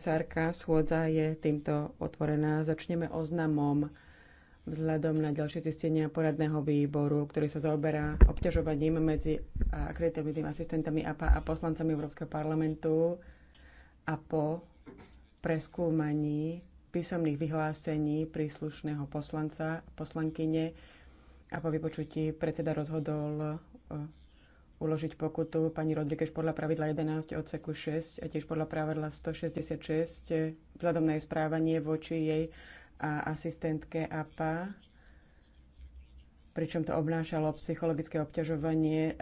Sárka, schôdza je týmto otvorená. Začneme oznamom vzhľadom na ďalšie zistenia poradného výboru, ktorý sa zaoberá obťažovaním medzi akreditovanými asistentami APA a poslancami Európskeho parlamentu a po preskúmaní písomných vyhlásení príslušného poslanca, poslankyne a po vypočutí predseda rozhodol uložiť pokutu. Pani Rodríguez podľa pravidla 11 odseku 6 a tiež podľa pravidla 166 eh, vzhľadom na jej správanie voči jej a asistentke APA, pričom to obnášalo psychologické obťažovanie.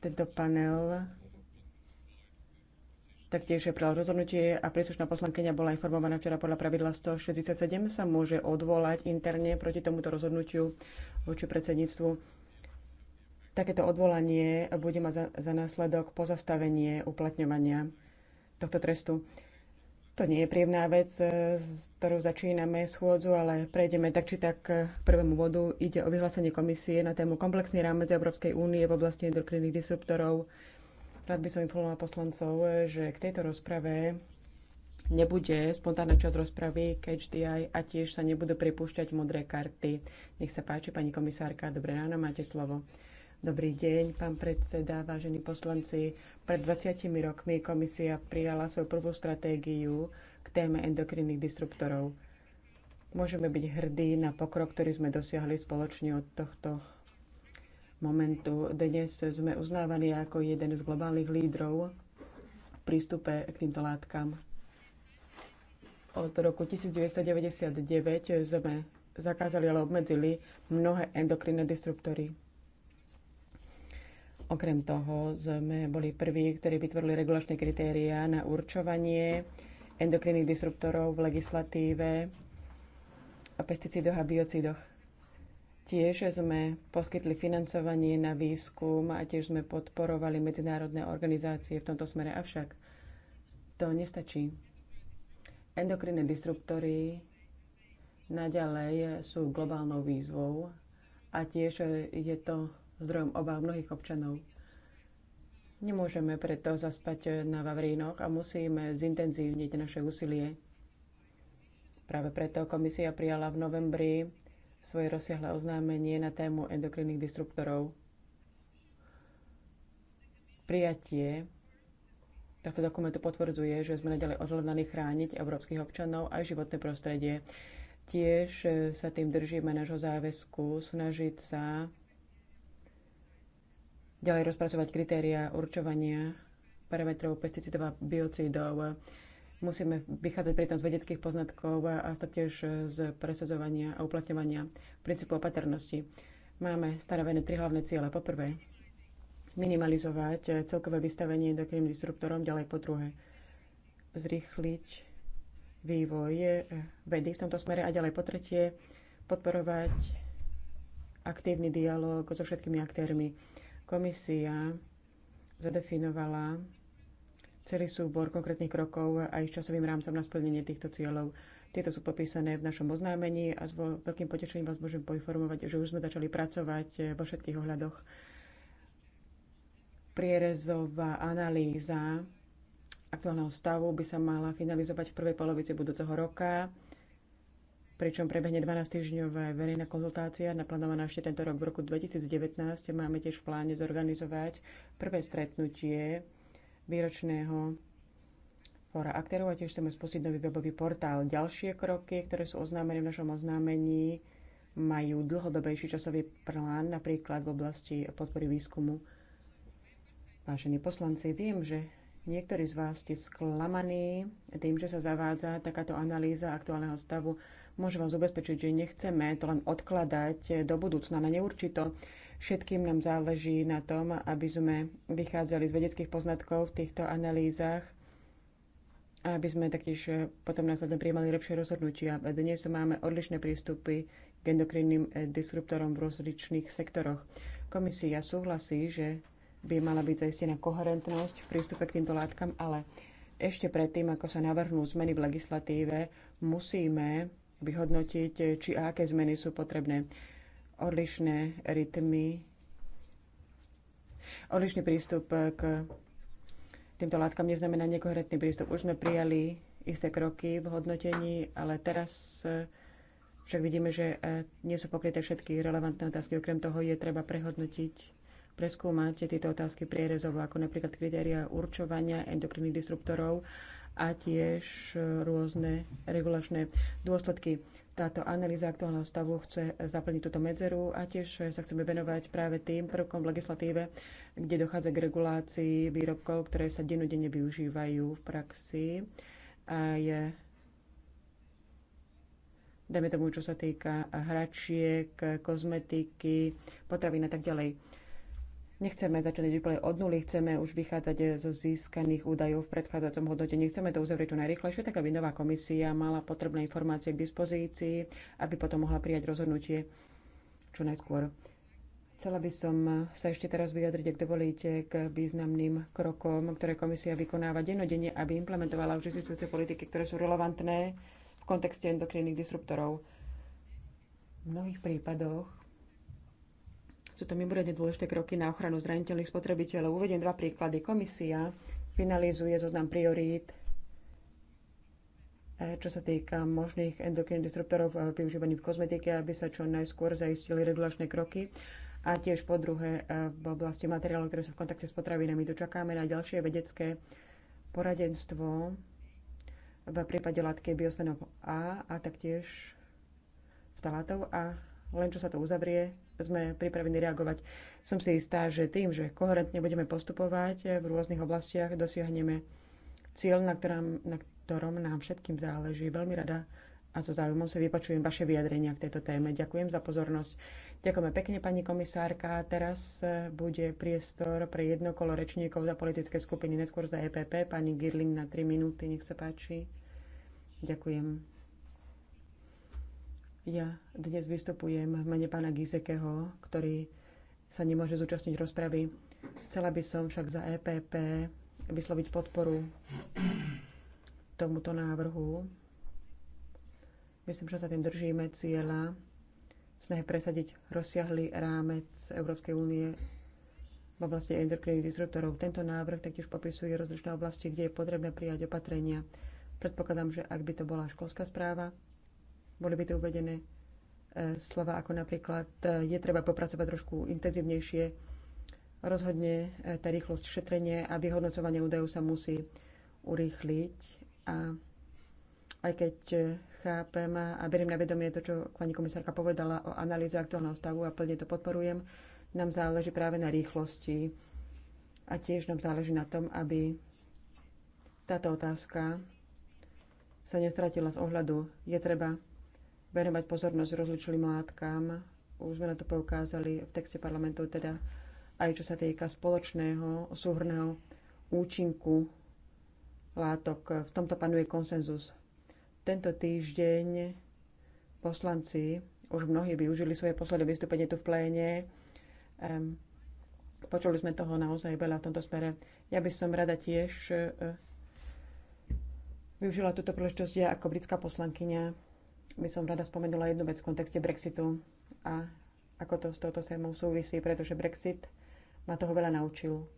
Tento panel taktiež je prijal rozhodnutie a príslušná poslankyňa bola informovaná včera podľa pravidla 167 sa môže odvolať interne proti tomuto rozhodnutiu voči predsedníctvu Takéto odvolanie bude mať za, za následok pozastavenie uplatňovania tohto trestu. To nie je príjemná vec, e, s ktorou začíname schôdzu, ale prejdeme tak či tak k prvému bodu. Ide o vyhlásenie komisie na tému komplexný rámec Európskej únie v oblasti endokrinných disruptorov. Rád by som informovala poslancov, e, že k tejto rozprave nebude spontánna časť rozpravy KHDI a tiež sa nebudú pripúšťať modré karty. Nech sa páči, pani komisárka, dobré ráno, máte slovo. Dobrý deň, pán predseda, vážení poslanci. Pred 20 rokmi komisia prijala svoju prvú stratégiu k téme endokrinných disruptorov. Môžeme byť hrdí na pokrok, ktorý sme dosiahli spoločne od tohto momentu. Dnes sme uznávaní ako jeden z globálnych lídrov v prístupe k týmto látkam. Od roku 1999 sme zakázali, ale obmedzili mnohé endokrinné disruptory Okrem toho sme boli prví, ktorí vytvorili regulačné kritériá na určovanie endokrinných disruptorov v legislatíve o pesticídoch a biocidoch. Tiež sme poskytli financovanie na výskum a tiež sme podporovali medzinárodné organizácie v tomto smere. Avšak to nestačí. Endokrinné disruptory naďalej sú globálnou výzvou a tiež je to zdrojom obáv mnohých občanov. Nemôžeme preto zaspať na Vavrínoch a musíme zintenzívniť naše úsilie. Práve preto komisia prijala v novembri svoje rozsiahle oznámenie na tému endokrinných disruptorov. Prijatie tohto dokumentu potvrdzuje, že sme nadalej odhodlaní chrániť európskych občanov aj životné prostredie. Tiež sa tým držíme nášho záväzku snažiť sa ďalej rozpracovať kritéria určovania parametrov pesticidov a biocidov. Musíme vychádzať pritom z vedeckých poznatkov a taktiež z presadzovania a uplatňovania princípu opatrnosti. Máme stanovené tri hlavné ciele. Po prvé, minimalizovať celkové vystavenie endokrinným disruptorom, ďalej po druhé, zrýchliť vývoj vedy v tomto smere a ďalej po tretie podporovať aktívny dialog so všetkými aktérmi. Komisia zadefinovala celý súbor konkrétnych krokov a ich časovým rámcom na splnenie týchto cieľov. Tieto sú popísané v našom oznámení a s veľkým potešením vás môžem poinformovať, že už sme začali pracovať eh, vo všetkých ohľadoch. Prierezová analýza aktuálneho stavu by sa mala finalizovať v prvej polovici budúceho roka pričom prebehne 12-týždňová verejná konzultácia naplánovaná ešte tento rok. V roku 2019 máme tiež v pláne zorganizovať prvé stretnutie výročného fóra aktérov a tiež chceme spustiť nový webový portál. Ďalšie kroky, ktoré sú oznámené v našom oznámení, majú dlhodobejší časový plán, napríklad v oblasti podpory výskumu. Vážení poslanci, viem, že Niektorí z vás ste sklamaní tým, že sa zavádza takáto analýza aktuálneho stavu Môžem vám zabezpečiť, že nechceme to len odkladať do budúcna na neurčito. Všetkým nám záleží na tom, aby sme vychádzali z vedeckých poznatkov v týchto analýzach a aby sme taktiež potom následne prijímali lepšie rozhodnutia. Dnes máme odlišné prístupy k endokrinným eh, disruptorom v rozličných sektoroch. Komisia súhlasí, že by mala byť zaistená koherentnosť v prístupe k týmto látkam, ale ešte predtým, ako sa navrhnú zmeny v legislatíve, musíme vyhodnotiť, či a aké zmeny sú potrebné. Odlišné rytmy, odlišný prístup k týmto látkam neznamená nekoherentný prístup. Už sme prijali isté kroky v hodnotení, ale teraz eh, však vidíme, že eh, nie sú pokryté všetky relevantné otázky. Okrem toho je treba prehodnotiť preskúmať tieto otázky prierezovo, ako napríklad kritéria určovania endokrinných disruptorov a tiež e, rôzne regulačné dôsledky. Táto analýza aktuálneho stavu chce e, zaplniť túto medzeru a tiež e, sa chceme venovať práve tým prvkom v legislatíve, kde dochádza k regulácii výrobkov, ktoré sa denodene využívajú v praxi. A je dajme tomu, čo sa týka hračiek, kozmetiky, potravín a tak ďalej. Nechceme začať úplne od nuly, chceme už vychádzať eh, zo získaných údajov v predchádzajúcom hodnotení. Chceme to uzavrieť čo najrychlejšie, tak aby nová komisia mala potrebné informácie k dispozícii, aby potom mohla prijať rozhodnutie čo najskôr. Chcela by som eh, sa ešte teraz vyjadriť, ak dovolíte, k významným krokom, ktoré komisia vykonáva denodenne, aby implementovala už existujúce politiky, ktoré sú relevantné v kontexte endokrinných disruptorov. V mnohých prípadoch sú to mimoriadne dôležité kroky na ochranu zraniteľných spotrebiteľov. Uvediem dva príklady. Komisia finalizuje zoznam priorít eh, čo sa týka možných endokrinných disruptorov využívaných v kozmetike, aby sa čo najskôr zaistili regulačné kroky. A tiež po druhé eh, v oblasti materiálov, ktoré sú v kontakte s potravinami. Dočakáme na ďalšie vedecké poradenstvo v prípade látky biosfenol A a taktiež vtalátov. A len čo sa to uzavrie, sme pripravení reagovať. Som si istá, že tým, že koherentne budeme postupovať eh, v rôznych oblastiach, dosiahneme cieľ, na ktorom, na ktorom nám všetkým záleží. Veľmi rada a so záujmom si vypočujem vaše vyjadrenia k tejto téme. Ďakujem za pozornosť. Ďakujeme pekne, pani komisárka. Teraz eh, bude priestor pre jedno kolo rečníkov za politické skupiny, neskôr za EPP. Pani Girling na 3 minúty, nech sa páči. Ďakujem. Ja dnes vystupujem v mene pána Gizekeho, ktorý sa nemôže zúčastniť rozpravy. Chcela by som však za EPP vysloviť podporu tomuto návrhu. Myslím, že sa tým držíme cieľa snahe presadiť rozsiahly rámec Európskej únie v oblasti endokrinných disruptorov. Tento návrh taktiež popisuje rozličné oblasti, kde je potrebné prijať opatrenia. Predpokladám, že ak by to bola školská správa, boli by tu uvedené e, slova ako napríklad e, je treba popracovať trošku intenzívnejšie. Rozhodne e, tá rýchlosť šetrenie a vyhodnocovanie údajov sa musí urýchliť a aj keď chápem a beriem na vedomie to, čo pani komisárka povedala o analýze aktuálneho stavu a plne to podporujem, nám záleží práve na rýchlosti a tiež nám záleží na tom, aby táto otázka sa nestratila z ohľadu. Je treba venovať pozornosť rozličným látkam. Už sme na to poukázali v texte parlamentu, teda aj čo sa týka spoločného súhrného účinku látok. V tomto panuje konsenzus. Tento týždeň poslanci, už mnohí využili svoje posledné vystúpenie tu v pléne, um, počuli sme toho naozaj veľa v tomto smere. Ja by som rada tiež e, využila túto príležitosť ja ako britská poslankyňa by som rada spomenula jednu vec v kontexte Brexitu a ako to s touto témou súvisí, pretože Brexit ma toho veľa naučil.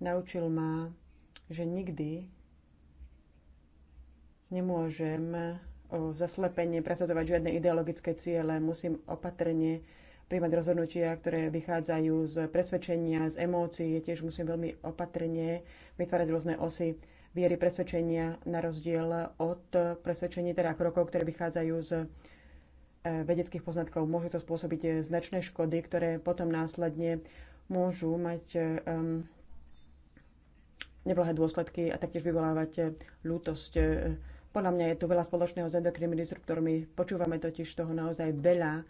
Naučil ma, že nikdy nemôžem zaslepenie presadzovať žiadne ideologické ciele. Musím opatrne príjmať rozhodnutia, ktoré vychádzajú z presvedčenia, z emócií. Tiež musím veľmi opatrne vytvárať rôzne osy viery presvedčenia na rozdiel od presvedčení teda krokov, ktoré vychádzajú z e, vedeckých poznatkov. Môžu to spôsobiť e, značné škody, ktoré potom následne môžu mať um, neblahé dôsledky a taktiež vyvolávať ľútosť. Podľa mňa je tu veľa spoločného s endokrinnými disruptormi. Počúvame totiž toho naozaj veľa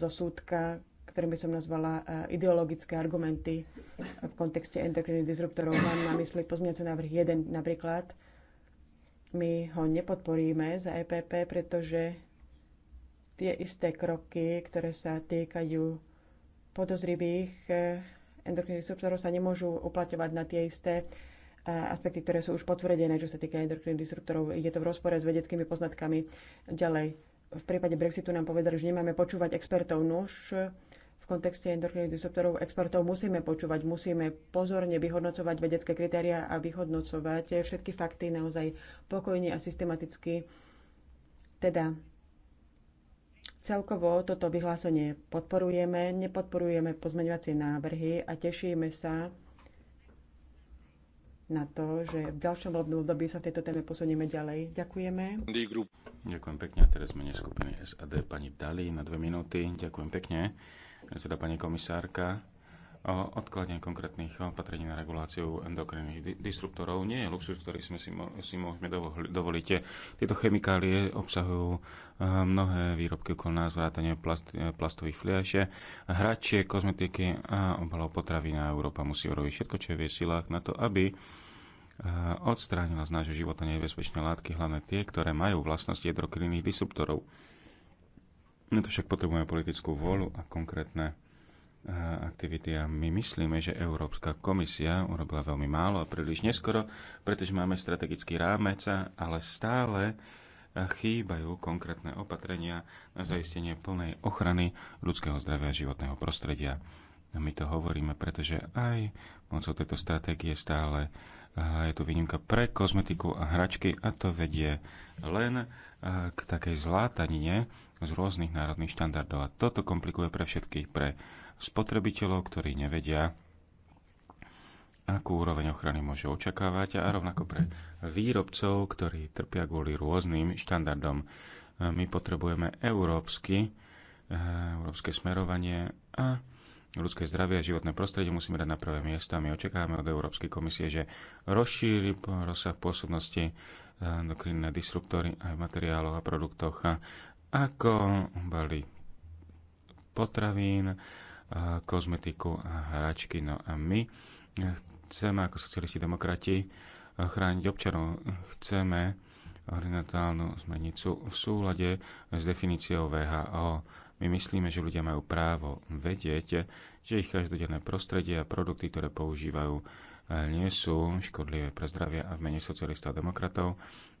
zo súdka, ktoré by som nazvala e, ideologické argumenty v kontexte endokrinných disruptorov. Mám na mysli pozmeňujúci návrh 1 napríklad. My ho nepodporíme za EPP, pretože tie isté kroky, ktoré sa týkajú podozrivých e, endokrinných disruptorov, sa nemôžu uplatňovať na tie isté e, aspekty, ktoré sú už potvrdené, čo sa týka endokrinných disruptorov. Je to v rozpore s vedeckými poznatkami. Ďalej, v prípade Brexitu nám povedali, že nemáme počúvať expertov. Nuž, no kontexte endokrinných disruptorov exportov musíme počúvať, musíme pozorne vyhodnocovať vedecké kritéria a vyhodnocovať všetky fakty naozaj pokojne a systematicky. Teda celkovo toto vyhlásenie podporujeme, nepodporujeme pozmeňovacie návrhy a tešíme sa na to, že v ďalšom volebnom období sa v tejto téme posunieme ďalej. Ďakujeme. Ďakujem pekne. A teraz sme skupiny SAD pani Dali na dve minúty. Ďakujem pekne predseda pani komisárka. O odkladne konkrétnych opatrení na reguláciu endokrinných disruptorov nie je luxus, ktorý sme si, si môžeme dovoliť. Tieto chemikálie obsahujú eh, mnohé výrobky okolo nás, vrátane plast, eh, plastových fliaše, hračie, kozmetiky a obalov potravín a Európa musí urobiť všetko, čo je v jej silách na to, aby eh, odstránila z nášho života nebezpečné látky, hlavne tie, ktoré majú vlastnosti endokrinných disruptorov. No to však potrebujeme politickú vôľu a konkrétne eh, aktivity a my myslíme, že Európska komisia urobila veľmi málo a príliš neskoro, pretože máme strategický rámec, ale stále eh, chýbajú konkrétne opatrenia na zaistenie plnej ochrany ľudského zdravia a životného prostredia. A my to hovoríme, pretože aj mocou tejto stratégie stále eh, je tu výnimka pre kozmetiku a hračky a to vedie len k takej zlátanine z rôznych národných štandardov. A toto komplikuje pre všetkých, pre spotrebiteľov, ktorí nevedia, akú úroveň ochrany môžu očakávať a rovnako pre výrobcov, ktorí trpia kvôli rôznym štandardom. My potrebujeme európsky, eh, európske smerovanie a ľudské zdravie a životné prostredie musíme dať na prvé miesto a my očakávame od Európskej komisie, že rozšíri rozsah pôsobnosti endokrinné eh, disruptory aj v materiáloch a produktoch a ako balík potravín, kozmetiku a hračky. No a my chceme, ako socialisti demokrati, chrániť občanov. Chceme horizontálnu zmenicu v súlade s definíciou VHO. My myslíme, že ľudia majú právo vedieť, že ich každodenné prostredie a produkty, ktoré používajú, nie sú škodlivé pre zdravie a v mene socialistov a demokratov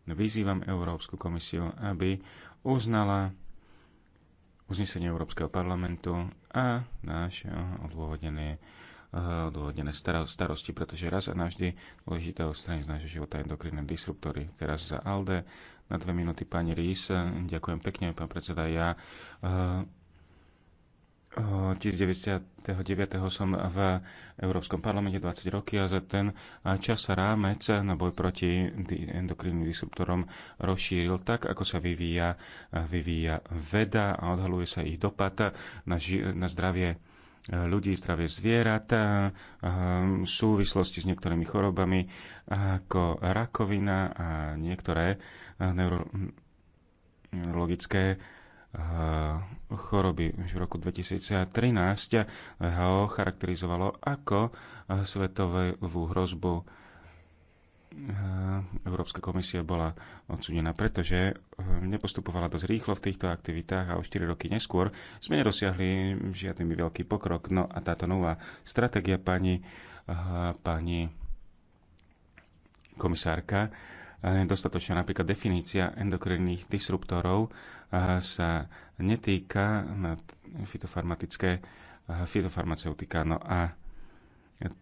Vyzývam Európsku komisiu, aby uznala uznesenie Európskeho parlamentu a naše eh, odôvodené odôvodnené eh, starosti, pretože raz a navždy dôležité odstrániť z nášho života endokrinné disruptory. Teraz za ALDE na dve minúty pani Rís. Ďakujem pekne, pán predseda. Ja eh, 1999 som v Európskom parlamente 20 roky a za ten čas sa rámec na boj proti endokrinným disruptorom rozšíril tak, ako sa vyvíja, vyvíja veda a odhaluje sa ich dopad na, ži- na zdravie eh, ľudí, zdravie zvierat, eh, eh, v súvislosti s niektorými chorobami ako rakovina a niektoré neurologické choroby. Už v roku 2013 ho charakterizovalo ako svetovú hrozbu. Európska komisia bola odsudená, pretože eh, nepostupovala dosť rýchlo v týchto aktivitách a o 4 roky neskôr sme nedosiahli žiadny veľký pokrok. No a táto nová stratégia pani, eh, pani komisárka dostatočná napríklad definícia endokrinných disruptorov sa netýka na fitofarmatické fitofarmaceutika. No a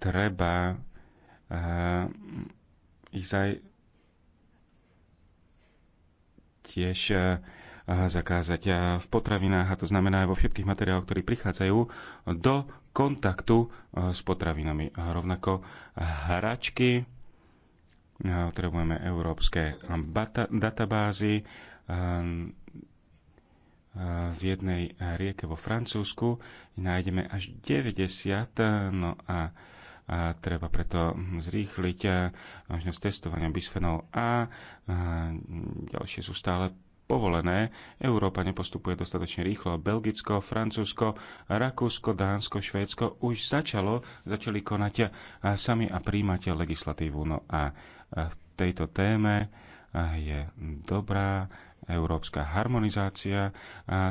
treba ich aj tiež zakázať v potravinách, a to znamená aj vo všetkých materiáloch, ktorí prichádzajú do kontaktu s potravinami. rovnako hračky, potrebujeme európske databázy v jednej rieke vo Francúzsku nájdeme až 90, no a, a treba preto zrýchliť možnosť testovania bisfenol A. a ďalšie sú stále povolené. Európa nepostupuje dostatočne rýchlo. Belgicko, Francúzsko, Rakúsko, Dánsko, Švédsko už začalo, začali konať sami a príjmať legislatívu. No a v tejto téme je dobrá európska harmonizácia,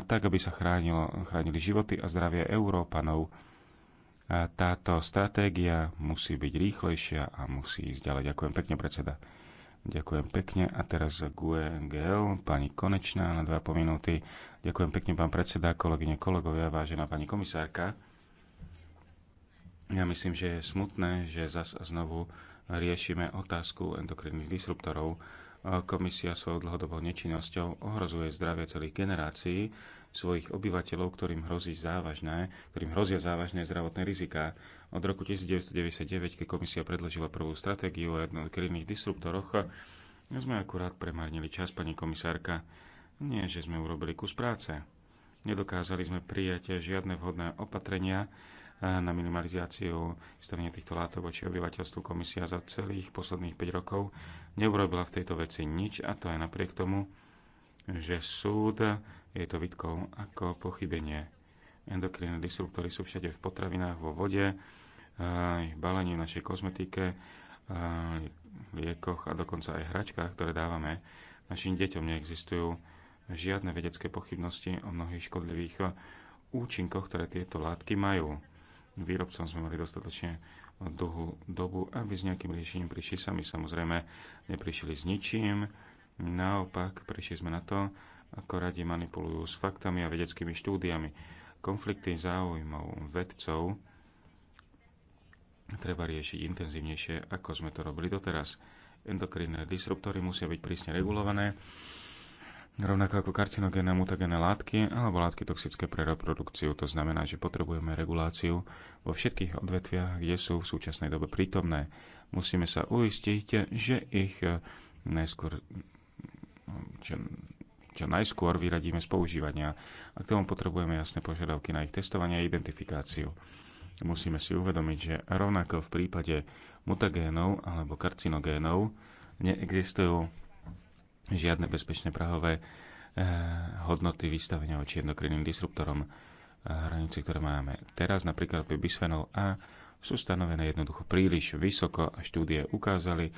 tak aby sa chránilo, chránili životy a zdravie Európanov. Táto stratégia musí byť rýchlejšia a musí ísť ďalej. Ďakujem pekne, predseda. Ďakujem pekne. A teraz za GUNGL, pani Konečná na 2,5 minúty. Ďakujem pekne, pán predseda, kolegyne, kolegovia, vážená pani komisárka. Ja myslím, že je smutné, že zase znovu riešime otázku endokrinných disruptorov. Komisia svojou dlhodobou nečinnosťou ohrozuje zdravie celých generácií svojich obyvateľov, ktorým, hrozí závažné, ktorým hrozia závažné zdravotné riziká. Od roku 1999, keď komisia predložila prvú stratégiu o endokrinných disruptoroch, sme akurát premárnili čas, pani komisárka. Nie, že sme urobili kus práce. Nedokázali sme prijať žiadne vhodné opatrenia, na minimalizáciu stavenia týchto látok voči obyvateľstvu komisia za celých posledných 5 rokov neurobila v tejto veci nič a to aj napriek tomu, že súd je to vytkol ako pochybenie. Endokrinné disruptory sú všade v potravinách, vo vode, eh, ich balení v našej kozmetike, eh, liekoch a dokonca aj hračkách, ktoré dávame. Našim deťom neexistujú žiadne vedecké pochybnosti o mnohých škodlivých účinkoch, ktoré tieto látky majú výrobcom sme mali dostatočne dlhú dobu, aby s nejakým riešením prišli sami. Samozrejme, neprišli s ničím, naopak prišli sme na to, ako radi manipulujú s faktami a vedeckými štúdiami. Konflikty záujmov vedcov treba riešiť intenzívnejšie, ako sme to robili doteraz. Endokrinné disruptory musia byť prísne regulované rovnako ako karcinogénne mutagénne látky alebo látky toxické pre reprodukciu. To znamená, že potrebujeme reguláciu vo všetkých odvetviach, kde sú v súčasnej dobe prítomné. Musíme sa uistiť, že ich eh, najskôr, čo, čo najskôr vyradíme z používania a k tomu potrebujeme jasné požiadavky na ich testovanie a identifikáciu. Musíme si uvedomiť, že rovnako v prípade mutagénov alebo karcinogénov neexistujú žiadne bezpečné prahové eh, hodnoty vystavenia voči endokrinným disruptorom eh, hranice, ktoré máme teraz, napríklad pri bisfenol A, sú stanovené jednoducho príliš vysoko a štúdie ukázali,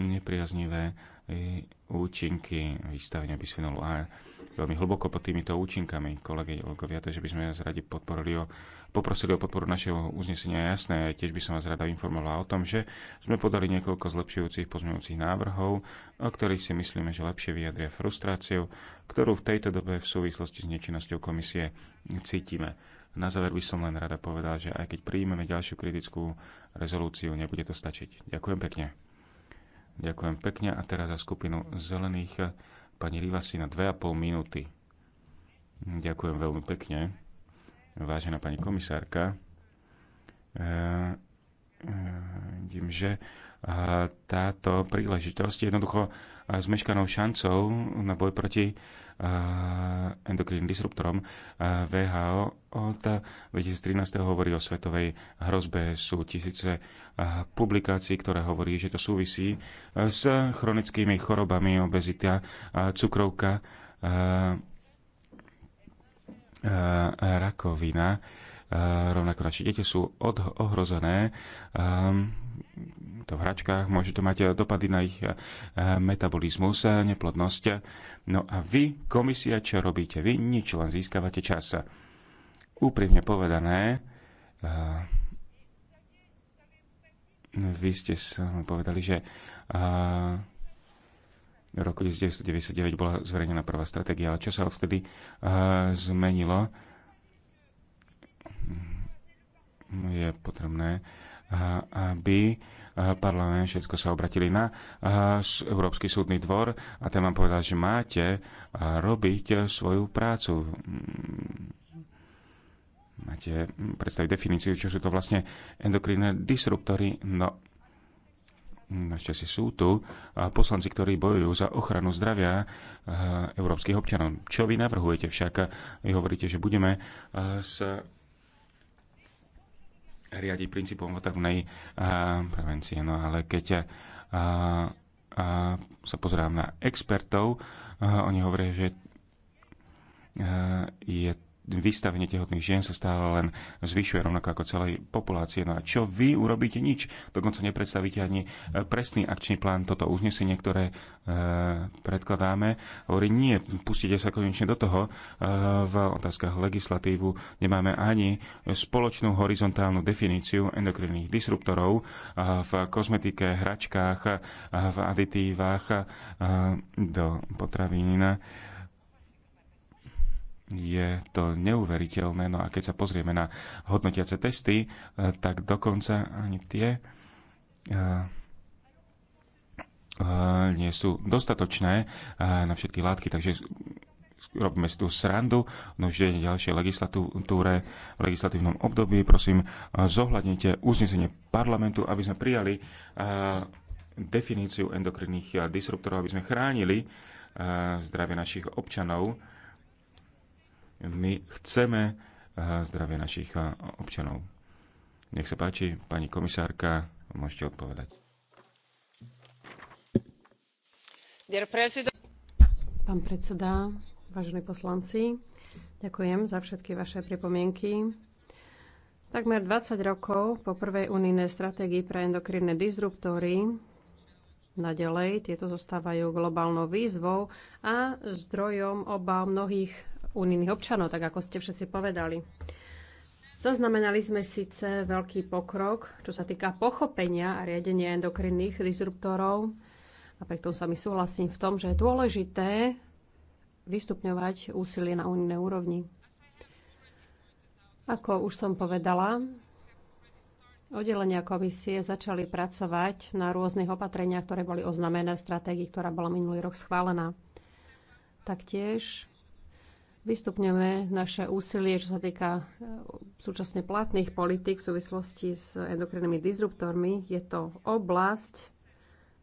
nepriaznivé eh, účinky vystavenia bisfenolu A veľmi hlboko pod týmito účinkami, kolegovia, takže by sme vás radi podporili o, poprosili o podporu našeho uznesenia jasné. Tiež by som vás rada informovala o tom, že sme podali niekoľko zlepšujúcich pozmeňujúcich návrhov, o ktorých si myslíme, že lepšie vyjadria frustráciu, ktorú v tejto dobe v súvislosti s nečinnosťou komisie cítime. Na záver by som len rada povedal, že aj keď príjmeme ďalšiu kritickú rezolúciu, nebude to stačiť. Ďakujem pekne. Ďakujem pekne a teraz za skupinu zelených pani Rivasi na 2,5 minúty. Ďakujem veľmi pekne. Vážená pani komisárka, e, e, vidím, že e, táto príležitosť je jednoducho zmeškanou šancou na boj proti endokrinným disruptorom VHO od 2013. hovorí o svetovej hrozbe. Sú tisíce publikácií, ktoré hovorí, že to súvisí s chronickými chorobami, obezita, cukrovka, rakovina rovnako naši deti sú ohrozené ehm, to v hračkách, môže to mať dopady na ich eh, metabolizmus, eh, neplodnosť. No a vy, komisia, čo robíte? Vy nič, len získavate čas. Úprimne povedané, eh, vy ste sami povedali, že v roku 1999 bola zverejnená prvá stratégia, ale čo sa odvtedy zmenilo? je potrebné, eh, aby eh, parlament všetko sa obratili na eh, Európsky súdny dvor a ten vám povedal, že máte robiť svoju prácu. Mm. Máte mm, predstaviť definíciu, čo sú to vlastne endokrinné disruptory. No, našťastie sú tu poslanci, ktorí bojujú za ochranu zdravia európskych občanov. Čo vy navrhujete však? Vy hovoríte, že budeme sa riadi princípom otravnej eh, prevencie. No ale keď uh, uh, sa pozerám na expertov, uh, oni hovoria, že je vystavenie tehotných žien sa stále len zvyšuje, rovnako ako celej populácie. No a čo vy urobíte? Nič. Dokonca nepredstavíte ani e, presný akčný plán. Toto uznesenie, ktoré e, predkladáme, hovorí nie, pustite sa konečne do toho. E, v otázkach legislatívu nemáme ani spoločnú horizontálnu definíciu endokrinných disruptorov e, v kozmetike, hračkách, e, v aditívach e, do potravín. E, je to neuveriteľné. No a keď sa pozrieme na hodnotiace testy, e, tak dokonca ani tie e, e, nie sú dostatočné na všetky látky, takže robíme si tú srandu, no už je ďalšie legislatúre, v legislatívnom období. Prosím, zohľadnite uznesenie parlamentu, aby sme prijali definíciu endokrinných disruptorov, aby sme chránili zdravie našich občanov my chceme eh, zdravie našich eh, občanov. Nech sa páči, pani komisárka, môžete odpovedať. Pán predseda, vážení poslanci, ďakujem za všetky vaše pripomienky. Takmer 20 rokov po prvej unijnej stratégii pre endokrinné disruptory Naďalej tieto zostávajú globálnou výzvou a zdrojom obav mnohých unijných občanov, tak ako ste všetci povedali. Zaznamenali sme síce veľký pokrok, čo sa týka pochopenia a riadenia endokrinných disruptorov. a preto sa mi súhlasím v tom, že je dôležité vystupňovať úsilie na unijnej úrovni. Ako už som povedala, oddelenia komisie začali pracovať na rôznych opatreniach, ktoré boli oznamené v stratégii, ktorá bola minulý rok schválená. Taktiež vystupňujeme naše úsilie, čo sa týka e, súčasne platných politik v súvislosti s endokrinnými disruptormi. Je to oblasť,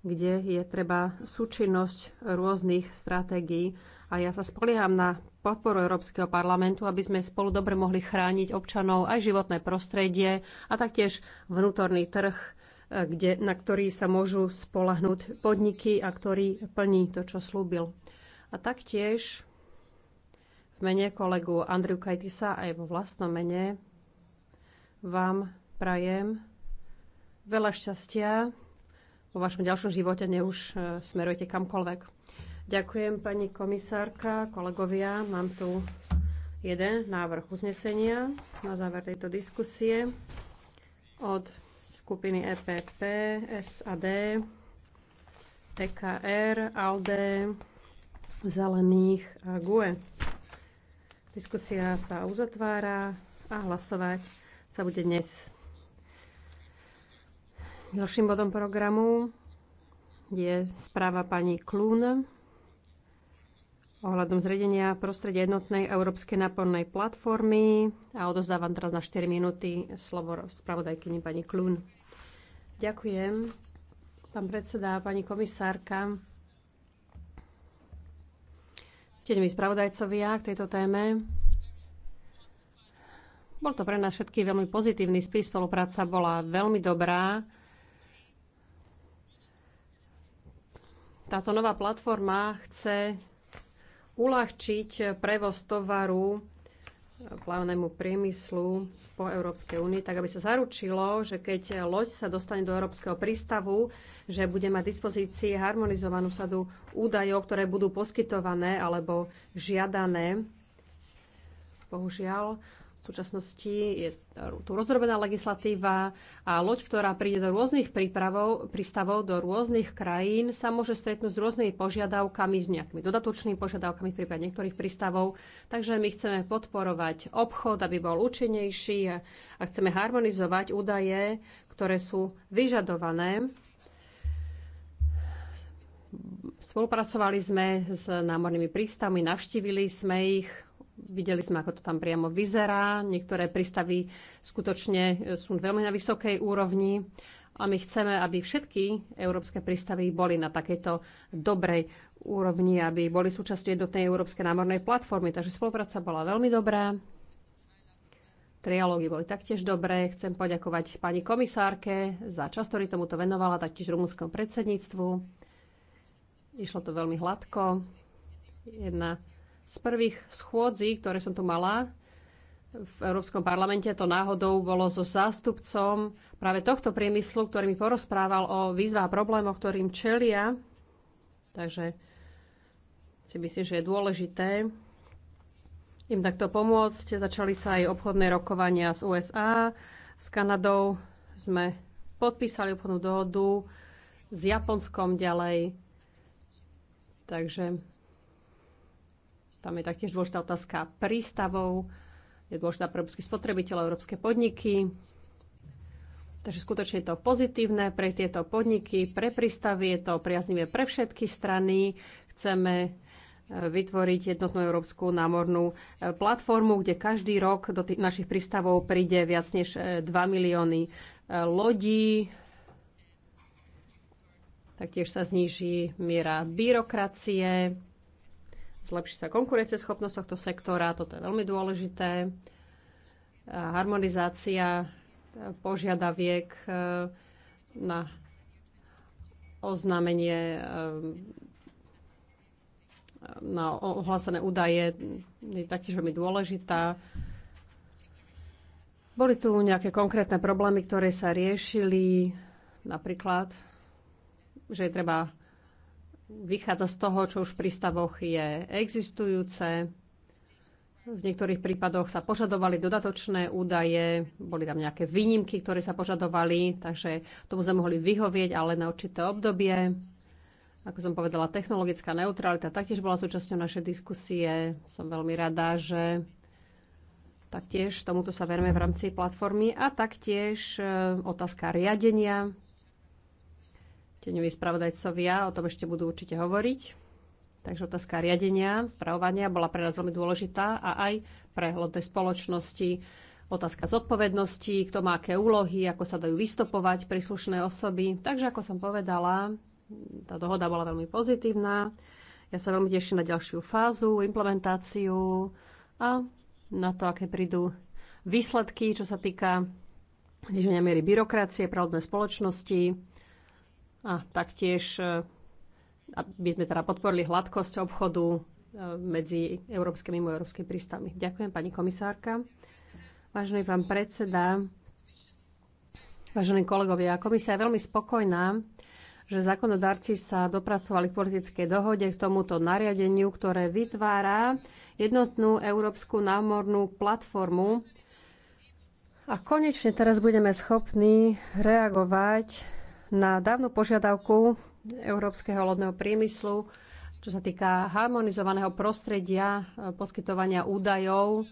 kde je treba súčinnosť rôznych stratégií. A ja sa spolieham na podporu Európskeho parlamentu, aby sme spolu dobre mohli chrániť občanov aj životné prostredie a taktiež vnútorný trh, e, kde, na ktorý sa môžu spolahnúť podniky a ktorý plní to, čo slúbil. A taktiež mene kolegu Andriu Kajtisa aj vo vlastnom mene vám prajem veľa šťastia vo vašom ďalšom živote, ne už e, smerujete kamkoľvek. Ďakujem pani komisárka, kolegovia. Mám tu jeden návrh uznesenia na záver tejto diskusie od skupiny EPP, SAD, EKR, ALDE, Zelených a GUE. Diskusia sa uzatvára a hlasovať sa bude dnes. Ďalším bodom programu je správa pani Klún ohľadom zredenia prostredia jednotnej európskej nápornej platformy a odozdávam teraz na 4 minúty slovo spravodajkyni pani Klún. Ďakujem. Pán predseda, pani komisárka, mi spravodajcovia k tejto téme. Bol to pre nás všetky veľmi pozitívny spis, spolupráca bola veľmi dobrá. Táto nová platforma chce uľahčiť prevoz tovaru plavnému priemyslu po Európskej únii, tak aby sa zaručilo, že keď loď sa dostane do Európskeho prístavu, že bude mať dispozícii harmonizovanú sadu údajov, ktoré budú poskytované alebo žiadané. Bohužiaľ, v súčasnosti je tu rozdrobená legislatíva a loď, ktorá príde do rôznych prípravov, prístavov do rôznych krajín, sa môže stretnúť s rôznymi požiadavkami, s nejakými dodatočnými požiadavkami v prípade niektorých prístavov. Takže my chceme podporovať obchod, aby bol účinnejší a, a chceme harmonizovať údaje, ktoré sú vyžadované Spolupracovali sme s námornými prístavmi, navštívili sme ich Videli sme, ako to tam priamo vyzerá. Niektoré prístavy skutočne e, sú veľmi na vysokej úrovni a my chceme, aby všetky európske prístavy boli na takejto dobrej úrovni, aby boli súčasťou jednotnej európskej námornej platformy. Takže spolupráca bola veľmi dobrá. Trialógy boli taktiež dobré. Chcem poďakovať pani komisárke za čas, ktorý tomuto venovala, taktiež rumúnskom predsedníctvu. Išlo to veľmi hladko. Jedna z prvých schôdzí, ktoré som tu mala v Európskom parlamente, to náhodou bolo so zástupcom práve tohto priemyslu, ktorý mi porozprával o výzvach a problémoch, ktorým čelia. Takže si myslím, že je dôležité im takto pomôcť. Začali sa aj obchodné rokovania z USA, s Kanadou sme podpísali obchodnú dohodu, s Japonskom ďalej. Takže tam je taktiež dôležitá otázka prístavov, je dôležitá pre spotrebiteľ a európske podniky. Takže skutočne je to pozitívne pre tieto podniky, pre prístavy, je to priaznivé pre všetky strany. Chceme e, vytvoriť jednotnú európsku námornú e, platformu, kde každý rok do tých našich prístavov príde viac než 2 e, milióny lodí. Taktiež sa zníži miera byrokracie zlepší sa konkurencieschopnosť tohto sektora, toto je veľmi dôležité. Harmonizácia požiadaviek e, na oznámenie e, na ohlásené údaje je taktiež veľmi dôležitá. Boli tu nejaké konkrétne problémy, ktoré sa riešili, napríklad, že je treba vychádza z toho, čo už v prístavoch je existujúce. V niektorých prípadoch sa požadovali dodatočné údaje, boli tam nejaké výnimky, ktoré sa požadovali, takže tomu sme mohli vyhovieť, ale na určité obdobie. Ako som povedala, technologická neutralita taktiež bola súčasťou našej diskusie. Som veľmi rada, že taktiež tomuto sa verme v rámci platformy a taktiež e, otázka riadenia Teňoví spravodajcovia o tom ešte budú určite hovoriť. Takže otázka riadenia, spravovania bola pre nás veľmi dôležitá a aj pre hodné spoločnosti. Otázka zodpovednosti, kto má aké úlohy, ako sa dajú vystopovať príslušné osoby. Takže ako som povedala, tá dohoda bola veľmi pozitívna. Ja sa veľmi teším na ďalšiu fázu, implementáciu a na to, aké prídu výsledky, čo sa týka zniženia miery byrokracie, pravodné spoločnosti a taktiež, e, aby sme teda podporili hladkosť obchodu e, medzi európskymi a európskymi prístavmi. Ďakujem, pani komisárka. Vážený pán predseda, vážení kolegovia, komisia je veľmi spokojná, že zákonodárci sa dopracovali k politickej dohode k tomuto nariadeniu, ktoré vytvára jednotnú európsku námornú platformu. A konečne teraz budeme schopní reagovať na dávnu požiadavku európskeho lodného priemyslu, čo sa týka harmonizovaného prostredia e, poskytovania údajov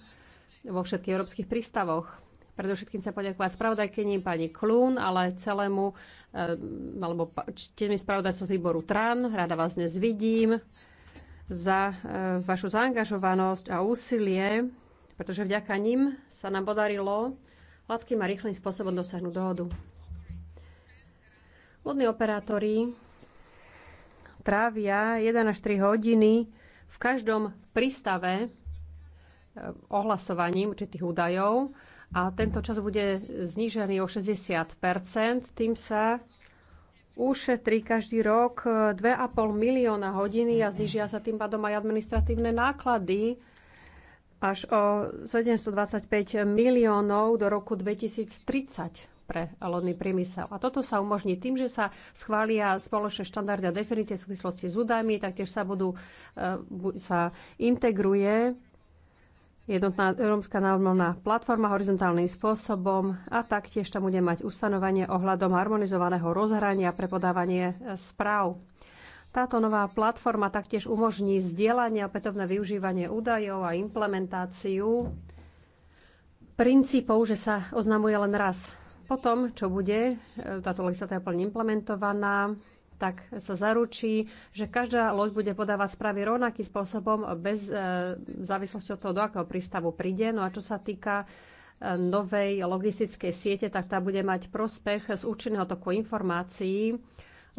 vo všetkých európskych prístavoch. Predovšetkým sa poďakovať spravodajkyni pani Klún, ale celému, e, alebo čtení spravodajcov výboru TRAN, rada vás dnes vidím, za e, vašu zaangažovanosť a úsilie, pretože vďaka nim sa nám podarilo hladkým a rýchlým spôsobom dosiahnuť dohodu. Vodní operátori trávia 1 až 3 hodiny v každom prístave eh, ohlasovaním určitých údajov a tento čas bude znížený o 60 Tým sa ušetrí každý rok 2,5 eh, milióna hodiny a znižia sa tým pádom aj administratívne náklady až o 725 miliónov do roku 2030 pre lodný priemysel. A toto sa umožní tým, že sa schvália spoločné štandardy a definície v súvislosti s údajmi, taktiež sa, budú, e, sa integruje jednotná európska normálna platforma horizontálnym spôsobom a taktiež tam bude mať ustanovenie ohľadom harmonizovaného rozhrania pre podávanie e, správ. Táto nová platforma taktiež umožní zdieľanie a opätovné využívanie údajov a implementáciu princípov, že sa oznamuje len raz. Potom, čo bude e, táto legislatíva plne implementovaná, tak sa zaručí, že každá loď bude podávať správy rovnakým spôsobom bez e, závislosti od toho, do akého prístavu príde. No a čo sa týka e, novej logistickej siete, tak tá bude mať prospech z účinného toku informácií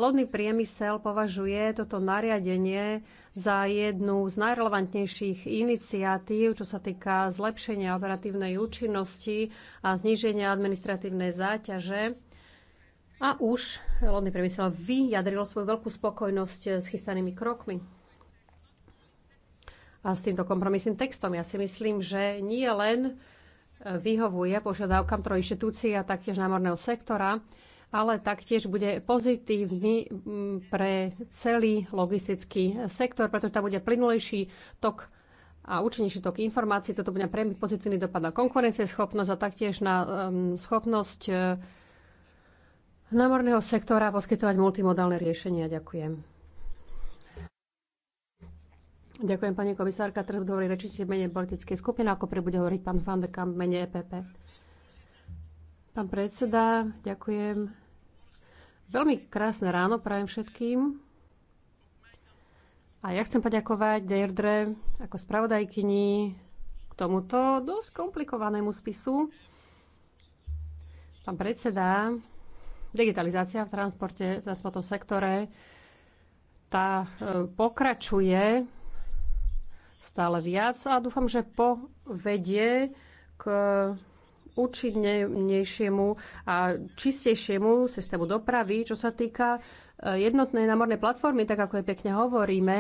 Lodný priemysel považuje toto nariadenie za jednu z najrelevantnejších iniciatív, čo sa týka zlepšenia operatívnej účinnosti a zníženia administratívnej záťaže. A už lodný priemysel vyjadril svoju veľkú spokojnosť s chystanými krokmi a s týmto kompromisným textom. Ja si myslím, že nie len vyhovuje požiadavkám trojinštitúcií a taktiež námorného sektora, ale taktiež bude pozitívny mm, pre celý logistický sektor, pretože tam bude plynulejší tok a účinnejší tok informácií. Toto bude priamy pozitívny dopad na konkurencieschopnosť a taktiež na um, schopnosť uh, námorného sektora poskytovať multimodálne riešenia. Ďakujem. Ďakujem, pani komisárka. Teraz budú hovoriť rečníci v mene politickej skupiny, ako pre bude hovoriť pán Van de Kamp v mene EPP. Pán predseda, ďakujem. Veľmi krásne ráno prajem všetkým. A ja chcem poďakovať Deirdre ako spravodajkyni k tomuto dosť komplikovanému spisu. Pán predseda, digitalizácia v transporte, v transportnom sektore, tá e, pokračuje stále viac a dúfam, že povedie k účinnejšiemu a čistejšiemu systému dopravy. Čo sa týka e, jednotnej námornej platformy, tak ako je pekne hovoríme,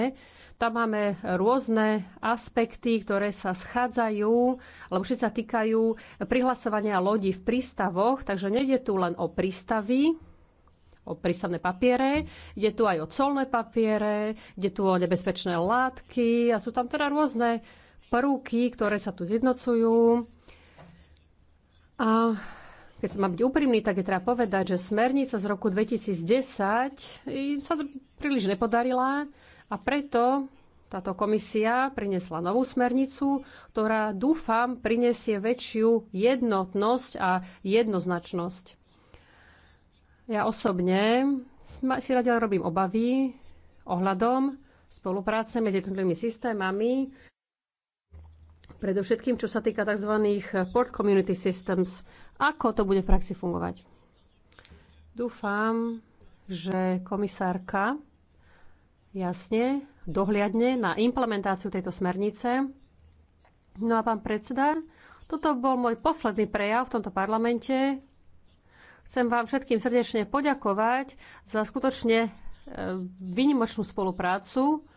tam máme rôzne aspekty, ktoré sa schádzajú, alebo všetci sa týkajú prihlasovania lodí v prístavoch, takže nejde tu len o prístavy, o prístavné papiere, ide tu aj o colné papiere, ide tu o nebezpečné látky a sú tam teda rôzne prvky, ktoré sa tu zjednocujú. A keď som mám byť úprimný, tak je treba povedať, že smernica z roku 2010 sa príliš nepodarila a preto táto komisia priniesla novú smernicu, ktorá dúfam prinesie väčšiu jednotnosť a jednoznačnosť. Ja osobne si radia robím obavy ohľadom spolupráce medzi jednotlivými systémami Predovšetkým, čo sa týka tzv. Eh, port community systems. Ako to bude v praxi fungovať? Dúfam, že komisárka jasne dohliadne na implementáciu tejto smernice. No a pán predseda, toto bol môj posledný prejav v tomto parlamente. Chcem vám všetkým srdečne poďakovať za skutočne eh, vynimočnú spoluprácu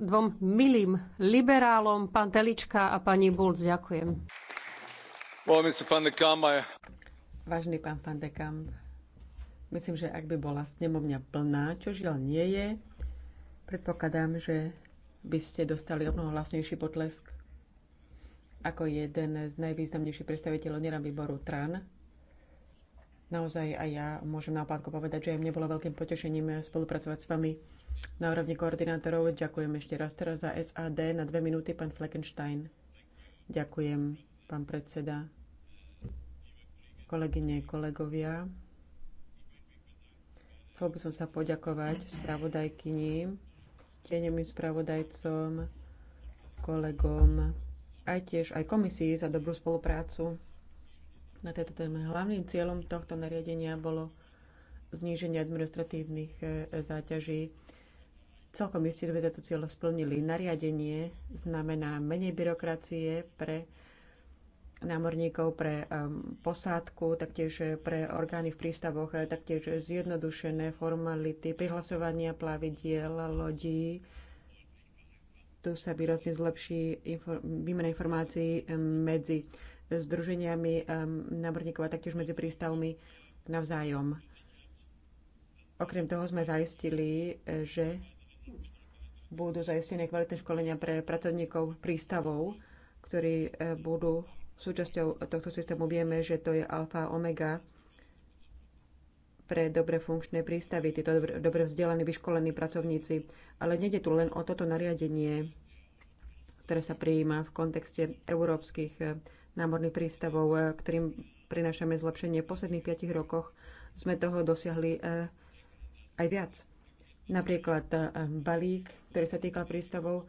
dvom milým liberálom, pán Telička a pani Bulc. Ďakujem. Vážny pán pán myslím, že ak by bola snemovňa plná, čo žiaľ nie je, predpokladám, že by ste dostali o mnoho hlasnejší potlesk ako jeden z najvýznamnejších predstaviteľov Nera výboru TRAN. Naozaj aj ja môžem na povedať, že aj mne bolo veľkým potešením spolupracovať s vami na úrovni koordinátorov. Ďakujem ešte raz teraz za SAD. Na dve minúty pán Fleckenstein. Ďakujem, pán predseda. Kolegyne, kolegovia. Chcel by som sa poďakovať spravodajkyni, tieňovým spravodajcom, kolegom, aj tiež aj komisii za dobrú spoluprácu na tejto téme. Hlavným cieľom tohto nariadenia bolo zníženie administratívnych e, záťaží celkom isté sme tieto cieľ splnili. Nariadenie znamená menej byrokracie pre námorníkov, pre um, posádku, taktiež pre orgány v prístavoch, taktiež zjednodušené formality prihlasovania plavidiel, lodí. Tu sa výrazne zlepší inform- výmena informácií um, medzi združeniami um, námorníkov a taktiež medzi prístavmi navzájom. Okrem toho sme zaistili, že budú zaistené kvalitné školenia pre pracovníkov prístavov, ktorí e, budú súčasťou tohto systému. Vieme, že to je alfa omega pre dobre funkčné prístavy, títo dobre, vzdelaní, vyškolení pracovníci. Ale nejde tu len o toto nariadenie, ktoré sa prijíma v kontexte európskych e, námorných prístavov, e, ktorým prinášame zlepšenie. V posledných 5 rokoch sme toho dosiahli aj viac. Napríklad e, balík, ktorý sa týka prístavov,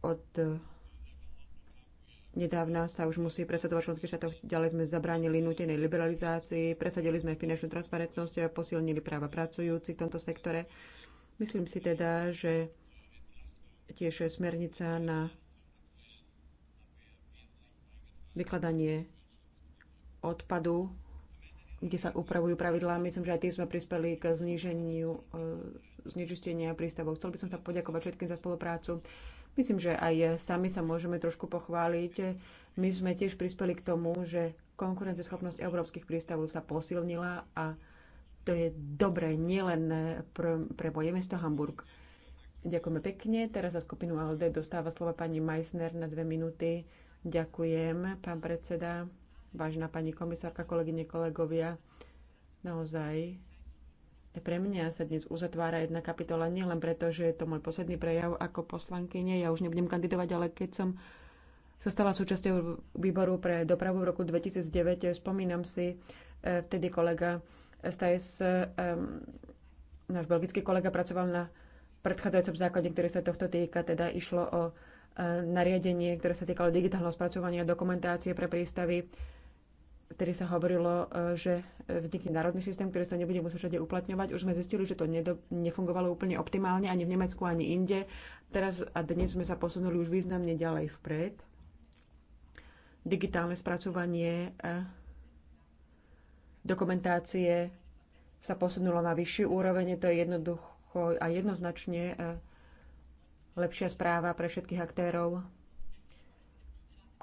od e, nedávna sa už musí presadovať členských štátoch. Ďalej sme zabránili nutenej liberalizácii, presadili sme finančnú transparentnosť a posilnili práva pracujúcich v tomto sektore. Myslím si teda, že tiež smernica na vykladanie odpadu kde sa upravujú pravidlá. Myslím, že aj tým sme prispeli k zníženiu e, znečistenia prístavov. Chcel by som sa poďakovať všetkým za spoluprácu. Myslím, že aj sami sa môžeme trošku pochváliť. My sme tiež prispeli k tomu, že konkurenceschopnosť európskych prístavov sa posilnila a to je dobré nielen pre, pre moje mesto Hamburg. Ďakujeme pekne. Teraz za skupinu ALD dostáva slova pani Meissner na dve minúty. Ďakujem, pán predseda. Vážená pani komisárka, kolegyne, kolegovia, naozaj pre mňa sa dnes uzatvára jedna kapitola, nielen preto, že je to môj posledný prejav ako poslankyne, ja už nebudem kandidovať, ale keď som sa stala súčasťou výboru pre dopravu v roku 2009, spomínam si, e, vtedy kolega STS, e, náš belgický kolega, pracoval na predchádzajúcom zákone, ktorý sa tohto týka, teda išlo o e, nariadenie, ktoré sa týkalo digitálneho spracovania dokumentácie pre prístavy. Tedy sa hovorilo, e, že vznikne národný systém, ktorý sa nebude musieť všade uplatňovať. Už sme zistili, že to nefungovalo úplne optimálne ani v Nemecku, ani inde. Teraz a dnes sme sa posunuli už významne ďalej vpred. Digitálne spracovanie e, dokumentácie sa posunulo na vyššiu úroveň. To je jednoducho a jednoznačne e, lepšia správa pre všetkých aktérov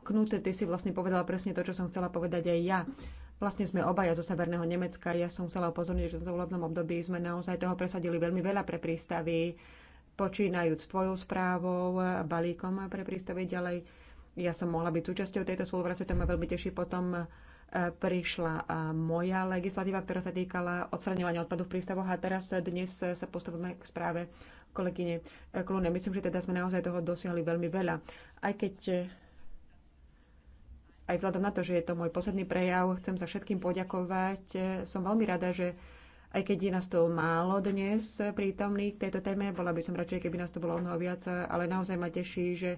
Knut, ty si vlastne povedala presne to, čo som chcela povedať aj ja. Vlastne sme obaja zo severného Nemecka. Ja som chcela upozorniť, že v tomto volebnom období sme naozaj toho presadili veľmi veľa pre prístavy, počínajúc tvojou správou, balíkom pre prístavy ďalej. Ja som mohla byť súčasťou tejto spolupráce, to ma veľmi teší. Potom e, prišla e, moja legislatíva, ktorá sa týkala odstraňovania odpadu v prístavoch a teraz e, dnes sa postavíme k správe kolegyne Klune. Myslím, že teda sme naozaj toho dosiahli veľmi veľa. Aj keď aj vzhľadom na to, že je to môj posledný prejav, chcem sa všetkým poďakovať. E, som veľmi rada, že aj keď je nás tu málo dnes prítomných k tejto téme, bola by som radšej, keby nás tu bolo mnoho viac, ale naozaj ma teší, že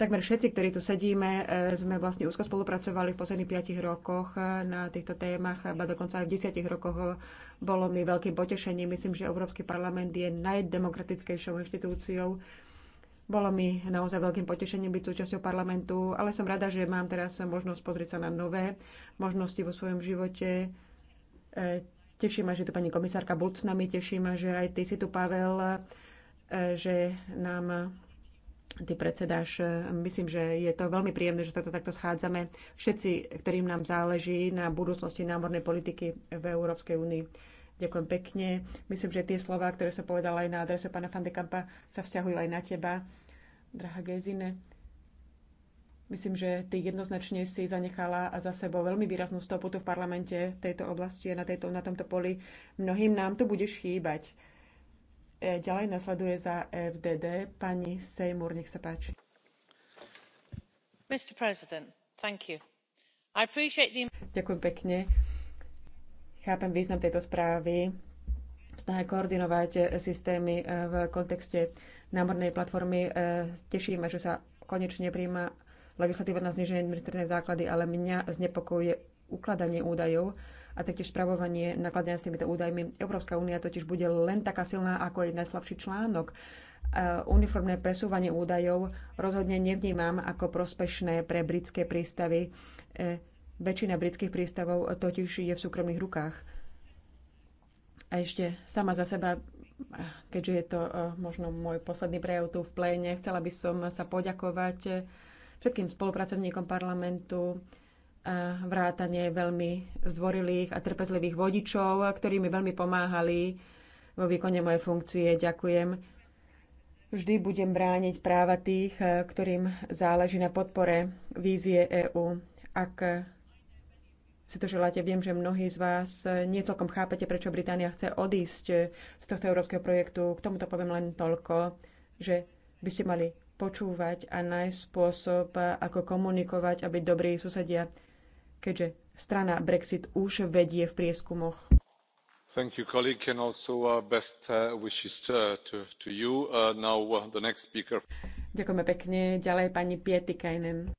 takmer všetci, ktorí tu sedíme, e, sme vlastne úzko spolupracovali v posledných piatich rokoch e, na týchto témach, a dokonca aj v desiatich rokoch bolo mi veľkým potešením. Myslím, že Európsky parlament je najdemokratickejšou inštitúciou bolo mi naozaj veľkým potešením byť súčasťou parlamentu, ale som rada, že mám teraz možnosť pozrieť sa na nové možnosti vo svojom živote. E, teší ma, že tu pani komisárka Bulc s nami, teší ma, že aj ty si tu, Pavel, e, že nám ty predsedáš. Myslím, že je to veľmi príjemné, že sa to takto schádzame. Všetci, ktorým nám záleží na budúcnosti námornej politiky v Európskej únii. Ďakujem pekne. Myslím, že tie slova, ktoré som povedala aj na adrese pána Fandekampa, sa vzťahujú aj na teba drahá Gezine. Myslím, že ty jednoznačne si zanechala a za sebou veľmi výraznú stopu tu v parlamente v tejto oblasti a na, tejto, na tomto poli. Mnohým nám tu budeš chýbať. E, ďalej nasleduje za FDD pani Seymour, nech sa páči. Mr. President, thank you. I appreciate the... Ďakujem pekne. Chápem význam tejto správy snahe koordinovať eh, systémy eh, v kontexte námornej platformy. Eh, tešíme, že sa konečne príjma legislatíva na zniženie administratívnej základy, ale mňa znepokojuje ukladanie údajov a taktiež spravovanie nakladania s týmito údajmi. Európska únia totiž bude len taká silná, ako je najslabší článok. Uniformné presúvanie údajov rozhodne nevnímam ako prospešné pre britské prístavy. Väčšina britských prístavov totiž je v súkromných rukách a ešte sama za seba, keďže je to eh, možno môj posledný prejav tu v pléne, chcela by som sa poďakovať eh, všetkým spolupracovníkom parlamentu, eh, vrátane veľmi zdvorilých a trpezlivých vodičov, ktorí mi veľmi pomáhali vo výkone mojej funkcie. Ďakujem. Vždy budem brániť práva tých, ktorým záleží na podpore vízie EÚ. Ak si to želáte. Viem, že mnohí z vás nie celkom chápete, prečo Británia chce odísť z tohto európskeho projektu. K tomuto poviem len toľko, že by ste mali počúvať a nájsť spôsob, ako komunikovať a byť dobrí susedia, keďže strana Brexit už vedie v prieskumoch. Thank you, colleague, and also uh, best uh, wishes uh, to, to you. now the next speaker. Ďakujeme pekne. Ďalej pani Pietikainen.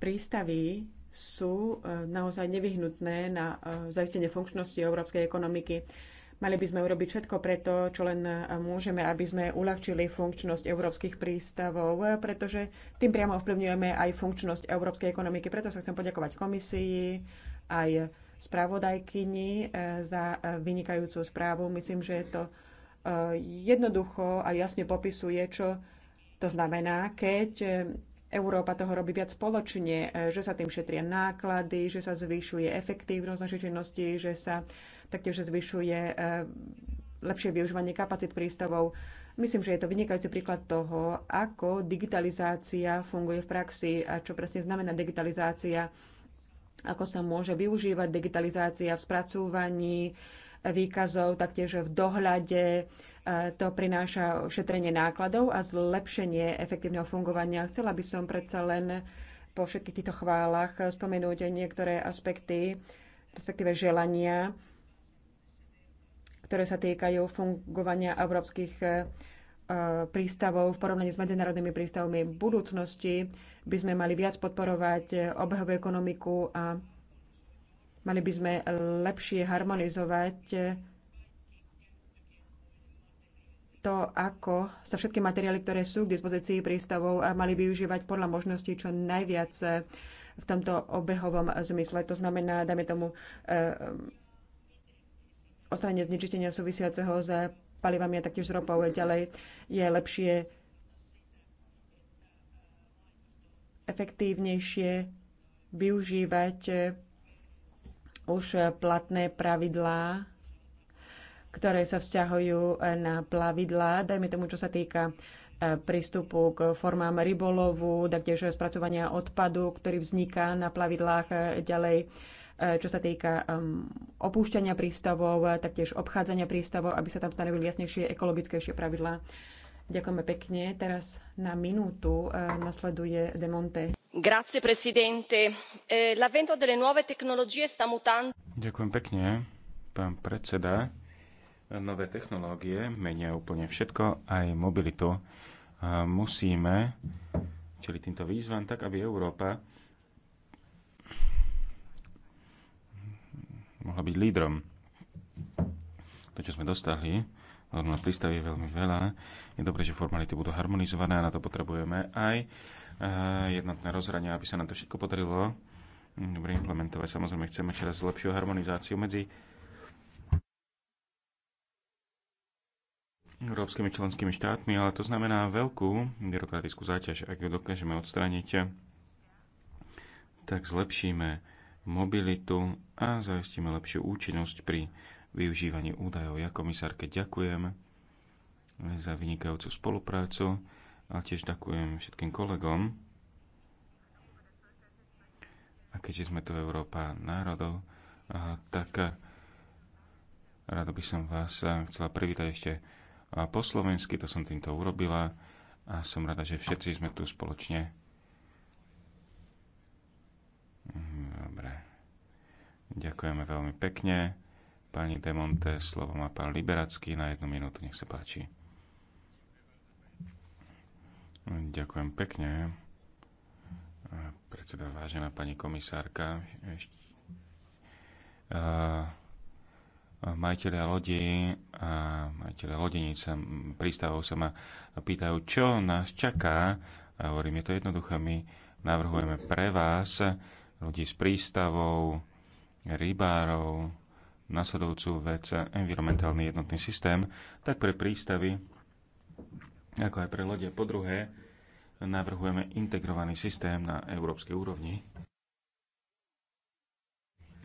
Prístavy sú e, naozaj nevyhnutné na e, zaistenie funkčnosti európskej ekonomiky. Mali by sme urobiť všetko preto, čo len e, môžeme, aby sme uľahčili funkčnosť európskych prístavov, pretože tým priamo ovplyvňujeme aj funkčnosť európskej ekonomiky. Preto sa chcem poďakovať komisii aj spravodajkyni za vynikajúcu správu. Myslím, že to jednoducho a jasne popisuje, čo to znamená, keď e, Európa toho robí viac spoločne, e, že sa tým šetria náklady, že sa zvyšuje efektívnosť našej činnosti, že sa taktiež zvyšuje e, lepšie využívanie kapacit prístavov. Myslím, že je to vynikajúci príklad toho, ako digitalizácia funguje v praxi a čo presne znamená digitalizácia, ako sa môže využívať digitalizácia v spracúvaní výkazov, taktiež v dohľade, to prináša šetrenie nákladov a zlepšenie efektívneho fungovania. Chcela by som predsa len po všetkých týchto chválach spomenúť niektoré aspekty, respektíve želania, ktoré sa týkajú fungovania európskych e, prístavov v porovnaní s medzinárodnými prístavmi v budúcnosti by sme mali viac podporovať obehovú ekonomiku a mali by sme lepšie harmonizovať to, ako sa všetky materiály, ktoré sú k dispozícii prístavov, mali využívať podľa možností čo najviac e, v tomto obehovom zmysle. To znamená, dajme tomu, e, e, ostranie znečistenia súvisiaceho s palivami a taktiež z ropou. Ďalej je lepšie efektívnejšie využívať už platné pravidlá ktoré sa vzťahujú eh, na plavidlá, dajme tomu, čo sa týka eh, prístupu k formám rybolovu, taktiež spracovania odpadu, ktorý vzniká na plavidlách eh, ďalej, čo sa týka ehm, opúšťania prístavov, taktiež obchádzania prístavov, aby sa tam stanovili jasnejšie, ekologickejšie pravidlá. Ďakujeme pekne. Teraz na minútu nasleduje Demonte. Grazie, presidente. L'avvento delle nuove tecnologie sta mutando. Ďakujem pekne, pán predseda Nové technológie menia úplne všetko, aj mobilitu. Musíme čili týmto výzvam tak, aby Európa mohla byť lídrom. To, čo sme dostali, lebo na prístave je veľmi veľa. Je dobré, že formality budú harmonizované a na to potrebujeme aj e, jednotné rozhrania, aby sa nám to všetko podarilo dobre implementovať. Samozrejme, chceme čoraz lepšiu harmonizáciu medzi európskymi členskými štátmi, ale to znamená veľkú byrokratickú záťaž. Ak ju dokážeme odstrániť, tak zlepšíme mobilitu a zaistíme lepšiu účinnosť pri využívaní údajov. Ja komisárke ďakujem za vynikajúcu spoluprácu a tiež ďakujem všetkým kolegom. A keďže sme tu Európa národov, tak rado by som vás chcela privítať ešte po slovensky, to som týmto urobila a som rada, že všetci sme tu spoločne. Mhm, dobre. Ďakujeme veľmi pekne. Pani Demonte, slovo má pán Liberacký na jednu minútu, nech sa páči. Ďakujem pekne. Predseda, vážená pani komisárka, ešte, uh, majiteľia lodi a majiteľia lodeníc prístavov sa ma pýtajú, čo nás čaká. A hovorím, je to jednoduché, my navrhujeme pre vás ľudí z prístavov, rybárov, nasledujúcu vec environmentálny jednotný systém, tak pre prístavy, ako aj pre lode. Po druhé, navrhujeme integrovaný systém na európskej úrovni.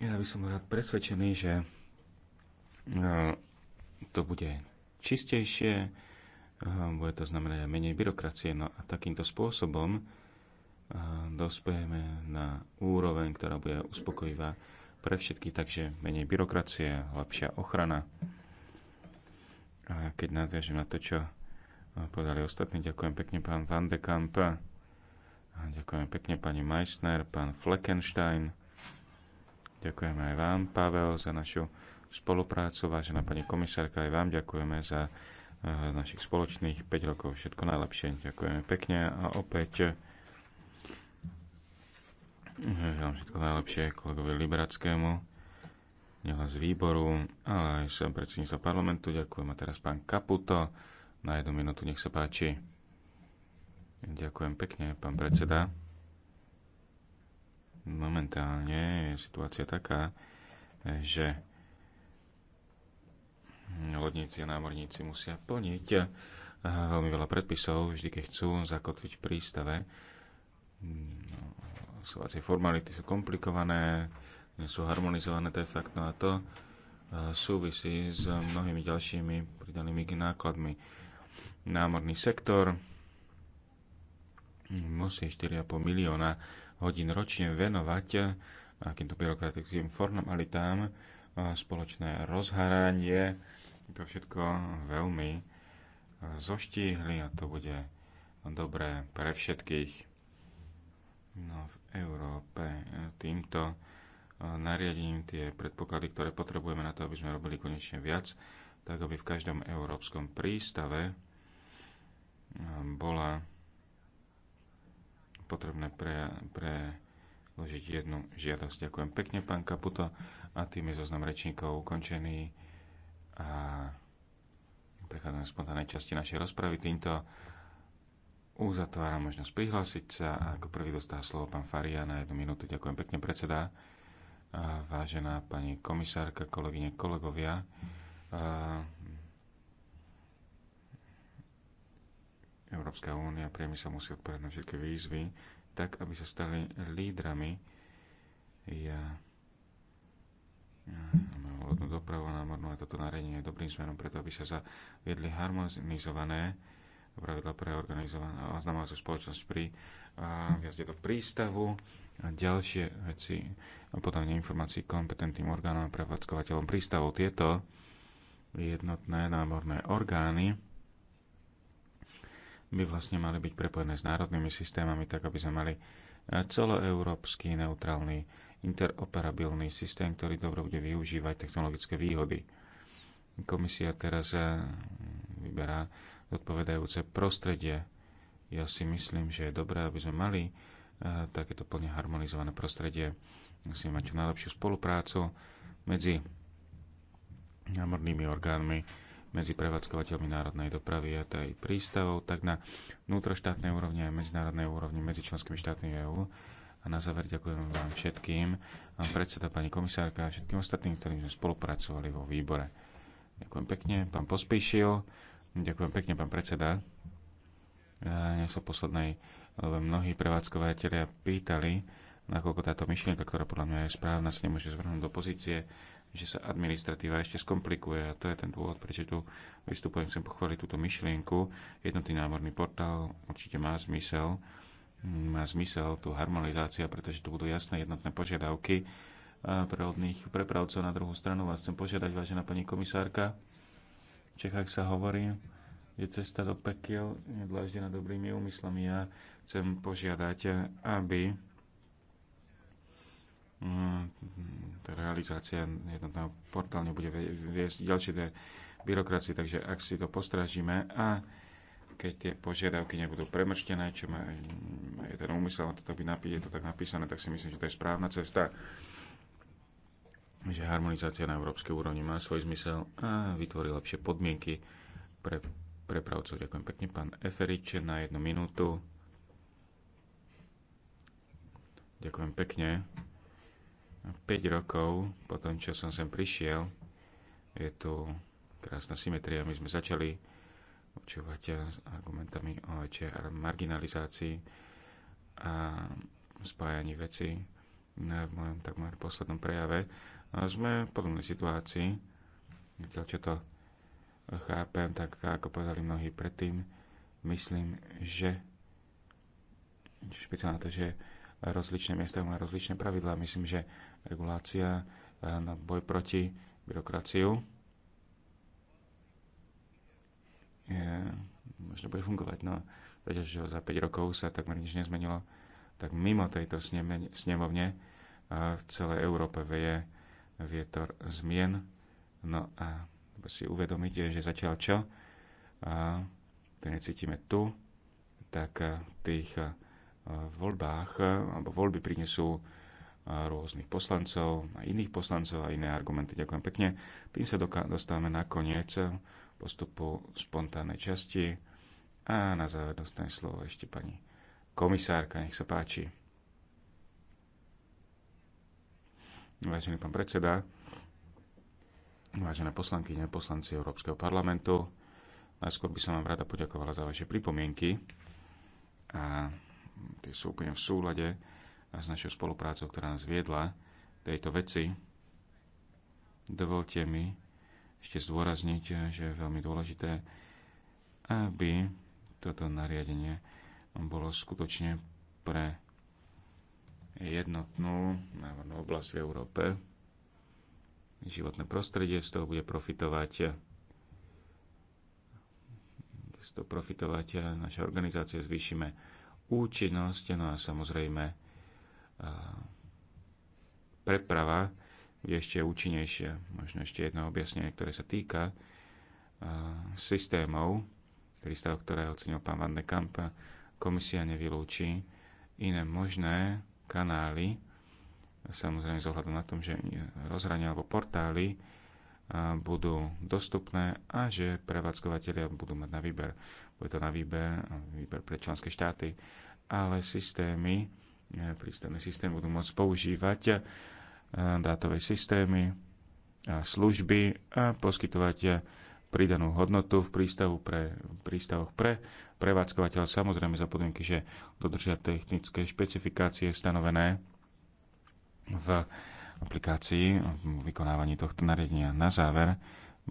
Ja by som rád presvedčený, že No, to bude čistejšie, eh, bude to znamenať aj menej byrokracie. No a takýmto spôsobom eh, dospejeme na úroveň, ktorá bude uspokojivá pre všetky, takže menej byrokracie, lepšia ochrana. A keď nadviažem na to, čo eh, povedali ostatní, ďakujem pekne pán Van de Kamp, ďakujem pekne pani Meissner, pán Fleckenstein, ďakujem aj vám, Pavel, za našu spoluprácu. Vážená pani komisárka, aj vám ďakujeme za eh, našich spoločných 5 rokov. Všetko najlepšie. Ďakujeme pekne a opäť vám eh, všetko najlepšie kolegovi Liberackému, nielen z výboru, ale aj z predsedníctva parlamentu. Ďakujem a teraz pán Kaputo. Na jednu minútu nech sa páči. Ďakujem pekne, pán predseda. Momentálne je situácia taká, eh, že lodníci a námorníci musia plniť eh, veľmi veľa predpisov, vždy keď chcú zakotviť v prístave. No, slovacie formality sú komplikované, nie sú harmonizované, to je fakt. No a to eh, súvisí s mnohými ďalšími pridanými nákladmi. Námorný sektor musí 4,5 milióna hodín ročne venovať eh, akýmto byrokratickým formalitám spoločné rozhranie to všetko veľmi e, zoštíhli a to bude dobré pre všetkých. No, v Európe e, týmto e, nariadením tie predpoklady, ktoré potrebujeme na to, aby sme robili konečne viac, tak aby v každom európskom prístave bola potrebné pre, pre ložiť jednu žiadosť. Ďakujem pekne, pán Kaputo. A tým je zoznam rečníkov ukončený. A prechádzame spontánnej časti našej rozpravy. Týmto uzatváram možnosť prihlásiť sa. A ako prvý dostá slovo pán Faria na jednu minútu. Ďakujem pekne, predseda. A vážená pani komisárka, kolegyne, kolegovia. A Európska únia priemysel musí odpovedať na všetky výzvy, tak aby sa stali lídrami. Ja dopravu na mornú a toto nariadenie je dobrým smerom, preto aby sa zaviedli harmonizované pravidla pre organizovanú oznamovacú spoločnosť pri a, do prístavu a ďalšie veci a podanie informácií kompetentným orgánom a prevádzkovateľom prístavov. Tieto jednotné námorné orgány by vlastne mali byť prepojené s národnými systémami, tak aby sme mali celoeurópsky neutrálny interoperabilný systém, ktorý dobro bude využívať technologické výhody. Komisia teraz eh, vyberá odpovedajúce prostredie. Ja si myslím, že je dobré, aby sme mali eh, takéto plne harmonizované prostredie. Musíme mať čo najlepšiu spoluprácu medzi námornými orgánmi, medzi prevádzkovateľmi národnej dopravy a aj prístavov, tak na vnútroštátnej úrovni a medzinárodnej úrovni medzi členskými štátmi EÚ a na záver ďakujem vám všetkým, vám predseda, pani komisárka a všetkým ostatným, ktorí sme spolupracovali vo výbore. Ďakujem pekne, pán Pospíšil. Ďakujem pekne, pán predseda. Ja sa poslednej mnohí prevádzkovateľia pýtali, nakoľko táto myšlienka, ktorá podľa mňa je správna, sa nemôže zvrhnúť do pozície, že sa administratíva ešte skomplikuje. A to je ten dôvod, prečo tu vystupujem. Chcem pochváliť túto myšlienku. Jednotný námorný portál určite má zmysel má zmysel tu harmonizácia, pretože tu budú jasné jednotné požiadavky e, odných prepravcov. Na druhú stranu vás chcem požiadať, vážená pani komisárka, v Čechách sa hovorí, že cesta do pekiel je dláždená dobrými úmyslami. Ja chcem požiadať, aby mm, tá realizácia jednotného portálu nebude viesť ďalšie byrokracie, takže ak si to postražíme a keď tie požiadavky nebudú premrštené, čo má, aj ten úmysel, a toto by napí, je to tak napísané, tak si myslím, že to je správna cesta. Že harmonizácia na európskej úrovni má svoj zmysel a vytvorí lepšie podmienky pre prepravcov. Ďakujem pekne, pán Eferič, na jednu minútu. Ďakujem pekne. 5 rokov po tom, čo som sem prišiel, je tu krásna symetria. My sme začali počúvať s argumentami o väčšej marginalizácii a spájaní veci. V mojom takmer poslednom prejave sme v podobnej situácii. keď čo to chápem, tak ako povedali mnohí predtým, myslím, že špeciálne to, že rozličné miesta majú rozličné pravidlá. Myslím, že regulácia na boj proti byrokraciu možno bude fungovať. No, že za 5 rokov sa takmer nič nezmenilo, tak mimo tejto snemovne v celej Európe veje vietor zmien. No a si uvedomíte, že zatiaľ čo, a, to necítime tu, tak v tých voľbách, alebo voľby prinesú rôznych poslancov a iných poslancov a iné argumenty. Ďakujem pekne. Tým sa dostávame na koniec postupu spontánnej časti. A na záver dostane slovo ešte pani komisárka, nech sa páči. Vážený pán predseda, vážené poslankyne a poslanci Európskeho parlamentu, najskôr by som vám rada poďakovala za vaše pripomienky a tie sú úplne v súlade a s našou spoluprácou, ktorá nás viedla tejto veci. Dovolte mi ešte zdôrazniť, že je veľmi dôležité, aby toto nariadenie bolo skutočne pre jednotnú oblasť v Európe. Životné prostredie z toho bude profitovať z toho profitovať naša organizácia, zvýšime účinnosť, no a samozrejme preprava bude ešte účinnejšie. Možno ešte jedno objasnenie, ktoré sa týka systémov, ktorý stav, ktoré ocenil pán Van de Kamp, komisia nevylúči iné možné kanály, samozrejme ohľadom na tom, že rozhrania alebo portály budú dostupné a že prevádzkovateľia budú mať na výber. Bude to na výber, výber pre členské štáty, ale systémy, e, prístavné systémy budú môcť používať Eh, dátové systémy a služby a poskytovať eh, pridanú hodnotu v, prístavu pre, v prístavoch pre prevádzkovateľa, samozrejme za podmienky, že dodržia technické špecifikácie stanovené v aplikácii v vykonávaní tohto nariadenia. Na záver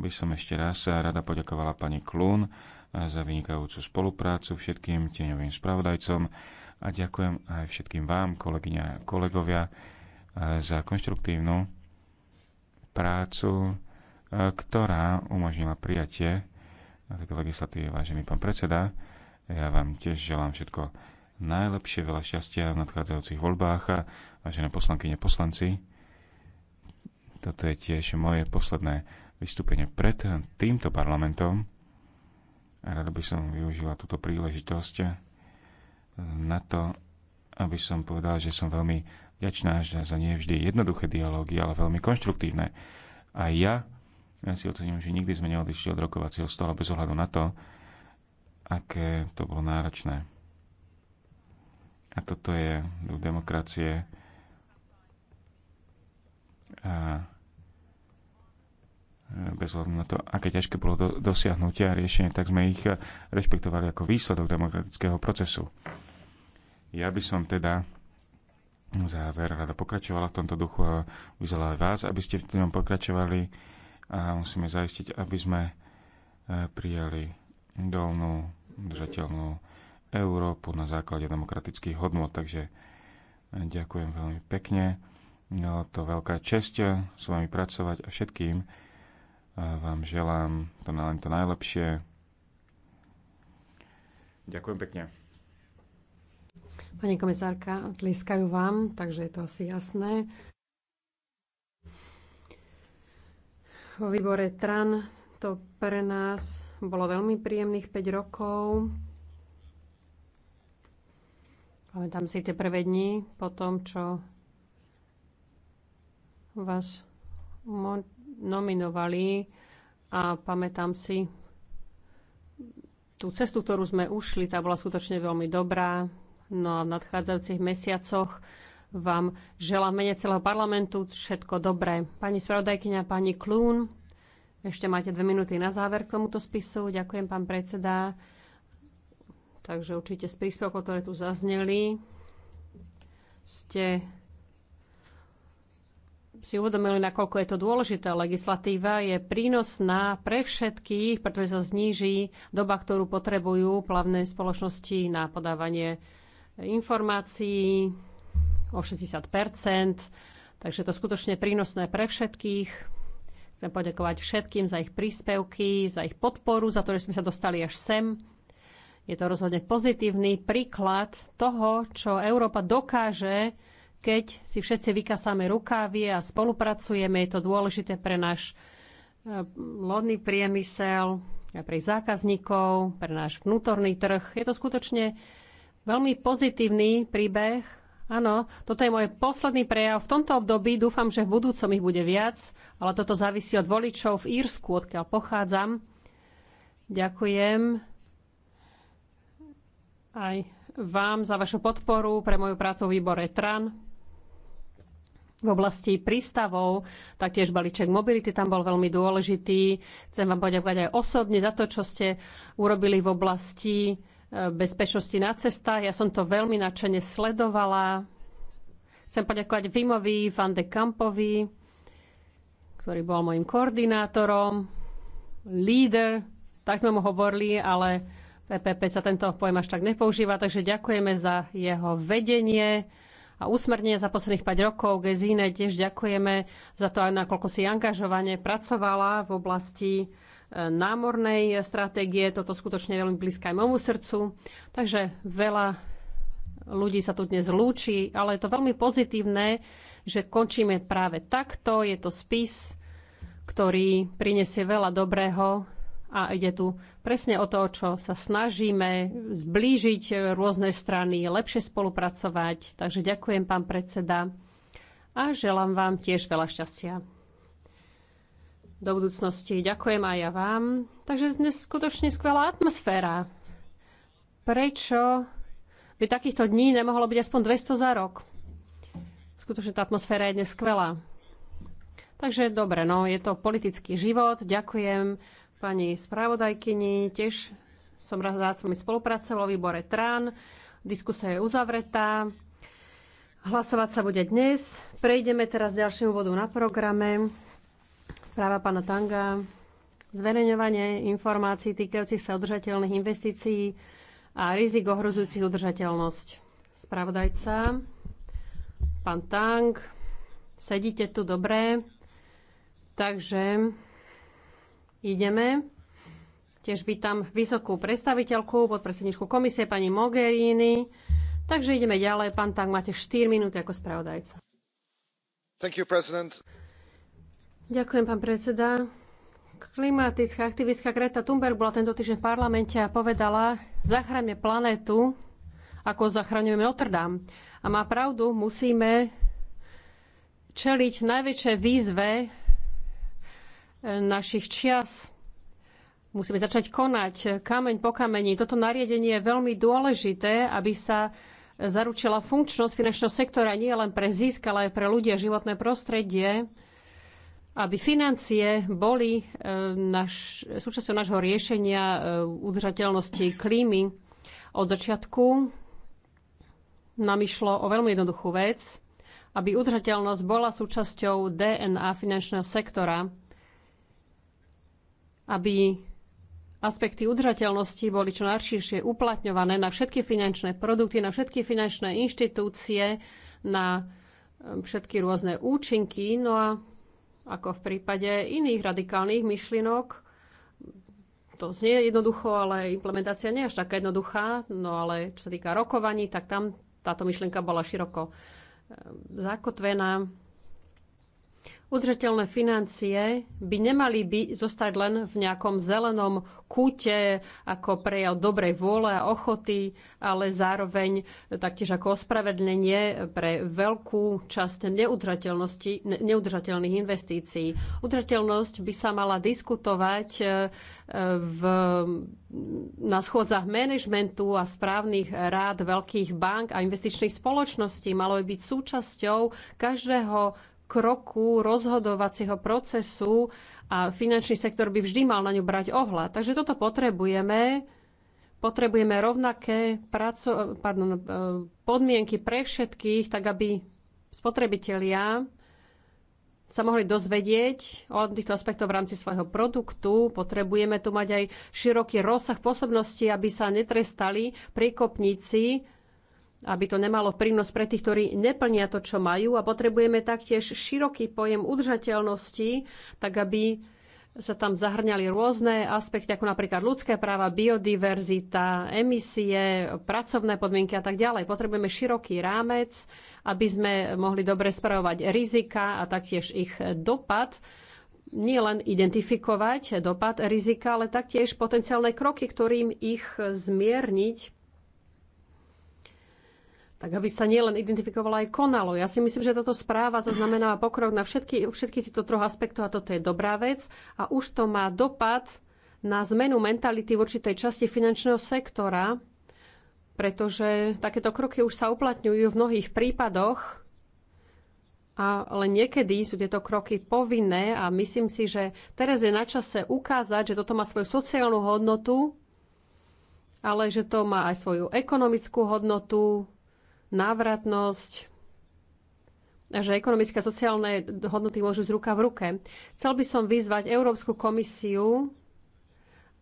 by som ešte raz rada poďakovala pani Klún eh, za vynikajúcu spoluprácu všetkým tieňovým spravodajcom a ďakujem aj všetkým vám, kolegyňa a kolegovia, E, za konštruktívnu prácu, e, ktorá umožnila prijatie tejto legislatívy. Vážený pán predseda, ja vám tiež želám všetko najlepšie, veľa šťastia v nadchádzajúcich voľbách a vážené poslankyne, poslanci. Toto je tiež moje posledné vystúpenie pred týmto parlamentom. Rada by som využila túto príležitosť na to, aby som povedal, že som veľmi vďačná za nie vždy jednoduché dialógy, ale veľmi konštruktívne. A ja, ja si ocením, že nikdy sme neodišli od rokovacieho stola bez ohľadu na to, aké to bolo náročné. A toto je duch demokracie. A e, bez hľadu na to, aké ťažké bolo do, dosiahnutia a riešenie, tak sme ich rešpektovali ako výsledok demokratického procesu. Ja by som teda záver rada pokračovala v tomto duchu a vyzvala aj vás, aby ste v tom pokračovali a musíme zaistiť, aby sme e, prijali dolnú, držateľnú Európu na základe demokratických hodnot. Takže e, ďakujem veľmi pekne. Bolo no, to veľká česť e, s vami pracovať a všetkým vám želám to na len to najlepšie. Ďakujem pekne. Pani komisárka, tliskajú vám, takže je to asi jasné. Vo výbore TRAN to pre nás bolo veľmi príjemných 5 rokov. Pamätám si tie prvé dni po tom, čo vás nominovali a pamätám si tú cestu, ktorú sme ušli, tá bola skutočne veľmi dobrá. No a v nadchádzajúcich mesiacoch vám želám mene celého parlamentu všetko dobré. Pani spravodajkyňa, pani Klún, ešte máte dve minúty na záver k tomuto spisu. Ďakujem, pán predseda. Takže určite z príspevkov, ktoré tu zazneli, ste si uvedomili, nakoľko je to dôležité. Legislatíva je prínosná pre všetkých, pretože sa zníži doba, ktorú potrebujú plavné spoločnosti na podávanie informácií o 60 takže to skutočne prínosné pre všetkých. Chcem poďakovať všetkým za ich príspevky, za ich podporu, za to, že sme sa dostali až sem. Je to rozhodne pozitívny príklad toho, čo Európa dokáže, keď si všetci vykasáme rukávy a spolupracujeme. Je to dôležité pre náš e, lodný priemysel, pre zákazníkov, pre náš vnútorný trh. Je to skutočne Veľmi pozitívny príbeh. Áno, toto je môj posledný prejav. V tomto období dúfam, že v budúcom ich bude viac, ale toto závisí od voličov v Írsku, odkiaľ pochádzam. Ďakujem aj vám za vašu podporu pre moju prácu v výbore TRAN. V oblasti prístavov, taktiež balíček mobility tam bol veľmi dôležitý. Chcem vám poďakovať aj osobne za to, čo ste urobili v oblasti bezpečnosti na cestách. Ja som to veľmi nadšene sledovala. Chcem poďakovať Vimovi van de Kampovi, ktorý bol môjim koordinátorom, líder, tak sme mu hovorili, ale v EPP sa tento pojem až tak nepoužíva, takže ďakujeme za jeho vedenie a úsmernenie za posledných 5 rokov. Gezine tiež ďakujeme za to, nakoľko si angažovane pracovala v oblasti námornej stratégie. Toto skutočne je veľmi blízka aj môjmu srdcu. Takže veľa ľudí sa tu dnes lúči, ale je to veľmi pozitívne, že končíme práve takto. Je to spis, ktorý prinesie veľa dobrého a ide tu presne o to, čo sa snažíme zblížiť rôzne strany, lepšie spolupracovať. Takže ďakujem, pán predseda, a želám vám tiež veľa šťastia do budúcnosti. Ďakujem aj ja vám. Takže dnes skutočne skvelá atmosféra. Prečo by takýchto dní nemohlo byť aspoň 200 za rok? Skutočne tá atmosféra je dnes skvelá. Takže dobre, no je to politický život. Ďakujem pani spravodajkyni. Tiež som rád, s vami spolupracoval v výbore TRAN. Diskusia je uzavretá. Hlasovať sa bude dnes. Prejdeme teraz k ďalšiemu bodu na programe. Správa pána Tanga. Zverejňovanie informácií týkajúcich sa udržateľných investícií a rizik ohrozujúcich udržateľnosť. Spravodajca, pán Tang, sedíte tu dobre, takže ideme. Tiež vítam vysokú predstaviteľku, podpredsedničku komisie, pani Mogherini. Takže ideme ďalej. Pán Tang, máte 4 minúty ako spravodajca. You, Ďakujem, pán predseda. Klimatická aktivistka Greta Thunberg bola tento týždeň v parlamente a povedala, zachráňme planétu, ako zachraňujeme Notre Dame. A má pravdu, musíme čeliť najväčšej výzve eh, našich čias. Musíme začať konať kameň po kameni. Toto nariadenie je veľmi dôležité, aby sa zaručila funkčnosť finančného sektora nie len pre zisk, ale aj pre ľudia životné prostredie aby financie boli e, naš, súčasťou nášho riešenia e, udržateľnosti klímy. Od začiatku nám išlo o veľmi jednoduchú vec, aby udržateľnosť bola súčasťou DNA finančného sektora, aby aspekty udržateľnosti boli čo najširšie uplatňované na všetky finančné produkty, na všetky finančné inštitúcie, na e, všetky rôzne účinky. No a ako v prípade iných radikálnych myšlienok. To znie jednoducho, ale implementácia nie je až taká jednoduchá. No ale čo sa týka rokovaní, tak tam táto myšlienka bola široko eh, zakotvená. Udržateľné financie by nemali by zostať len v nejakom zelenom kúte ako prejav dobrej vôle a ochoty, ale zároveň taktiež ako ospravedlenie pre veľkú časť neudržateľnosti, neudržateľných investícií. Udržateľnosť by sa mala diskutovať e, v, na schôdzach manažmentu a správnych rád veľkých bank a investičných spoločností. Malo by byť súčasťou každého kroku rozhodovacieho procesu a finančný sektor by vždy mal na ňu brať ohľad. Takže toto potrebujeme. Potrebujeme rovnaké praco- pardon, e, podmienky pre všetkých, tak aby spotrebitelia sa mohli dozvedieť o týchto aspektov v rámci svojho produktu. Potrebujeme tu mať aj široký rozsah pôsobnosti, aby sa netrestali príkopníci aby to nemalo prínos pre tých, ktorí neplnia to, čo majú. A potrebujeme taktiež široký pojem udržateľnosti, tak aby sa tam zahrňali rôzne aspekty, ako napríklad ľudské práva, biodiverzita, emisie, pracovné podmienky a tak ďalej. Potrebujeme široký rámec, aby sme mohli dobre spravovať rizika a taktiež ich dopad nie len identifikovať dopad rizika, ale taktiež potenciálne kroky, ktorým ich zmierniť tak aby sa nielen identifikovalo aj konalo. Ja si myslím, že táto správa zaznamenáva pokrok na všetky, všetky tieto troch aspektov a toto je dobrá vec a už to má dopad na zmenu mentality v určitej časti finančného sektora, pretože takéto kroky už sa uplatňujú v mnohých prípadoch a len niekedy sú tieto kroky povinné a myslím si, že teraz je na čase ukázať, že toto má svoju sociálnu hodnotu, ale že to má aj svoju ekonomickú hodnotu, návratnosť, že ekonomické a sociálne hodnoty môžu z ruka v ruke. Chcel by som vyzvať Európsku komisiu,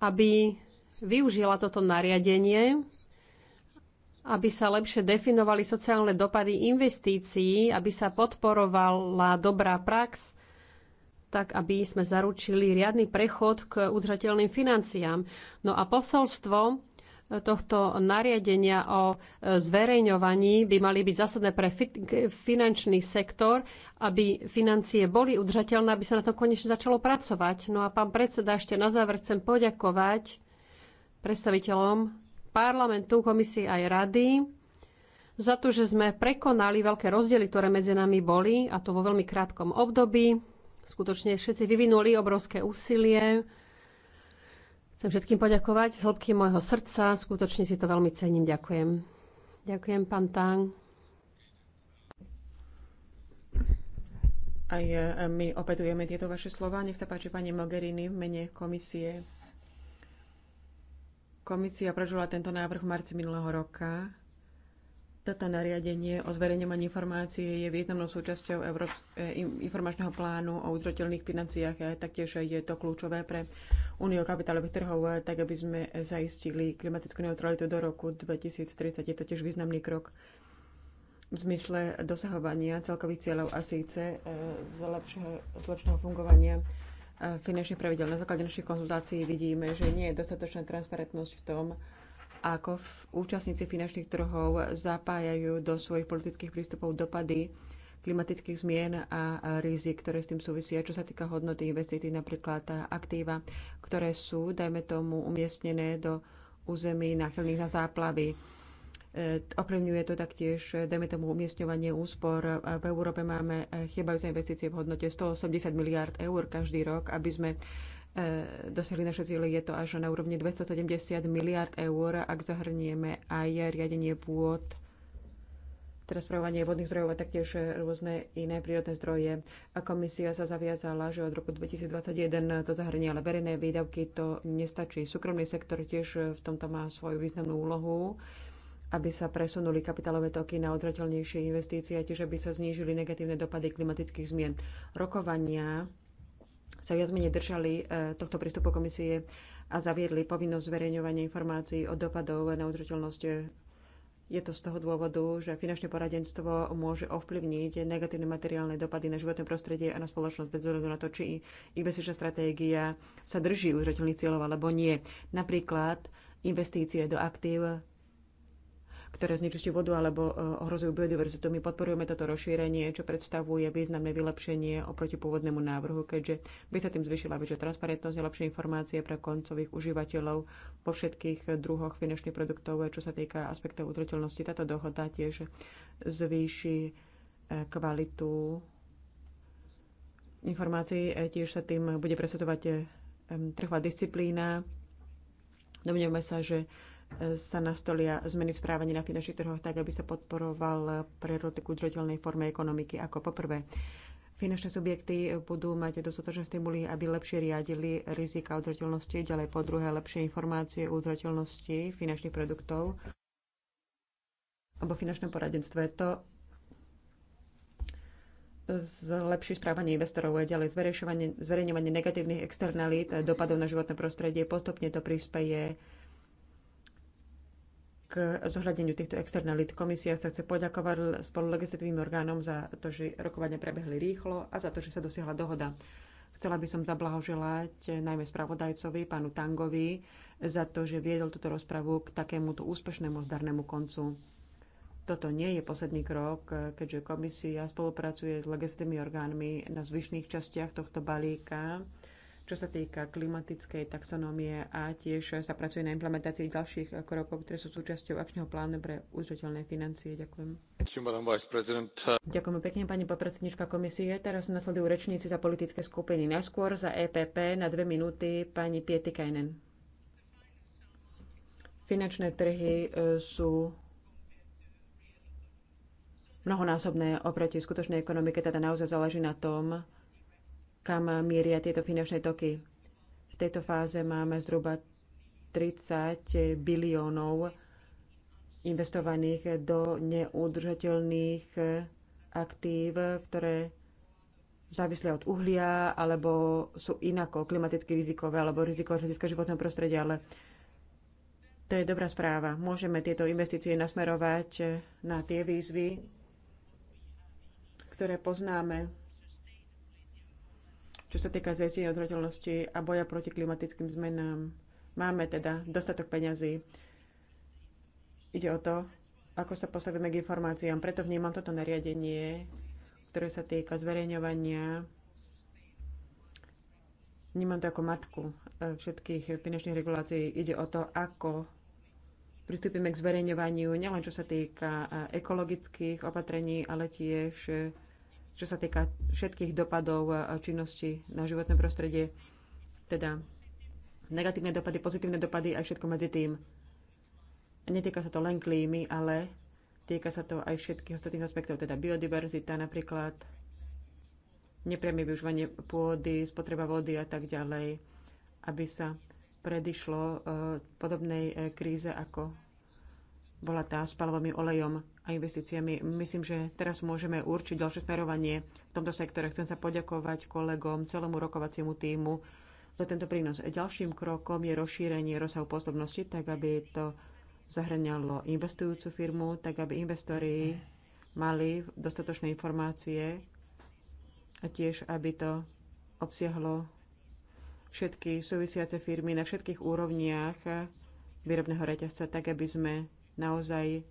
aby využila toto nariadenie, aby sa lepšie definovali sociálne dopady investícií, aby sa podporovala dobrá prax, tak aby sme zaručili riadny prechod k udržateľným financiám. No a posolstvo tohto nariadenia o e, zverejňovaní by mali byť zásadné pre finančný sektor, aby financie boli udržateľné, aby sa na tom konečne začalo pracovať. No a pán predseda, ešte na záver chcem poďakovať predstaviteľom parlamentu, komisie aj rady za to, že sme prekonali veľké rozdiely, ktoré medzi nami boli, a to vo veľmi krátkom období. Skutočne všetci vyvinuli obrovské úsilie Chcem všetkým poďakovať z hĺbky môjho srdca. Skutočne si to veľmi cením. Ďakujem. Ďakujem, pán Tang. Aj e, my opetujeme tieto vaše slova. Nech sa páči pani Mogherini v mene komisie. Komisia prežila tento návrh v marci minulého roka toto nariadenie o zverejňovaní informácií je významnou súčasťou Európs- e, informačného plánu o udržateľných financiách. Taktiež je to kľúčové pre Úniu kapitálových trhov, e, tak aby sme zaistili klimatickú neutralitu do roku 2030. Je to tiež významný krok v zmysle dosahovania celkových cieľov a síce e, lepšieho fungovania finančných pravidel. Na základe našich konzultácií vidíme, že nie je dostatočná transparentnosť v tom, ako účastníci finančných trhov zapájajú do svojich politických prístupov dopady klimatických zmien a rizik, ktoré s tým súvisia. Čo sa týka hodnoty investícií, napríklad aktíva, ktoré sú, dajme tomu, umiestnené do území náchylných na záplavy. E, Opremňuje to taktiež, dajme tomu, umiestňovanie úspor. V Európe máme e, chýbajúce investície v hodnote 180 miliard eur každý rok, aby sme E, dosiahli naše cieľe, je to až na úrovni 270 miliard eur, ak zahrnieme aj riadenie vôd, teda spravovanie vodných zdrojov a taktiež rôzne iné prírodné zdroje. A komisia sa zaviazala, že od roku 2021 to zahrnie, ale verejné výdavky to nestačí. Súkromný sektor tiež v tomto má svoju významnú úlohu aby sa presunuli kapitálové toky na odrateľnejšie investície a tiež aby sa znížili negatívne dopady klimatických zmien. Rokovania sa viac menej držali e, tohto prístupu komisie a zaviedli povinnosť zverejňovania informácií o dopadov na udržateľnosť je to z toho dôvodu, že finančné poradenstvo môže ovplyvniť negatívne materiálne dopady na životné prostredie a na spoločnosť bez ohľadu na to, či investičná stratégia sa drží udržateľných cieľov alebo nie. Napríklad investície do aktív ktoré znečistujú vodu alebo e, ohrozujú biodiverzitu. My podporujeme toto rozšírenie, čo predstavuje významné vylepšenie oproti pôvodnému návrhu, keďže by sa tým zvyšila väčšia transparentnosť a lepšie informácie pre koncových užívateľov po všetkých druhoch finančných produktov, čo sa týka aspektov udržateľnosti. Táto dohoda tiež zvýši e, kvalitu informácií. E, tiež sa tým bude presadovať trhová disciplína. Domnievame sa, že sa nastolia zmeny v správaní na finančných trhoch tak, aby sa podporoval prerod k udržateľnej forme ekonomiky ako poprvé. Finančné subjekty budú mať dostatočné stimuly, aby lepšie riadili rizika udržateľnosti, ďalej po druhé lepšie informácie o udržateľnosti finančných produktov alebo finančnom poradenstve. To zlepší správanie investorov a ďalej zverejňovanie negatívnych externalít, dopadov na životné prostredie. Postupne to prispieje k zohľadeniu týchto externalít. Komisia sa chce poďakovať spolu legislatívnym orgánom za to, že rokovania prebehli rýchlo a za to, že sa dosiahla dohoda. Chcela by som zablahoželať najmä spravodajcovi, pánu Tangovi, za to, že viedol túto rozpravu k takémuto úspešnému zdarnému koncu. Toto nie je posledný krok, keďže komisia spolupracuje s legislatívnymi orgánmi na zvyšných častiach tohto balíka čo sa týka klimatickej taxonómie a tiež sa pracuje na implementácii ďalších krokov, ktoré sú súčasťou akčného plánu pre udržateľné financie. Ďakujem. Ďakujem pekne, pani podpredsednička komisie. Teraz nasledujú rečníci za politické skupiny. Najskôr za EPP na dve minúty pani Kajnen. Finančné trhy e, sú mnohonásobné oproti skutočnej ekonomike, teda naozaj záleží na tom, kam mieria tieto finančné toky. V tejto fáze máme zhruba 30 biliónov investovaných do neudržateľných aktív, ktoré závislia od uhlia alebo sú inako klimaticky rizikové alebo rizikové z hľadiska životného prostredia, ale to je dobrá správa. Môžeme tieto investície nasmerovať na tie výzvy, ktoré poznáme čo sa týka zaistenia odhrateľnosti a boja proti klimatickým zmenám. Máme teda dostatok peňazí. Ide o to, ako sa postavíme k informáciám. Preto vnímam toto nariadenie, ktoré sa týka zverejňovania. Vnímam to ako matku e, všetkých finančných regulácií. Ide o to, ako pristúpime k zverejňovaniu, nielen čo sa týka e, ekologických opatrení, ale tiež e, čo sa týka všetkých dopadov a e, činnosti na životné prostredie, teda negatívne dopady, pozitívne dopady a všetko medzi tým. Netýka sa to len klímy, ale týka sa to aj všetkých ostatných aspektov, teda biodiverzita napríklad, nepriame využívanie pôdy, spotreba vody a tak ďalej, aby sa predišlo e, podobnej e, kríze, ako bola tá s palovými olejom a investíciami. Myslím, že teraz môžeme určiť ďalšie smerovanie v tomto sektore. Chcem sa poďakovať kolegom, celému rokovaciemu týmu za tento prínos. Ďalším krokom je rozšírenie rozsahu pôsobnosti, tak aby to zahrňalo investujúcu firmu, tak aby investori mali dostatočné informácie a tiež, aby to obsiahlo všetky súvisiace firmy na všetkých úrovniach výrobného reťazca, tak aby sme naozaj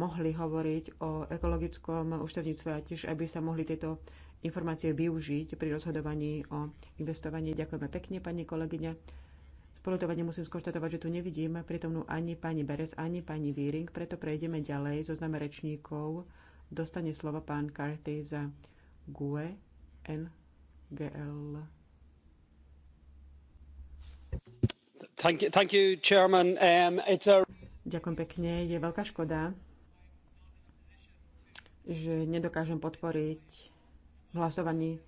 mohli hovoriť o ekologickom účtovníctve a tiež, aby sa mohli tieto informácie využiť pri rozhodovaní o investovaní. Ďakujeme pekne, pani kolegyňa. Spolutovanie musím skonštatovať, že tu nevidím pritomnú ani pani Beres, ani pani Víring, preto prejdeme ďalej. zo známe rečníkov dostane slovo pán Karty za GUE NGL. Thank you, thank you, Chairman. Um, it's a Ďakujem pekne. Je veľká škoda, že nedokážem podporiť v hlasovaní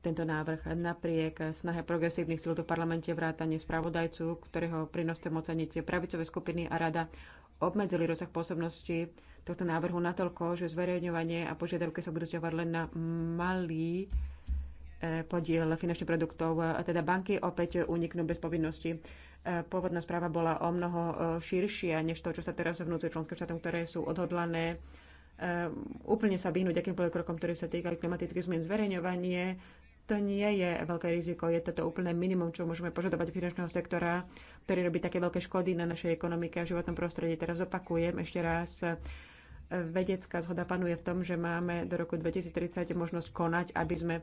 tento návrh napriek snahe progresívnych síl v parlamente vrátane spravodajcu, ktorého mocenie tie pravicové skupiny a rada obmedzili rozsah pôsobnosti tohto návrhu natoľko, že zverejňovanie a požiadavky sa budú zťahovať len na malý eh, podiel finančných produktov, a teda banky opäť uniknú bez povinnosti pôvodná správa bola o mnoho e, širšia, než to, čo sa teraz vnúcuje členským štátom, ktoré sú odhodlané e, úplne sa vyhnúť akýmkoľvek krokom, ktorý sa týkali klimatických zmien. Zverejňovanie to nie je veľké riziko, je toto úplné minimum, čo môžeme požadovať finančného sektora, ktorý robí také veľké škody na našej ekonomike a životnom prostredí. Teraz opakujem ešte raz, e, vedecká zhoda panuje v tom, že máme do roku 2030 možnosť konať, aby sme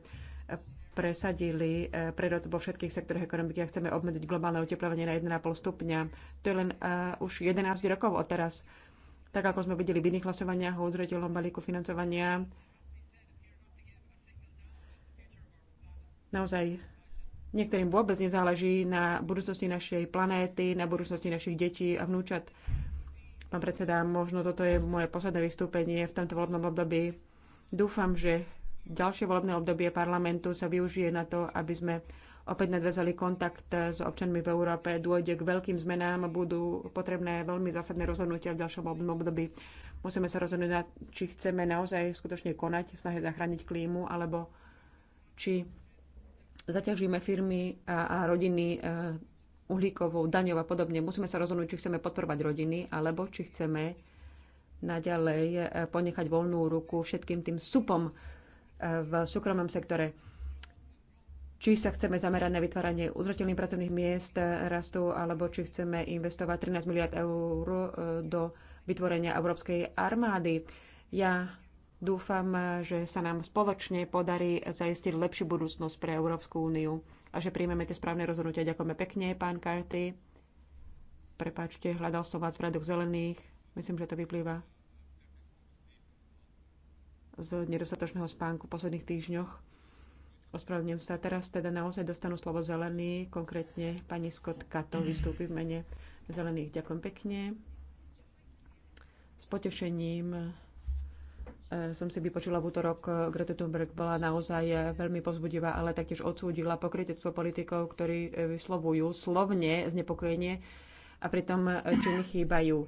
presadili e, prerod vo všetkých sektoroch ekonomiky a chceme obmedziť globálne oteplovanie na 1,5 stupňa. To je len uh, už 11 rokov od teraz. Tak ako sme videli v iných hlasovaniach o udržateľnom balíku financovania, naozaj niektorým vôbec nezáleží na budúcnosti našej planéty, na budúcnosti našich detí a vnúčat. Pán predseda, možno toto je moje posledné vystúpenie v tomto voľbnom období. Dúfam, že ďalšie volebné obdobie parlamentu sa využije na to, aby sme opäť nadvezali kontakt s občanmi v Európe, dôjde k veľkým zmenám, budú potrebné veľmi zásadné rozhodnutia v ďalšom období. Musíme sa rozhodnúť, či chceme naozaj skutočne konať v snahe zachrániť klímu, alebo či zaťažíme firmy a, a rodiny e, uhlíkovou, daňou a podobne. Musíme sa rozhodnúť, či chceme podporovať rodiny, alebo či chceme naďalej e, ponechať voľnú ruku všetkým tým supom v súkromnom sektore. Či sa chceme zamerať na vytváranie uzrateľných pracovných miest rastu, alebo či chceme investovať 13 miliard eur e, do vytvorenia európskej armády. Ja dúfam, že sa nám spoločne podarí zaistiť lepšiu budúcnosť pre Európsku úniu a že príjmeme tie správne rozhodnutia. Ďakujeme pekne, pán Karty. Prepáčte, hľadal som vás v radoch zelených. Myslím, že to vyplýva z nedostatočného spánku v posledných týždňoch. Ospravedlňujem sa. Teraz teda naozaj dostanú slovo zelený, konkrétne pani Scott Kato vystúpi v mene zelených. Ďakujem pekne. S potešením e, som si vypočula v útorok, e, Greta Thunberg bola naozaj e, veľmi pozbudivá, ale taktiež odsúdila pokrytectvo politikov, ktorí vyslovujú slovne znepokojenie a pritom činy chýbajú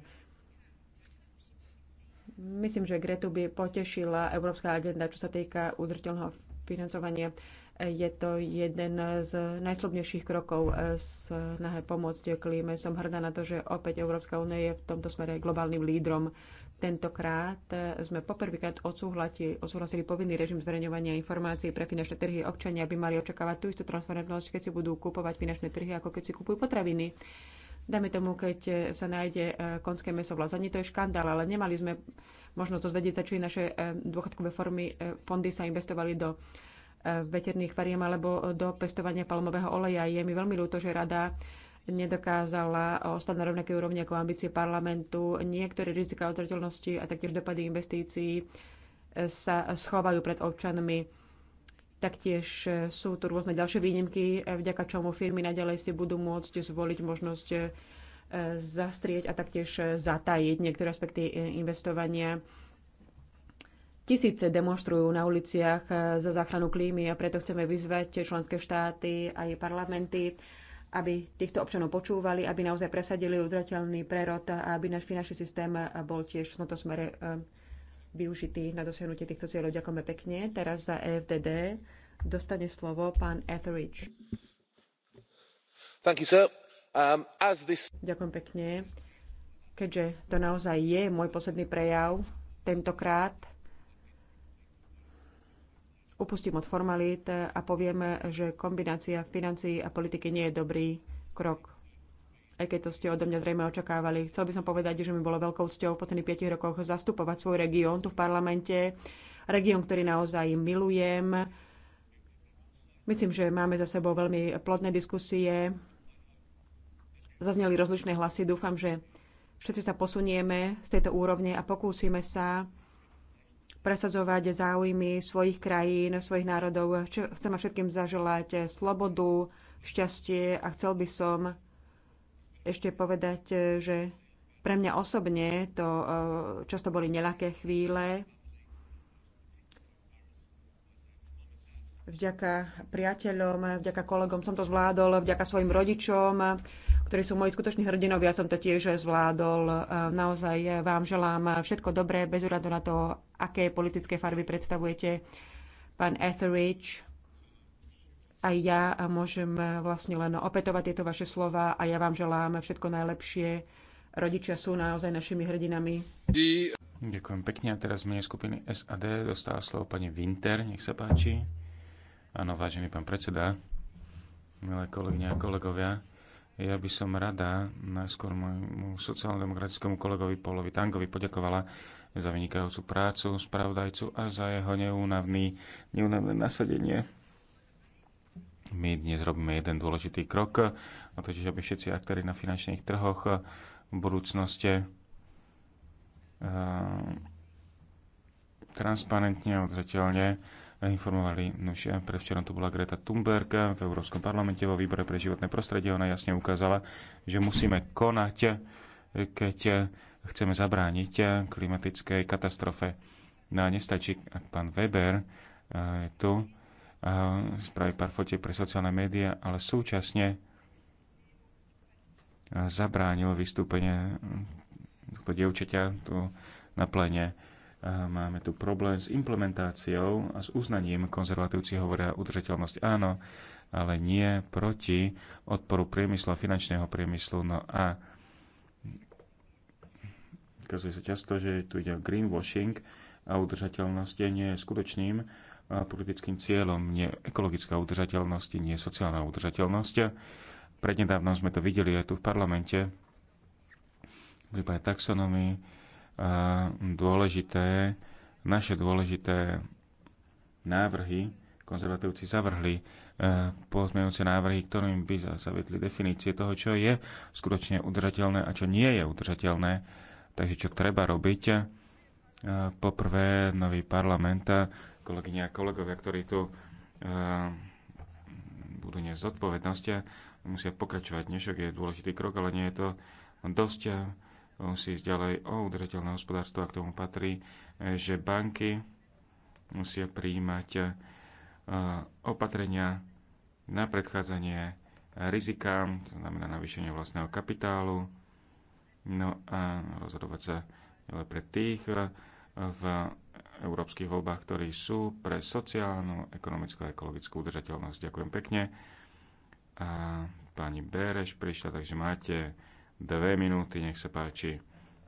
Myslím, že Gretu by potešila Európska agenda, čo sa týka udržiteľného financovania. Je to jeden z najslobnejších krokov z snahe pomôcť klíme. Som hrdá na to, že opäť Európska únia je v tomto smere globálnym lídrom. Tentokrát sme poprvýkrát odsúhlasili povinný režim zverejňovania informácií pre finančné trhy. Občania by mali očakávať tú istú transparentnosť, keď si budú kupovať finančné trhy, ako keď si kupujú potraviny. Dajme tomu, keď e, sa nájde e, konské meso v lazani, to je škandál, ale nemali sme možnosť dozvedieť sa, či naše e, dôchodkové formy, fondy sa investovali do veterných fariem alebo do pestovania palmového oleja. Je mi veľmi ľúto, že rada nedokázala ostať na rovnakej úrovni ako ambície parlamentu. Niektoré rizika odzrateľnosti a taktiež dopady investícií sa schovajú pred občanmi Taktiež e, sú tu rôzne ďalšie výnimky, e, vďaka čomu firmy naďalej si budú môcť zvoliť možnosť e, zastrieť a taktiež zatajiť niektoré aspekty investovania. Tisíce demonstrujú na uliciach za záchranu klímy a preto chceme vyzvať členské štáty aj parlamenty, aby týchto občanov počúvali, aby naozaj presadili udrateľný prerod a aby náš finančný systém bol tiež v tomto smere využitý na dosiahnutie týchto cieľov. Ďakujeme pekne. Teraz za EFDD dostane slovo pán Etheridge. Thank you, sir. Um, as this... Ďakujem pekne. Keďže to naozaj je môj posledný prejav, tentokrát upustím od formalít a poviem, že kombinácia financií a politiky nie je dobrý krok aj keď to ste odo mňa zrejme očakávali. Chcel by som povedať, že mi bolo veľkou cťou v posledných 5 rokoch zastupovať svoj región tu v parlamente. Región, ktorý naozaj milujem. Myslím, že máme za sebou veľmi plodné diskusie. Zazneli rozličné hlasy. Dúfam, že všetci sa posunieme z tejto úrovne a pokúsime sa presadzovať záujmy svojich krajín, svojich národov. Chcem všetkým zaželať slobodu, šťastie a chcel by som, ešte povedať, e, že pre mňa osobne to e, často boli nelaké chvíle. Vďaka priateľom, vďaka kolegom som to zvládol, vďaka svojim rodičom, ktorí sú moji skutoční hrdinovia, som to tiež zvládol. E, naozaj vám želám všetko dobré, bez úradu na to, aké politické farby predstavujete. Pán Etheridge, aj ja môžem eh, vlastne len opätovať tieto vaše slova a ja vám želám všetko najlepšie. Rodičia sú naozaj našimi hrdinami. Ďakujem pekne. A teraz mene skupiny SAD dostáva slovo pani Winter. Nech sa páči. Áno, vážený pán predseda, milé kolegyne a kolegovia, ja by som rada najskôr môjmu sociálno-demokratickému kolegovi Polovi Tangovi poďakovala za vynikajúcu prácu, spravodajcu a za jeho neúnavný, neúnavné nasadenie my dnes robíme jeden dôležitý krok, a totiž aby všetci aktéry na finančných trhoch v budúcnosti eh, transparentne a udržateľne informovali. Nož, prevčerom tu bola Greta Thunberg v Európskom parlamente vo výbore pre životné prostredie. Ona jasne ukázala, že musíme konať, keď chceme zabrániť klimatickej katastrofe. No a nestačí, ak pán Weber eh, je tu, spraviť pár fotiek pre sociálne médiá, ale súčasne zabránil vystúpenie tohto dievčaťa tu na plene. Máme tu problém s implementáciou a s uznaním. Konzervatívci hovoria udržateľnosť áno, ale nie proti odporu priemyslu a finančného priemyslu. No a ukazuje sa často, že tu ide o greenwashing a udržateľnosť nie je skutočným politickým cieľom, nie ekologická udržateľnosť, nie sociálna udržateľnosť. Prednedávno sme to videli aj tu v parlamente, v prípade taxonomii, dôležité, naše dôležité návrhy, konzervatívci zavrhli e, pozmeňujúce návrhy, ktorým by zavedli definície toho, čo je skutočne udržateľné a čo nie je udržateľné. Takže čo treba robiť? E, poprvé, nový parlament kolegyne a kolegovia, ktorí tu eh, budú dnes zodpovednosť musia pokračovať. Dnešok je dôležitý krok, ale nie je to dosť. Eh, musí ísť ďalej o udržateľné hospodárstvo a k tomu patrí, eh, že banky musia prijímať opatrenia na predchádzanie rizikám, to znamená navýšenie vlastného kapitálu, no a rozhodovať sa pre tých v európskych voľbách, ktorí sú pre sociálnu, ekonomickú a ekologickú udržateľnosť. Ďakujem pekne. A pani Bereš prišla, takže máte dve minúty, nech sa páči.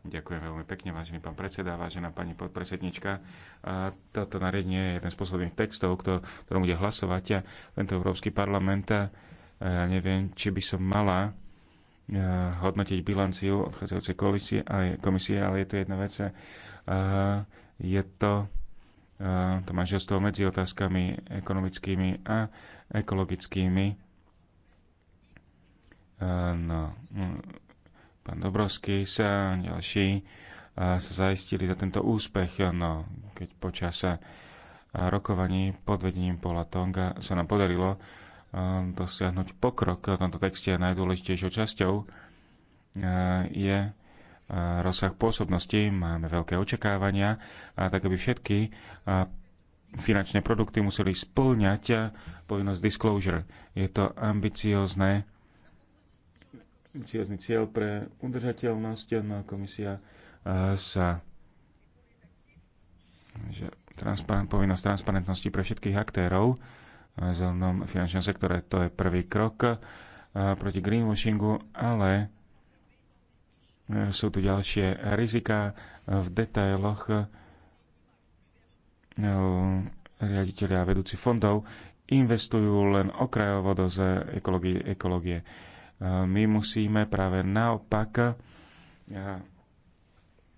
Ďakujem veľmi pekne, vážený pán predseda, vážená pani podpredsednička. A toto nariadenie je jeden z posledných textov, ktor- ktorom bude hlasovať a tento Európsky parlament. A ja neviem, či by som mala hodnotiť bilanciu odchádzajúcej komisie, ale je to jedna vec. A je to e, to manželstvo medzi otázkami ekonomickými a ekologickými. E, no, pán Dobrovský sa ďalší e, sa zaistili za tento úspech, no, keď počas rokovaní pod vedením Pola Tonga sa nám podarilo dosiahnuť pokrok v tomto texte. Najdôležitejšou časťou je rozsah pôsobnosti, máme veľké očakávania, a tak aby všetky finančné produkty museli splňať povinnosť disclosure. Je to ambiciozne ambiciozný cieľ pre udržateľnosť. No, komisia sa že transparent, povinnosť transparentnosti pre všetkých aktérov v zelenom finančnom sektore. To je prvý krok proti greenwashingu, ale sú tu ďalšie rizika v detailoch. Eh, Riaditeľi a vedúci fondov investujú len okrajovo do ekológie, ekológie. Eh, my musíme práve naopak eh,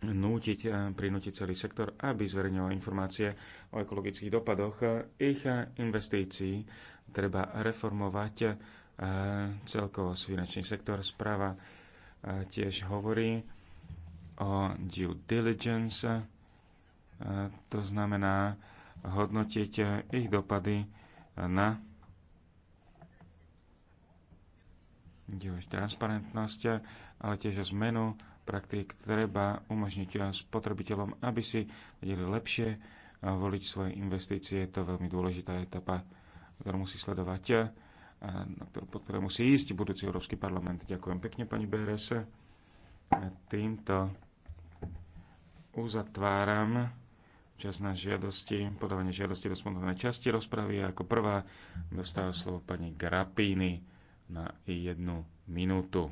nútiť, prinútiť celý sektor, aby zverejňoval informácie o ekologických dopadoch ich investícií. Treba reformovať celkovo finančný sektor, správa tiež hovorí o due diligence, to znamená hodnotiť ich dopady na transparentnosť, ale tiež o zmenu praktik treba umožniť spotrebiteľom, aby si vedeli lepšie voliť svoje investície. Je to veľmi dôležitá etapa, ktorú musí sledovať po ktoré musí ísť budúci Európsky parlament. Ďakujem pekne, pani BRS. Týmto uzatváram čas na žiadosti, podávanie žiadosti do spontánnej časti rozpravy. Ako prvá dostáva slovo pani Grapíny na jednu minútu.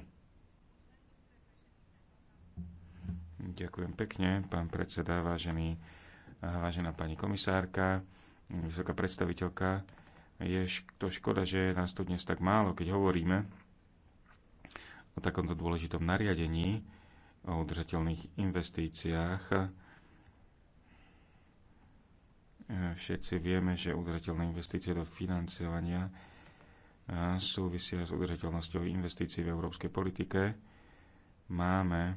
Ďakujem pekne, pán predseda, vážený, vážená pani komisárka, vysoká predstaviteľka je to škoda, že je nás tu dnes tak málo, keď hovoríme o takomto dôležitom nariadení, o udržateľných investíciách. E, všetci vieme, že udržateľné investície do financovania e, súvisia s udržateľnosťou investícií v európskej politike. Máme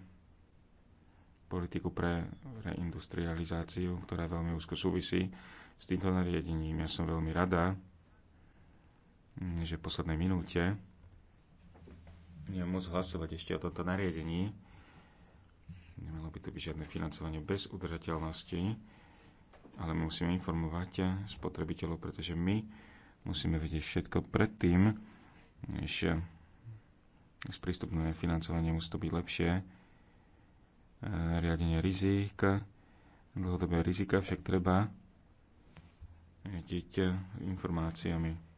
politiku pre reindustrializáciu, ktorá veľmi úzko súvisí s týmto nariadením. Ja som veľmi rada, Hm, že v poslednej minúte budeme môcť hlasovať ešte o tomto nariadení. Nemalo by to byť žiadne financovanie bez udržateľnosti, ale musíme informovať spotrebiteľov, pretože my musíme vedieť všetko predtým, než sprístupné financovanie musí to byť lepšie. E, riadenie rizik, dlhodobé rizika však treba vedieť informáciami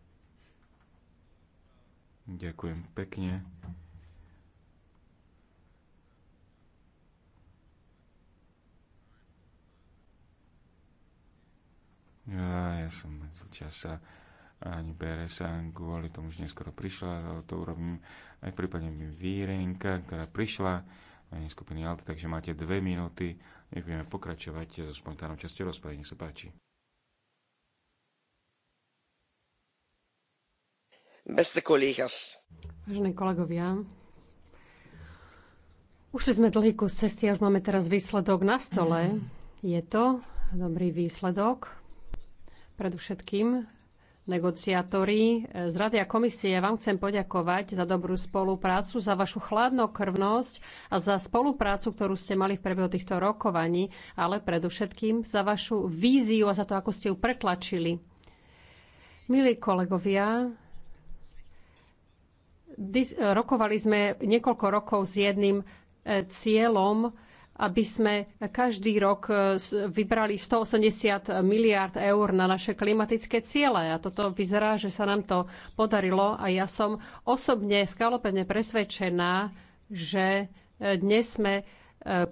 Ďakujem pekne. Ja, ja som medzi časa ani sa kvôli tomu už neskoro prišla, ale to urobím aj v prípade Vírenka, ktorá prišla aj skupiny Alta, takže máte dve minúty. Nech budeme pokračovať so spontánnou časťou rozpravy. Nech sa páči. beste Vážení kolegovia, ušli sme dlhý kus cesty a už máme teraz výsledok na stole. Je to dobrý výsledok. Predovšetkým negociátori z Rady a komisie. Ja vám chcem poďakovať za dobrú spoluprácu, za vašu chladnokrvnosť a za spoluprácu, ktorú ste mali v priebehu týchto rokovaní, ale predovšetkým za vašu víziu a za to, ako ste ju pretlačili. Milí kolegovia, Eh, rokovali sme niekoľko rokov s jedným eh, cieľom, aby sme každý rok eh, vybrali 180 miliard eur na naše klimatické ciele. A toto vyzerá, že sa nám to podarilo a ja som osobne skalopevne presvedčená, že dnes sme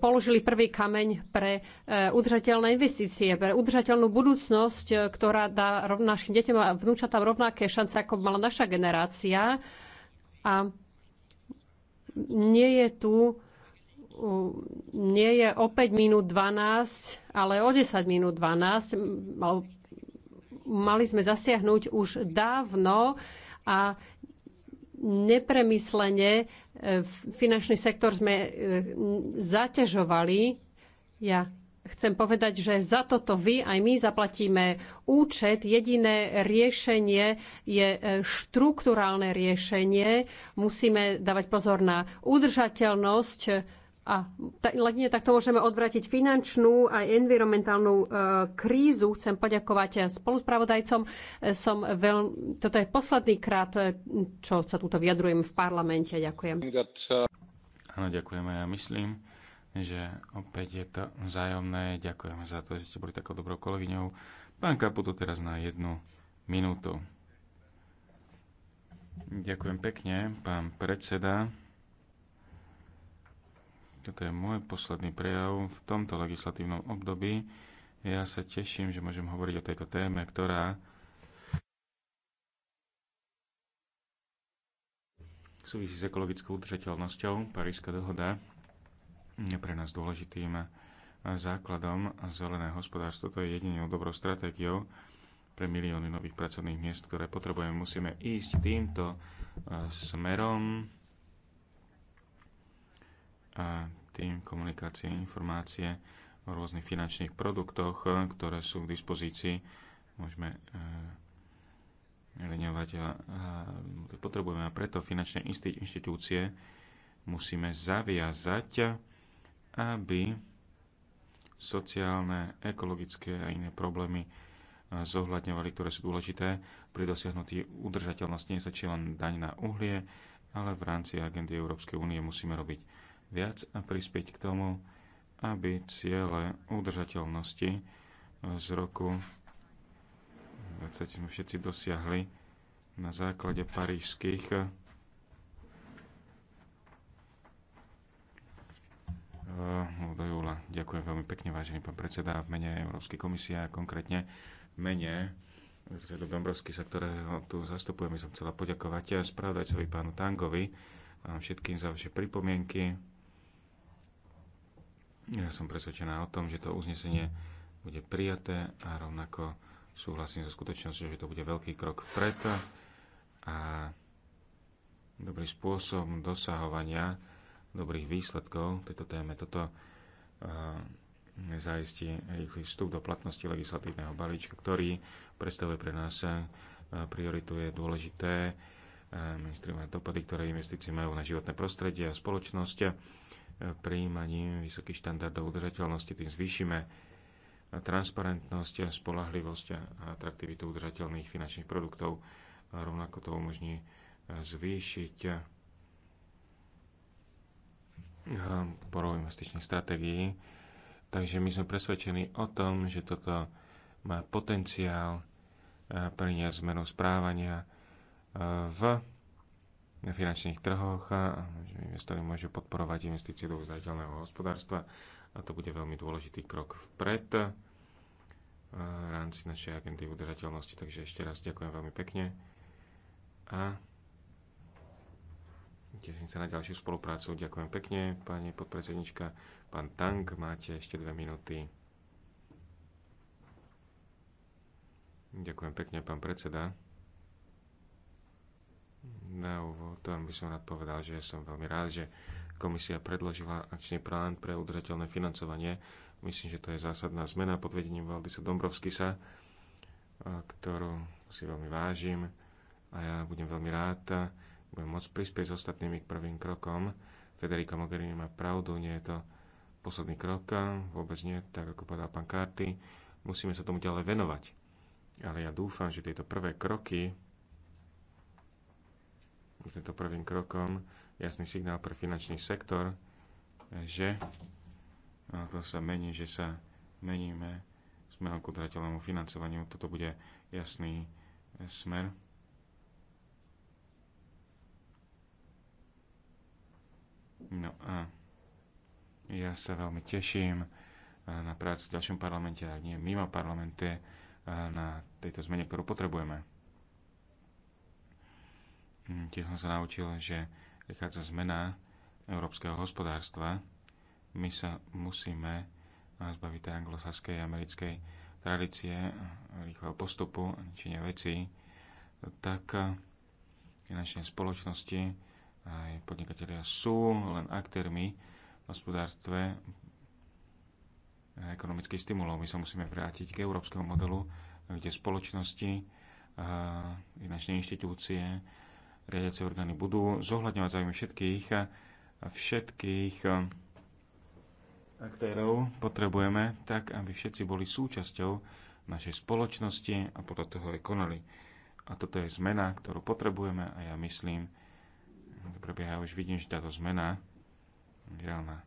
položili prvý kameň pre udržateľné investície, pre udržateľnú budúcnosť, ktorá dá našim deťom a vnúčatám rovnaké šance, ako mala naša generácia a nie je tu nie je o 5 minút 12, ale o 10 minút 12. Mali sme zasiahnuť už dávno a nepremyslene e, finančný sektor sme e, zaťažovali. Ja chcem povedať, že za toto vy aj my zaplatíme účet. Jediné riešenie je e, štruktúrálne riešenie. Musíme dávať pozor na udržateľnosť a jedine takto môžeme odvratiť finančnú a environmentálnu e, krízu. Chcem poďakovať spoluspravodajcom. E, som veľ... Toto je posledný krát, čo sa tuto vyjadrujem v parlamente. Ďakujem. Áno, ďakujeme, ja myslím že opäť je to vzájomné. Ďakujem za to, že ste boli takou dobrou kolegyňou. Pán Kaputo teraz na jednu minútu. Ďakujem pekne, pán predseda. Toto je môj posledný prejav v tomto legislatívnom období. Ja sa teším, že môžem hovoriť o tejto téme, ktorá súvisí s ekologickou udržateľnosťou, Paríska dohoda je pre nás dôležitým eh, základom zeleného hospodárstva. To je jedinou dobrou stratégiou pre milióny nových pracovných miest, ktoré potrebujeme. Musíme ísť týmto eh, smerom a tým komunikácie, informácie o rôznych finančných produktoch, eh, ktoré sú k dispozícii. Môžeme reňovať a, potrebujeme a preto finančné inštitúcie musíme zaviazať aby sociálne, ekologické a iné problémy eh, zohľadňovali, ktoré sú dôležité pri dosiahnutí udržateľnosti. Nestačí len daň na uhlie, ale v rámci agendy Európskej únie musíme robiť viac a prispieť k tomu, aby ciele udržateľnosti eh, z roku 20 všetci dosiahli na základe parížských eh, Eh, do júla. Ďakujem veľmi pekne, vážený pán predseda, v mene Európskej komisie a konkrétne mene predsedu Dombrovský, sa ktorého tu zastupujem, som chcela poďakovať a spravodajcovi pánu Tangovi a všetkým za vaše pripomienky. Ja som presvedčená o tom, že to uznesenie bude prijaté a rovnako súhlasím so skutočnosťou, že to bude veľký krok vpred a dobrý spôsob dosahovania dobrých výsledkov tejto téme. Toto eh, zaistí rýchly vstup do platnosti legislatívneho balíčka, ktorý predstavuje pre nás eh, prioritu je dôležité eh, ministrovať dopady, ktoré investície majú na životné prostredie a spoločnosť. Prijímaním vysokých štandardov udržateľnosti tým zvýšime transparentnosť, spolahlivosť a atraktivitu udržateľných finančných produktov. rovnako to umožní zvýšiť podporu investičných stratégií. Takže my sme presvedčení o tom, že toto má potenciál e, priniesť zmenu správania e, v finančných trhoch a že investori môžu podporovať investície do uzdateľného hospodárstva a to bude veľmi dôležitý krok vpred e, v rámci našej agendy udržateľnosti. Takže ešte raz ďakujem veľmi pekne a Teším sa na ďalšiu spoluprácu. Ďakujem pekne, pani podpredsednička. Pán Tang, máte ešte dve minúty. Ďakujem pekne, pán predseda. Na úvod by som rád povedal, že som veľmi rád, že komisia predložila akčný plán pre udržateľné financovanie. Myslím, že to je zásadná zmena pod vedením Valdisa Dombrovskisa, ktorú si veľmi vážim a ja budem veľmi rád, bude môcť prispieť s ostatnými k prvým krokom. Federico Mogherini má pravdu, nie je to posledný krok, vôbec nie, tak ako povedal pán Karty. Musíme sa tomu ďalej venovať. Ale ja dúfam, že tieto prvé kroky, tento prvým krokom, jasný signál pre finančný sektor, že to sa mení, že sa meníme smerom k udržateľnému financovaniu. Toto bude jasný e, smer No a ja sa veľmi teším e, na prácu v ďalšom parlamente, ak nie mimo parlamente, e, na tejto zmene, ktorú potrebujeme. Hm, tiež som sa naučil, že prichádza zmena európskeho hospodárstva. My sa musíme e, zbaviť tej anglosaskej americkej tradície rýchleho postupu, či veci, tak finančné spoločnosti aj podnikatelia sú len aktérmi v hospodárstve ekonomických stimulov. My sa musíme vrátiť k európskemu modelu, kde spoločnosti, finančné inštitúcie, riadiace orgány budú zohľadňovať záujmy všetkých všetkých aktérov potrebujeme tak, aby všetci boli súčasťou našej spoločnosti a podľa toho aj konali. A toto je zmena, ktorú potrebujeme a ja myslím, prebieha. Ja už vidím, že táto zmena reálna.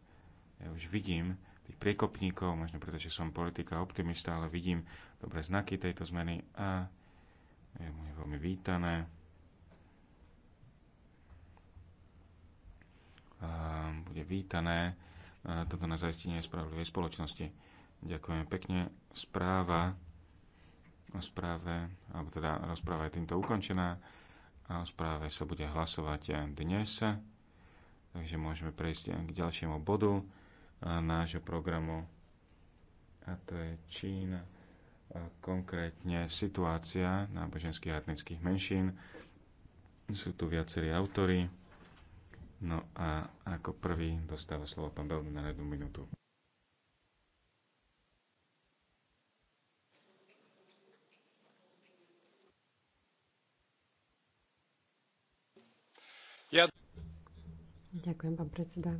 Ja už vidím tých priekopníkov, možno pretože som politika optimista, ale vidím dobré znaky tejto zmeny a je mu veľmi vítané. A bude vítané toto na zaistenie spravodlivej spoločnosti. Ďakujem pekne. Správa o správe, alebo teda rozpráva je týmto ukončená a o správe sa bude hlasovať dnes. Takže môžeme prejsť k ďalšiemu bodu e, nášho programu a to je Čína, e, konkrétne situácia náboženských a etnických menšín. Sú tu viacerí autory. No a ako prvý dostáva slovo pán Belden na jednu minútu. Ja... Ďakujem, pán predseda.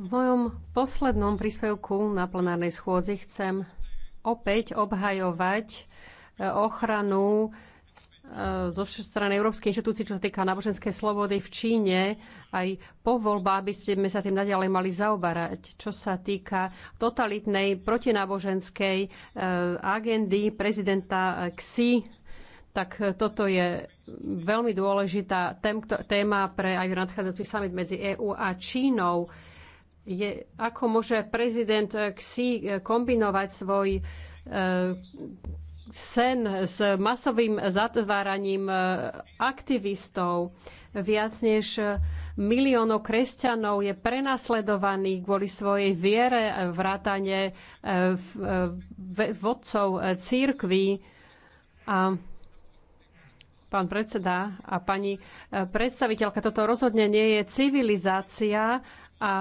V mojom poslednom príspevku na plenárnej schôdzi chcem opäť obhajovať e, ochranu e, zo strany Európskej inštitúcie, čo sa týka náboženskej slobody v Číne, aj po voľbách aby sme sa tým naďalej mali zaobarať. Čo sa týka totalitnej protináboženskej e, agendy prezidenta Xi, tak toto je veľmi dôležitá téma pre aj nadchádzajúci summit medzi EÚ a Čínou. Je, ako môže prezident Xi kombinovať svoj e, sen s masovým zatváraním e, aktivistov. Viac než miliónov kresťanov je prenasledovaných kvôli svojej viere, vrátane e, vodcov církvy. A pán predseda a pani e, predstaviteľka. Toto rozhodne nie je civilizácia a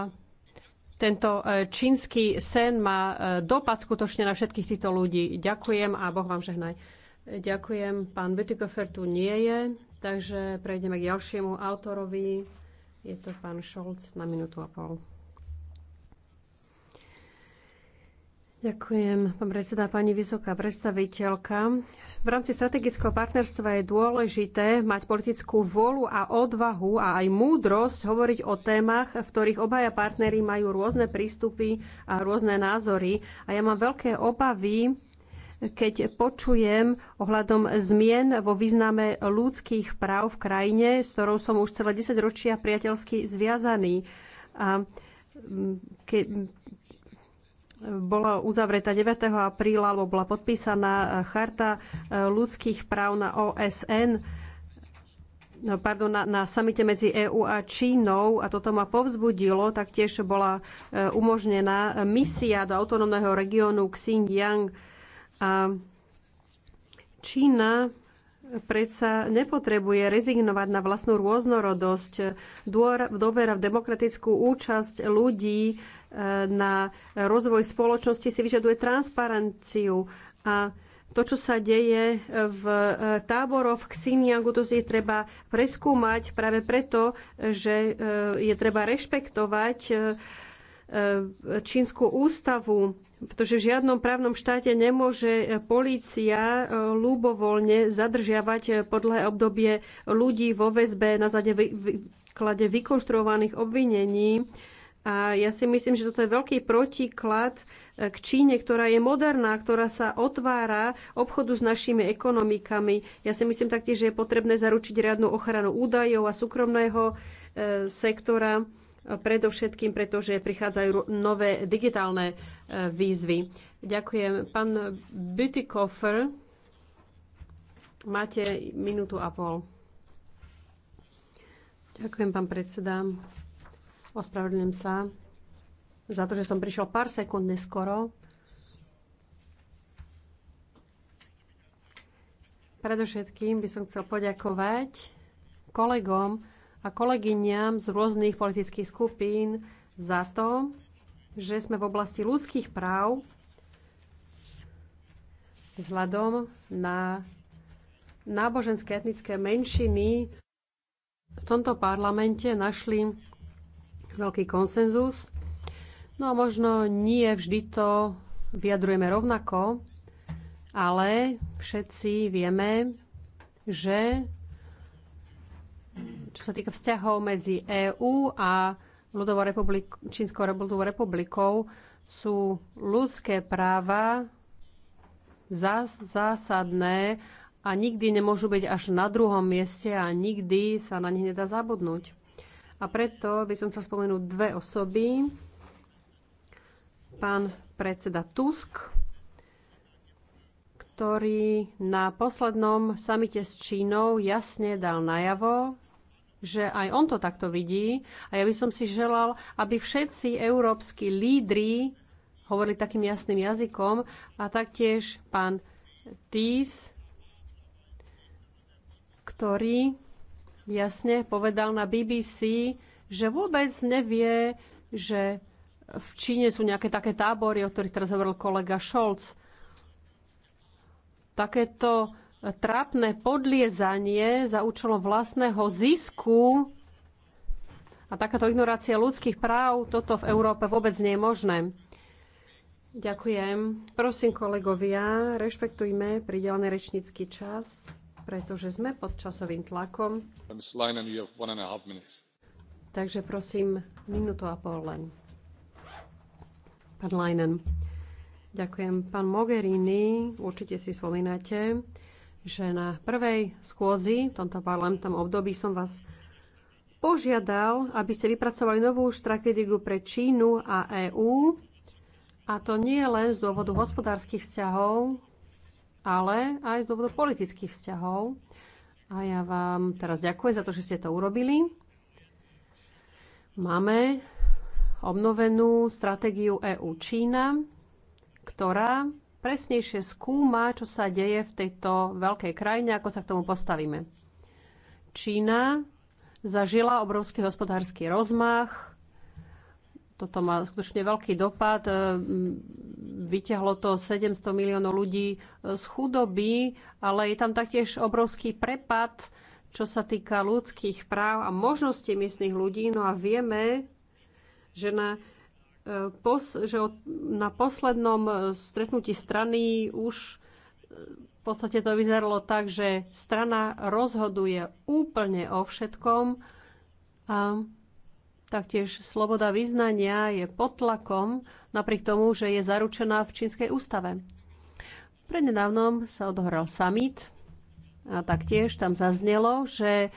tento e, čínsky sen má e, dopad skutočne na všetkých týchto ľudí. Ďakujem a Boh vám žehnaj. Ďakujem. Pán Bütikofer tu nie je, takže prejdeme k ďalšiemu autorovi. Je to pán Šolc na minútu a pol. Ďakujem, pán predseda, pani vysoká predstaviteľka. V rámci strategického partnerstva je dôležité mať politickú vôľu a odvahu a aj múdrosť hovoriť o témach, v ktorých obaja partnery majú rôzne prístupy a rôzne názory. A ja mám veľké obavy, keď počujem ohľadom zmien vo význame ľudských práv v krajine, s ktorou som už celé 10 ročia priateľsky zviazaný. A ke, bola uzavretá 9. apríla, alebo bola podpísaná e, charta e, ľudských práv na OSN, no, pardon, na, na samite medzi EÚ a Čínou, a toto ma povzbudilo, taktiež bola e, umožnená misia do autonómneho regiónu Xinjiang. A Čína predsa nepotrebuje rezignovať na vlastnú rôznorodosť. Dôvera v demokratickú účasť ľudí e, na rozvoj spoločnosti si vyžaduje transparenciu a to, čo sa deje v e, táboroch v Xinjiangu, to si treba preskúmať práve preto, že e, je treba rešpektovať čínsku ústavu pretože v žiadnom právnom štáte nemôže polícia e, ľubovoľne zadržiavať e, podľa obdobie ľudí vo väzbe na základe vykonštruovaných obvinení. A ja si myslím, že toto je veľký protiklad e, k Číne, ktorá je moderná, ktorá sa otvára obchodu s našimi ekonomikami. Ja si myslím taktiež, že je potrebné zaručiť riadnu ochranu údajov a súkromného e, sektora predovšetkým pretože prichádzajú nové digitálne e, výzvy. Ďakujem. Pán Bütikofer, máte minútu a pol. Ďakujem, pán predseda. Ospravedlňujem sa za to, že som prišiel pár sekúnd neskoro. Predovšetkým by som chcel poďakovať kolegom, a kolegyňam z rôznych politických skupín za to, že sme v oblasti ľudských práv vzhľadom na náboženské etnické menšiny v tomto parlamente našli veľký konsenzus. No a možno nie vždy to vyjadrujeme rovnako, ale všetci vieme, že čo sa týka vzťahov medzi EÚ a ľudovou republik- Čínskou ľudovou republikou, sú ľudské práva zás- zásadné a nikdy nemôžu byť až na druhom mieste a nikdy sa na nich nedá zabudnúť. A preto by som chcel spomenúť dve osoby. Pán predseda Tusk, ktorý na poslednom samite s Čínou jasne dal najavo, že aj on to takto vidí a ja by som si želal, aby všetci európsky lídri hovorili takým jasným jazykom a taktiež pán Tis, ktorý jasne povedal na BBC, že vôbec nevie, že v Číne sú nejaké také tábory, o ktorých teraz hovoril kolega Scholz. Takéto trápne podliezanie za účelom vlastného zisku a takáto ignorácia ľudských práv, toto v Európe vôbec nie je možné. Ďakujem. Prosím, kolegovia, rešpektujme pridelený rečnícky čas, pretože sme pod časovým tlakom. Takže prosím, minútu a pol len. Pán Leinen. Ďakujem. Pán Mogherini, určite si spomínate, že na prvej schôdzi v tomto parlamentnom období som vás požiadal, aby ste vypracovali novú stratégiu pre Čínu a EÚ. A to nie len z dôvodu hospodárskych vzťahov, ale aj z dôvodu politických vzťahov. A ja vám teraz ďakujem za to, že ste to urobili. Máme obnovenú stratégiu EÚ Čína, ktorá presnejšie skúma, čo sa deje v tejto veľkej krajine, ako sa k tomu postavíme. Čína zažila obrovský hospodársky rozmach. Toto má skutočne veľký dopad. Mm, Vyťahlo to 700 miliónov ľudí e, z chudoby, ale je tam taktiež obrovský prepad, čo sa týka ľudských práv a možností miestnych ľudí. No a vieme, že na pos, že od, na poslednom e, stretnutí strany už e, v podstate to vyzeralo tak, že strana rozhoduje úplne o všetkom a taktiež sloboda vyznania je pod tlakom, napriek tomu, že je zaručená v čínskej ústave. Prednedávnom sa odohral summit a taktiež tam zaznelo, že e,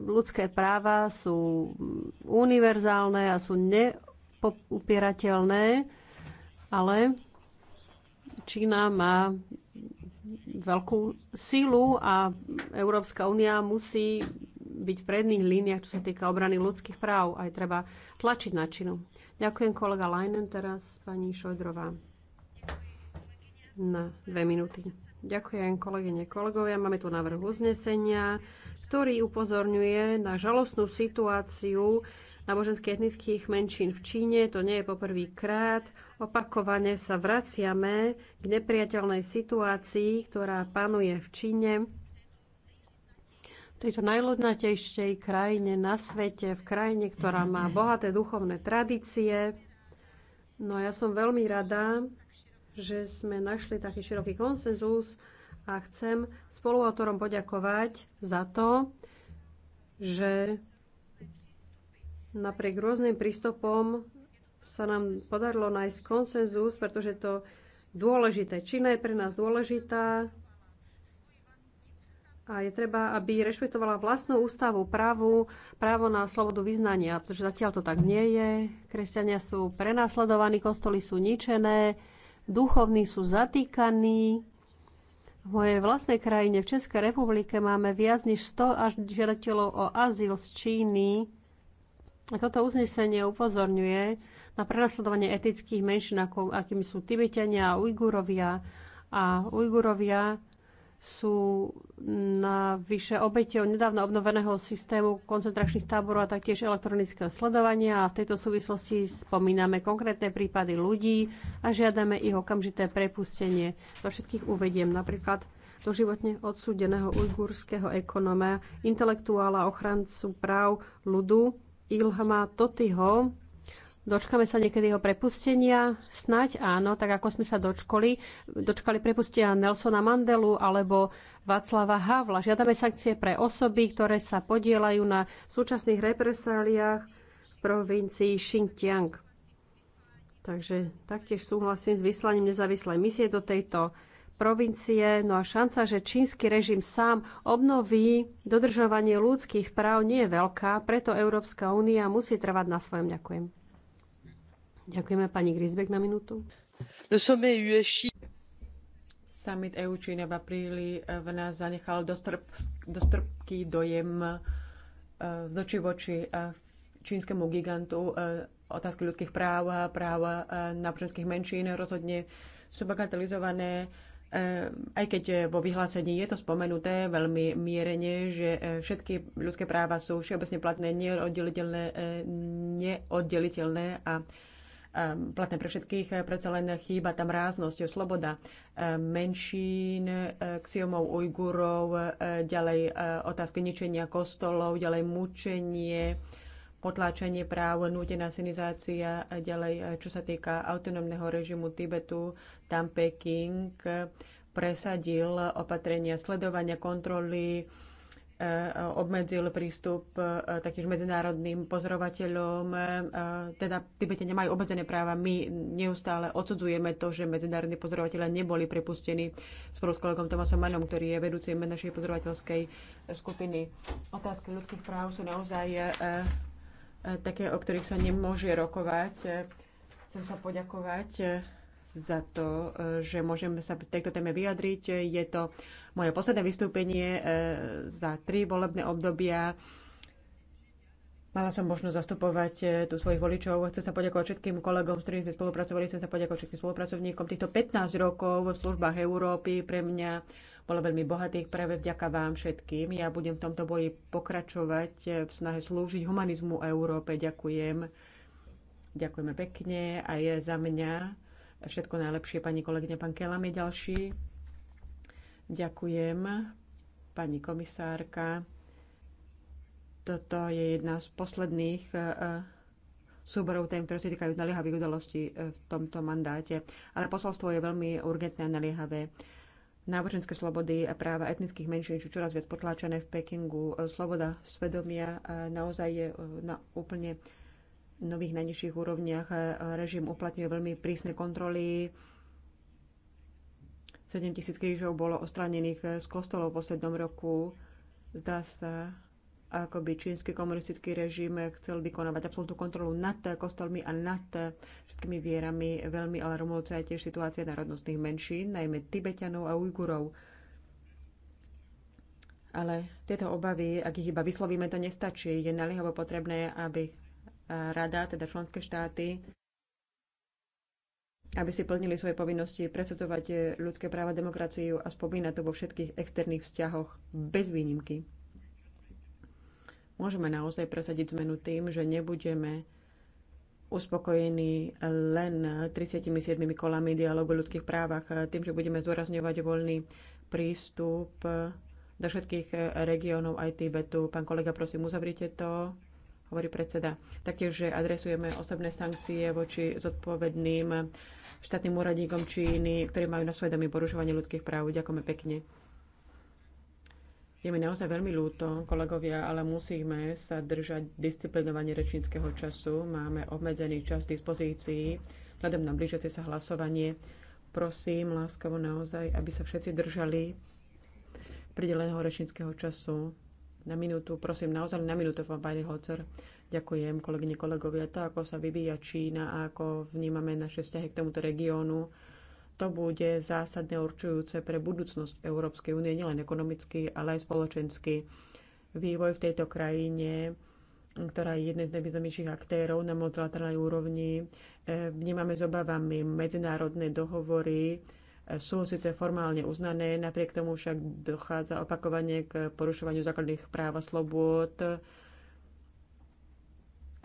ľudské práva sú univerzálne a sú ne upierateľné, ale Čína má veľkú sílu a Európska únia musí byť v predných líniách, čo sa týka obrany ľudských práv. Aj treba tlačiť na Čínu. Ďakujem kolega Leinen, teraz pani Šojdrová na dve minúty. Ďakujem kolegyne, kolegovia. Máme tu návrh uznesenia, ktorý upozorňuje na žalostnú situáciu náboženských etnických menšín v Číne. To nie je poprvýkrát. Opakovane sa vraciame k nepriateľnej situácii, ktorá panuje v Číne. V tejto najľudnatejšej krajine na svete, v krajine, ktorá má bohaté duchovné tradície. No ja som veľmi rada, že sme našli taký široký konsenzus a chcem spoluautorom poďakovať za to, že Napriek rôznym prístupom sa nám podarilo nájsť konsenzus, pretože to dôležité. Čína je pre nás dôležitá a je treba, aby rešpektovala vlastnú ústavu, právu, právo na slobodu vyznania, pretože zatiaľ to tak nie je. Kresťania sú prenasledovaní, kostoly sú ničené, duchovní sú zatýkaní. V mojej vlastnej krajine, v Českej republike, máme viac než 100 až žiadateľov o azyl z Číny, toto uznesenie upozorňuje na prenasledovanie etických menšín, ako, akými sú Tibetania a Ujgurovia. A Ujgurovia sú na vyše obeteho nedávno obnoveného systému koncentračných táborov a taktiež elektronického sledovania a v tejto súvislosti spomíname konkrétne prípady ľudí a žiadame ich okamžité prepustenie. Do všetkých uvediem napríklad doživotne odsúdeného ujgurského ekonóma, intelektuála, ochrancu práv ľudu, Ilhama Totyho. Dočkame sa niekedy jeho prepustenia? Snaď áno, tak ako sme sa dočkali, dočkali prepustenia Nelsona Mandelu alebo Václava Havla. Žiadame sankcie pre osoby, ktoré sa podielajú na súčasných represáliách v provincii Xinjiang. Takže taktiež súhlasím s vyslaním nezávislej misie do tejto provincie. No a šanca, že čínsky režim sám obnoví dodržovanie ľudských práv nie je veľká, preto Európska únia musí trvať na svojom. Ďakujem. Ďakujeme pani Grisbeck na minútu. Summit EU Čína v apríli v nás zanechal dostrpký dojem e, z oči v oči e, čínskemu gigantu e, otázky ľudských práv, práv náboženských menšín rozhodne sú bagatelizované Ehm, aj keď e, vo vyhlásení je to spomenuté veľmi mierene, že e, všetky ľudské práva sú všeobecne platné, neoddeliteľné, e, neoddeliteľné a ehm, platné pre všetkých, predsa len chýba tam ráznosť, sloboda menšín, ksiomov Ujgurov, ďalej otázky ničenia kostolov, ďalej mučenie, potláčanie práv, nútená sinizácia a ďalej, eh, čo sa týka autonómneho režimu Tibetu, tam Peking eh, presadil opatrenia sledovania, kontroly, eh, obmedzil prístup takýž medzinárodným pozorovateľom. Teda Tibete nemajú obmedzené práva. My neustále odsudzujeme to, že medzinárodní pozorovateľe neboli prepustení spolu s kolegom Tomasom Manom, ktorý je vedúcim našej pozorovateľskej skupiny. Otázky ľudských práv sú naozaj E, také, o ktorých sa nemôže rokovať. E, chcem sa poďakovať e, za to, že môžeme sa v tejto téme vyjadriť. Je to moje posledné vystúpenie za tri volebné obdobia. Mala som možnosť zastupovať tu svojich voličov. Chcem sa poďakovať všetkým kolegom, s ktorými sme spolupracovali. Chcem sa poďakovať všetkým spolupracovníkom. Týchto 15 rokov v službách Európy pre mňa bolo veľmi bohatých práve vďaka vám všetkým. Ja budem v tomto boji pokračovať v snahe slúžiť humanizmu Európe. Ďakujem. Ďakujeme pekne a je za mňa všetko najlepšie. Pani kolegyňa, pán Kelam je ďalší. Ďakujem, pani komisárka. Toto je jedna z posledných eh, eh, súborov tém, ktoré sa týkajú naliehavých udalostí eh, v tomto mandáte. Ale posolstvo je veľmi urgentné a naliehavé náboženské slobody a práva etnických menšín sú čoraz viac potláčané v Pekingu. Sloboda svedomia e, naozaj je e, na úplne nových najnižších úrovniach. E, režim uplatňuje veľmi prísne kontroly. 7 tisíc krížov bolo ostranených z kostolov v poslednom roku. Zdá sa, ako by čínsky komunistický režim chcel vykonávať absolútnu kontrolu nad kostolmi a nad všetkými vierami. Veľmi alarmujúca je tiež situácia národnostných menšín, najmä Tibetanov a Ujgurov. Ale tieto obavy, ak ich iba vyslovíme, to nestačí. Je naliehavo potrebné, aby rada, teda členské štáty, aby si plnili svoje povinnosti predsudovať ľudské práva, demokraciu a spomínať to vo všetkých externých vzťahoch bez výnimky. Môžeme naozaj presadiť zmenu tým, že nebudeme uspokojení len 37 kolami dialogu o ľudských právach, tým, že budeme zdôrazňovať voľný prístup do všetkých regiónov aj Tibetu. Pán kolega, prosím, uzavrite to, hovorí predseda. Taktiež, že adresujeme osobné sankcie voči zodpovedným štátnym úradníkom Číny, ktorí majú na svedomí porušovanie ľudských práv. Ďakujeme pekne. Je mi naozaj veľmi ľúto, kolegovia, ale musíme sa držať disciplinovanie rečníckého času. Máme obmedzený čas dispozícii. Vzhľadom na blížiace sa hlasovanie, prosím láskavo naozaj, aby sa všetci držali prideleného rečníckého času na minútu. Prosím, naozaj na minútu, pán Bajný Holcer. Ďakujem, kolegyne, kolegovia. To, ako sa vyvíja Čína a ako vnímame naše vzťahy k tomuto regiónu, to bude zásadne určujúce pre budúcnosť Európskej únie, nielen ekonomicky, ale aj spoločensky. Vývoj v tejto krajine ktorá je jednej z najvýznamnejších aktérov na multilaterálnej úrovni. E, vnímame s obavami medzinárodné dohovory, e, sú síce formálne uznané, napriek tomu však dochádza opakovane k porušovaniu základných práv a slobôd,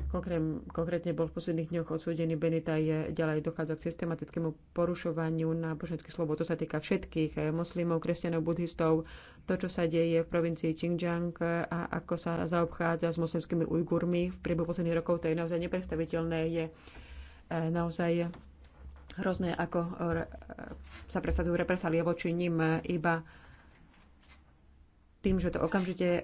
Konkrétne bol v posledných dňoch odsúdený Benitaj, ďalej dochádza k systematickému porušovaniu náboženských slobod. To sa týka všetkých eh, moslimov, kresťanov, buddhistov. To, čo sa deje v provincii Xinjiang eh, a ako sa zaobchádza s moslimskými Ujgurmi v priebehu posledných rokov, to je naozaj neprestaviteľné. Je eh, naozaj hrozné, ako sa predstavujú represálie voči nim iba tým, že to okamžite e,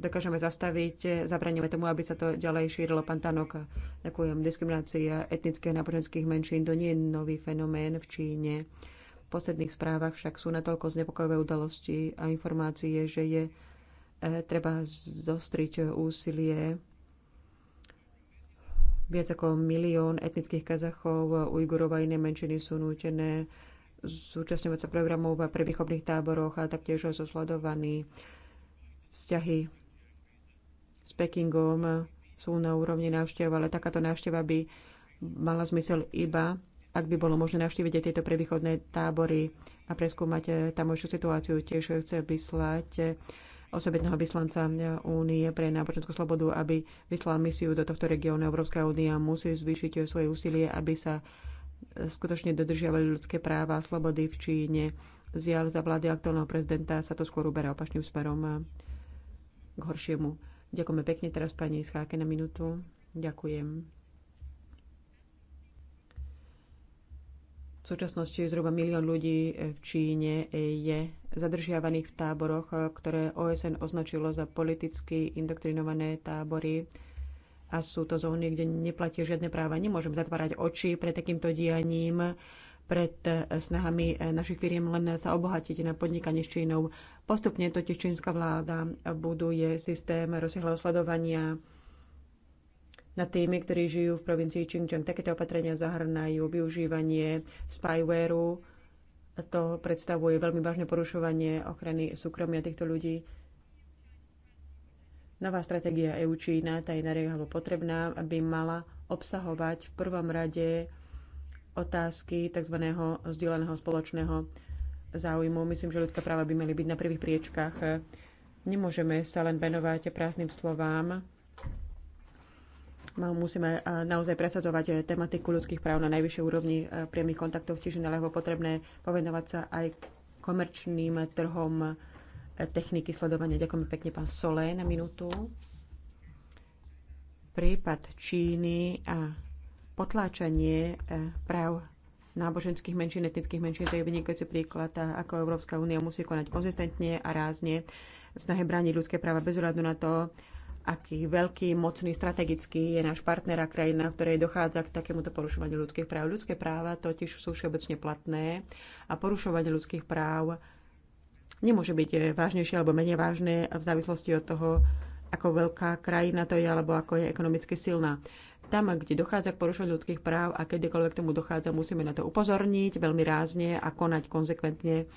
dokážeme zastaviť, e, zabraníme tomu, aby sa to ďalej šírilo. pantanok. ďakujem. Diskriminácia etnických a náboženských menšín, to nie je nový fenomén v Číne. V posledných správach však sú natoľko znepokojové udalosti a informácie, že je e, treba zostriť úsilie viac ako milión etnických Kazachov, Ujgurov a iné menšiny sú nútené zúčastňovať sa programov pre výchobných táboroch a taktiež sú sledovaní. Vzťahy s Pekingom sú na úrovni návštev, ale takáto návšteva by mala zmysel iba, ak by bolo možné navštíviť aj tieto prevýchodné tábory a preskúmať eh, tamojšiu situáciu. Tiež chce vyslať eh, osobitného vyslanca eh, Únie pre náboženskú slobodu, aby vyslal misiu do tohto regiónu. Európska únia musí zvýšiť svoje úsilie, aby sa skutočne dodržiavali ľudské práva a slobody v Číne. Zjal za vlády aktuálneho prezidenta sa to skôr uberá opačným smerom k horšiemu. Ďakujeme pekne teraz pani Scháke na minútu. Ďakujem. V súčasnosti zhruba milión ľudí v Číne je zadržiavaných v táboroch, ktoré OSN označilo za politicky indoktrinované tábory a sú to zóny, kde neplatia žiadne práva. Nemôžem zatvárať oči pred takýmto dianím pred eh, snahami eh, našich firiem len sa obohatiť na podnikanie s Čínou. Postupne totiž čínska vláda buduje systém rozsiahleho sledovania nad tými, ktorí žijú v provincii Xinjiang. Takéto opatrenia zahrnajú využívanie spywareu. To predstavuje veľmi vážne porušovanie ochrany súkromia týchto ľudí. Nová stratégia EU Čína, tá je nariehavo potrebná, aby mala obsahovať v prvom rade otázky tzv. zdieľaného spoločného záujmu. Myslím, že ľudská práva by mali byť na prvých priečkách. Nemôžeme sa len venovať prázdnym slovám. Musíme eh, naozaj presadzovať eh, tematiku ľudských práv na najvyššej úrovni eh, priamých kontaktov, čiže nalehvo potrebné povenovať sa aj komerčným trhom techniky sledovania. Ďakujem pekne, pán Solé, na minútu. Prípad Číny a potláčanie eh, práv náboženských menšín, etnických menšín, to je vynikajúci príklad, eh, ako Európska únia musí konať konzistentne a rázne v snahe brániť ľudské práva bez ohľadu na to, aký veľký, mocný, strategický je náš partner a krajina, v ktorej dochádza k takémuto porušovaniu ľudských práv. Ľudské práva totiž sú všeobecne platné a porušovanie ľudských práv nemôže byť eh, vážnejšie alebo menej vážne v závislosti od toho, ako veľká krajina to je, alebo ako je ekonomicky silná. Tam, kde dochádza k porušovaniu ľudských práv a kedykoľvek tomu dochádza, musíme na to upozorniť veľmi rázne a konať konzekventne.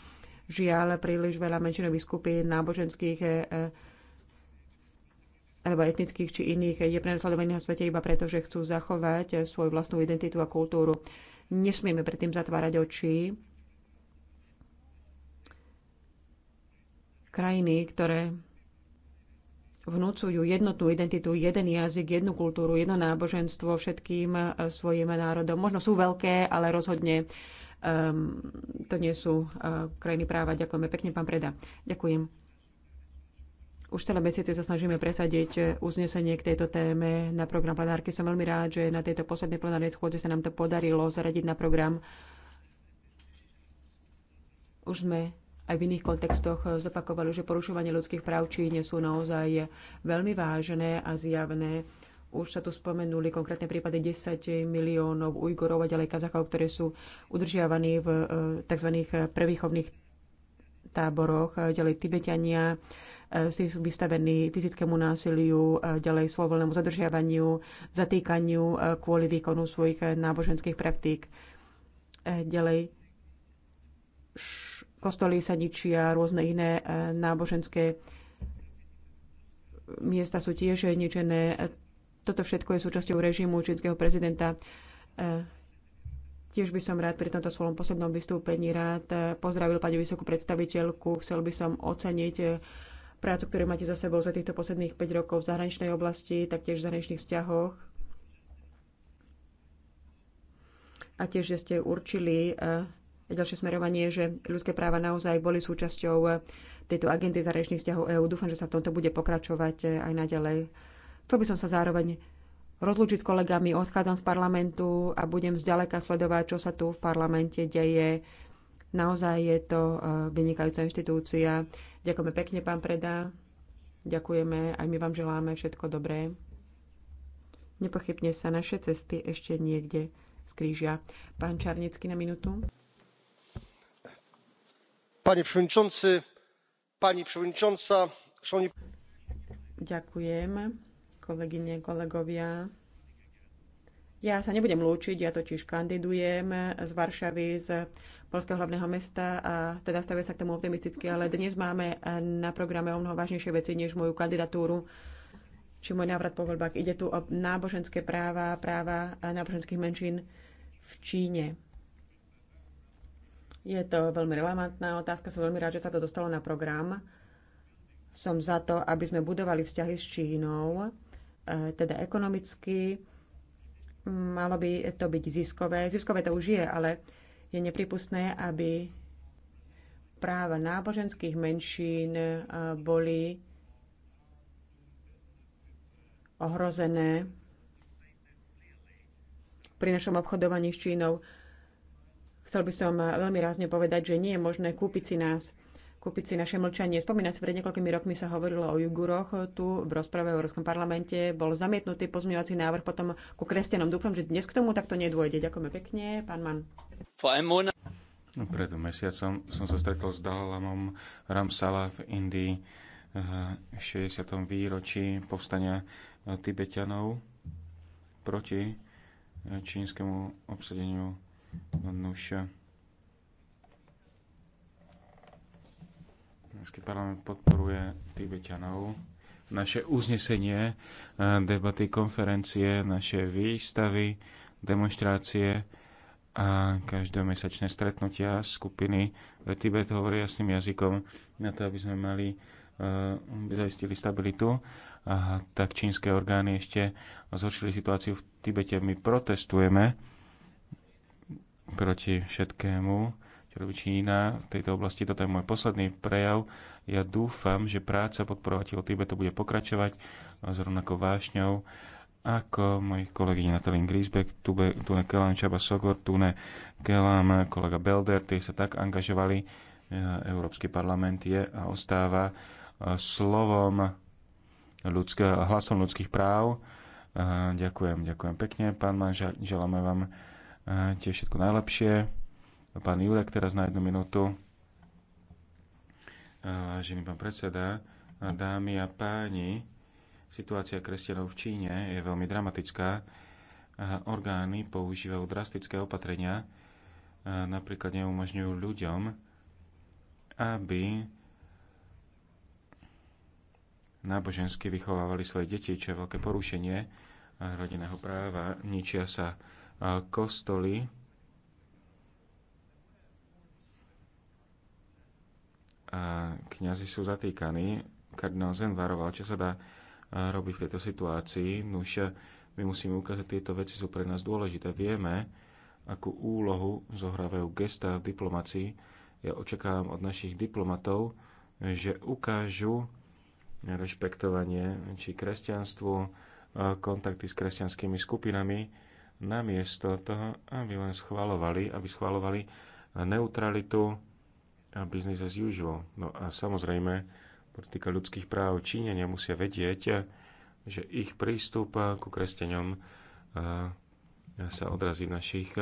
Žiaľ, príliš veľa menšinových skupín náboženských e, e, alebo etnických či iných je prenasledovaných na svete iba preto, že chcú zachovať e, svoju vlastnú identitu a kultúru. Nesmieme predtým zatvárať oči. Krajiny, ktoré vnúcujú jednotnú identitu, jeden jazyk, jednu kultúru, jedno náboženstvo všetkým eh, svojim národom. Možno sú veľké, ale rozhodne um, to nie sú uh, krajiny práva. Ďakujeme pekne, pán Preda. Ďakujem. Už celé mesiace sa snažíme presadiť eh, uznesenie k tejto téme na program plenárky. Som veľmi rád, že na tejto poslednej plenárnej schôdze sa nám to podarilo zaradiť na program. Už sme aj v iných kontextoch eh, zopakovali, že porušovanie ľudských práv Číne sú naozaj veľmi vážené a zjavné. Už sa tu spomenuli konkrétne prípady 10 miliónov Ujgurov a ďalej Kazachov, ktoré sú udržiavaní v eh, tzv. prevýchovných táboroch, eh, ďalej Tibetania si sú vystavení fyzickému násiliu, ďalej svojvoľnému zadržiavaniu, zatýkaniu kvôli výkonu svojich náboženských praktík. Ďalej kostoly sa ničia, rôzne iné e, náboženské miesta sú tiež ničené. Toto všetko je súčasťou režimu čínskeho prezidenta. E, tiež by som rád pri tomto svojom poslednom vystúpení rád e, pozdravil pani vysokú predstaviteľku. Chcel by som oceniť prácu, ktorú máte za sebou za týchto posledných 5 rokov v zahraničnej oblasti, taktiež v zahraničných vzťahoch. A tiež, že ste určili ďalšie smerovanie, že ľudské práva naozaj boli súčasťou eh, tejto agendy zahraničných vzťahov EÚ. Dúfam, že sa v tomto bude pokračovať eh, aj naďalej. Chcel by som sa zároveň rozlúčiť s kolegami, odchádzam z parlamentu a budem zďaleka sledovať, čo sa tu v parlamente deje. Naozaj je to eh, vynikajúca inštitúcia. Ďakujeme pekne, pán Preda. Ďakujeme, aj my vám želáme všetko dobré. Nepochybne sa naše cesty ešte niekde skrížia. Pán Čarnický na minútu panie przewodniczący pani przewodnicząca! ďakujem kolegyne kolegovia. Ja sa nebudem lúčiť, ja totiž kandidujem z Varšavy, z polského hlavného mesta a teda stavia sa k tomu optimisticky, ale dnes máme na programe o mnoho vážnejšie veci než moju kandidatúru či môj návrat po voľbách. Ide tu o náboženské práva, práva náboženských menšín v Číne. Je to veľmi relevantná otázka, som veľmi rád, že sa to dostalo na program. Som za to, aby sme budovali vzťahy s Čínou, e, teda ekonomicky. Malo by to byť ziskové. Ziskové to už je, ale je nepripustné, aby práva náboženských menšín e, boli ohrozené pri našom obchodovaní s Čínou Chcel by som eh, veľmi rázne povedať, že nie je možné kúpiť si nás, kúpiť si naše mlčanie. Spomínať. pred niekoľkými rokmi sa hovorilo o Juguroch tu v rozprave v Európskom parlamente. Bol zamietnutý pozmeňovací návrh potom ku kresťanom. Dúfam, že dnes k tomu takto nedôjde. Ďakujeme pekne, pán Mann. No, pred mesiacom som sa stretol s Dalalamom Ramsala v Indii v eh, 60. výročí povstania eh, Tibetanov proti čínskemu obsadeniu Nuž. Dneský eh, parlament podporuje Tibetanov. Naše uznesenie, eh, debaty, konferencie, naše výstavy, demonstrácie a každomesačné stretnutia skupiny pre Tibet hovoria jasným jazykom na to, aby sme mali eh, aby zaistili stabilitu, a tak čínske orgány ešte zhoršili situáciu v Tibete. My protestujeme proti všetkému, čo robí Čína v tejto oblasti. Toto je môj posledný prejav. Ja dúfam, že práca podporovateľov Tibetu bude pokračovať s rovnakou vášňou ako mojich kolegyň Natalín Grisbeck, Tube, Tune Kelam Čaba Sogor, Tune Kelam, kolega Belder, tí sa tak angažovali. Európsky parlament je a ostáva e, slovom ľudské, hlasom ľudských práv. E, ďakujem, ďakujem pekne, pán manžel, želáme vám tiež všetko najlepšie. Pán Jurek teraz na jednu minútu. Vážený pán predseda, dámy a páni, situácia kresťanov v Číne je veľmi dramatická. Orgány používajú drastické opatrenia, napríklad neumožňujú ľuďom, aby nábožensky vychovávali svoje deti, čo je veľké porušenie rodinného práva. Ničia sa kostoly a kňazi sú zatýkaní. Kardinál Zen varoval, čo sa dá robiť v tejto situácii. Nuž, my musíme ukázať, tieto veci sú pre nás dôležité. Vieme, akú úlohu zohrávajú gesta v diplomácii. Ja očakávam od našich diplomatov, že ukážu rešpektovanie či kresťanstvu, kontakty s kresťanskými skupinami namiesto toho, aby len schvalovali, aby schvalovali neutralitu a business as usual. No a samozrejme, politika ľudských práv Číňania musia vedieť, že ich prístup ku kresťaňom sa odrazí v našich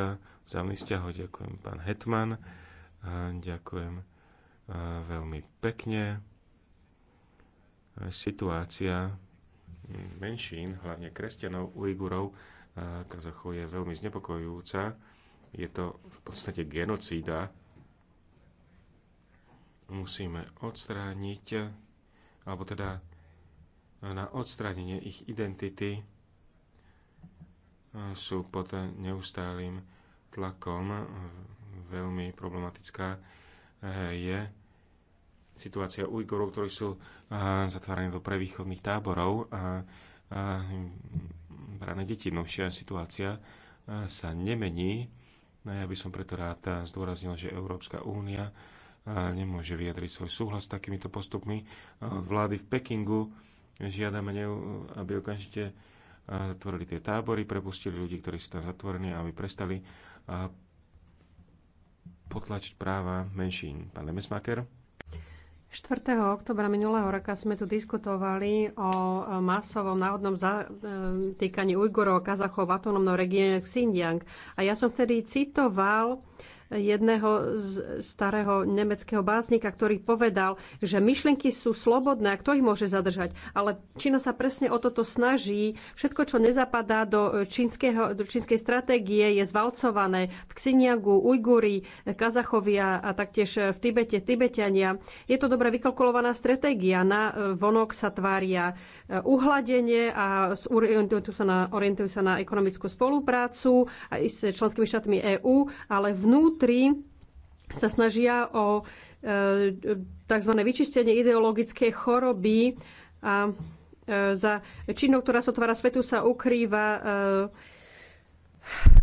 vzájomných vzťahoch. Ďakujem pán Hetman, ďakujem veľmi pekne. Situácia menšín, hlavne kresťanov, Ujgurov, Kazachov je veľmi znepokojujúca. Je to v podstate genocída. Musíme odstrániť, alebo teda na odstránenie ich identity sú pod neustálým tlakom. Veľmi problematická eh, je situácia Ujgurov, ktorí sú eh, zatváraní do prevýchodných táborov a rané deti. Novšia situácia e, sa nemení. No ja by som preto rád zdôraznil, že Európska únia e, nemôže vyjadriť svoj súhlas s takýmito postupmi. E, vlády v Pekingu žiadame, aby okamžite tvorili tie tábory, prepustili ľudí, ktorí sú tam zatvorení, aby prestali potlačiť práva menšín. Pán Lemesmaker. 4. oktobra minulého roka sme tu diskutovali o e, masovom náhodnom e, týkaní Ujgurov a Kazachov v autonómnom regióne Xinjiang. A ja som vtedy citoval jedného z starého nemeckého básnika, ktorý povedal, že myšlienky sú slobodné a kto ich môže zadržať. Ale Čína sa presne o toto snaží. Všetko, čo nezapadá do, čínskeho, do čínskej stratégie, je zvalcované. V Xiniagu, Ujguri, Kazachovia a taktiež v Tibete, Tibetania. Je to dobre vykalkulovaná stratégia. Na e, vonok sa tvária e, uhladenie a orientujú sa na, orientujú sa na ekonomickú spoluprácu aj s členskými štátmi EÚ, ale vnútro vnútri sa snažia o e, tzv. vyčistenie ideologickej choroby a e, za činnou, ktorá sa otvára svetu, sa ukrýva e,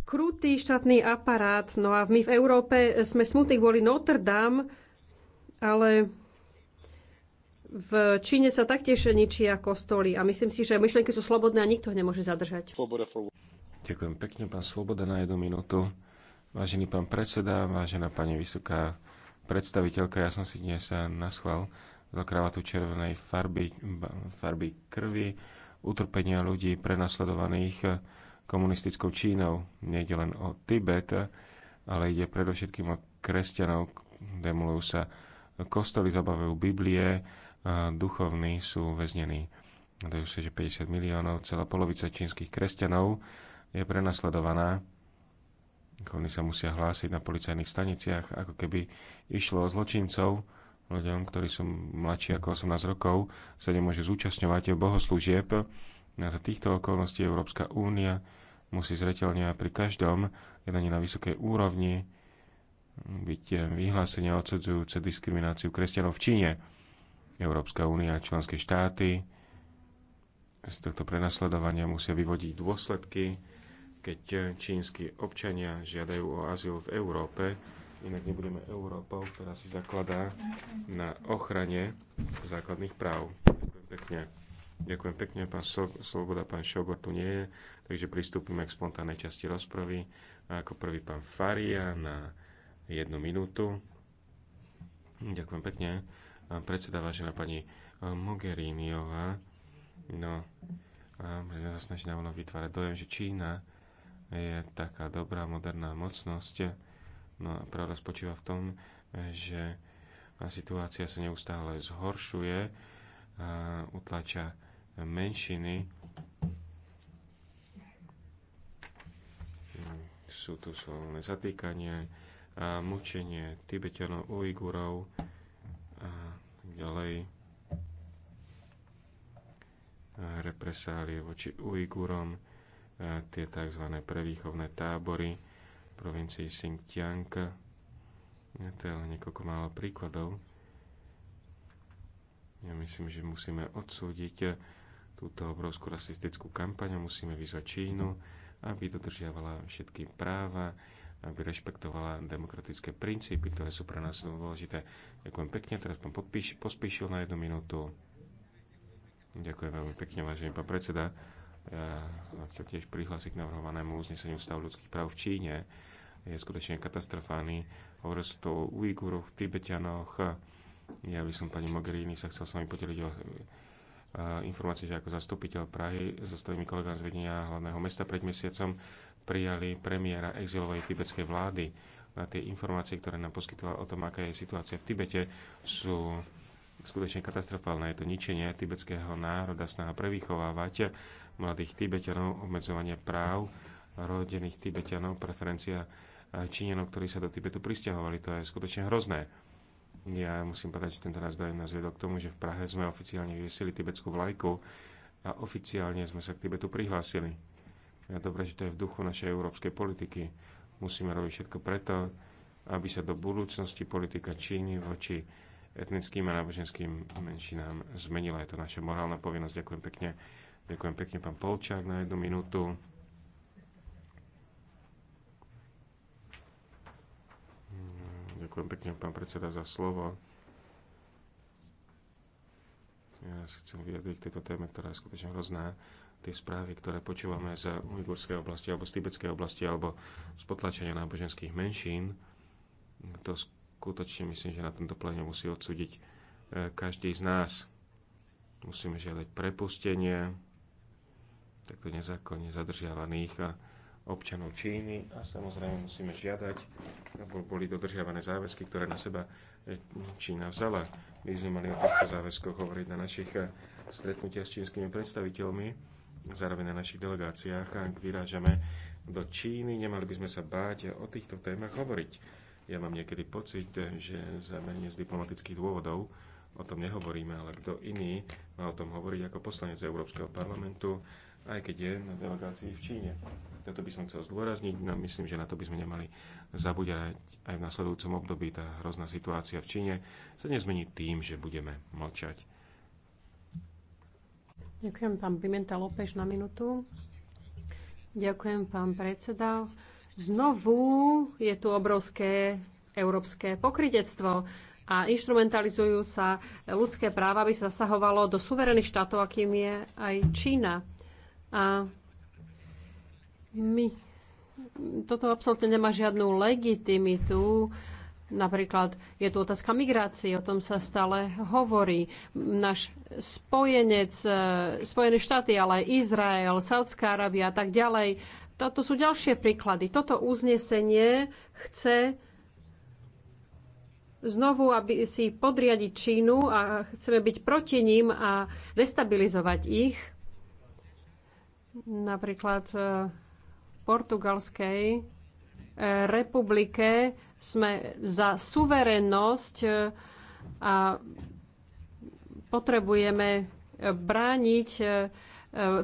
krutý štátny aparát. No a my v Európe sme smutní kvôli Notre Dame, ale v Číne sa taktiež ničia kostoly a myslím si, že myšlienky sú slobodné a nikto nemôže zadržať. Ďakujem pekne, pán Svoboda, na jednu minútu. Vážený pán predseda, vážená pani vysoká predstaviteľka, ja som si dnes naschval za kravatu červenej farby, farby krvi, utrpenia ľudí prenasledovaných komunistickou Čínou. Nejde len o Tibet, ale ide predovšetkým o kresťanov. Demolujú sa kostoly, zabavujú Biblie, duchovní sú väznení. Dajú sa, že 50 miliónov, celá polovica čínskych kresťanov je prenasledovaná oni sa musia hlásiť na policajných staniciach, ako keby išlo o zločincov, ľuďom, ktorí sú mladší ako 18 rokov, sa nemôže zúčastňovať bohoslúžieb. A za týchto okolností Európska únia musí zreteľne pri každom jednaní na vysokej úrovni byť vyhlásenia odsudzujúce diskrimináciu kresťanov v Číne. Európska únia a členské štáty z tohto prenasledovania musia vyvodiť dôsledky keď čínsky občania žiadajú o azyl v Európe, inak nebudeme Európou, ktorá si zakladá na ochrane základných práv. Ďakujem pekne. Ďakujem pekne, pán Sloboda, pán Šogor tu nie je, takže pristúpime k spontánnej časti rozpravy. A ako prvý pán Faria na jednu minútu. Ďakujem pekne. A predseda, vážená pani e, Mogheriniová, no, a sa snaží na vytvárať dojem, že Čína je taká dobrá moderná mocnosť. No a pravda spočíva v tom, že situácia sa neustále zhoršuje, utlača menšiny. Sú tu solné zatýkanie, a mučenie Tibetanov, Ujgurov a ďalej represálie voči Ujgurom tie tzv. prevýchovné tábory v provincii Xinjiang. To je len niekoľko málo príkladov. Ja myslím, že musíme odsúdiť túto obrovskú rasistickú kampaň a musíme vyzvať Čínu, aby dodržiavala všetky práva, aby rešpektovala demokratické princípy, ktoré sú pre nás dôležité. Ďakujem pekne, teraz pán pospíšil na jednu minútu. Ďakujem veľmi pekne, vážený pán predseda sa tiež prihlási k navrhovanému uzneseniu stavu ľudských práv v Číne. Je skutočne katastrofálny. Hovorí sa to o Ujguroch, Tibetanoch. Ja by som pani Mogherini sa chcel s vami podeliť o e, informácie, že ako zastupiteľ Prahy so svojimi kolegami z vedenia hlavného mesta pred mesiacom prijali premiéra exilovej tibetskej vlády. Na tie informácie, ktoré nám poskytla o tom, aká je situácia v Tibete, sú skutočne katastrofálne. Je to ničenie tibetského národa, snaha prevychovávať mladých Tibetanov, obmedzovanie práv rodených Tibetanov, preferencia eh, Číňanov, ktorí sa do Tibetu pristahovali. To je skutočne hrozné. Ja musím povedať, že tento nás nás viedol k tomu, že v Prahe sme oficiálne vyvesili tibetskú vlajku a oficiálne sme sa k Tibetu prihlásili. Ja dobre, že to je v duchu našej európskej politiky. Musíme robiť všetko preto, aby sa do budúcnosti politika Číny voči etnickým a náboženským menšinám zmenila. Je to naša morálna povinnosť. Ďakujem pekne. Ďakujem pekne, pán Polčák, na jednu minútu. Ďakujem pekne, pán predseda, za slovo. Ja si chcem vyjadriť k tejto téme, ktorá je skutočne hrozná. Tie správy, ktoré počúvame z ujgurskej oblasti alebo z tibetskej oblasti alebo z potlačenia náboženských menšín, to skutočne myslím, že na tomto plene musí odsúdiť eh, každý z nás. Musíme žiadať prepustenie takto nezákonne zadržiavaných občanov Číny a samozrejme musíme žiadať, aby boli dodržiavané záväzky, ktoré na seba e, Čína vzala. My sme mali o týchto záväzkoch hovoriť na našich e, stretnutiach s čínskymi predstaviteľmi, zároveň na našich delegáciách, ak vyrážame do Číny, nemali by sme sa báť o týchto témach hovoriť. Ja mám niekedy pocit, že zamerne z diplomatických dôvodov o tom nehovoríme, ale kto iný má o tom hovoriť ako poslanec Európskeho parlamentu, aj keď je na delegácii v Číne. Toto by som chcel zdôrazniť, no myslím, že na to by sme nemali zabúdať aj v nasledujúcom období. Tá hrozná situácia v Číne sa nezmení tým, že budeme mlčať. Ďakujem, pán Pimenta Lopeš, na minútu. Ďakujem, pán predseda. Znovu je tu obrovské európske pokrytectvo a instrumentalizujú sa ľudské práva, aby sa zasahovalo do suverených štátov, akým je aj Čína. A my, toto absolútne nemá žiadnu legitimitu. Napríklad je tu otázka migrácie, o tom sa stále hovorí. Náš spojenec, e, Spojené štáty, ale aj Izrael, Saudská Arábia a tak ďalej. Toto sú ďalšie príklady. Toto uznesenie chce znovu, aby si podriadiť Čínu a chceme byť proti ním a destabilizovať ich. Napríklad e, v Portugalskej e, republike sme za suverennosť e, a potrebujeme brániť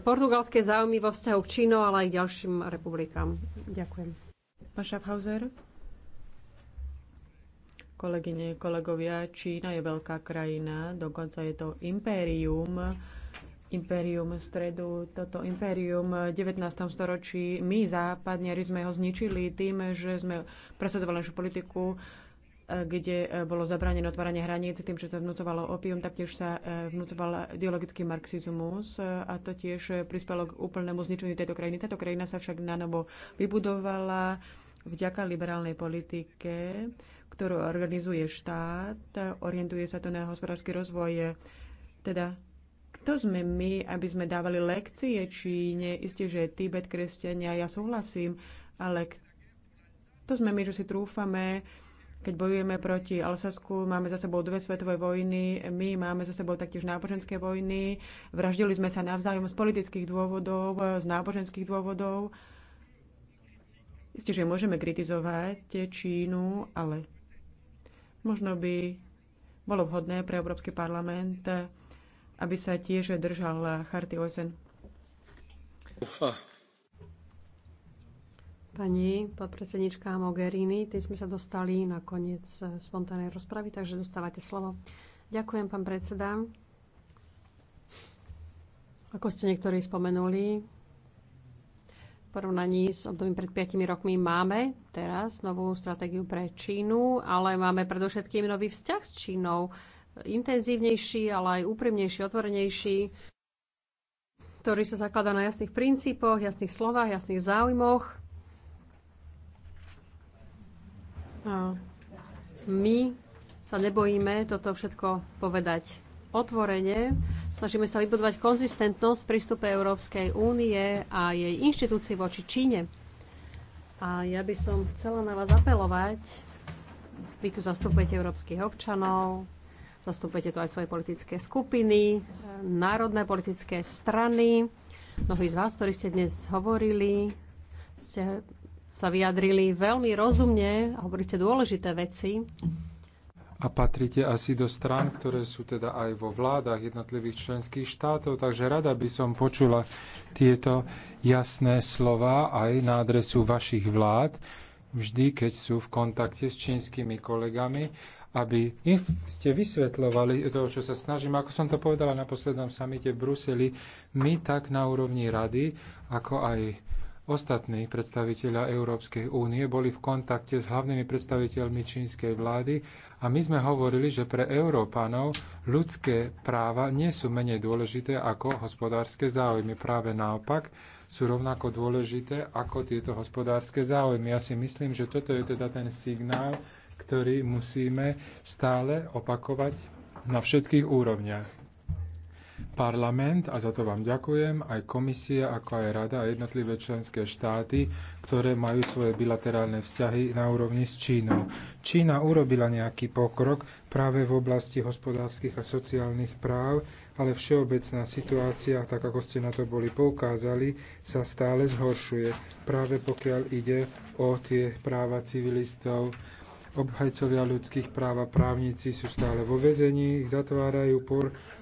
portugalské záujmy vo vzťahu k Čínu, ale aj ďalším republikám. Ďakujem. Pán Schaffhauser? Kolegyne, kolegovia, Čína je veľká krajina, dokonca je to impérium impérium stredu, toto impérium v 19. storočí. My, západniari, sme ho zničili tým, že sme presadovali našu politiku, eh, kde eh, bolo zabranené otváranie hraníc tým, že sa vnútovalo opium, taktiež sa eh, vnútoval ideologický marxizmus a to tiež prispelo k úplnému zničeniu tejto krajiny. Táto krajina sa však na novo vybudovala vďaka liberálnej politike, ktorú organizuje štát, orientuje sa to na hospodársky rozvoj. Teda kto sme my, aby sme dávali lekcie Číne? Isté, že Tibet, kresťania, ja súhlasím, ale to sme my, že si trúfame, keď bojujeme proti Alsasku, máme za sebou dve svetové vojny, my máme za sebou taktiež náboženské vojny, vraždili sme sa navzájom z politických dôvodov, z náboženských dôvodov. Isté, že môžeme kritizovať Čínu, ale možno by bolo vhodné pre Európsky parlament aby sa tiež držal charty OSN. Pani podpredsednička Mogherini, tým sme sa dostali na koniec eh, spontánnej rozpravy, takže dostávate slovo. Ďakujem, pán predseda. Ako ste niektorí spomenuli, v porovnaní s obdobím pred 5 rokmi máme teraz novú stratégiu pre Čínu, ale máme predovšetkým nový vzťah s Čínou intenzívnejší, ale aj úprimnejší, otvorenejší, ktorý sa zakladá na jasných princípoch, jasných slovách, jasných záujmoch. A my sa nebojíme toto všetko povedať otvorene. Snažíme sa vybudovať konzistentnosť v prístupe Európskej únie a jej inštitúcií voči Číne. A ja by som chcela na vás apelovať. Vy tu zastupujete európskych občanov, Zastupujete tu aj svoje politické skupiny, e, národné politické strany. Mnohí z vás, ktorí ste dnes hovorili, ste sa vyjadrili veľmi rozumne a hovoríte dôležité veci. A patrite asi do strán, ktoré sú teda aj vo vládach jednotlivých členských štátov, takže rada by som počula tieto jasné slova aj na adresu vašich vlád, vždy keď sú v kontakte s čínskymi kolegami aby ste vysvetľovali to, čo sa snažím. Ako som to povedala na poslednom samite v Bruseli, my tak na úrovni rady, ako aj ostatní predstaviteľa Európskej únie boli v kontakte s hlavnými predstaviteľmi čínskej vlády a my sme hovorili, že pre Európanov ľudské práva nie sú menej dôležité ako hospodárske záujmy. Práve naopak, sú rovnako dôležité ako tieto hospodárske záujmy. Ja si myslím, že toto je teda ten signál, ktorý musíme stále opakovať na všetkých úrovniach. Parlament, a za to vám ďakujem, aj komisia, ako aj rada a jednotlivé členské štáty, ktoré majú svoje bilaterálne vzťahy na úrovni s Čínou. Čína urobila nejaký pokrok práve v oblasti hospodárskych a sociálnych práv, ale všeobecná situácia, tak ako ste na to boli poukázali, sa stále zhoršuje, práve pokiaľ ide o tie práva civilistov, Obhajcovia ľudských práv a právnici sú stále vo vezení, ich zatvárajú,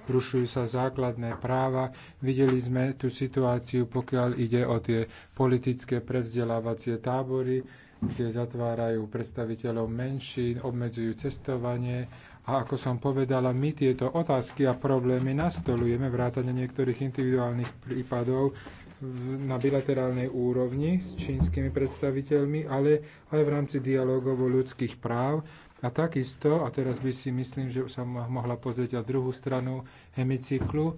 porušujú sa základné práva. Videli sme tú situáciu, pokiaľ ide o tie politické prevzdelávacie tábory, kde zatvárajú predstaviteľov menšín, obmedzujú cestovanie a ako som povedala, my tieto otázky a problémy nastolujeme vrátane niektorých individuálnych prípadov na bilaterálnej úrovni s čínskymi predstaviteľmi, ale aj v rámci dialogov o ľudských práv. A takisto, a teraz by si myslím, že sa mohla pozrieť aj druhú stranu hemicyklu,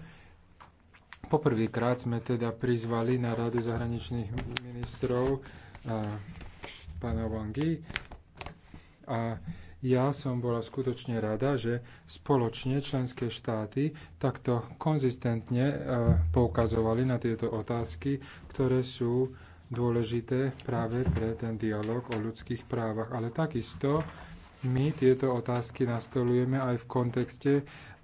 poprvýkrát sme teda prizvali na Radu zahraničných ministrov a, pána Wangi a ja som bola skutočne rada, že spoločne členské štáty takto konzistentne e, poukazovali na tieto otázky, ktoré sú dôležité práve pre ten dialog o ľudských právach. Ale takisto my tieto otázky nastolujeme aj v kontexte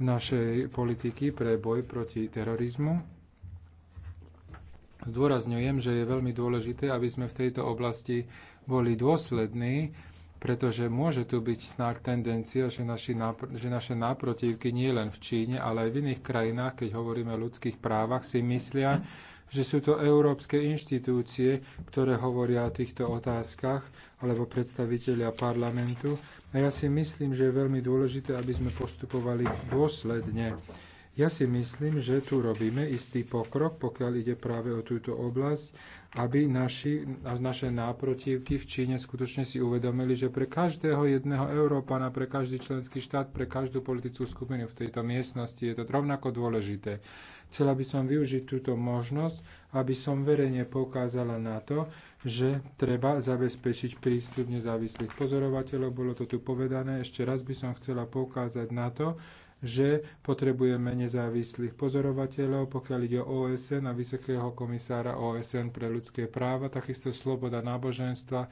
našej politiky pre boj proti terorizmu. Zdôrazňujem, že je veľmi dôležité, aby sme v tejto oblasti boli dôslední pretože môže tu byť snáh tendencia, že, naši, že naše náprotivky nie len v Číne, ale aj v iných krajinách, keď hovoríme o ľudských právach, si myslia, že sú to európske inštitúcie, ktoré hovoria o týchto otázkach, alebo predstavitelia parlamentu. A ja si myslím, že je veľmi dôležité, aby sme postupovali dôsledne. Ja si myslím, že tu robíme istý pokrok, pokiaľ ide práve o túto oblasť aby naši, naše náprotivky v Číne skutočne si uvedomili, že pre každého jedného Európana, pre každý členský štát, pre každú politickú skupinu v tejto miestnosti je to rovnako dôležité. Chcela by som využiť túto možnosť, aby som verejne poukázala na to, že treba zabezpečiť prístup nezávislých pozorovateľov. Bolo to tu povedané. Ešte raz by som chcela poukázať na to, že potrebujeme nezávislých pozorovateľov, pokiaľ ide o OSN a vysokého komisára OSN pre ľudské práva, takisto sloboda náboženstva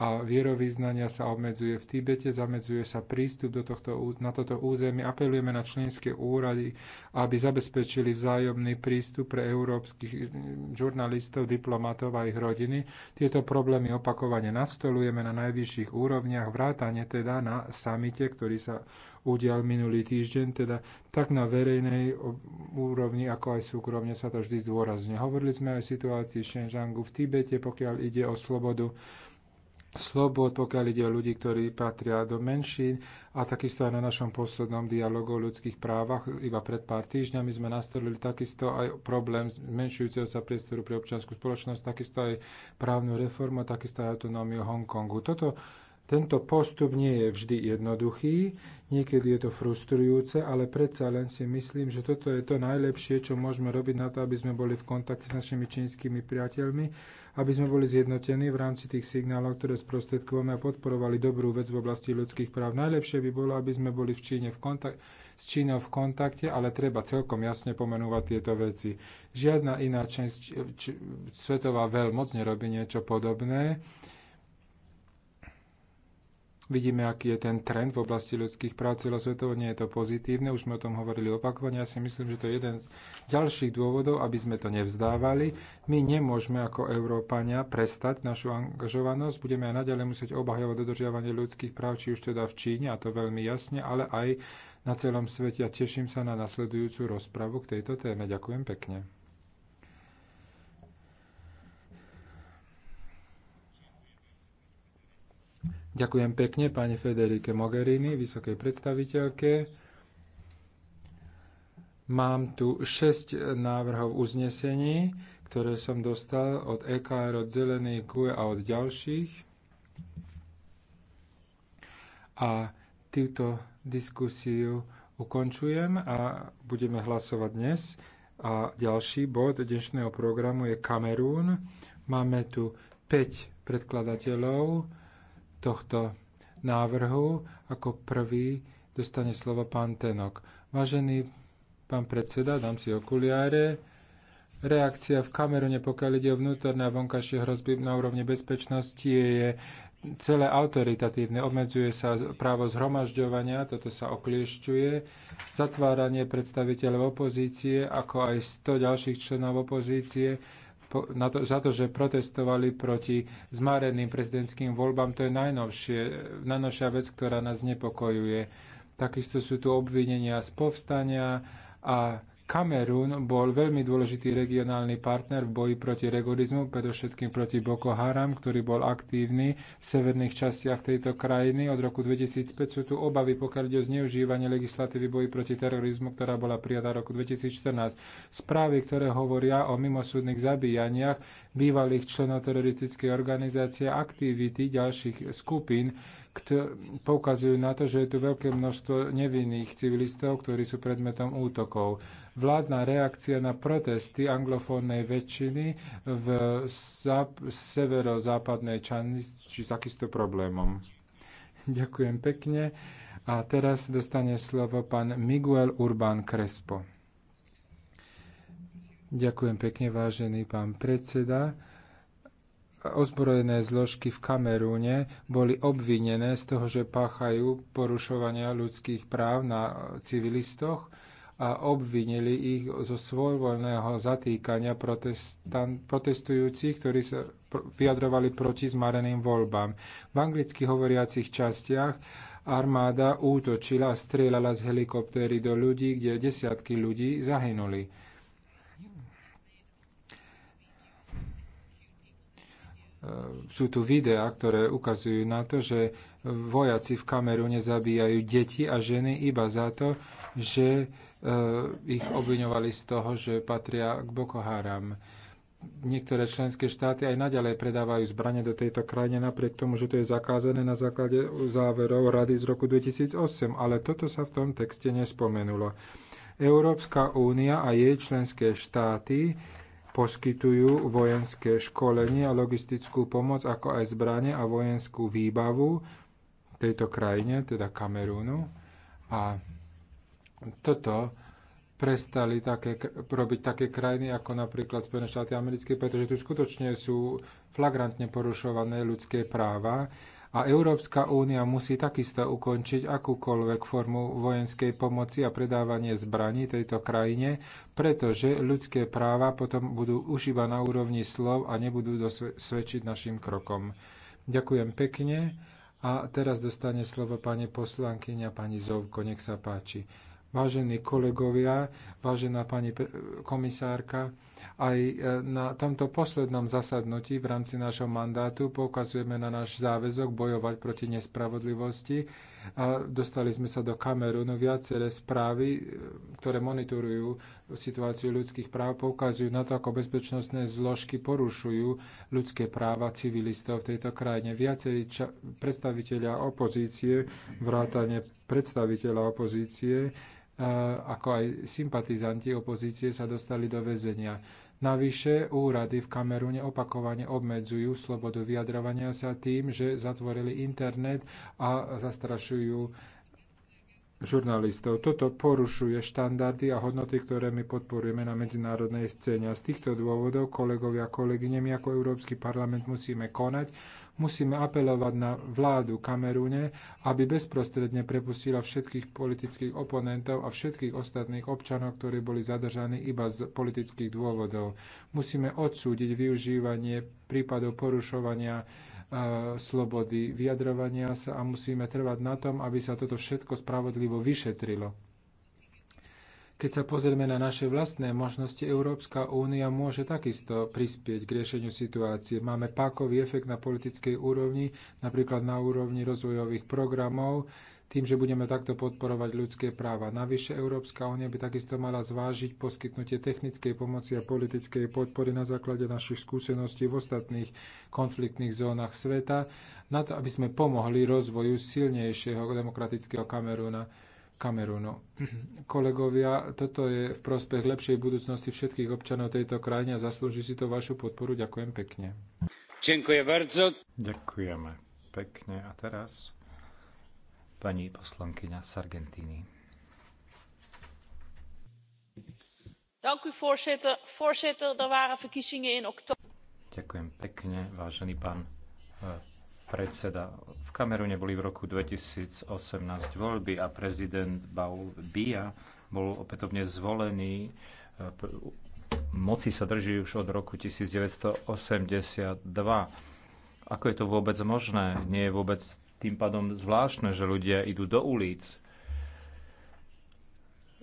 a vierovýznania sa obmedzuje v Tibete, zamedzuje sa prístup do tohto, na toto územie. Apelujeme na členské úrady, aby zabezpečili vzájomný prístup pre európskych eh, žurnalistov, diplomatov a ich rodiny. Tieto problémy opakovane nastolujeme na najvyšších úrovniach, vrátane teda na samite, ktorý sa udial minulý týždeň, teda tak na verejnej úrovni, ako aj súkromne sa to vždy zdôrazňuje. Hovorili sme aj o situácii Šenžangu v Tibete, pokiaľ ide o slobodu slobod, pokiaľ ide o ľudí, ktorí patria do menšín a takisto aj na našom poslednom dialogu o ľudských právach iba pred pár týždňami sme nastolili takisto aj problém zmenšujúceho sa priestoru pre občianskú spoločnosť, takisto aj právnu reformu, takisto aj autonómiu Hongkongu. Toto tento postup nie je vždy jednoduchý, niekedy je to frustrujúce, ale predsa len si myslím, že toto je to najlepšie, čo môžeme robiť na to, aby sme boli v kontakte s našimi čínskymi priateľmi aby sme boli zjednotení v rámci tých signálov, ktoré sprostredkujeme a podporovali dobrú vec v oblasti ľudských práv. Najlepšie by bolo, aby sme boli v Číne v kontakte s Čínou v kontakte, ale treba celkom jasne pomenúvať tieto veci. Žiadna iná svetová veľmoc nerobí niečo podobné Vidíme, aký je ten trend v oblasti ľudských práv celosvetovo, nie je to pozitívne, už sme o tom hovorili opakovane, ja si myslím, že to je jeden z ďalších dôvodov, aby sme to nevzdávali. My nemôžeme ako Európania prestať našu angažovanosť, budeme aj naďalej musieť obhajovať dodržiavanie ľudských práv, či už teda v Číne, a to veľmi jasne, ale aj na celom svete a teším sa na nasledujúcu rozpravu k tejto téme. Ďakujem pekne. Ďakujem pekne pani Federike Mogherini, vysokej predstaviteľke. Mám tu 6 návrhov uznesení, ktoré som dostal od EKR, od Zelených, KUE a od ďalších. A túto diskusiu ukončujem a budeme hlasovať dnes. A ďalší bod dnešného programu je Kamerún. Máme tu 5 predkladateľov tohto návrhu. Ako prvý dostane slovo pán Tenok. Vážený pán predseda, dám si okuliare. Reakcia v Kamerune, pokiaľ ide o vnútorné a vonkajšie hrozby na úrovni bezpečnosti, je celé autoritatívne, obmedzuje sa právo zhromažďovania, toto sa okliešťuje, zatváranie predstaviteľov opozície, ako aj 100 ďalších členov opozície, na to, za to, že protestovali proti zmáreným prezidentským voľbám. To je najnovšie, najnovšia vec, ktorá nás nepokojuje. Takisto sú tu obvinenia z povstania a Kamerún bol veľmi dôležitý regionálny partner v boji proti regorizmu, predovšetkým proti Boko Haram, ktorý bol aktívny v severných častiach tejto krajiny. Od roku 2005 sú tu obavy, pokiaľ ide o zneužívanie legislatívy boji proti terorizmu, ktorá bola prijatá roku 2014. Správy, ktoré hovoria o mimosúdnych zabíjaniach bývalých členov teroristickej organizácie a aktivity ďalších skupín, poukazujú na to, že je tu veľké množstvo nevinných civilistov, ktorí sú predmetom útokov vládna reakcia na protesty anglofónnej väčšiny v severozápadnej časti či takisto problémom. Ďakujem pekne. A teraz dostane slovo pán Miguel Urbán Crespo. Ďakujem pekne, vážený pán predseda ozbrojené zložky v Kamerúne boli obvinené z toho, že páchajú porušovania ľudských práv na civilistoch a obvinili ich zo svojvoľného zatýkania protestujúcich, ktorí sa vyjadrovali proti zmareným voľbám. V anglicky hovoriacich častiach armáda útočila a strieľala z helikoptéry do ľudí, kde desiatky ľudí zahynuli. E, sú tu videá, ktoré ukazujú na to, že vojaci v Kamerune zabíjajú deti a ženy iba za to, že Eh, ich obviňovali z toho, že patria k Boko Haram. Niektoré členské štáty aj naďalej predávajú zbranie do tejto krajine napriek tomu, že to je zakázané na základe záverov Rady z roku 2008, ale toto sa v tom texte nespomenulo. Európska únia a jej členské štáty poskytujú vojenské školenie a logistickú pomoc, ako aj zbranie a vojenskú výbavu tejto krajine, teda Kamerúnu. A toto prestali také, robiť také krajiny ako napríklad Spojené štáty americké, pretože tu skutočne sú flagrantne porušované ľudské práva a Európska únia musí takisto ukončiť akúkoľvek formu vojenskej pomoci a predávanie zbraní tejto krajine, pretože ľudské práva potom budú už iba na úrovni slov a nebudú dosvedčiť našim krokom. Ďakujem pekne a teraz dostane slovo pani poslankyňa pani Zovko, nech sa páči. Vážení kolegovia, vážená pani komisárka, aj e, na tomto poslednom zasadnutí v rámci nášho mandátu poukazujeme na náš záväzok bojovať proti nespravodlivosti. A dostali sme sa do kameru no Viaceré správy, e, ktoré monitorujú situáciu ľudských práv, poukazujú na to, ako bezpečnostné zložky porušujú ľudské práva civilistov v tejto krajine. Viacerí predstavitelia opozície, vrátane predstaviteľa opozície, ako aj sympatizanti opozície sa dostali do väzenia. Navyše úrady v Kamerune opakovane obmedzujú slobodu vyjadrovania sa tým, že zatvorili internet a zastrašujú žurnalistov. Toto porušuje štandardy a hodnoty, ktoré my podporujeme na medzinárodnej scéne. A z týchto dôvodov, kolegovia a kolegyne, my ako Európsky parlament musíme konať Musíme apelovať na vládu Kamerune, aby bezprostredne prepustila všetkých politických oponentov a všetkých ostatných občanov, ktorí boli zadržaní iba z politických dôvodov. Musíme odsúdiť využívanie prípadov porušovania e, slobody vyjadrovania sa a musíme trvať na tom, aby sa toto všetko spravodlivo vyšetrilo. Keď sa pozrieme na naše vlastné možnosti, Európska únia môže takisto prispieť k riešeniu situácie. Máme pákový efekt na politickej úrovni, napríklad na úrovni rozvojových programov, tým, že budeme takto podporovať ľudské práva. Navyše Európska únia by takisto mala zvážiť poskytnutie technickej pomoci a politickej podpory na základe našich skúseností v ostatných konfliktných zónach sveta, na to, aby sme pomohli rozvoju silnejšieho demokratického Kamerúna. Kamerunu. Kolegovia, toto je v prospech lepšej budúcnosti všetkých občanov tejto krajiny a zaslúži si to vašu podporu. Ďakujem pekne. Ďakujem bardzo. Ďakujeme pekne. A teraz pani poslankyňa z Argentíny. Er Ďakujem pekne, vážený pán eh, predseda. V Kamerune boli v roku 2018 voľby a prezident Baul Bia bol opätovne zvolený. E, moci sa drží už od roku 1982. Ako je to vôbec možné? Nie je vôbec tým pádom zvláštne, že ľudia idú do ulic.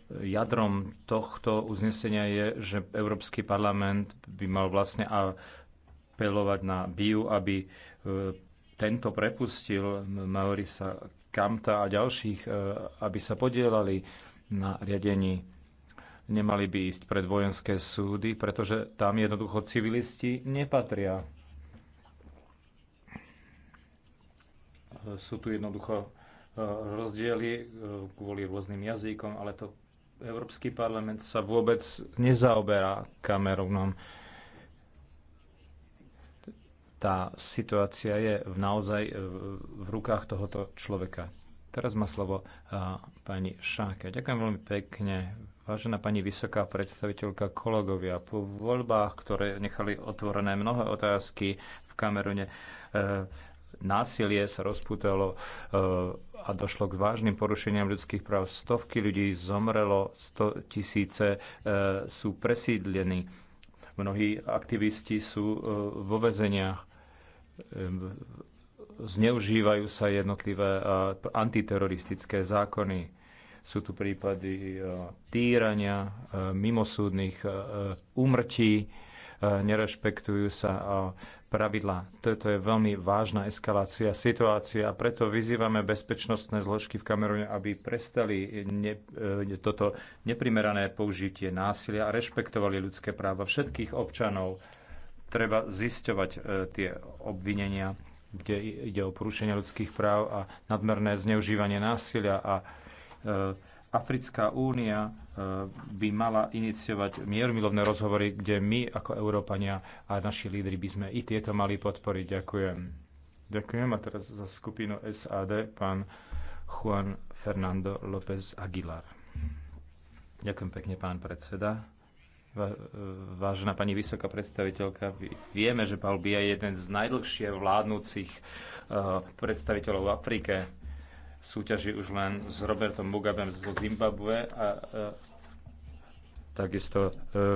Jadrom tohto uznesenia je, že Európsky parlament by mal vlastne apelovať na BIU, aby e, tento prepustil Maurisa Kamta a ďalších, e, aby sa podielali na riadení. Nemali by ísť pred vojenské súdy, pretože tam jednoducho civilisti nepatria. E, sú tu jednoducho e, rozdiely kvôli rôznym jazykom, ale to Európsky parlament sa vôbec nezaoberá kamerovnom tá situácia je naozaj v rukách tohoto človeka. Teraz má slovo pani Šáke. Ďakujem veľmi pekne. Vážená pani vysoká predstaviteľka, kolegovia, po voľbách, ktoré nechali otvorené mnohé otázky v Kamerune, e, násilie sa rozputalo e, a došlo k vážnym porušeniam ľudských práv. Stovky ľudí zomrelo, 100 tisíce e, sú presídlení. Mnohí aktivisti sú vo vezeniach zneužívajú sa jednotlivé antiteroristické zákony. Sú tu prípady e, týrania, e, mimosúdnych e, úmrtí, nerešpektujú sa pravidlá. Toto je veľmi vážna eskalácia situácie a preto vyzývame bezpečnostné zložky v Kamerune, aby prestali ne, toto neprimerané použitie násilia a rešpektovali ľudské práva všetkých občanov treba zisťovať e, tie obvinenia, kde ide o porušenie ľudských práv a nadmerné zneužívanie násilia a e, Africká únia e, by mala iniciovať miermilovné rozhovory, kde my ako Európania a naši lídry by sme i tieto mali podporiť. Ďakujem. Ďakujem a teraz za skupinu SAD pán Juan Fernando López Aguilar. Ďakujem pekne, pán predseda. Vážená pani vysoká predstaviteľka, vieme, že Balbia je jeden z najdlhšie vládnúcich e, predstaviteľov v Afrike. Súťaží už len s Robertom Mugabem zo Zimbabwe a e, takisto e,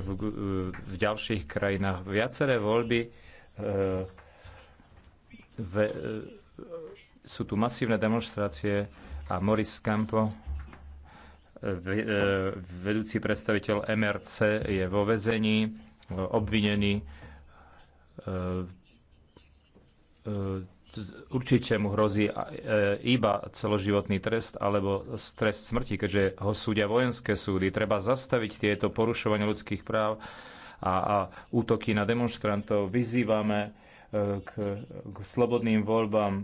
v, v ďalších krajinách. Viaceré voľby v, sú tu masívne demonstrácie a Maurice Campo E, vedúci predstaviteľ MRC je vo vezení, e, obvinený. E, určite mu hrozí iba celoživotný trest alebo trest smrti, keďže ho súdia vojenské súdy. Treba zastaviť tieto porušovania ľudských práv a, a útoky na demonstrantov. Vyzývame k, k slobodným voľbám, e,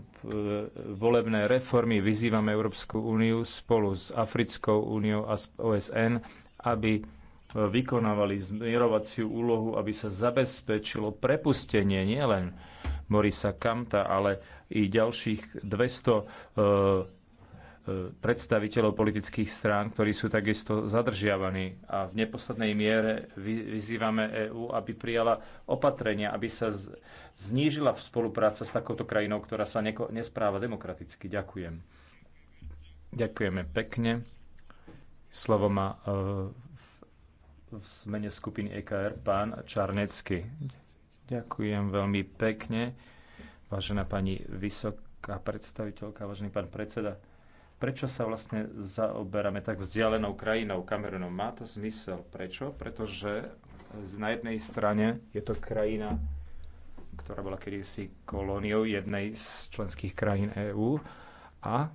volebné reformy. Vyzývame Európsku úniu spolu s Africkou úniou a OSN, aby e, vykonávali zmierovaciu úlohu, aby sa zabezpečilo prepustenie nielen Morisa Kamta, ale i ďalších 200 predstaviteľov politických strán, ktorí sú takisto zadržiavaní. A v neposlednej miere vyzývame EÚ, aby prijala opatrenia, aby sa znížila spolupráca s takouto krajinou, ktorá sa nespráva demokraticky. Ďakujem. Ďakujeme pekne. Slovo má e, v zmene skupiny EKR pán Čarnecký. Ďakujem veľmi pekne, vážená pani vysoká predstaviteľka, vážený pán predseda Prečo sa vlastne zaoberáme tak vzdialenou krajinou Kamerunom? Má to zmysel. Prečo? Pretože na jednej strane je to krajina, ktorá bola kedysi kolóniou jednej z členských krajín EÚ a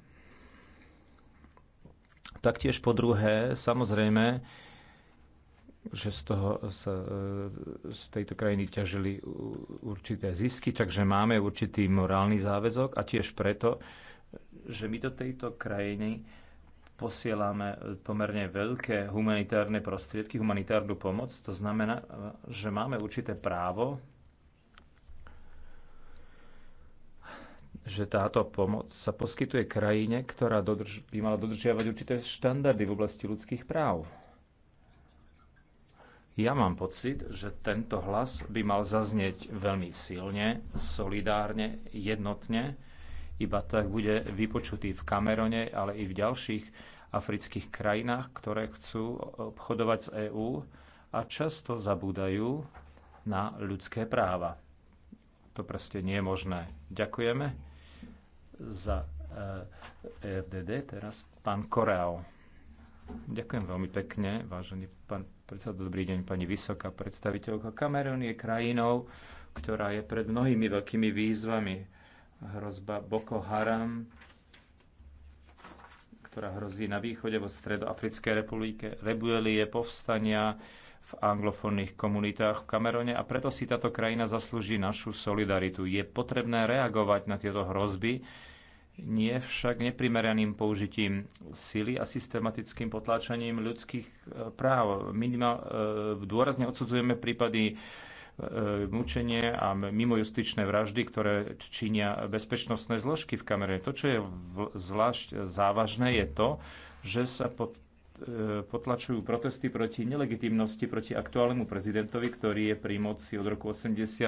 taktiež po druhé, samozrejme, že z, toho, sa, z tejto krajiny ťažili určité zisky, takže máme určitý morálny záväzok a tiež preto, že my do tejto krajiny posielame pomerne veľké humanitárne prostriedky, humanitárnu pomoc. To znamená, že máme určité právo, že táto pomoc sa poskytuje krajine, ktorá dodrž- by mala dodržiavať určité štandardy v oblasti ľudských práv. Ja mám pocit, že tento hlas by mal zaznieť veľmi silne, solidárne, jednotne iba tak bude vypočutý v Kamerone, ale i v ďalších afrických krajinách, ktoré chcú obchodovať s EÚ a často zabúdajú na ľudské práva. To proste nie je možné. Ďakujeme za EFDD. Eh, e Teraz pán Koreo. Ďakujem veľmi pekne, vážený pán predseda, dobrý deň, pani vysoká predstaviteľka. Kamerun je krajinou, ktorá je pred mnohými veľkými výzvami hrozba Boko Haram, ktorá hrozí na východe vo Stredoafrickej republike, je povstania v anglofónnych komunitách v Kamerone a preto si táto krajina zaslúži našu solidaritu. Je potrebné reagovať na tieto hrozby, nie však neprimeraným použitím sily a systematickým potláčaním ľudských eh, práv. e, dôrazne odsudzujeme prípady E, mučenie a mimojustičné vraždy, ktoré činia bezpečnostné zložky v Kamere. To, čo je zvlášť závažné, je to, že sa pod e, potlačujú protesty proti nelegitimnosti, proti aktuálnemu prezidentovi, ktorý je pri moci od roku 82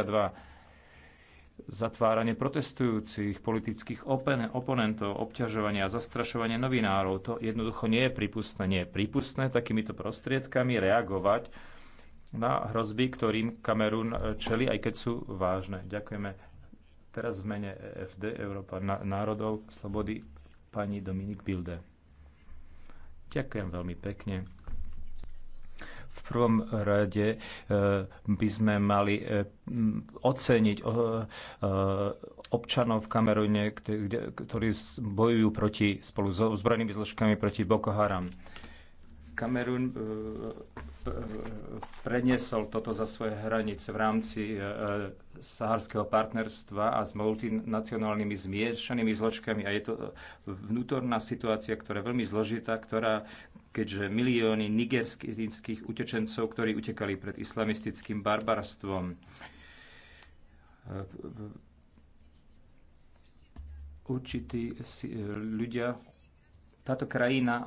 zatváranie protestujúcich, politických open, oponentov, obťažovania a zastrašovanie novinárov. To jednoducho nie je prípustné. Nie je prípustné takýmito prostriedkami reagovať na hrozby, ktorým Kamerún eh, čeli, aj keď sú vážne. Ďakujeme. Teraz v mene EFD, Európa národov, slobody, pani Dominik Bilde. Ďakujem veľmi pekne. V prvom rade eh, by sme mali eh, oceniť občanov v Kamerune, ktorí bojujú proti, spolu s so zbranými zložkami proti Boko Haram Kamerún e, e, preniesol toto za svoje hranice v rámci e, saharského partnerstva a s multinacionálnymi zmiešanými zložkami. A je to vnútorná situácia, ktorá je veľmi zložitá, ktorá, keďže milióny nigerských utečencov, ktorí utekali pred islamistickým barbarstvom, určití ľudia, táto krajina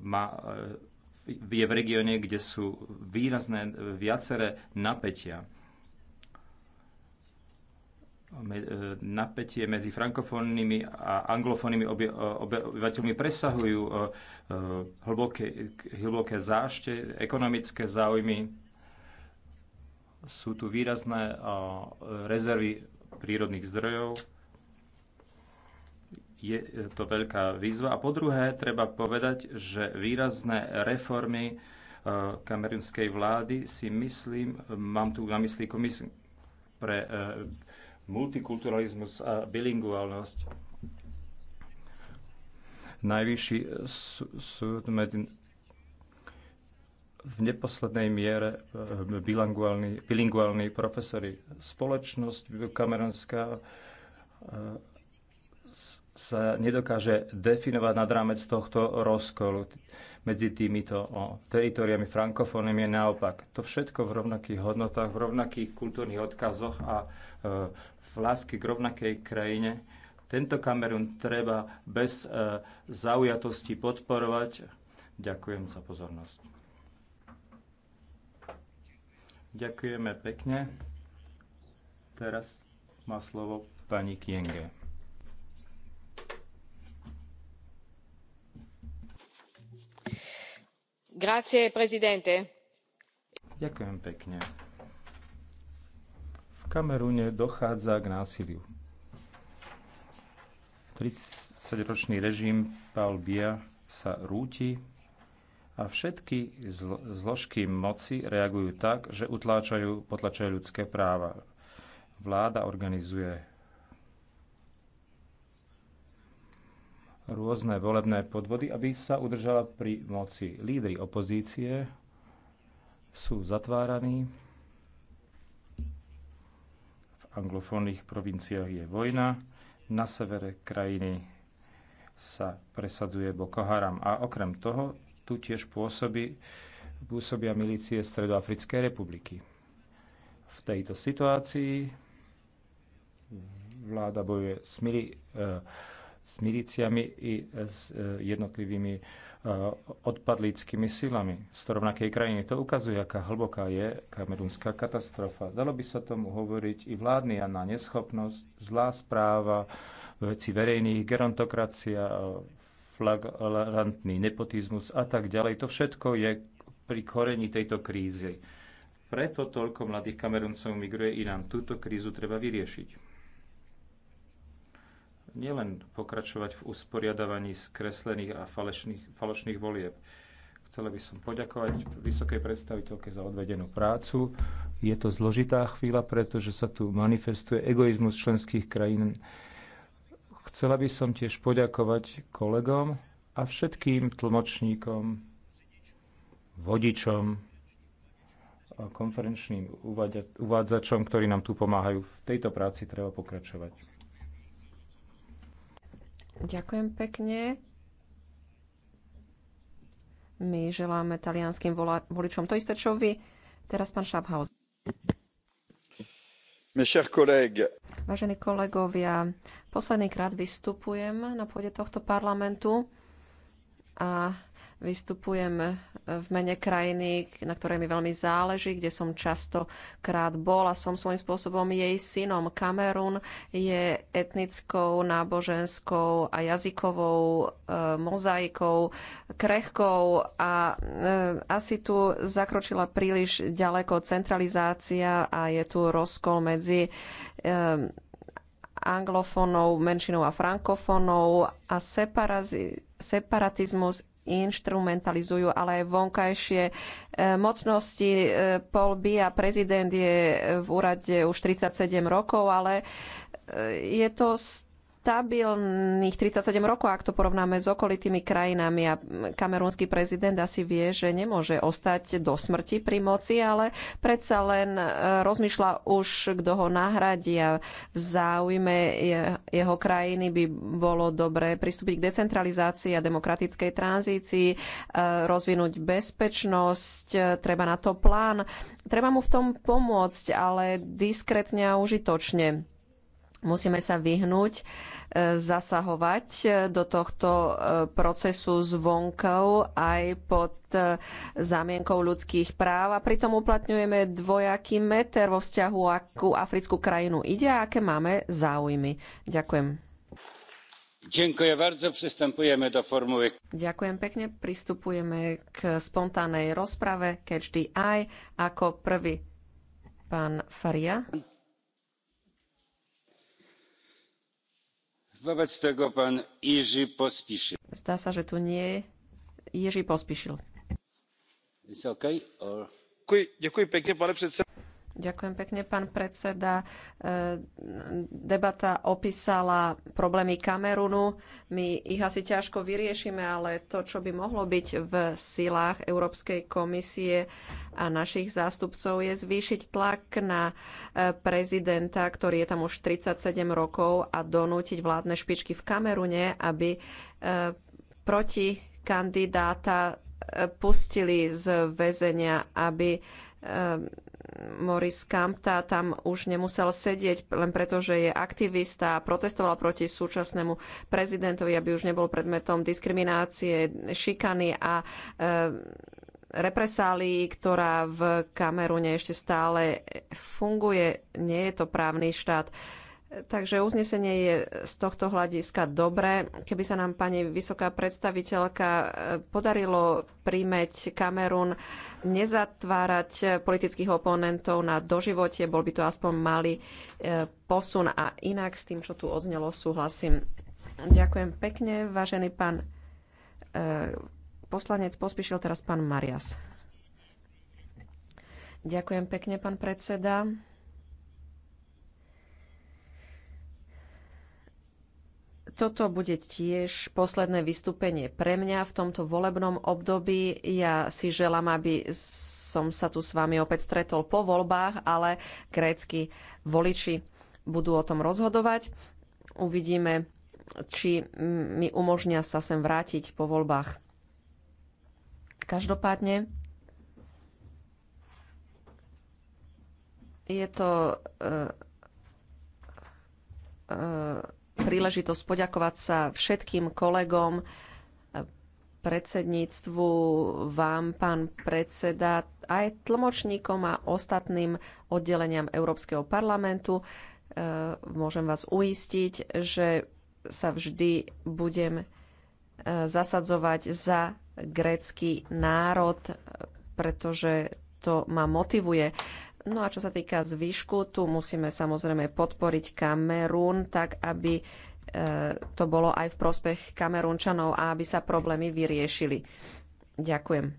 má je v regióne, kde sú výrazné viaceré napätia. E, napätie medzi frankofónnymi a anglofónnymi e, obyvateľmi presahujú e, hlboké, hlboké zášte, ekonomické záujmy. Sú tu výrazné rezervy prírodných zdrojov je to veľká výzva. A po druhé, treba povedať, že výrazné reformy e, kamerunskej vlády si myslím, mám tu na mysli komisiu pre e, multikulturalizmus a bilingualnosť, Najvyšší súd medzi v neposlednej miere e, bilinguálni, bilinguálni profesori. Spoločnosť kameronská sa nedokáže definovať nad rámec tohto rozkolu medzi týmito o, teritoriami frankofónem je naopak. To všetko v rovnakých hodnotách, v rovnakých kultúrnych odkazoch a e, v láske k rovnakej krajine. Tento Kamerun treba bez e, zaujatosti podporovať. Ďakujem za pozornosť. Ďakujeme pekne. Teraz má slovo pani Kienge. Ďakujem pekne. V Kamerune dochádza k násiliu. tridsaťročný režim Paul biya sa rúti a všetky zložky moci reagujú tak, že utláčajú, potlačajú ľudské práva. Vláda organizuje rôzne volebné podvody, aby sa udržala pri moci. Lídry opozície sú zatváraní. V anglofónnych provinciách je vojna. Na severe krajiny sa presadzuje Boko Haram. A okrem toho tu tiež pôsobí, pôsobia milície Stredoafrickej republiky. V tejto situácii vláda bojuje s milí, e, eh, s miliciami i s e, jednotlivými e, odpadlíckými silami z rovnakej krajiny. To ukazuje, aká hlboká je kamerunská katastrofa. Dalo by sa tomu hovoriť i vládny a na neschopnosť, zlá správa, veci verejných, gerontokracia, e, flagrantný nepotizmus a tak ďalej. To všetko je pri koreni tejto krízy. Preto toľko mladých kameruncov migruje i nám. Túto krízu treba vyriešiť nielen pokračovať v usporiadavaní skreslených a falešných, falošných volieb. Chcela by som poďakovať vysokej predstaviteľke za odvedenú prácu. Je to zložitá chvíľa, pretože sa tu manifestuje egoizmus členských krajín. Chcela by som tiež poďakovať kolegom a všetkým tlmočníkom, vodičom, a konferenčným uvádzačom, ktorí nám tu pomáhajú. V tejto práci treba pokračovať. Ďakujem pekne. My želáme talianským voličom to isté, čo vy. Teraz pán Schaffhaus. Vážení kolegovia, posledný krát vystupujem na pôde tohto parlamentu a vystupujem v mene krajiny, na ktorej mi veľmi záleží, kde som často krát bol a som svojím spôsobom jej synom. Kamerun je etnickou, náboženskou a jazykovou e, mozaikou, krehkou a e, asi tu zakročila príliš ďaleko centralizácia a je tu rozkol medzi e, anglofónou, menšinou a frankofónou a separazi, separatizmus inštrumentalizujú, ale aj vonkajšie e, mocnosti. E, Paul Bia, prezident, je v úrade už 37 rokov, ale e, je to stabilných 37 rokov, ak to porovnáme s okolitými krajinami. A kamerúnsky prezident asi vie, že nemôže ostať do smrti pri moci, ale predsa len e, rozmýšľa už, kto ho nahradí a v záujme jeho krajiny by bolo dobré pristúpiť k decentralizácii a demokratickej tranzícii, e, rozvinúť bezpečnosť, e, treba na to plán. Treba mu v tom pomôcť, ale diskrétne a užitočne Musíme sa vyhnúť, e, zasahovať e, do tohto e, procesu zvonkov aj pod zámienkou ľudských práv a pritom uplatňujeme dvojaký meter vo vzťahu, akú africkú krajinu ide a aké máme záujmy. Ďakujem. Ďakujem bardzo, pristupujeme do formuły. Ďakujem pekne, pristupujeme k spontánej rozprave, catch the eye, ako prvý pán Faria. Zdá sa, že tu nie je Jiří Pospíšil. Okay, or... Děkuji, děkuji pekne, pane předsedající. Ďakujem pekne, pán predseda. E, debata opísala problémy Kamerunu. My ich asi ťažko vyriešime, ale to, čo by mohlo byť v silách Európskej komisie a našich zástupcov, je zvýšiť tlak na e, prezidenta, ktorý je tam už 37 rokov a donútiť vládne špičky v Kamerune, aby e, proti kandidáta pustili z väzenia, aby Moris Kampta tam už nemusel sedieť len preto, že je aktivista a protestoval proti súčasnému prezidentovi, aby už nebol predmetom diskriminácie, šikany a e, represálií, ktorá v Kamerune ešte stále funguje. Nie je to právny štát. E, Takže uznesenie je z tohto hľadiska dobré. Keby sa nám pani vysoká predstaviteľka e, podarilo príjmeť Kamerun, nezatvárať politických oponentov na doživote, bol by to aspoň malý e, posun a inak s tým, čo tu odznelo, súhlasím. Ďakujem pekne, vážený pán e, poslanec. Pospíšil teraz pán Marias. Ďakujem pekne, pán predseda. Toto bude tiež posledné vystúpenie pre mňa v tomto volebnom období. Ja si želám, aby som sa tu s vami opäť stretol po voľbách, ale grécky voliči budú o tom rozhodovať. Uvidíme, či mi umožnia sa sem vrátiť po voľbách. Každopádne je to uh, uh, príležitosť poďakovať sa všetkým kolegom, predsedníctvu, vám, pán predseda, aj tlmočníkom a ostatným oddeleniam Európskeho parlamentu. E, môžem vás uistiť, že sa vždy budem e, zasadzovať za grécky národ, pretože to ma motivuje. No a čo sa týka zvyšku, tu musíme samozrejme podporiť Kamerún, tak aby e, to bolo aj v prospech Kamerunčanov a aby sa problémy vyriešili. Ďakujem.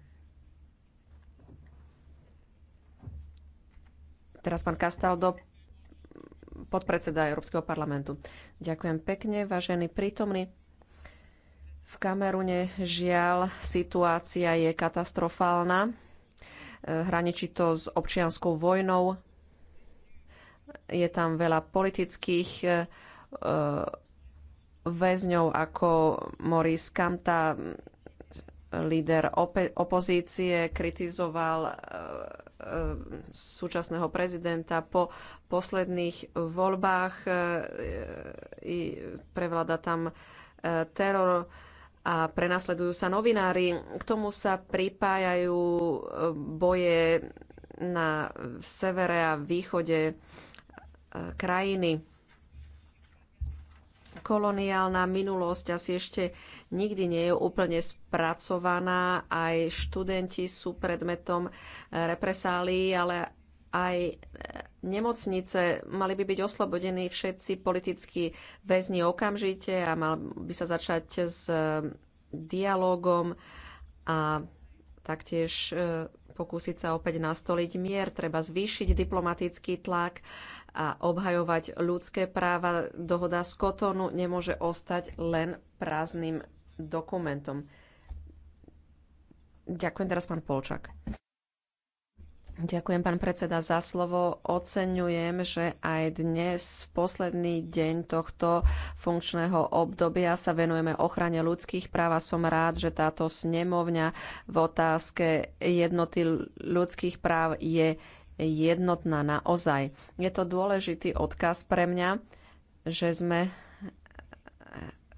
Teraz pán Castaldo, podpredseda Európskeho parlamentu. Ďakujem pekne, vážení prítomní. V Kamerune žiaľ situácia je katastrofálna Hraničí to s občianskou vojnou. Je tam veľa politických e, väzňov ako Maurice Kanta, líder op- opozície, kritizoval e, e, súčasného prezidenta. Po posledných voľbách prevláda tam teror a prenasledujú sa novinári. K tomu sa pripájajú eh, boje na severe a východe eh, krajiny. Koloniálna minulosť asi ešte nikdy nie je úplne spracovaná. Aj študenti sú predmetom represálií, ale aj e, nemocnice, mali by byť oslobodení všetci politickí väzni okamžite a mal by sa začať s e, dialogom a taktiež e, pokúsiť sa opäť nastoliť mier, treba zvýšiť diplomatický tlak a obhajovať ľudské práva. Dohoda z Kotonu nemôže ostať len prázdnym dokumentom. Ďakujem teraz pán Polčak. Ďakujem, pán predseda, za slovo. Oceňujem, že aj dnes, posledný deň tohto funkčného obdobia, sa venujeme ochrane ľudských práv a som rád, že táto snemovňa v otázke jednoty ľudských práv je jednotná naozaj. Je to dôležitý odkaz pre mňa, že sme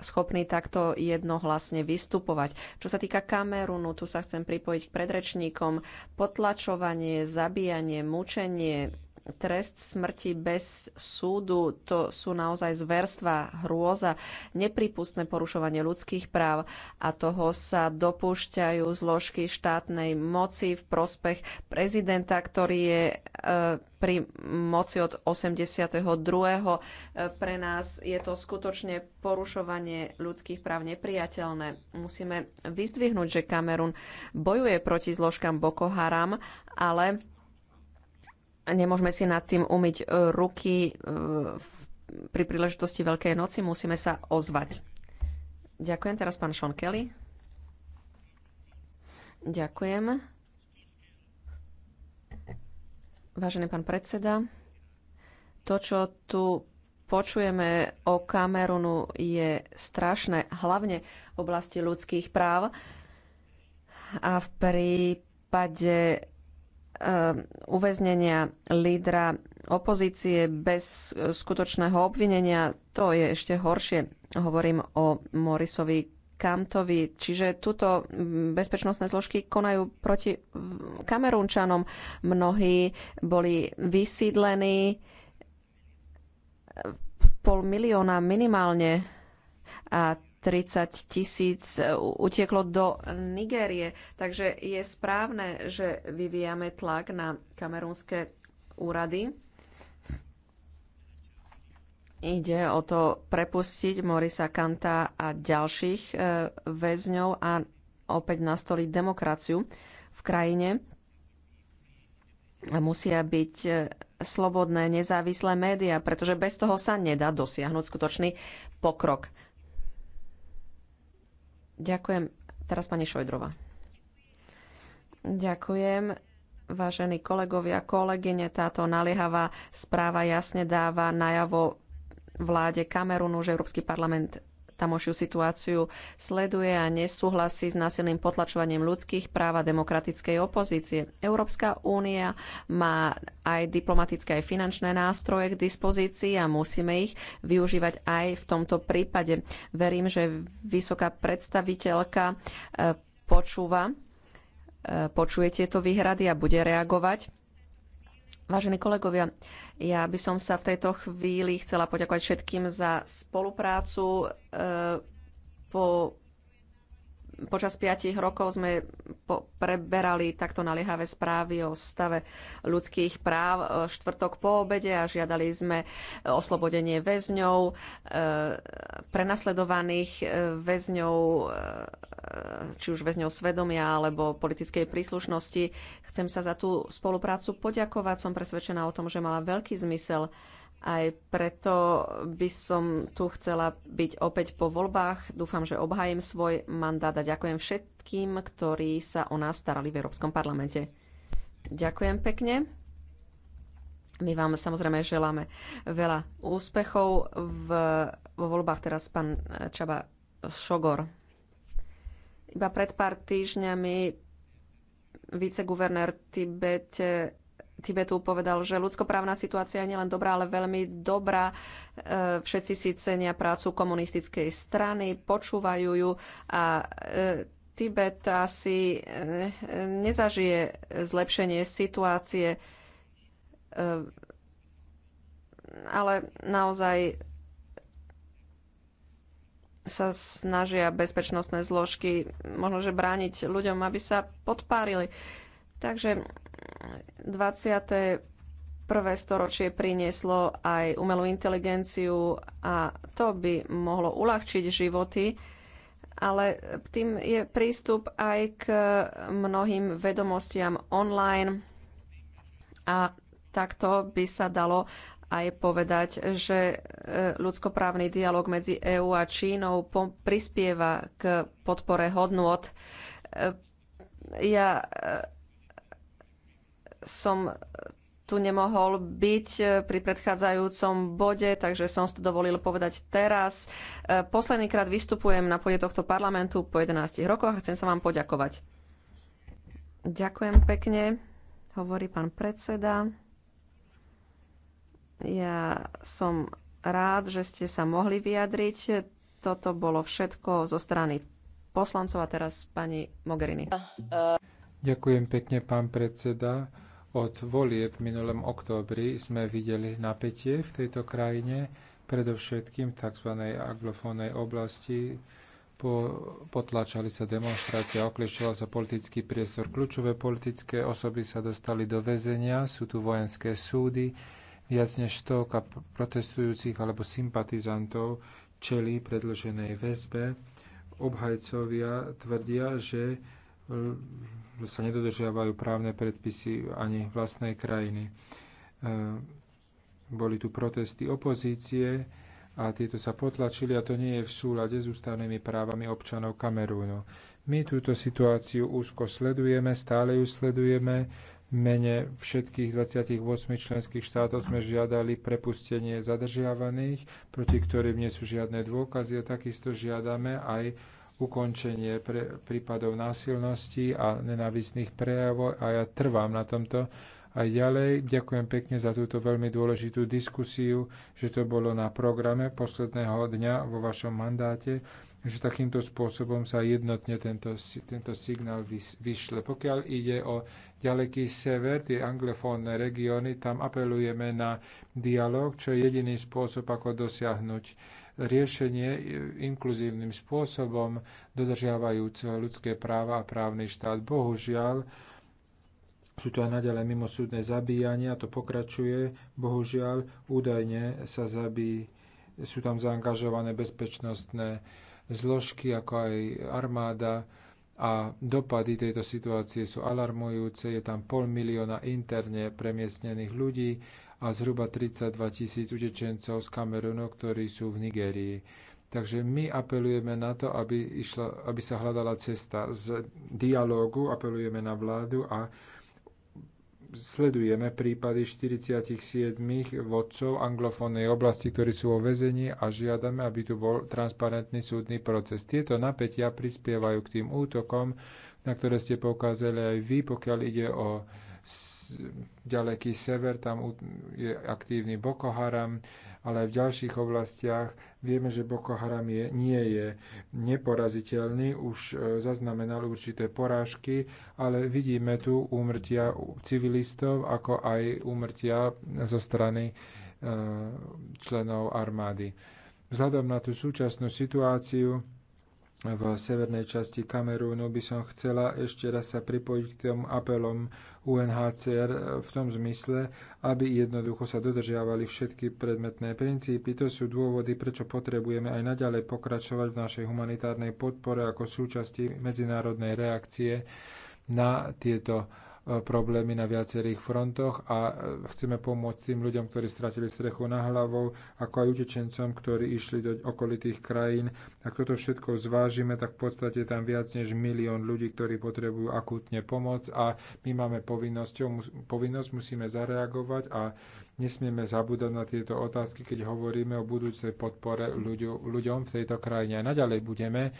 schopní takto jednohlasne vystupovať. Čo sa týka Kamerunu, tu sa chcem pripojiť k predrečníkom. Potlačovanie, zabíjanie, mučenie, trest smrti bez súdu, to sú naozaj zverstva, hrôza, nepripustné porušovanie ľudských práv a toho sa dopúšťajú zložky štátnej moci v prospech prezidenta, ktorý je e, pri moci od 82. E, pre nás je to skutočne porušovanie ľudských práv nepriateľné. Musíme vyzdvihnúť, že Kamerun bojuje proti zložkám Boko Haram, ale nemôžeme si nad tým umyť e, ruky e, pri príležitosti Veľkej noci, musíme sa ozvať. Ďakujem teraz pán Sean Kelly. Ďakujem. Vážený pán predseda, to, čo tu počujeme o Kamerunu, je strašné, hlavne v oblasti ľudských práv a v prípade Um, uväznenia lídra opozície bez skutočného obvinenia, to je ešte horšie. Hovorím o Morisovi Kamtovi. Čiže tuto bezpečnostné zložky konajú proti Kamerunčanom. Mnohí boli vysídlení pol milióna minimálne a 30 tisíc e, utieklo do Nigérie. Takže je správne, že vyvíjame tlak na kamerúnske úrady. Ide o to prepustiť Morisa Kanta a ďalších e, väzňov a opäť nastoliť demokraciu v krajine. Musia byť e, slobodné, nezávislé médiá, pretože bez toho sa nedá dosiahnuť skutočný pokrok. Ďakujem. Teraz pani Šojdrova. Ďakujem. Vážení kolegovia, kolegyne, táto naliehavá správa jasne dáva najavo vláde Kamerunu, že Európsky parlament tamošiu situáciu sleduje a nesúhlasí s násilným potlačovaním ľudských práv a demokratickej opozície. Európska únia má aj diplomatické, aj finančné nástroje k dispozícii a musíme ich využívať aj v tomto prípade. Verím, že vysoká predstaviteľka e, počúva, e, počuje tieto výhrady a bude reagovať. Vážení kolegovia, ja by som sa v tejto chvíli chcela poďakovať všetkým za spoluprácu eh, po Počas piatich rokov sme preberali takto naliehavé správy o stave ľudských práv e, štvrtok po obede a žiadali sme e, oslobodenie väzňov, e, prenasledovaných väzňov, či už väzňov svedomia alebo politickej príslušnosti. Chcem sa za tú spoluprácu poďakovať. Som presvedčená o tom, že mala veľký zmysel aj preto by som tu chcela byť opäť po voľbách. Dúfam, že obhajím svoj mandát a ďakujem všetkým, ktorí sa o nás starali v Európskom parlamente. Ďakujem pekne. My vám samozrejme želáme veľa úspechov v, vo voľbách teraz pán Čaba Šogor. Iba pred pár týždňami viceguvernér Tibete Tibetu povedal, že ľudskoprávna situácia je nielen dobrá, ale veľmi dobrá. E, všetci si cenia prácu komunistickej strany, počúvajú ju a e, Tibet asi e, nezažije zlepšenie situácie, ale naozaj sa snažia bezpečnostné zložky možno, že brániť ľuďom, aby sa podpárili. Takže 20. prvé storočie prinieslo aj umelú inteligenciu a to by mohlo uľahčiť životy, ale tým je prístup aj k mnohým vedomostiam online a takto by sa dalo aj povedať, že e, ľudskoprávny dialog medzi EÚ a Čínou prispieva k podpore hodnôt. E, ja e, som tu nemohol byť e, pri predchádzajúcom bode, takže som si to dovolil povedať teraz. E, posledný krát vystupujem na pôde tohto parlamentu po 11 rokoch a chcem sa vám poďakovať. Ďakujem pekne, hovorí pán predseda. Ja som rád, že ste sa mohli vyjadriť. Toto bolo všetko zo strany poslancov a teraz pani Mogherini. Ďakujem pekne, pán predseda. Od volieb v minulom októbri sme videli napätie v tejto krajine, predovšetkým v tzv. anglofónnej oblasti. Po, potlačali sa demonstrácie, okliešťoval sa politický priestor. Kľúčové politické osoby sa dostali do väzenia, sú tu vojenské súdy, viac než stovka protestujúcich alebo sympatizantov čelí predloženej väzbe. Obhajcovia tvrdia, že sa nedodržiavajú právne predpisy ani vlastnej krajiny. E, boli tu protesty opozície a tieto sa potlačili a to nie je v súlade s ústavnými právami občanov Kamerúnu. My túto situáciu úzko sledujeme, stále ju sledujeme. V mene všetkých 28 členských štátov sme žiadali prepustenie zadržiavaných, proti ktorým nie sú žiadne dôkazy a takisto žiadame aj ukončenie pre, prípadov násilnosti a nenávistných prejavov a ja trvám na tomto aj ďalej. Ďakujem pekne za túto veľmi dôležitú diskusiu, že to bolo na programe posledného dňa vo vašom mandáte, že takýmto spôsobom sa jednotne tento, tento signál vyšle. Pokiaľ ide o ďaleký sever, tie anglofónne regióny, tam apelujeme na dialog, čo je jediný spôsob, ako dosiahnuť riešenie inkluzívnym spôsobom, dodržiavajúc ľudské práva a právny štát. Bohužiaľ, sú to aj naďalej mimosúdne zabíjania, to pokračuje. Bohužiaľ, údajne sa zabí, sú tam zaangažované bezpečnostné zložky, ako aj armáda. A dopady tejto situácie sú alarmujúce. Je tam pol milióna interne premiestnených ľudí a zhruba 32 tisíc utečencov z Kamerunu, ktorí sú v Nigérii. Takže my apelujeme na to, aby, išla, aby sa hľadala cesta z dialógu, apelujeme na vládu a sledujeme prípady 47 vodcov anglofónnej oblasti, ktorí sú vo väzení a žiadame, aby tu bol transparentný súdny proces. Tieto napätia prispievajú k tým útokom, na ktoré ste poukázali aj vy, pokiaľ ide o ďaleký sever, tam je aktívny Boko Haram, ale aj v ďalších oblastiach vieme, že Boko Haram je, nie je neporaziteľný, už e, zaznamenal určité porážky, ale vidíme tu úmrtia civilistov, ako aj úmrtia zo strany e, členov armády. Vzhľadom na tú súčasnú situáciu, v severnej časti Kamerúnu by som chcela ešte raz sa pripojiť k tým apelom UNHCR v tom zmysle, aby jednoducho sa dodržiavali všetky predmetné princípy. To sú dôvody, prečo potrebujeme aj naďalej pokračovať v našej humanitárnej podpore ako súčasti medzinárodnej reakcie na tieto E, problémy na viacerých frontoch a e, chceme pomôcť tým ľuďom, ktorí stratili strechu na hlavou, ako aj utečencom, ktorí išli do okolitých krajín. Ak toto všetko zvážime, tak v podstate tam viac než milión ľudí, ktorí potrebujú akútne pomoc a my máme povinnosť, povinnosť musíme zareagovať a nesmieme zabúdať na tieto otázky, keď hovoríme o budúcej podpore ľuďom v tejto krajine. A naďalej budeme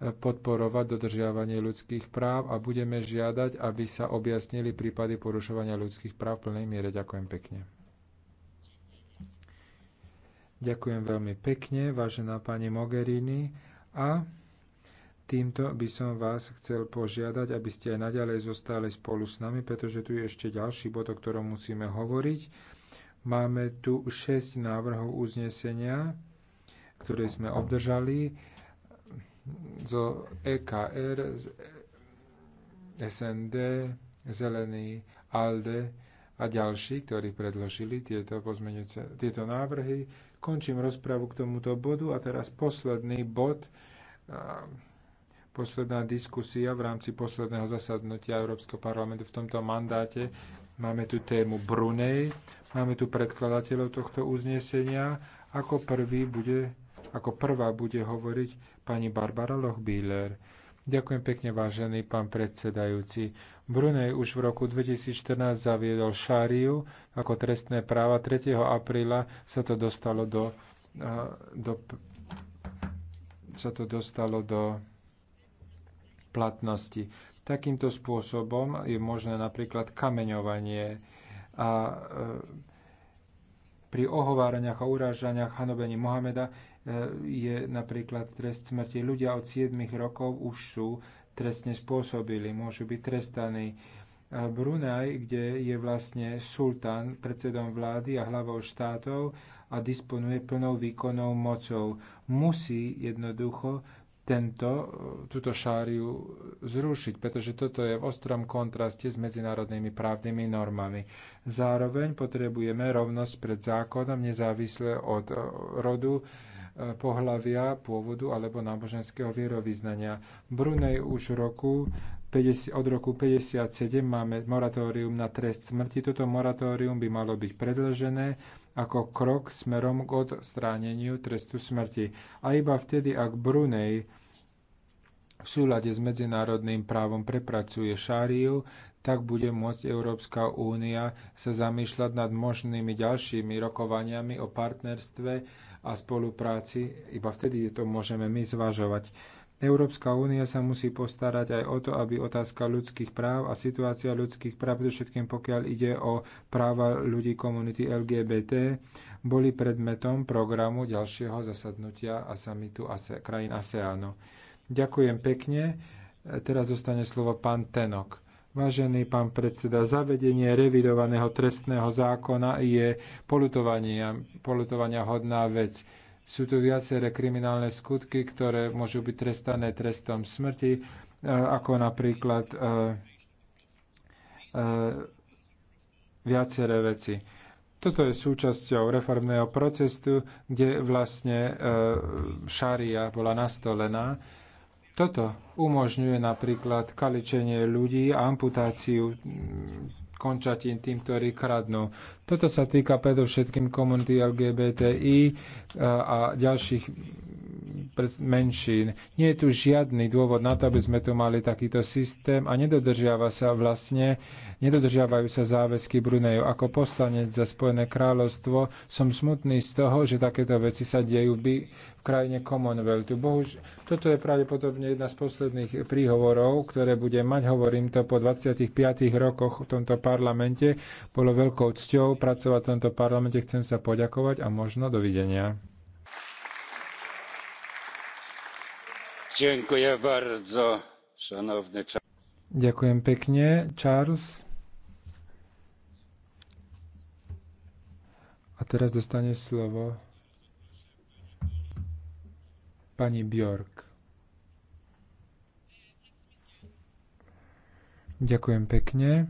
podporovať dodržiavanie ľudských práv a budeme žiadať, aby sa objasnili prípady porušovania ľudských práv v plnej miere. Ďakujem pekne. Ďakujem veľmi pekne, vážená pani Mogherini. A týmto by som vás chcel požiadať, aby ste aj naďalej zostali spolu s nami, pretože tu je ešte ďalší bod, o ktorom musíme hovoriť. Máme tu 6 návrhov uznesenia, ktoré sme obdržali zo EKR, z SND, Zelený, ALDE a ďalší, ktorí predložili tieto, tieto návrhy. Končím rozpravu k tomuto bodu a teraz posledný bod, posledná diskusia v rámci posledného zasadnutia Európskeho parlamentu v tomto mandáte. Máme tu tému Brunej, máme tu predkladateľov tohto uznesenia. Ako prvý bude ako prvá bude hovoriť pani Barbara Lochbíler. Ďakujem pekne, vážený pán predsedajúci. Brunej už v roku 2014 zaviedol šáriu ako trestné práva. 3. apríla sa to dostalo do, do, sa to dostalo do platnosti. Takýmto spôsobom je možné napríklad kameňovanie a e, pri ohováraniach a urážaniach hanobení Mohameda E, je napríklad trest smrti. Ľudia od 7 rokov už sú trestne spôsobili, môžu byť trestaní. E, Brunaj, kde je vlastne sultán predsedom vlády a hlavou štátov a disponuje plnou výkonnou mocou, musí jednoducho tento, e, túto šáriu zrušiť, pretože toto je v ostrom kontraste s medzinárodnými právnymi normami. Zároveň potrebujeme rovnosť pred zákonom, nezávisle od rodu, Eh, pohlavia, pôvodu alebo náboženského vierovýznania. V Brunej už roku 50, od roku 1957 máme moratórium na trest smrti. Toto moratórium by malo byť predlžené ako krok smerom k odstráneniu trestu smrti. A iba vtedy, ak Brunej v súlade s medzinárodným právom prepracuje šáriu, tak bude môcť Európska únia sa zamýšľať nad možnými ďalšími rokovaniami o partnerstve a spolupráci. Iba vtedy to môžeme my zvažovať. Európska únia sa musí postarať aj o to, aby otázka ľudských práv a situácia ľudských práv, predovšetkým pokiaľ ide o práva ľudí komunity LGBT, boli predmetom programu ďalšieho zasadnutia a samitu krajín ASEANu. Ďakujem pekne. Teraz zostane slovo pán Tenok. Vážený pán predseda, zavedenie revidovaného trestného zákona je polutovania, polutovania hodná vec. Sú tu viaceré kriminálne skutky, ktoré môžu byť trestané trestom smrti, e, ako napríklad e, e, viaceré veci. Toto je súčasťou reformného procesu, kde vlastne šaria bola nastolená toto umožňuje napríklad kaličenie ľudí a amputáciu mm, končatín tým, ktorí kradnú. Toto sa týka predovšetkým komunity LGBTI e, a ďalších menšín. Nie je tu žiadny dôvod na to, aby sme tu mali takýto systém a nedodržiava sa vlastne, nedodržiavajú sa záväzky Bruneju. Ako poslanec za Spojené kráľovstvo som smutný z toho, že takéto veci sa dejú by v krajine Commonwealthu. Bohuž, toto je pravdepodobne jedna z posledných príhovorov, ktoré budem mať. Hovorím to po 25 rokoch v tomto parlamente. Bolo veľkou cťou pracovať v tomto parlamente. Chcem sa poďakovať a možno dovidenia. Ďakujem pekne, Charles. A teraz dostane slovo pani Bjork. Ďakujem pekne.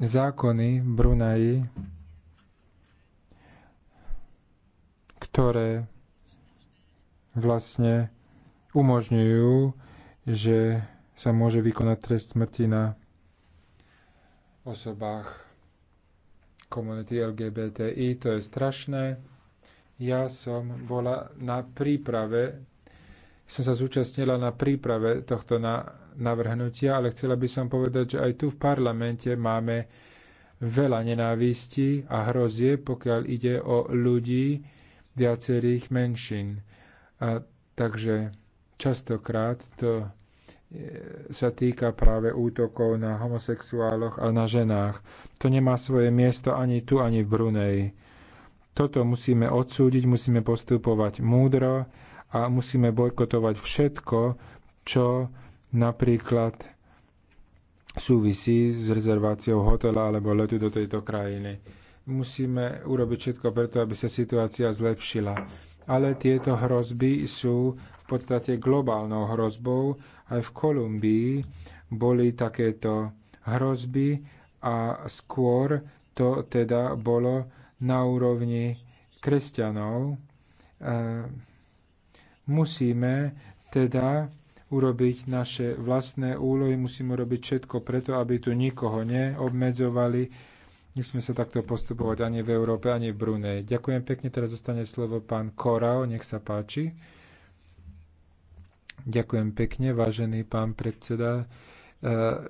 Zákony v Brunaji, ktoré vlastne umožňujú, že sa môže vykonať trest smrti na osobách komunity LGBTI. To je strašné. Ja som bola na príprave, som sa zúčastnila na príprave tohto na, navrhnutia, ale chcela by som povedať, že aj tu v parlamente máme veľa nenávistí a hrozie, pokiaľ ide o ľudí viacerých menšín. A takže častokrát to e, sa týka práve útokov na homosexuáloch a na ženách. To nemá svoje miesto ani tu, ani v Brunei. Toto musíme odsúdiť, musíme postupovať múdro a musíme bojkotovať všetko, čo napríklad súvisí s rezerváciou hotela alebo letu do tejto krajiny. Musíme urobiť všetko preto, aby sa situácia zlepšila ale tieto hrozby sú v podstate globálnou hrozbou. Aj v Kolumbii boli takéto hrozby a skôr to teda bolo na úrovni kresťanov. Eh, musíme teda urobiť naše vlastné úlohy, musíme robiť všetko preto, aby tu nikoho neobmedzovali, Nesme sa takto postupovať ani v Európe, ani v Brunei. Ďakujem pekne, teraz zostane slovo pán Korao, nech sa páči. Ďakujem pekne, vážený pán predseda. E,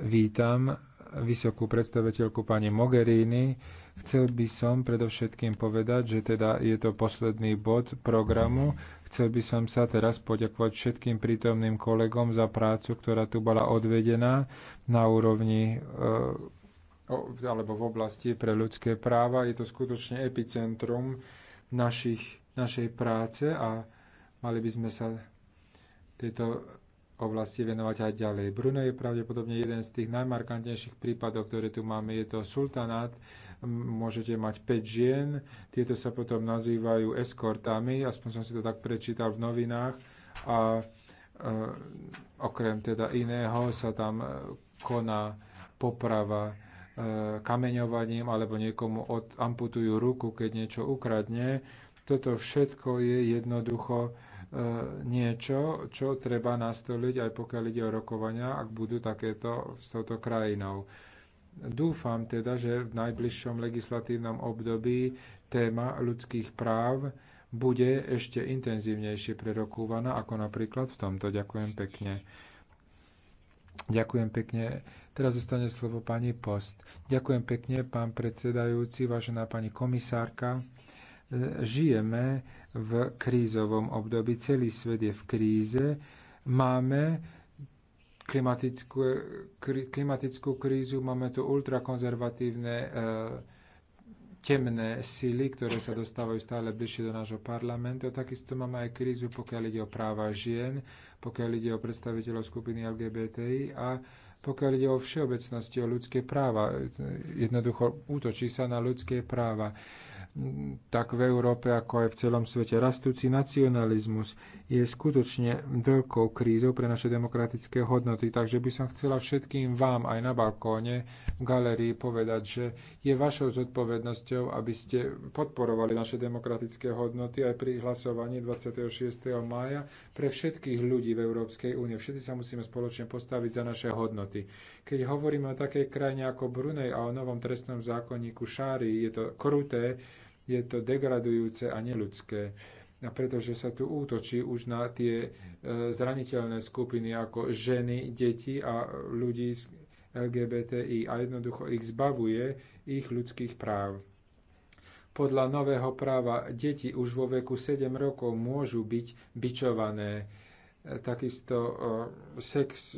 vítam vysokú predstaviteľku pani Mogherini. Chcel by som predovšetkým povedať, že teda je to posledný bod programu. Chcel by som sa teraz poďakovať všetkým prítomným kolegom za prácu, ktorá tu bola odvedená na úrovni e, alebo v oblasti pre ľudské práva. Je to skutočne epicentrum našich, našej práce a mali by sme sa tejto oblasti venovať aj ďalej. Bruno je pravdepodobne jeden z tých najmarkantnejších prípadov, ktoré tu máme. Je to sultanát, môžete mať 5 žien, tieto sa potom nazývajú eskortami, aspoň som si to tak prečítal v novinách a e, okrem teda iného sa tam e, koná poprava kameňovaním alebo niekomu od, amputujú ruku, keď niečo ukradne. Toto všetko je jednoducho e, niečo, čo treba nastoliť, aj pokiaľ ide o rokovania, ak budú takéto s touto krajinou. Dúfam teda, že v najbližšom legislatívnom období téma ľudských práv bude ešte intenzívnejšie prerokúvaná, ako napríklad v tomto. Ďakujem pekne. Ďakujem pekne Teraz zostane slovo pani Post. Ďakujem pekne, pán predsedajúci, vážená pani komisárka. Žijeme v krízovom období, celý svet je v kríze. Máme klimatickú, kri, klimatickú krízu, máme tu ultrakonzervatívne e, temné sily, ktoré sa dostávajú stále bližšie do nášho parlamentu. Takisto máme aj krízu, pokiaľ ide o práva žien, pokiaľ ide o predstaviteľov skupiny LGBTI a pokiaľ ide o všeobecnosti, o ľudské práva. Jednoducho útočí sa na ľudské práva tak v Európe, ako aj v celom svete. Rastúci nacionalizmus je skutočne veľkou krízou pre naše demokratické hodnoty, takže by som chcela všetkým vám aj na balkóne, v galerii povedať, že je vašou zodpovednosťou, aby ste podporovali naše demokratické hodnoty aj pri hlasovaní 26. mája pre všetkých ľudí v Európskej únie. Všetci sa musíme spoločne postaviť za naše hodnoty. Keď hovoríme o takej krajine ako Brunej a o novom trestnom zákonníku Šári, je to kruté, je to degradujúce a neludské. A pretože sa tu útočí už na tie e, zraniteľné skupiny ako ženy, deti a ľudí z LGBTI a jednoducho ich zbavuje ich ľudských práv. Podľa nového práva deti už vo veku 7 rokov môžu byť bičované e, takisto e, sex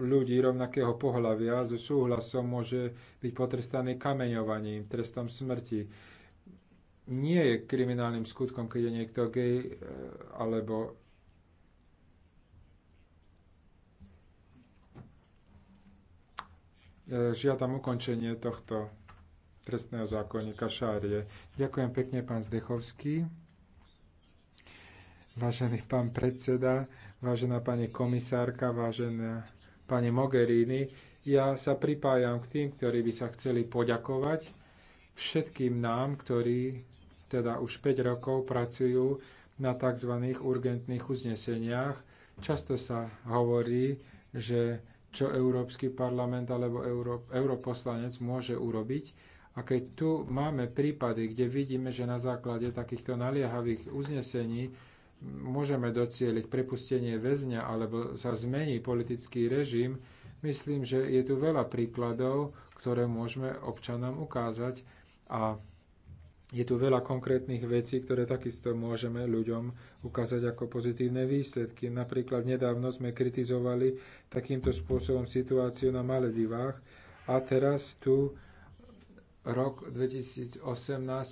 ľudí rovnakého pohľavia so súhlasom môže byť potrestaný kameňovaním, trestom smrti nie je kriminálnym skutkom, keď je niekto gej e, alebo e, žiadam ukončenie tohto trestného zákonníka Šárie. Ďakujem pekne, pán Zdechovský. Vážený pán predseda, vážená pani komisárka, vážená pani Mogherini, ja sa pripájam k tým, ktorí by sa chceli poďakovať všetkým nám, ktorí teda už 5 rokov pracujú na tzv. urgentných uzneseniach. Často sa hovorí, že čo Európsky parlament alebo Euró- europoslanec môže urobiť. A keď tu máme prípady, kde vidíme, že na základe takýchto naliehavých uznesení môžeme docieliť prepustenie väzňa alebo sa zmení politický režim, myslím, že je tu veľa príkladov, ktoré môžeme občanom ukázať. A je tu veľa konkrétnych vecí, ktoré takisto môžeme ľuďom ukázať ako pozitívne výsledky. Napríklad nedávno sme kritizovali takýmto spôsobom situáciu na Maledivách a teraz tu rok 2018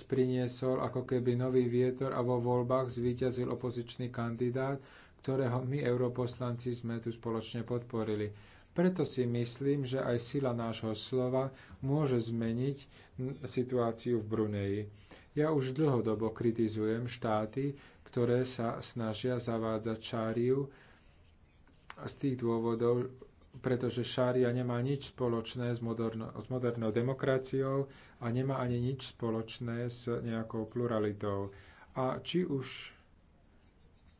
priniesol ako keby nový vietor a vo voľbách zvíťazil opozičný kandidát, ktorého my, europoslanci, sme tu spoločne podporili. Preto si myslím, že aj sila nášho slova môže zmeniť situáciu v Bruneji. Ja už dlhodobo kritizujem štáty, ktoré sa snažia zavádzať šáriu z tých dôvodov, pretože šária nemá nič spoločné s, moderno, s modernou demokraciou a nemá ani nič spoločné s nejakou pluralitou. A či už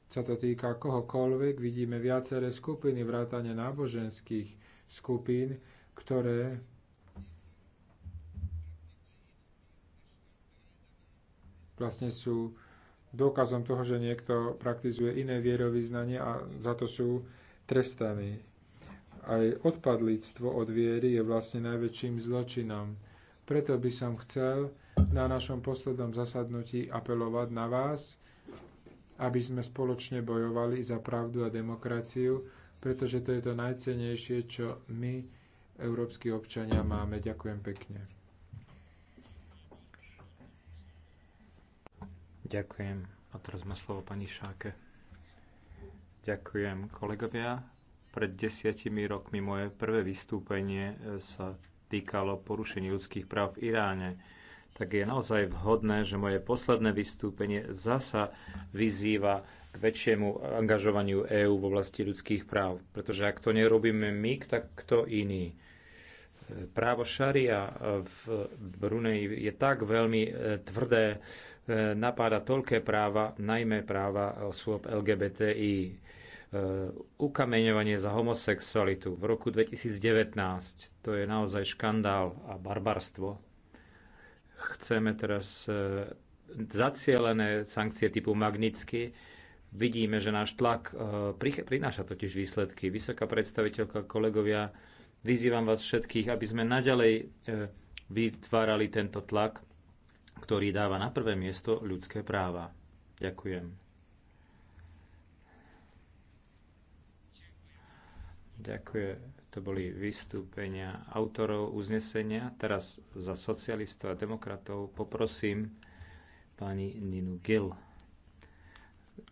sa to týka kohokoľvek, vidíme viaceré skupiny, vrátane náboženských skupín, ktoré vlastne sú dôkazom toho, že niekto praktizuje iné vierovýznanie a za to sú trestaní. Aj odpadlíctvo od viery je vlastne najväčším zločinom. Preto by som chcel na našom poslednom zasadnutí apelovať na vás, aby sme spoločne bojovali za pravdu a demokraciu, pretože to je to najcenejšie, čo my, európsky občania, máme. Ďakujem pekne. Ďakujem. A teraz má slovo pani Šáke. Ďakujem, kolegovia. Pred desiatimi rokmi moje prvé vystúpenie eh, sa týkalo porušení ľudských práv v Iráne tak je naozaj vhodné, že moje posledné vystúpenie zasa vyzýva k väčšiemu angažovaniu EÚ v oblasti ľudských práv. Pretože ak to nerobíme my, tak kto iný? Právo šaria v Brunei je tak veľmi e, tvrdé, e, napáda toľké práva, najmä práva osôb LGBTI e, ukameňovanie za homosexualitu v roku 2019. To je naozaj škandál a barbarstvo. Chceme teraz e, zacielené sankcie typu Magnitsky. Vidíme, že náš tlak e, prináša totiž výsledky. Vysoká predstaviteľka, kolegovia, vyzývam vás všetkých, aby sme naďalej e, vytvárali tento tlak, ktorý dáva na prvé miesto ľudské práva. Ďakujem. Ďakujem. To boli vystúpenia autorov uznesenia. Teraz za socialistov a demokratov poprosím pani Ninu Gill.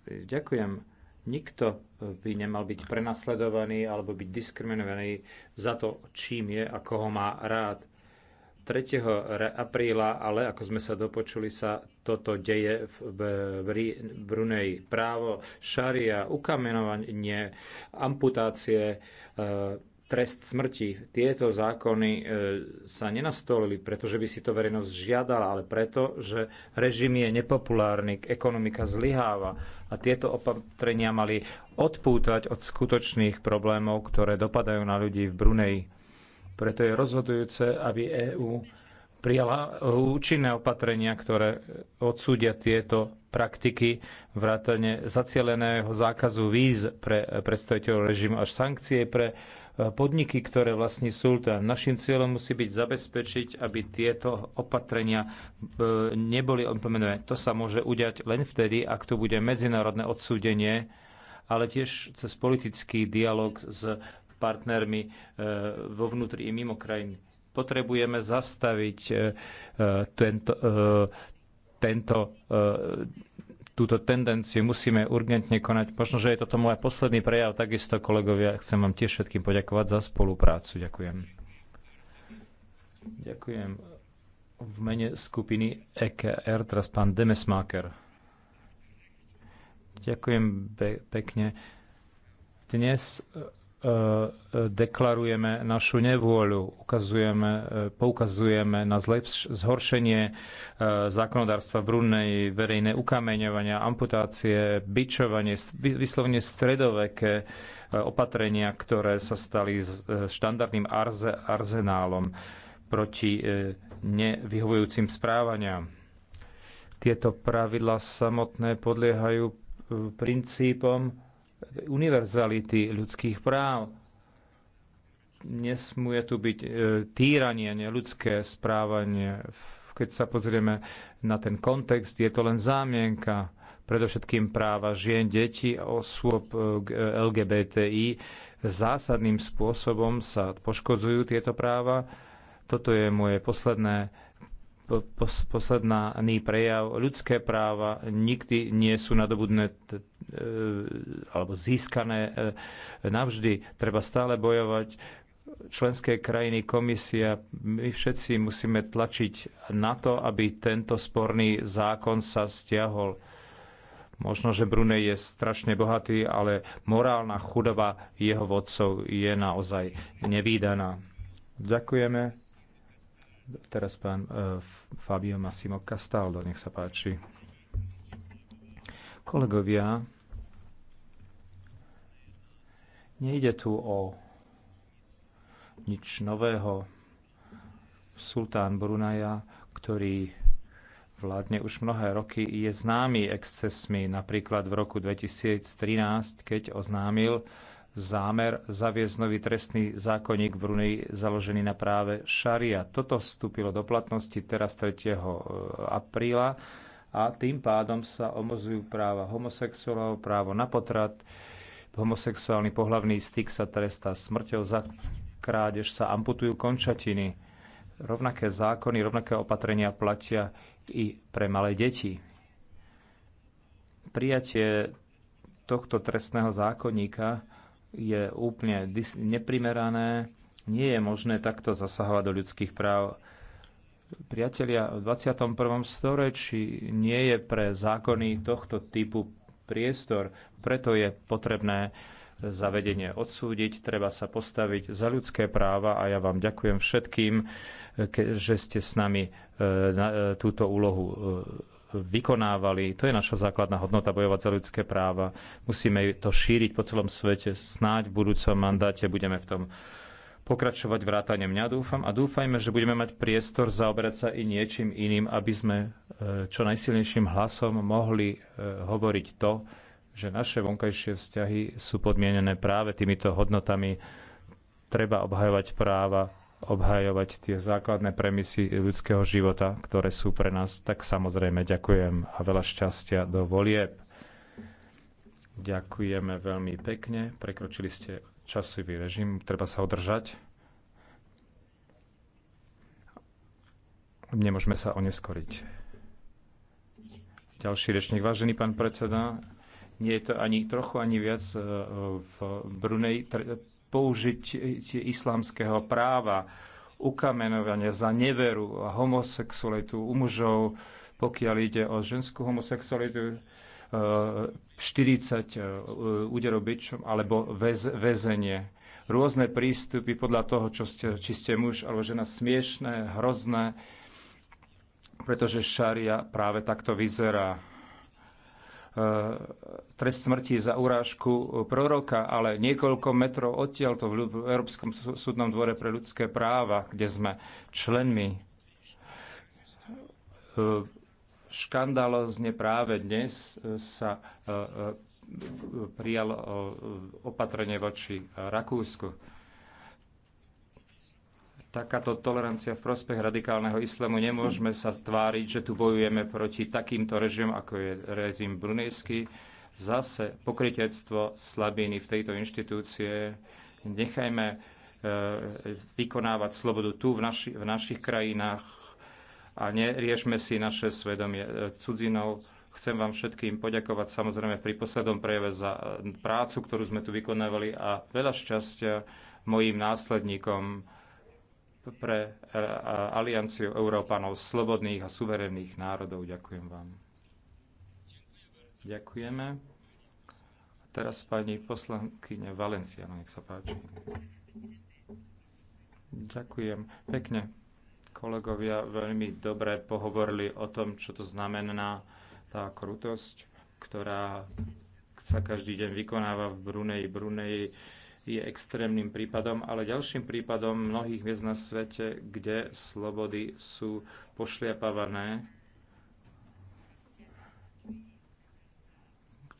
Ďakujem. Nikto by nemal byť prenasledovaný alebo byť diskriminovaný za to, čím je a koho má rád. 3. apríla, ale ako sme sa dopočuli, sa toto deje v Brunei. Právo, šaria, ukamenovanie, amputácie, eh, trest smrti. Tieto zákony e, sa nenastolili, pretože by si to verejnosť žiadala, ale preto, že režim je nepopulárny, ekonomika zlyháva a tieto opatrenia mali odpútať od skutočných problémov, ktoré dopadajú na ľudí v Bruneji. Preto je rozhodujúce, aby EÚ prijala účinné opatrenia, ktoré odsúdia tieto praktiky vrátane zacieleného zákazu víz pre predstaviteľov režimu až sankcie pre podniky, ktoré vlastní sultán. Našim cieľom musí byť zabezpečiť, aby tieto opatrenia e, neboli implementované. To sa môže udiať len vtedy, ak tu bude medzinárodné odsúdenie, ale tiež cez politický dialog s partnermi e, vo vnútri i mimo krajiny. Potrebujeme zastaviť e, tento, tento túto tendenciu. Musíme urgentne konať. Možno, že je toto môj posledný prejav. Takisto, kolegovia, chcem vám tiež všetkým poďakovať za spoluprácu. Ďakujem. Ďakujem. V mene skupiny EKR teraz pán Demesmaker. Ďakujem pekne. Dnes E, deklarujeme našu nevôľu, ukazujeme, e, poukazujeme na zlepš- zhoršenie e, zákonodárstva v Brunei, verejné ukameňovania, amputácie, bičovanie, vyslovene stredoveké opatrenia, ktoré sa stali štandardným arze- arzenálom proti nevyhovujúcim správaniam. Tieto pravidla samotné podliehajú princípom univerzality ľudských práv. Nesmuje tu byť e, týranie, neľudské správanie. Keď sa pozrieme na ten kontext, je to len zámienka predovšetkým práva žien, detí, a osôb e, e, LGBTI. Zásadným spôsobom sa poškodzujú tieto práva. Toto je moje posledné posledný prejav. Ľudské práva nikdy nie sú nadobudné e, alebo získané e, navždy. Treba stále bojovať. Členské krajiny, komisia, my všetci musíme tlačiť na to, aby tento sporný zákon sa stiahol. Možno, že Brunej je strašne bohatý, ale morálna chudoba jeho vodcov je naozaj nevýdaná. Ďakujeme. Teraz pán e, Fabio Massimo Castaldo, nech sa páči. Kolegovia, nejde tu o nič nového. Sultán Brunaja, ktorý vládne už mnohé roky, je známy excesmi. Napríklad v roku 2013, keď oznámil, zámer zaviesť nový trestný zákonník v Brunei založený na práve šaria. Toto vstúpilo do platnosti teraz 3. Eh, apríla a tým pádom sa omozujú práva homosexuálov, právo na potrat, homosexuálny pohlavný styk sa trestá smrťou, za krádež sa amputujú končatiny. Rovnaké zákony, rovnaké opatrenia platia i pre malé deti. Prijatie tohto trestného zákonníka je úplne neprimerané. Nie je možné takto zasahovať do ľudských práv. Priatelia, v 21. storočí nie je pre zákony tohto typu priestor, preto je potrebné zavedenie odsúdiť, treba sa postaviť za ľudské práva a ja vám ďakujem všetkým, že ste s nami e, e, túto úlohu e, vykonávali. To je naša základná hodnota bojovať za ľudské práva. Musíme to šíriť po celom svete. Snáď v budúcom mandáte budeme v tom pokračovať vrátane mňa, dúfam. A dúfajme, že budeme mať priestor zaoberať sa i niečím iným, aby sme e, čo najsilnejším hlasom mohli e, hovoriť to, že naše vonkajšie vzťahy sú podmienené práve týmito hodnotami. Treba obhajovať práva obhajovať tie základné premisy ľudského života, ktoré sú pre nás, tak samozrejme ďakujem a veľa šťastia do volieb. Ďakujeme veľmi pekne. Prekročili ste časový režim, treba sa održať. Nemôžeme sa oneskoriť. Ďalší rečník, vážený pán predseda, nie je to ani trochu, ani viac eh, v Brunei použitie islamského práva, ukamenovania za neveru a homosexualitu u mužov, pokiaľ ide o ženskú homosexualitu, 40 e, e, úderov byčom alebo väz, väzenie. Rôzne prístupy podľa toho, čo ste, či ste muž alebo žena, smiešné, hrozné, pretože šaria práve takto vyzerá E, trest smrti za urážku proroka, ale niekoľko metrov odtiaľ to v Európskom súdnom dvore pre ľudské práva, kde sme členmi. E, škandalozne práve dnes e, sa prijalo opatrenie voči Rakúsku takáto tolerancia v prospech radikálneho islamu. Nemôžeme sa tváriť, že tu bojujeme proti takýmto režimom, ako je režim brunejský. Zase pokrytectvo slabiny v tejto inštitúcie. Nechajme e, vykonávať slobodu tu v, naši, v našich krajinách a neriešme si naše svedomie e, cudzinou. Chcem vám všetkým poďakovať samozrejme pri poslednom prejave za e, prácu, ktorú sme tu vykonávali a veľa šťastia mojim následníkom pre e, Alianciu Európanov slobodných a suverénnych národov. Ďakujem vám. Ďakujeme. teraz pani poslankyne Valenciano, nech sa páči. Ďakujem pekne. Kolegovia veľmi dobre pohovorili o tom, čo to znamená tá krutosť, ktorá sa každý deň vykonáva v Brunei. Brunei je extrémnym prípadom, ale ďalším prípadom mnohých miest na svete, kde slobody sú pošliapavané,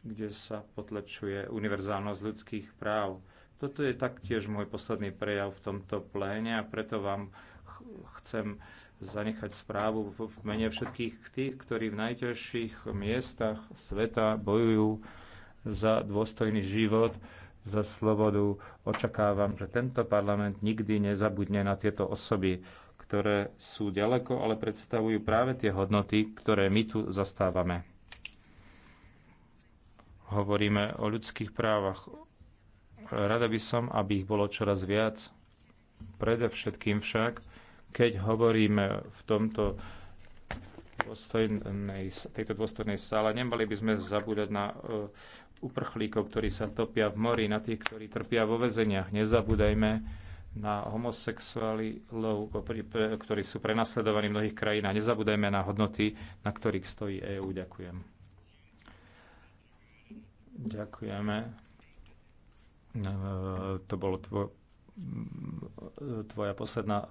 kde sa potlačuje univerzálnosť ľudských práv. Toto je taktiež môj posledný prejav v tomto pléne a preto vám chcem zanechať správu v, v mene všetkých tých, ktorí v najťažších miestach sveta bojujú za dôstojný život, za slobodu. Očakávam, že tento parlament nikdy nezabudne na tieto osoby, ktoré sú ďaleko, ale predstavujú práve tie hodnoty, ktoré my tu zastávame. Hovoríme o ľudských právach. Rada by som, aby ich bolo čoraz viac. Predovšetkým však, keď hovoríme v tomto dôstojnej, tejto dôstojnej sále. Nemali by sme zabúdať na e, uprchlíkov, ktorí sa topia v mori, na tých, ktorí trpia vo vezeniach. Nezabúdajme na homosexuálov, ktorí sú prenasledovaní v mnohých krajinách. Nezabúdajme na hodnoty, na ktorých stojí EÚ. Ďakujem. Ďakujeme. E, to bolo tvoje tvoja posledná e,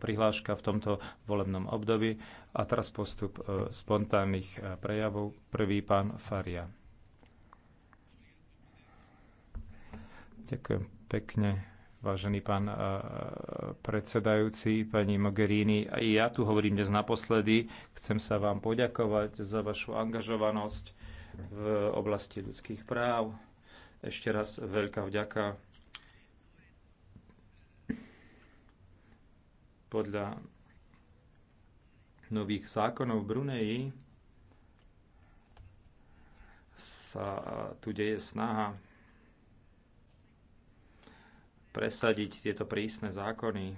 prihláška v tomto volebnom období. A teraz postup e, spontánnych e, prejavov. Prvý pán Faria. Ďakujem pekne, vážený pán predsedajúci, pani Mogherini. Aj ja tu hovorím dnes naposledy. Chcem sa vám poďakovať za vašu angažovanosť v oblasti ľudských práv. Ešte raz veľká vďaka Podľa nových zákonov v Bruneji sa tu deje snaha presadiť tieto prísne zákony.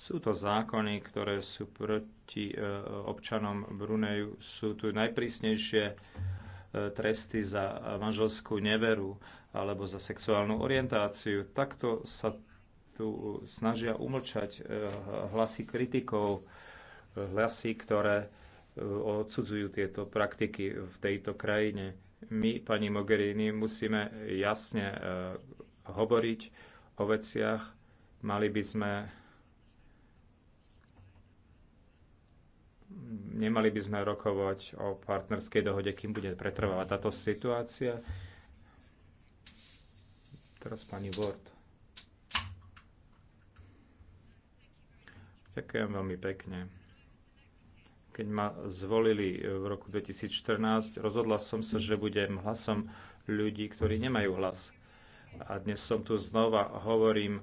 Sú to zákony, ktoré sú proti e, občanom Bruneju. Sú tu najprísnejšie e, tresty za manželskú neveru alebo za sexuálnu orientáciu. Takto sa tu snažia umlčať eh, hlasy kritikov, eh, hlasy, ktoré eh, odsudzujú tieto praktiky v tejto krajine. My, pani Mogherini, musíme jasne hovoriť o veciach. Mali by sme nemali by sme rokovať o partnerskej dohode, kým bude pretrvávať táto situácia. Teraz pani Ward. Ďakujem veľmi pekne. Keď ma zvolili v roku 2014, rozhodla som sa, že budem hlasom ľudí, ktorí nemajú hlas. A dnes som tu znova, hovorím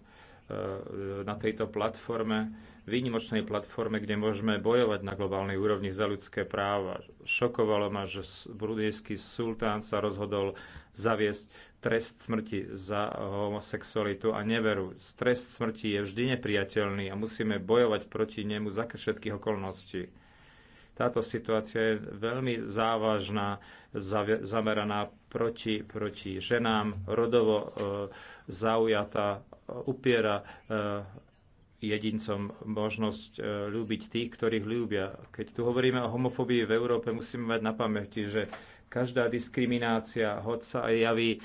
eh, na tejto platforme, výnimočnej platforme, kde môžeme bojovať na globálnej úrovni za ľudské práva. Šokovalo ma, že brudejský sultán sa rozhodol zaviesť trest smrti za homosexualitu a neveru. Trest smrti je vždy nepriateľný a musíme bojovať proti nemu za všetkých okolností. Táto situácia je veľmi závažná, zameraná proti, proti ženám, rodovo e, zaujatá, e, upiera e, jedincom možnosť e, ľúbiť tých, ktorých ľúbia. Keď tu hovoríme o homofóbii v Európe, musíme mať na pamäti, že každá diskriminácia, hoď sa aj javí e,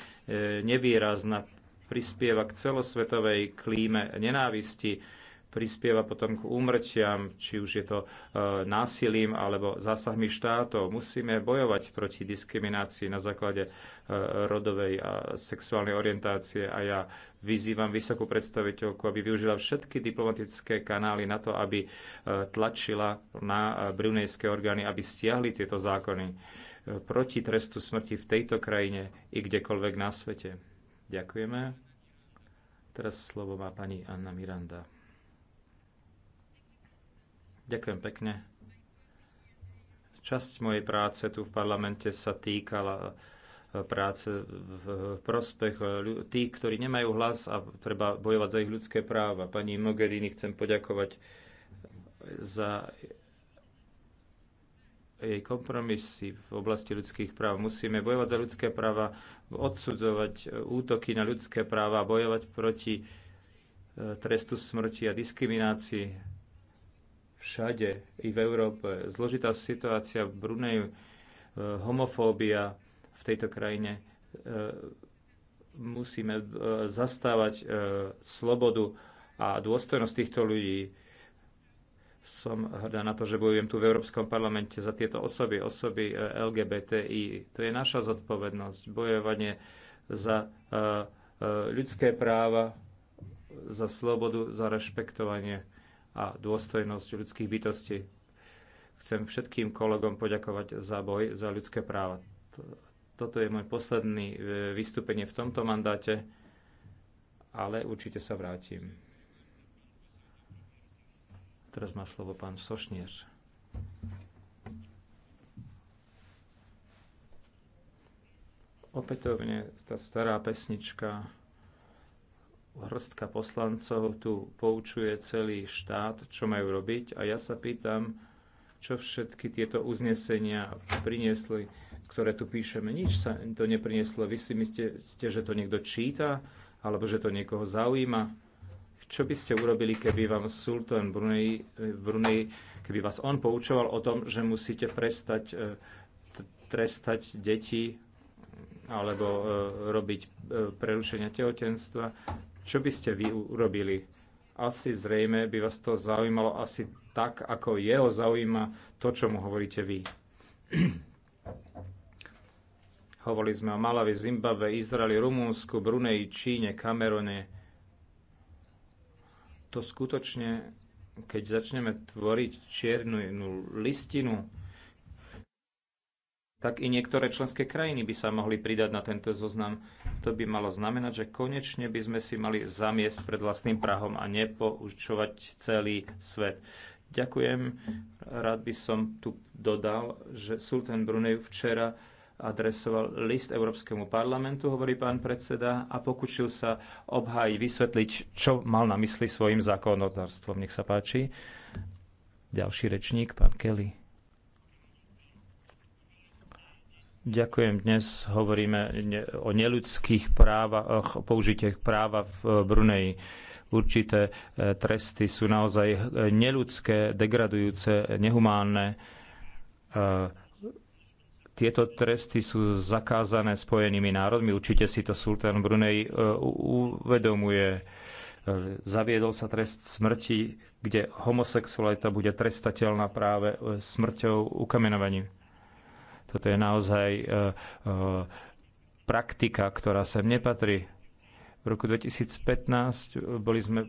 nevýrazná, prispieva k celosvetovej klíme nenávisti, prispieva potom k úmrtiam, či už je to e, násilím alebo zásahmi štátov. Musíme bojovať proti diskriminácii na základe e, rodovej a sexuálnej orientácie a ja vyzývam vysokú predstaviteľku, aby využila všetky diplomatické kanály na to, aby e, tlačila na brunejské orgány, aby stiahli tieto zákony proti trestu smrti v tejto krajine i kdekoľvek na svete. Ďakujeme. Teraz slovo má pani Anna Miranda. Ďakujem pekne. Časť mojej práce tu v parlamente sa týkala e, práce v prospech e, tých, ktorí nemajú hlas a treba bojovať za ich ľudské práva. Pani Mogherini chcem poďakovať za jej kompromisy v oblasti ľudských práv. Musíme bojovať za ľudské práva, odsudzovať e, útoky na ľudské práva, bojovať proti trestu smrti a diskriminácii všade, i v Európe. Zložitá situácia v Bruneju, e, homofóbia v tejto krajine. E, musíme e, zastávať slobodu a dôstojnosť týchto ľudí. Som hrdá na to, že bojujem tu v Európskom parlamente za tieto osoby, osoby LGBTI. To je naša zodpovednosť. Bojovanie za ľudské práva, za slobodu, za rešpektovanie a dôstojnosť ľudských bytostí. Chcem všetkým kolegom poďakovať za boj za ľudské práva. Toto je môj posledný e, vystúpenie v tomto mandáte, ale určite sa vrátim. Teraz má slovo pán Sošnier. Opätovne tá stará pesnička hrstka poslancov tu poučuje celý štát, čo majú robiť a ja sa pýtam, čo všetky tieto uznesenia priniesli, ktoré tu píšeme. Nič sa to neprinieslo. Vy si myslíte, že to niekto číta alebo že to niekoho zaujíma? Čo by ste urobili, keby vám sultán Brunei, Brunei keby vás on poučoval o tom, že musíte prestať e, trestať deti alebo e, robiť e, prerušenia tehotenstva. Čo by ste vy urobili? Asi zrejme by vás to zaujímalo asi tak, ako jeho zaujíma to, čo mu hovoríte vy. Hovorili sme o Malavi, Zimbabve, Izraeli, Rumúnsku, Brunei, Číne, Kamerone. To skutočne, keď začneme tvoriť čiernu listinu, tak i niektoré členské krajiny by sa mohli pridať na tento zoznam. To by malo znamenať, že konečne by sme si mali zamiesť pred vlastným prahom a nepoučovať celý svet. Ďakujem. Rád by som tu dodal, že Sultan Brunei včera adresoval list Európskemu parlamentu, hovorí pán predseda, a pokúšil sa obhájiť, vysvetliť, čo mal na mysli svojim zákonodárstvom. Nech sa páči. Ďalší rečník, pán Kelly. Ďakujem. Dnes hovoríme o neľudských právach, o použitech práva v eh, Bruneji. Určité eh, tresty sú naozaj eh, neľudské, degradujúce, nehumánne. Tieto tresty sú zakázané Spojenými národmi. Určite si to sultán Brunei uvedomuje. Zaviedol sa trest smrti, kde homosexualita bude trestateľná práve smrťou ukamenovaním toto je naozaj e, e, praktika, ktorá sem nepatrí. V roku 2015 boli sme e,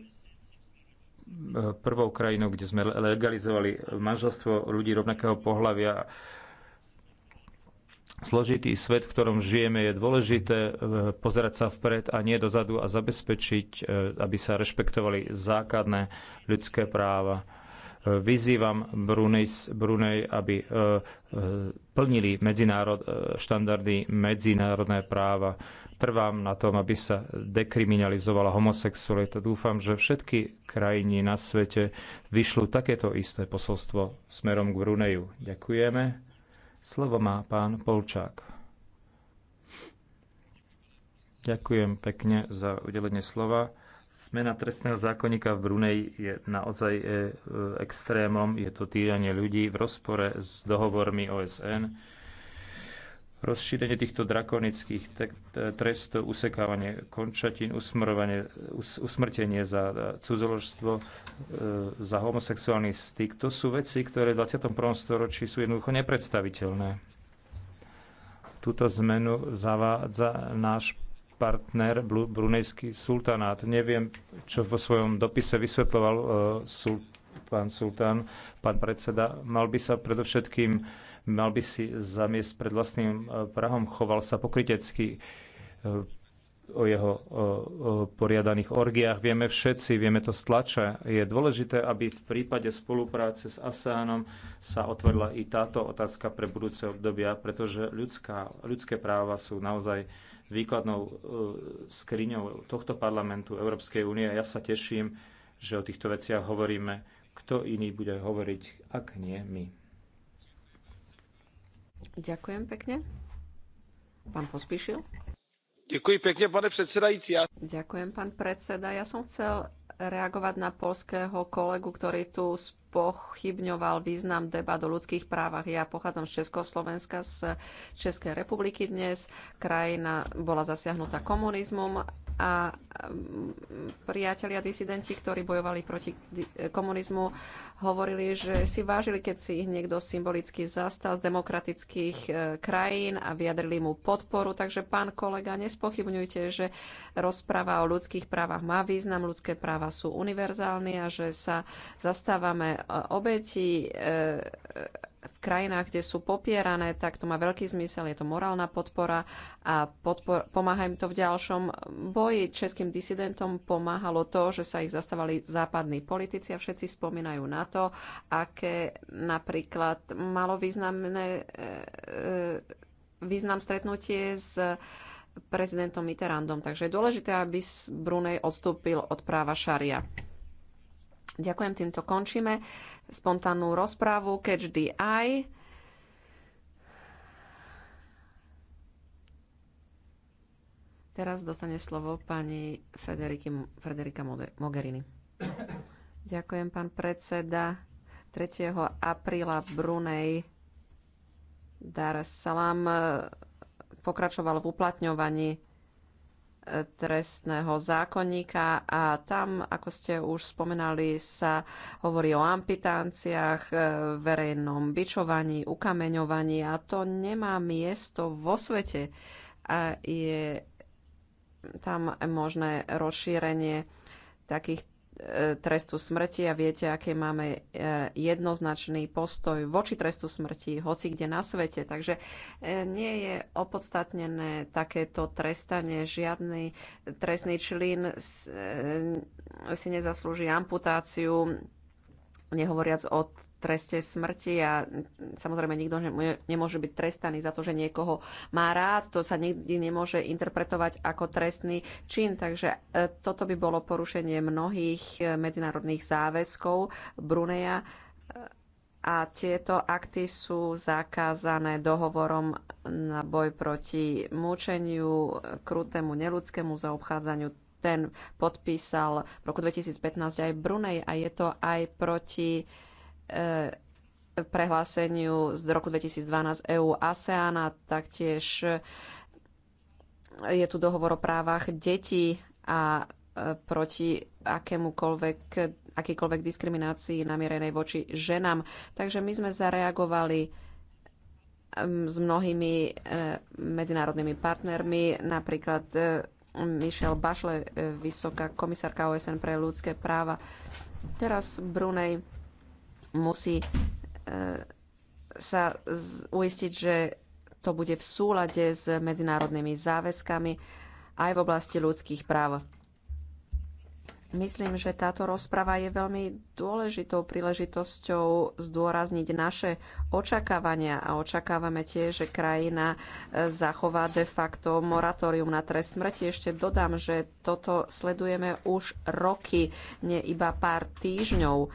prvou krajinou, kde sme legalizovali manželstvo ľudí rovnakého pohľavia. Složitý svet, v ktorom žijeme, je dôležité pozerať sa vpred a nie dozadu a zabezpečiť, aby sa rešpektovali základné ľudské práva. Vyzývam Brunej, aby e, e, plnili medzinárod, e, štandardy medzinárodné práva. Trvám na tom, aby sa dekriminalizovala homosexualita. Dúfam, že všetky krajiny na svete vyšľú takéto isté posolstvo smerom k Bruneju. Ďakujeme. Slovo má pán Polčák. Ďakujem pekne za udelenie slova. Zmena trestného zákonníka v Brunei je naozaj e, extrémom. Je to týranie ľudí v rozpore s dohovormi OSN. Rozšírenie týchto drakonických e, trestov, usekávanie končatín, us, usmrtenie za e, cudzoložstvo, za homosexuálny styk, to sú veci, ktoré v 21. storočí sú jednoducho nepredstaviteľné. Túto zmenu zavádza náš partner Brunejský sultanát. Neviem, čo vo svojom dopise vysvetloval e, pán sultán, pán predseda. Mal by sa predovšetkým, mal by si zamiesť pred vlastným e, prahom, choval sa pokritecky e, o jeho poriadaných orgiách. Vieme všetci, vieme to stlače. tlače. Je dôležité, aby v prípade spolupráce s ASEANom sa otvorila i táto otázka pre budúce obdobia, pretože ľudská, ľudské práva sú naozaj výkladnou e, skriňou tohto parlamentu Európskej únie. Ja sa teším, že o týchto veciach hovoríme. Kto iný bude hovoriť, ak nie my. Ďakujem pekne. Pán Pospíšil. Ďakujem pekne, pane predsedajúci. Ďakujem, pán predseda. Ja som chcel reagovať na polského kolegu, ktorý tu spochybňoval význam debat o ľudských právach. Ja pochádzam z Československa, z Českej republiky dnes. Krajina bola zasiahnutá komunizmom a mm, priatelia disidenti, ktorí bojovali proti komunizmu, hovorili, že si vážili, keď si ich niekto symbolicky zastal z demokratických e, krajín a vyjadrili mu podporu. Takže, pán kolega, nespochybňujte, že rozpráva o ľudských právach má význam, ľudské práva sú univerzálne a že sa zastávame e, obeti e, v krajinách, kde sú popierané, tak to má veľký zmysel, je to morálna podpora a podpor, pomáha im to v ďalšom boji. Českým disidentom pomáhalo to, že sa ich zastávali západní politici a všetci spomínajú na to, aké napríklad malo významné, e, e, význam stretnutie s prezidentom Mitterrandom. Takže je dôležité, aby Brunej odstúpil od práva šaria. Ďakujem, týmto končíme spontánnu rozprávu keď vždy aj. Teraz dostane slovo pani Federiky, Frederika Mogherini. Ďakujem, pán predseda. 3. apríla Brunei Dar Salam eh, pokračoval v uplatňovaní trestného zákonníka a tam, ako ste už spomenali, sa hovorí o amputáciách, e, verejnom bičovaní, ukameňovaní a to nemá miesto vo svete. A je tam možné rozšírenie takých E, trestu smrti a viete, aké máme e, jednoznačný postoj voči trestu smrti, hoci kde na svete. Takže e, nie je opodstatnené takéto trestanie. Žiadny trestný člín si nezaslúži amputáciu, nehovoriac o treste smrti a samozrejme nikto nemôže byť trestaný za to, že niekoho má rád. To sa nikdy nemôže interpretovať ako trestný čin. Takže e, toto by bolo porušenie mnohých e, medzinárodných záväzkov Bruneja e, a tieto akty sú zakázané dohovorom na boj proti mučeniu, krutému, neludskému zaobchádzaniu ten podpísal v roku 2015 aj Brunej a je to aj proti Eh, prehláseniu z roku 2012 EU ASEAN a taktiež eh, je tu dohovor o právach detí a eh, proti akémukoľvek, akýkoľvek diskriminácii namierenej voči ženám. Takže my sme zareagovali ehm, s mnohými medzinárodnými partnermi, napríklad Michelle Bašle, vysoká komisárka OSN pre ľudské práva. Teraz Brunei musí e, sa uistiť, že to bude v súlade s medzinárodnými záväzkami aj v oblasti ľudských práv. Myslím, že táto rozprava je veľmi dôležitou príležitosťou zdôrazniť naše očakávania a očakávame tie, že krajina e, zachová de facto moratórium na trest smrti. Ešte dodám, že toto sledujeme už roky, nie iba pár týždňov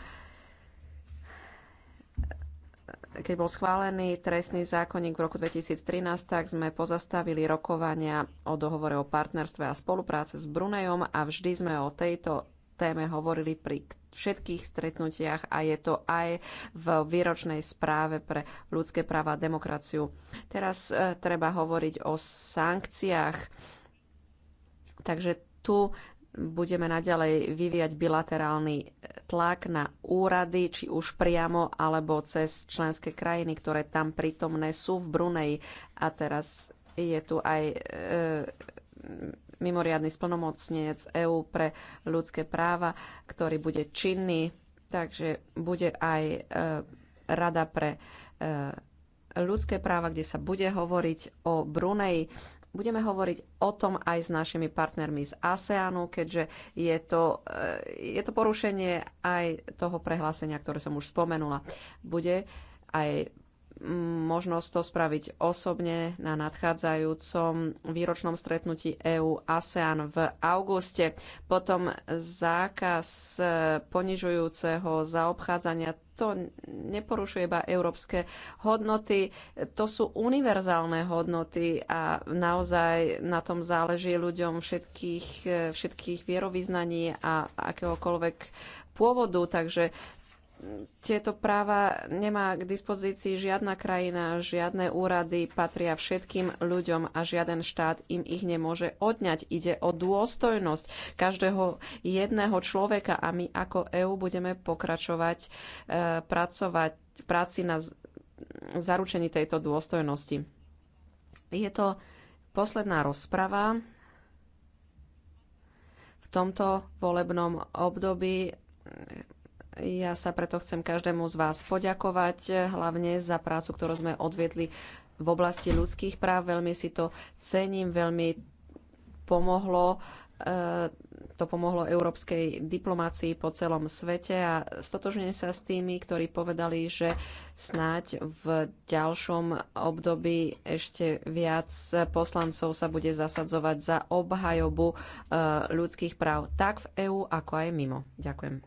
keď bol schválený trestný zákonník v roku 2013, tak sme pozastavili rokovania o dohovore o partnerstve a spolupráce s Brunejom a vždy sme o tejto téme hovorili pri všetkých stretnutiach a je to aj v výročnej správe pre ľudské práva a demokraciu. Teraz e, treba hovoriť o sankciách. Takže tu budeme naďalej vyvíjať bilaterálny tlak na úrady, či už priamo alebo cez členské krajiny, ktoré tam prítomné sú v Brunei. A teraz je tu aj e, mimoriadný splnomocnenec EÚ pre ľudské práva, ktorý bude činný, takže bude aj e, Rada pre e, ľudské práva, kde sa bude hovoriť o Brunei. Budeme hovoriť o tom aj s našimi partnermi z ASEANu, keďže je to, e, je to porušenie aj toho prehlásenia, ktoré som už spomenula. Bude aj možnosť to spraviť osobne na nadchádzajúcom výročnom stretnutí EU-ASEAN v auguste. Potom zákaz e, ponižujúceho zaobchádzania to neporušuje iba európske hodnoty, to sú univerzálne hodnoty a naozaj na tom záleží ľuďom všetkých, e, všetkých vierovýznaní a akéhokoľvek pôvodu, takže tieto práva nemá k dispozícii žiadna krajina, žiadne úrady patria všetkým ľuďom a žiaden štát im ich nemôže odňať. Ide o dôstojnosť každého jedného človeka a my ako EÚ budeme pokračovať e, pracovať v práci na zaručení tejto dôstojnosti. Je to posledná rozprava v tomto volebnom období ja sa preto chcem každému z vás poďakovať, hlavne za prácu, ktorú sme odviedli v oblasti ľudských práv. Veľmi si to cením, veľmi pomohlo eh, to pomohlo európskej diplomácii po celom svete a stotožne sa s tými, ktorí povedali, že snáď v ďalšom období ešte viac poslancov sa bude zasadzovať za obhajobu eh, ľudských práv tak v EÚ, ako aj mimo. Ďakujem.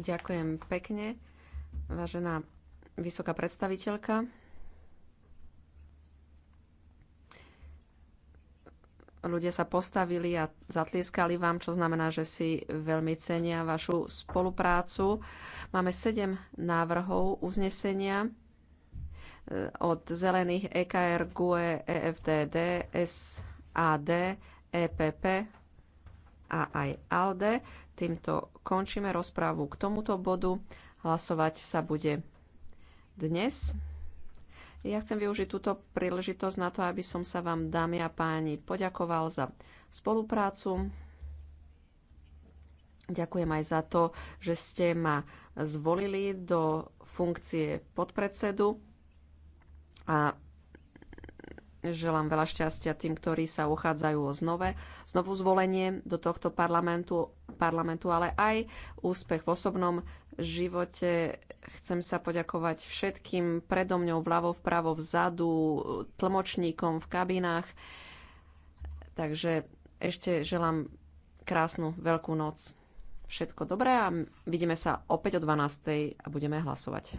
Ďakujem pekne, vážená vysoká predstaviteľka. Ľudia sa postavili a zatlieskali vám, čo znamená, že si veľmi cenia vašu spoluprácu. Máme sedem návrhov uznesenia eh, od zelených EKR, GUE, EFDD, SAD, EPP, a aj ALDE. Týmto končíme rozprávu k tomuto bodu. Hlasovať sa bude dnes. Ja chcem využiť túto príležitosť na to, aby som sa vám, dámy a páni, poďakoval za spoluprácu. Ďakujem aj za to, že ste ma zvolili do funkcie podpredsedu a Želám veľa šťastia tým, ktorí sa uchádzajú o znove, znovu zvolenie do tohto parlamentu, parlamentu, ale aj úspech v osobnom živote. Chcem sa poďakovať všetkým predo mňou, vľavo, vpravo, vzadu, tlmočníkom v kabinách. Takže ešte želám krásnu veľkú noc. Všetko dobré a vidíme sa opäť o 12.00 a budeme hlasovať.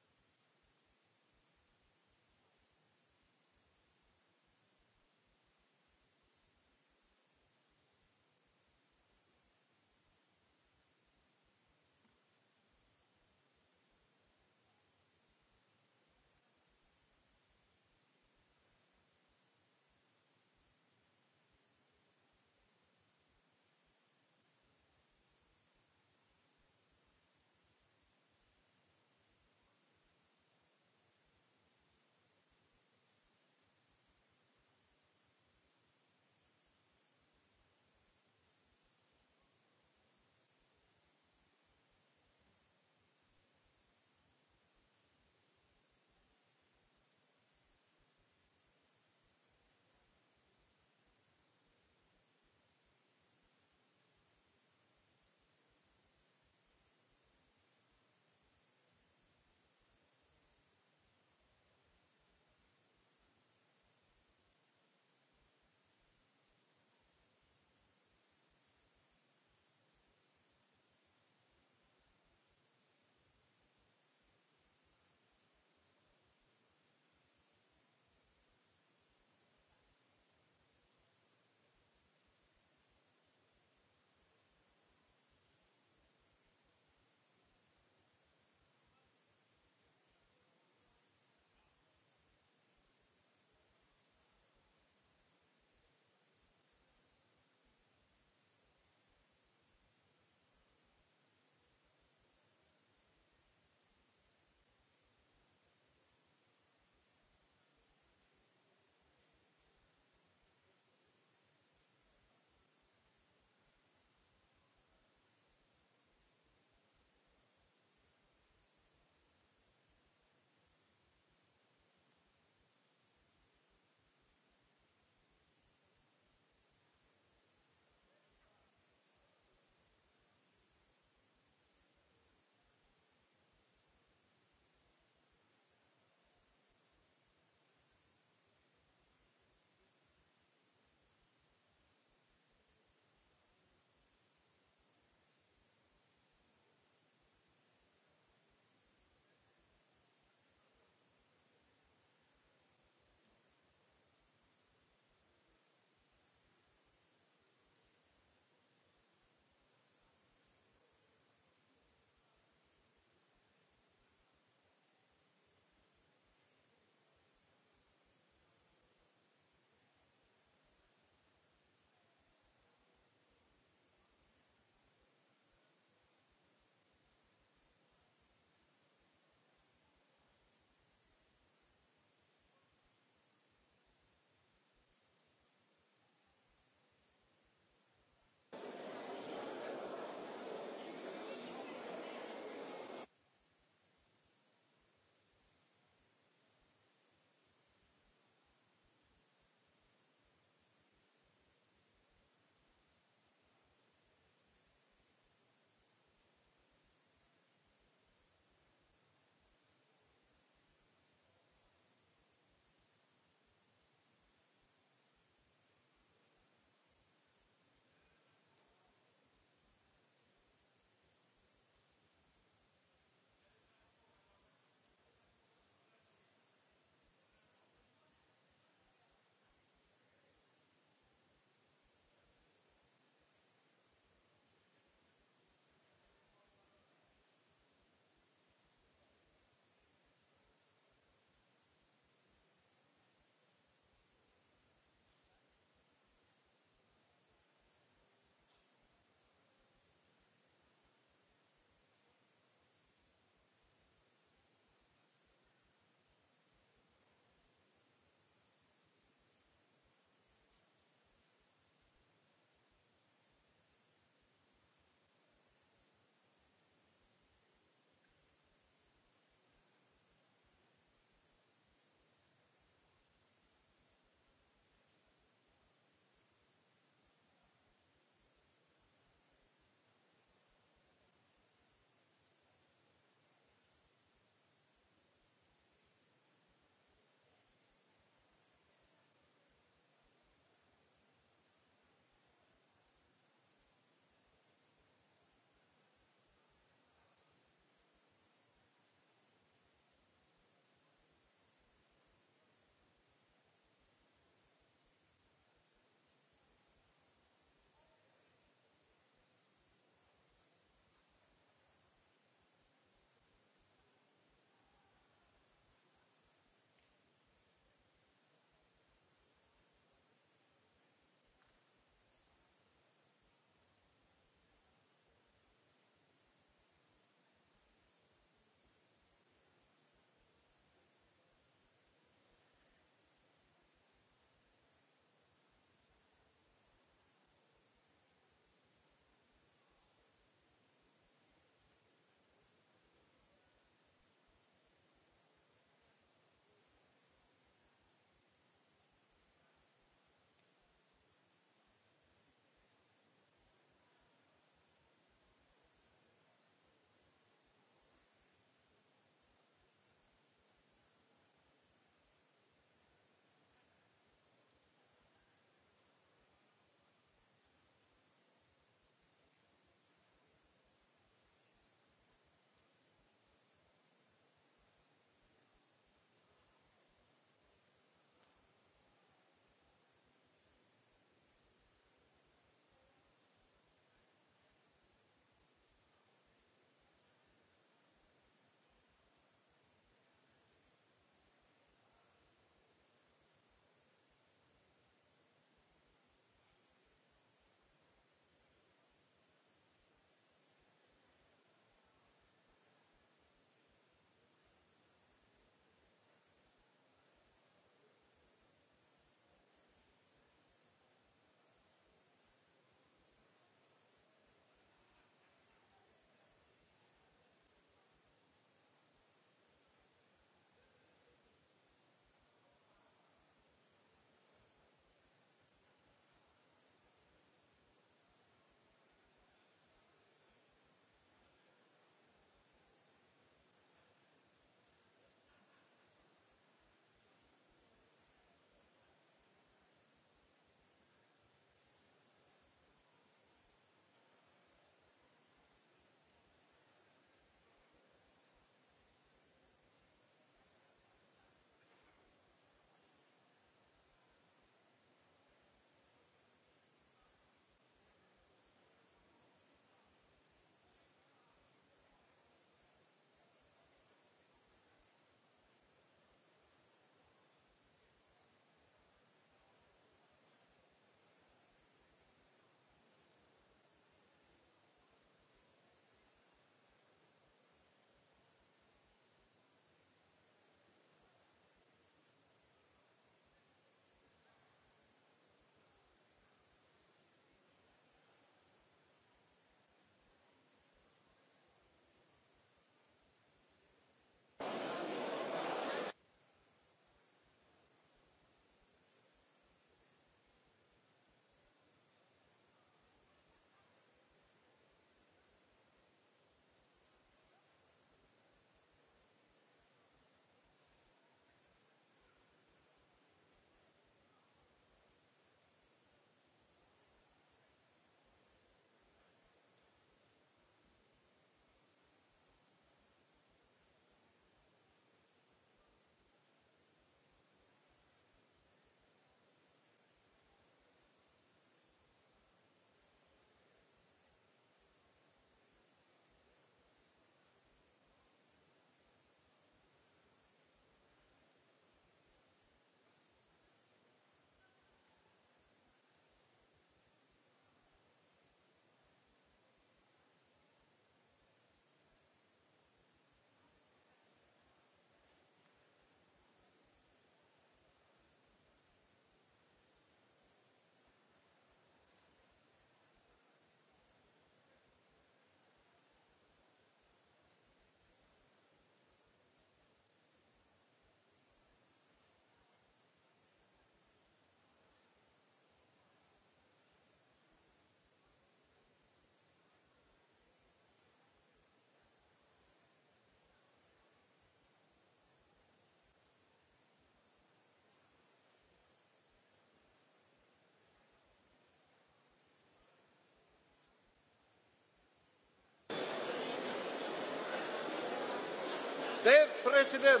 Der Präsident!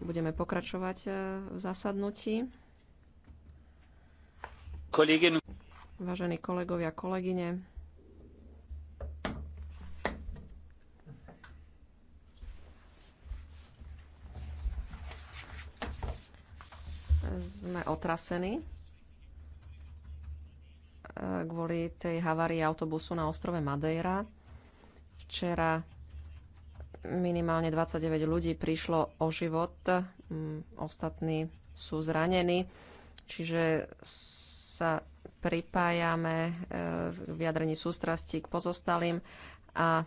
Budeme pokračovať e, v zasadnutí. Vážení kolegovia, kolegyne, otrasený e, kvôli tej havárii autobusu na ostrove Madeira. Včera minimálne 29 ľudí prišlo o život, ostatní sú zranení, čiže sa pripájame k e, vyjadrení sústrasti k pozostalým a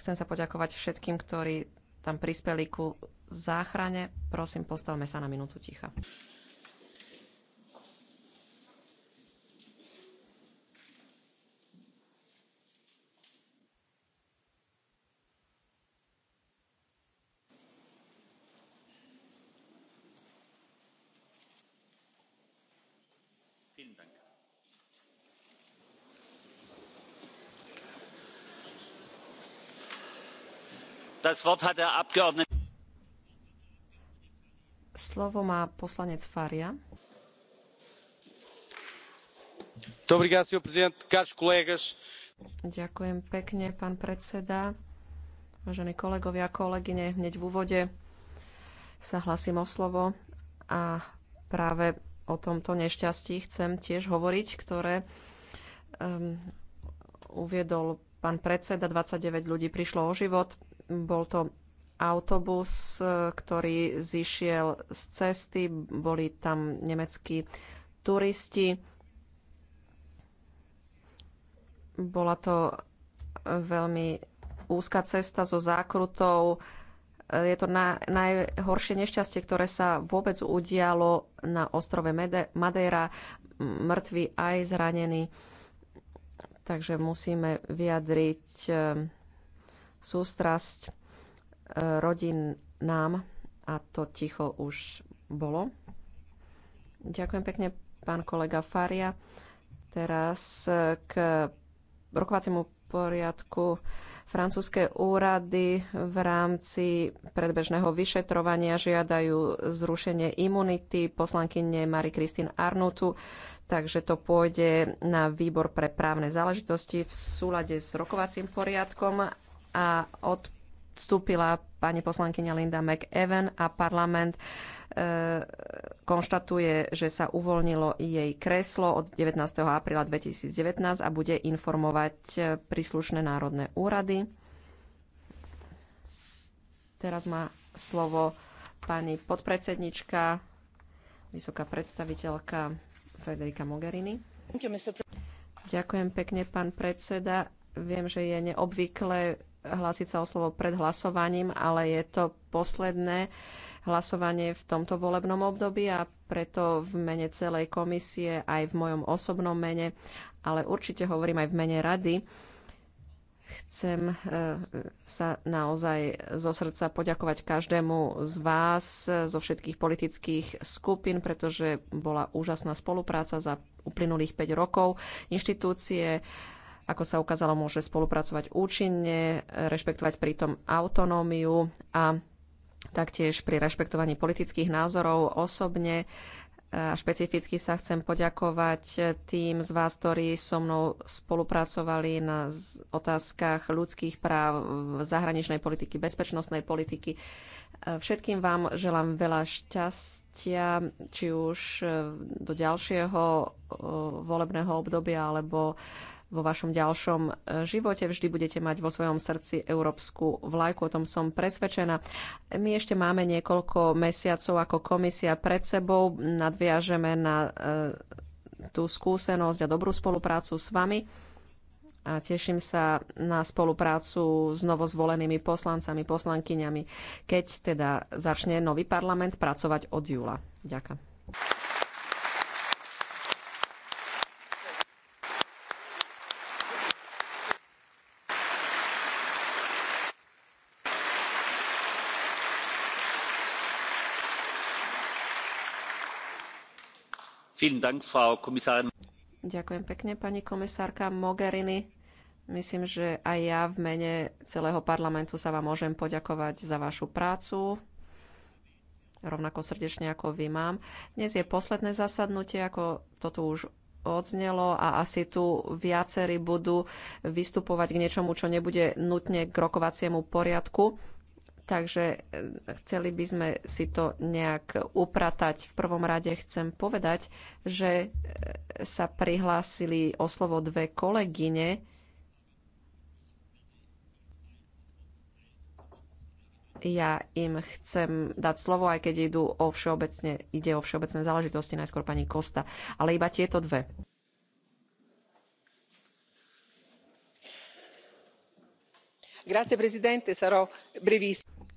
chcem sa poďakovať všetkým, ktorí tam prispeli ku záchrane. Prosím, postavme sa na minútu ticha. das wort hat der abgeordnete. Slovo má poslanec Faria. Ďakujem pekne, pán predseda. Vážení kolegovia a kolegyne, hneď v úvode sa hlasím o slovo a práve o tomto nešťastí chcem tiež hovoriť, ktoré um, uviedol pán predseda. 29 ľudí prišlo o život. Bol to autobus, e, ktorý zišiel z cesty. Boli tam nemeckí turisti. Bola to veľmi úzka cesta so zákrutou. E, je to na, najhoršie nešťastie, ktoré sa vôbec udialo na ostrove Madeira. Mŕtvi aj zranení. Takže musíme vyjadriť e, sústrasť nám a to ticho už bolo. Ďakujem pekne, pán kolega Faria. Teraz k rokovaciemu poriadku francúzske úrady v rámci predbežného vyšetrovania žiadajú zrušenie imunity poslankyne Marie Christine Arnutu, takže to pôjde na výbor pre právne záležitosti v súlade s rokovacím poriadkom a od odstúpila pani poslankyňa Linda McEwen a parlament e, konštatuje, že sa uvoľnilo jej kreslo od 19. apríla 2019 a bude informovať e, príslušné národné úrady. Teraz má slovo pani podpredsednička, vysoká predstaviteľka Frederika Mogherini. Ďakujem pekne, pán predseda. Viem, že je neobvyklé hlásiť sa o slovo pred hlasovaním, ale je to posledné hlasovanie v tomto volebnom období a preto v mene celej komisie aj v mojom osobnom mene, ale určite hovorím aj v mene rady, chcem e, sa naozaj zo srdca poďakovať každému z vás, zo všetkých politických skupín, pretože bola úžasná spolupráca za uplynulých 5 rokov. Inštitúcie ako sa ukázalo, môže spolupracovať účinne, rešpektovať pritom autonómiu a taktiež pri rešpektovaní politických názorov osobne. A špecificky sa chcem poďakovať tým z vás, ktorí so mnou spolupracovali na otázkach ľudských práv, zahraničnej politiky, bezpečnostnej politiky. Všetkým vám želám veľa šťastia, či už do ďalšieho volebného obdobia alebo vo vašom ďalšom e, živote. Vždy budete mať vo svojom srdci európsku vlajku, o tom som presvedčená. My ešte máme niekoľko mesiacov ako komisia pred sebou. Nadviažeme na e, tú skúsenosť a dobrú spoluprácu s vami a teším sa na spoluprácu s novozvolenými poslancami, poslankyňami, keď teda začne nový parlament pracovať od júla. Ďakujem. Ďakujem pekne, pani komisárka Mogherini. Myslím, že aj ja v mene celého parlamentu sa vám môžem poďakovať za vašu prácu, rovnako srdečne ako vy mám. Dnes je posledné zasadnutie, ako to tu už odznelo a asi tu viacerí budú vystupovať k niečomu, čo nebude nutne k rokovaciemu poriadku. Takže e, chceli by sme si to nejak upratať. V prvom rade chcem povedať, že e, sa prihlásili o slovo dve kolegyne. Ja im chcem dať slovo, aj keď idú o všeobecne, ide o všeobecné záležitosti, najskôr pani Kosta, ale iba tieto dve.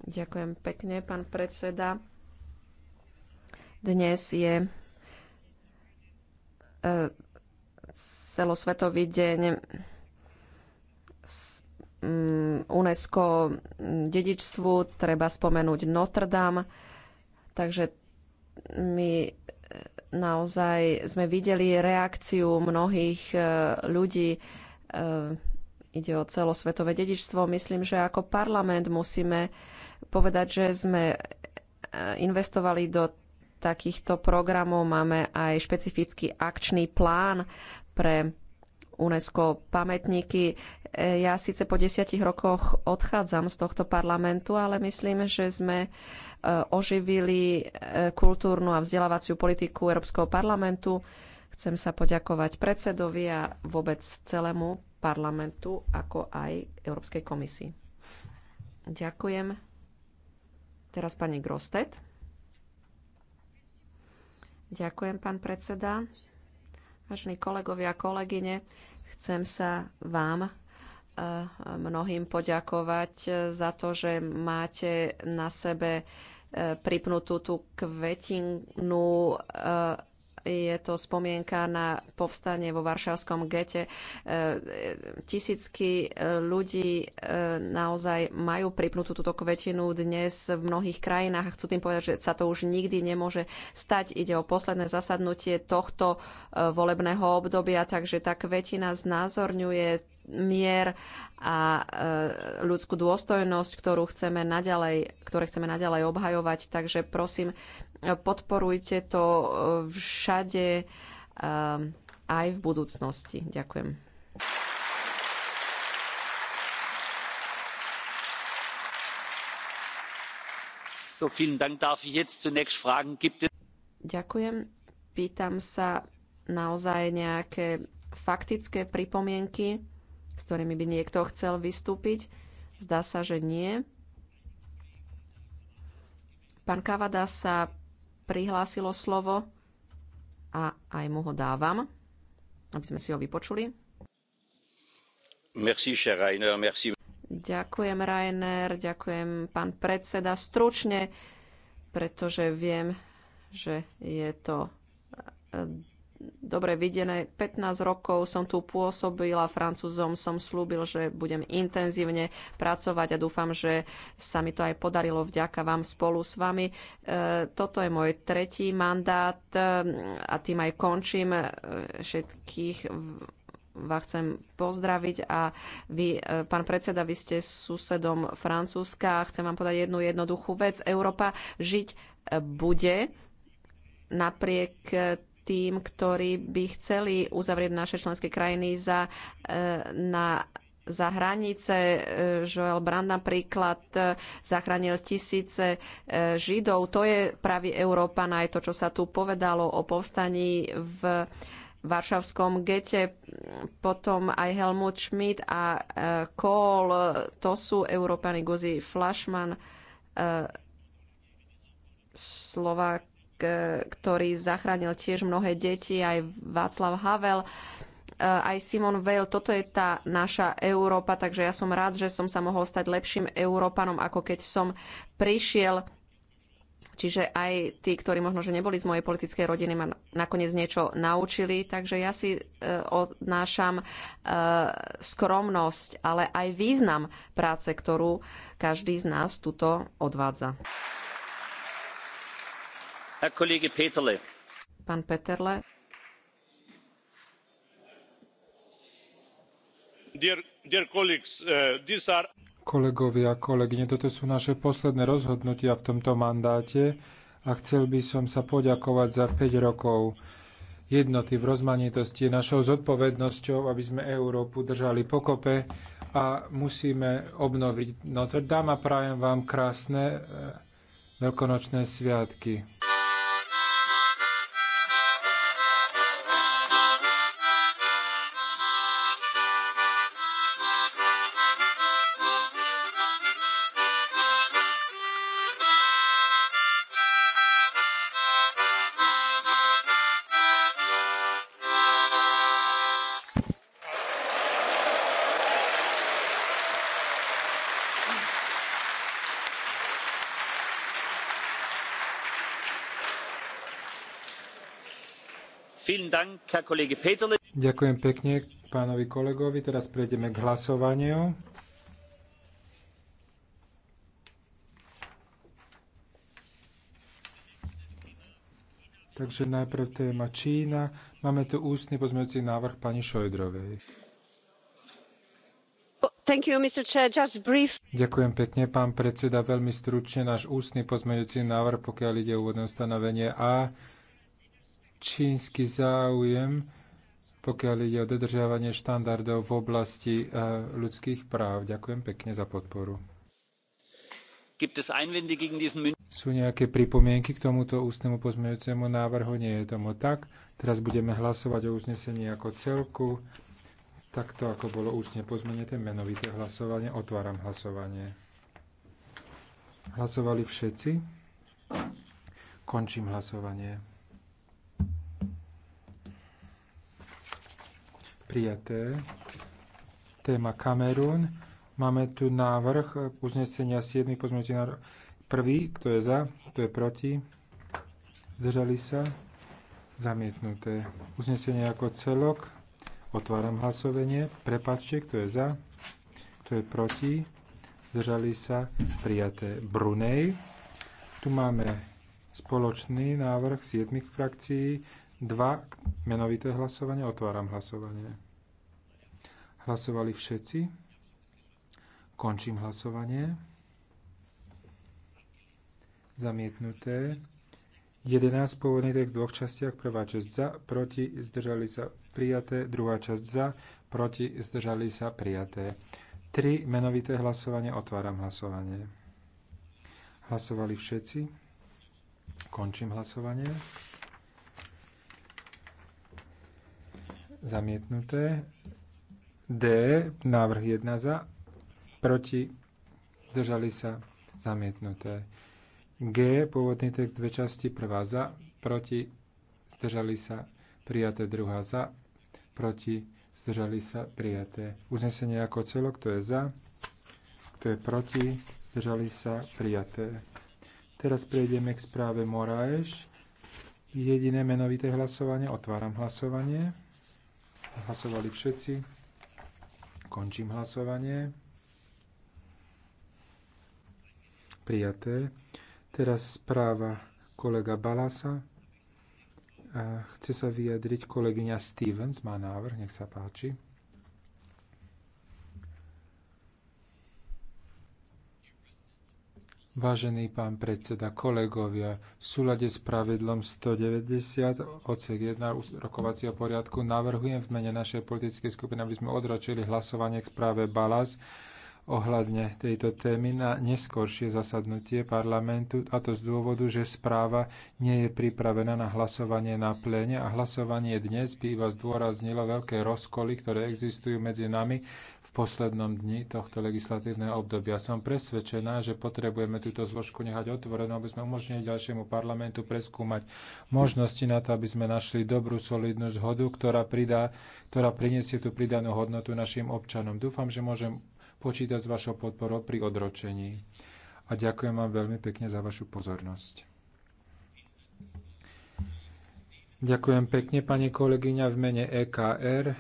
Ďakujem pekne, pán predseda. Dnes je e, celosvetový deň mm, UNESCO mm, dedičstvu, treba spomenúť Notre Dame, takže my e, naozaj sme videli reakciu mnohých e, ľudí ide o celosvetové dedičstvo. Myslím, že ako parlament musíme povedať, že sme e, investovali do takýchto programov. Máme aj špecifický akčný plán pre UNESCO pamätníky. E, ja síce po desiatich rokoch odchádzam z tohto parlamentu, ale myslím, že sme e, oživili kultúrnu a vzdelávaciu politiku Európskeho parlamentu. Chcem sa poďakovať predsedovi a vôbec celému parlamentu, ako aj Európskej komisii. Ďakujem. Teraz pani Grostet. Ďakujem, pán predseda. Vážení kolegovia a kolegyne, chcem sa vám eh, mnohým poďakovať eh, za to, že máte na sebe eh, pripnutú tú kvetinu je to spomienka na povstanie vo Varšavskom gete. E, tisícky e, ľudí e, naozaj majú pripnutú túto kvetinu dnes v mnohých krajinách a chcú tým povedať, že sa to už nikdy nemôže stať. Ide o posledné zasadnutie tohto volebného obdobia, takže tá kvetina znázorňuje mier a ľudskú dôstojnosť, ktorú chceme naďalej, ktoré chceme naďalej obhajovať. Takže prosím, podporujte to eh, všade eh, aj v budúcnosti. Ďakujem. So, vielen Dank. Darf ich jetzt zunächst fragen, gibt es... Ďakujem. Pýtam sa naozaj nejaké faktické pripomienky, s ktorými by niekto chcel vystúpiť. Zdá sa, že nie. Pán Kavada sa prihlásilo slovo a aj mu ho dávam, aby sme si ho vypočuli. Merci, cher Rainer, merci. Ďakujem, Rainer, ďakujem, pán predseda. Stručne, pretože viem, že je to dobre videné. 15 rokov som tu pôsobila, francúzom som slúbil, že budem intenzívne pracovať a dúfam, že sa mi to aj podarilo vďaka vám spolu s vami. E, toto je môj tretí mandát e, a tým aj končím. E, všetkých vás chcem pozdraviť a vy, e, pán predseda, vy ste susedom Francúzska a chcem vám podať jednu jednoduchú vec. Európa žiť bude napriek tým, ktorí by chceli uzavrieť naše členské krajiny za, e, na, za hranice. E, Joel Brand napríklad e, zachránil tisíce Židov. To je pravý Európa, aj to, čo sa tu povedalo o povstaní v varšavskom gete, potom aj Helmut Schmidt a Kohl, to sú Európany Guzi Flašman, Slovak, E, ktorý zachránil tiež mnohé deti, aj Václav Havel, e, aj Simon Veil. Toto je tá naša Európa, takže ja som rád, že som sa mohol stať lepším Európanom, ako keď som prišiel. Čiže aj tí, ktorí možno, že neboli z mojej politickej rodiny, ma nakoniec niečo naučili. Takže ja si e, odnášam skromnosť, ale aj význam práce, ktorú každý z nás tuto odvádza. Pán Peterle. Uh, Kolegovia, kolegyne, toto sú naše posledné rozhodnutia v tomto mandáte a chcel by som sa poďakovať za 5 rokov jednoty v rozmanitosti. Našou zodpovednosťou, aby sme Európu držali pokope a musíme obnoviť Notre Dame a prajem vám krásne eh, veľkonočné sviatky. Ďakujem pekne pánovi kolegovi. Teraz prejdeme k hlasovaniu. Takže najprv téma Čína. Máme tu ústny pozmeňujúci návrh pani Šojdrovej. You, Chair, Ďakujem pekne, pán predseda. Veľmi stručne náš ústny pozmeňujúci návrh, pokiaľ ide o úvodné stanovenie A čínsky záujem, pokiaľ ide o dodržiavanie štandardov v oblasti eh, ľudských práv. Ďakujem pekne za podporu. Sú nejaké pripomienky k tomuto ústnemu pozmeňujúcemu návrhu? Nie je tomu tak. Teraz budeme hlasovať o uznesení ako celku. Takto, ako bolo ústne pozmenené menovité hlasovanie, otváram hlasovanie. Hlasovali všetci? Končím hlasovanie. prijaté. Téma Kamerún. Máme tu návrh uznesenia 7. pozmeňujúci návrh. Prvý, kto je za, kto je proti. Zdržali sa. Zamietnuté. Uznesenie ako celok. Otváram hlasovanie. Prepačte, kto je za, kto je proti. Zdržali sa. Prijaté. Brunej. Tu máme spoločný návrh 7 frakcií 2. Menovité hlasovanie. Otváram hlasovanie. Hlasovali všetci. Končím hlasovanie. Zamietnuté. 11. Pôvodný text v dvoch častiach. Prvá časť za, proti, zdržali sa prijaté. Druhá časť za, proti, zdržali sa prijaté. 3. Menovité hlasovanie. Otváram hlasovanie. Hlasovali všetci. Končím hlasovanie. zamietnuté. D, návrh 1 za, proti, zdržali sa, zamietnuté. G, pôvodný text, dve časti, prvá za, proti, zdržali sa, prijaté, druhá za, proti, zdržali sa, prijaté. Uznesenie ako celok, kto je za, kto je proti, zdržali sa, prijaté. Teraz prejdeme k správe Moraeš. Jediné menovité hlasovanie, otváram hlasovanie. Hlasovali všetci. Končím hlasovanie. Prijaté. Teraz správa kolega Balasa. Chce sa vyjadriť kolegyňa Stevens, má návrh, nech sa páči. Vážený pán predseda, kolegovia, v súlade s pravidlom 190 odsek 1 rokovacieho poriadku navrhujem v mene našej politickej skupiny, aby sme odročili hlasovanie k správe Balas ohľadne tejto témy na neskoršie zasadnutie parlamentu, a to z dôvodu, že správa nie je pripravená na hlasovanie na pléne a hlasovanie dnes by iba zdôraznilo veľké rozkoly, ktoré existujú medzi nami v poslednom dni tohto legislatívneho obdobia. Som presvedčená, že potrebujeme túto zložku nehať otvorenú, aby sme umožnili ďalšiemu parlamentu preskúmať možnosti na to, aby sme našli dobrú, solidnú zhodu, ktorá, pridá, ktorá priniesie tú pridanú hodnotu našim občanom. Dúfam, že môžem počítať s vašou podporou pri odročení. A ďakujem vám veľmi pekne za vašu pozornosť. Ďakujem pekne, pani kolegyňa. V mene EKR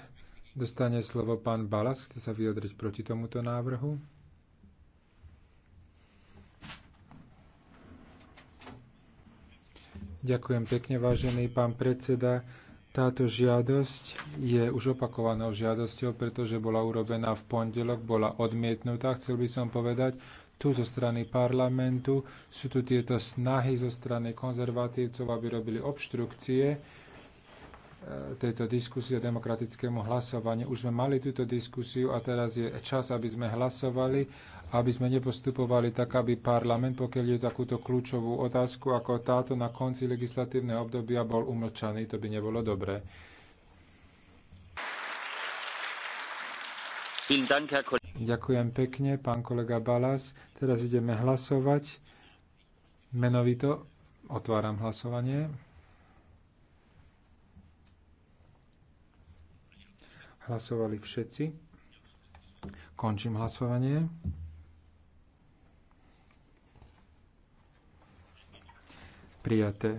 dostane slovo pán Balas. Chce sa vyjadriť proti tomuto návrhu? Ďakujem pekne, vážený pán predseda. Táto žiadosť je už opakovanou žiadosťou, pretože bola urobená v pondelok, bola odmietnutá. Chcel by som povedať, tu zo strany parlamentu sú tu tieto snahy zo strany konzervatívcov, aby robili obštrukcie e, tejto diskusie o demokratickému hlasovaniu. Už sme mali túto diskusiu a teraz je čas, aby sme hlasovali aby sme nepostupovali tak, aby parlament, pokiaľ je takúto kľúčovú otázku ako táto na konci legislatívneho obdobia, bol umlčaný. To by nebolo dobré. Ďakujem pekne, pán kolega Balas. Teraz ideme hlasovať. Menovito otváram hlasovanie. Hlasovali všetci. Končím hlasovanie. prijaté.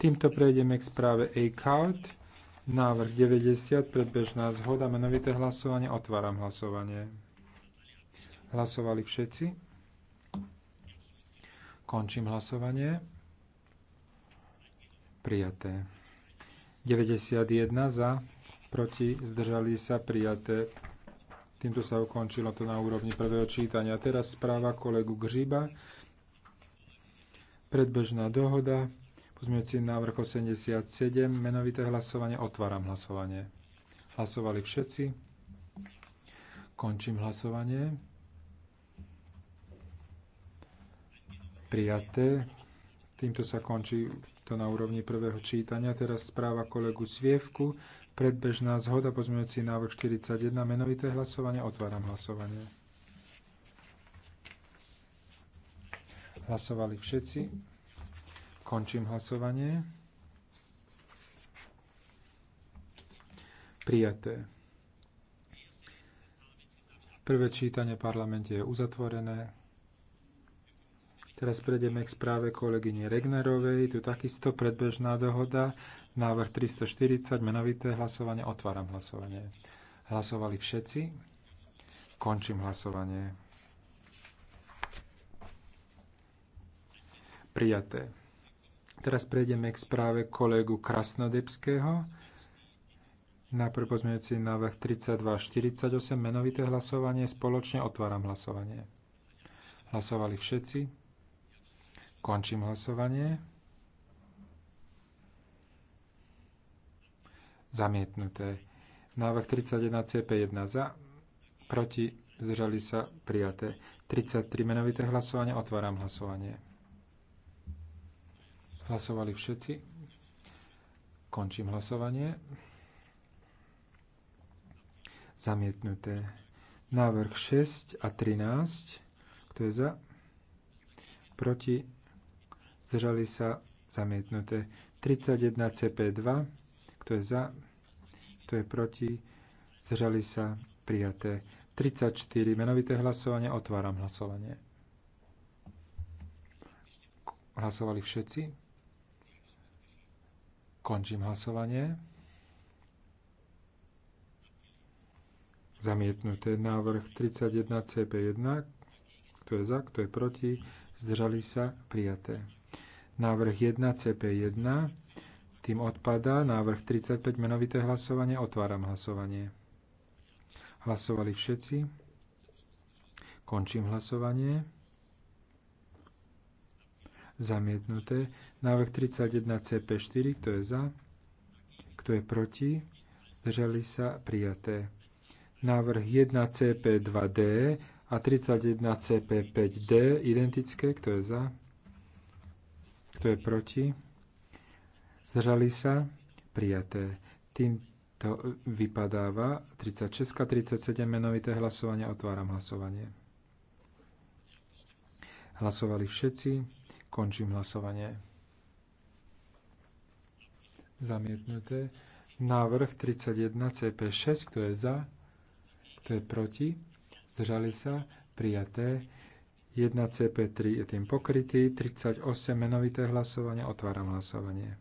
Týmto prejdeme k správe ACOUT, návrh 90, predbežná zhoda, menovité hlasovanie, otváram hlasovanie. Hlasovali všetci? Končím hlasovanie. Prijaté. 91 za, proti, zdržali sa prijaté. Týmto sa ukončilo to na úrovni prvého čítania. Teraz správa kolegu gříba. Predbežná dohoda. Pozmeňujúci návrh 87. Menovité hlasovanie. Otváram hlasovanie. Hlasovali všetci. Končím hlasovanie. Prijaté. Týmto sa končí to na úrovni prvého čítania. Teraz správa kolegu Svievku. Predbežná zhoda, pozmeňujúci návrh 41, menovité hlasovanie, otváram hlasovanie. Hlasovali všetci. Končím hlasovanie. Prijaté. Prvé čítanie v parlamente je uzatvorené. Teraz prejdeme k správe kolegyne Regnerovej. Tu takisto predbežná dohoda. Návrh 340, menovité hlasovanie, otváram hlasovanie. Hlasovali všetci? Končím hlasovanie. Prijaté. Teraz prejdeme k správe kolegu Krasnodebského. Najprv pozmeňujúci návrh 3248, menovité hlasovanie, spoločne otváram hlasovanie. Hlasovali všetci? Končím hlasovanie. Zamietnuté. Návrh 31 CP1 za, proti, zdržali sa, prijaté. 33 menovité hlasovanie, otváram hlasovanie. Hlasovali všetci. Končím hlasovanie. Zamietnuté. Návrh 6 a 13. Kto je za? Proti? Zdržali sa? Zamietnuté. 31 CP2 kto je za? Kto je proti? Zdržali sa? Prijaté. 34. Menovité hlasovanie. Otváram hlasovanie. Hlasovali všetci? Končím hlasovanie. Zamietnuté návrh 31 CP1. Kto je za, kto je proti? Zdržali sa? Prijaté. Návrh 1 CP1 tým odpadá. Návrh 35, menovité hlasovanie. Otváram hlasovanie. Hlasovali všetci. Končím hlasovanie. Zamietnuté. Návrh 31 CP4, kto je za? Kto je proti? Zdržali sa prijaté. Návrh 1 CP2D a 31 CP5D identické, kto je za? Kto je proti? zdržali sa, prijaté. Týmto vypadáva 36 a 37 menovité hlasovanie. Otváram hlasovanie. Hlasovali všetci. Končím hlasovanie. Zamietnuté. Návrh 31 CP6. Kto je za? Kto je proti? Zdržali sa? Prijaté. 1 CP3 je tým pokrytý. 38 menovité hlasovanie. Otváram hlasovanie.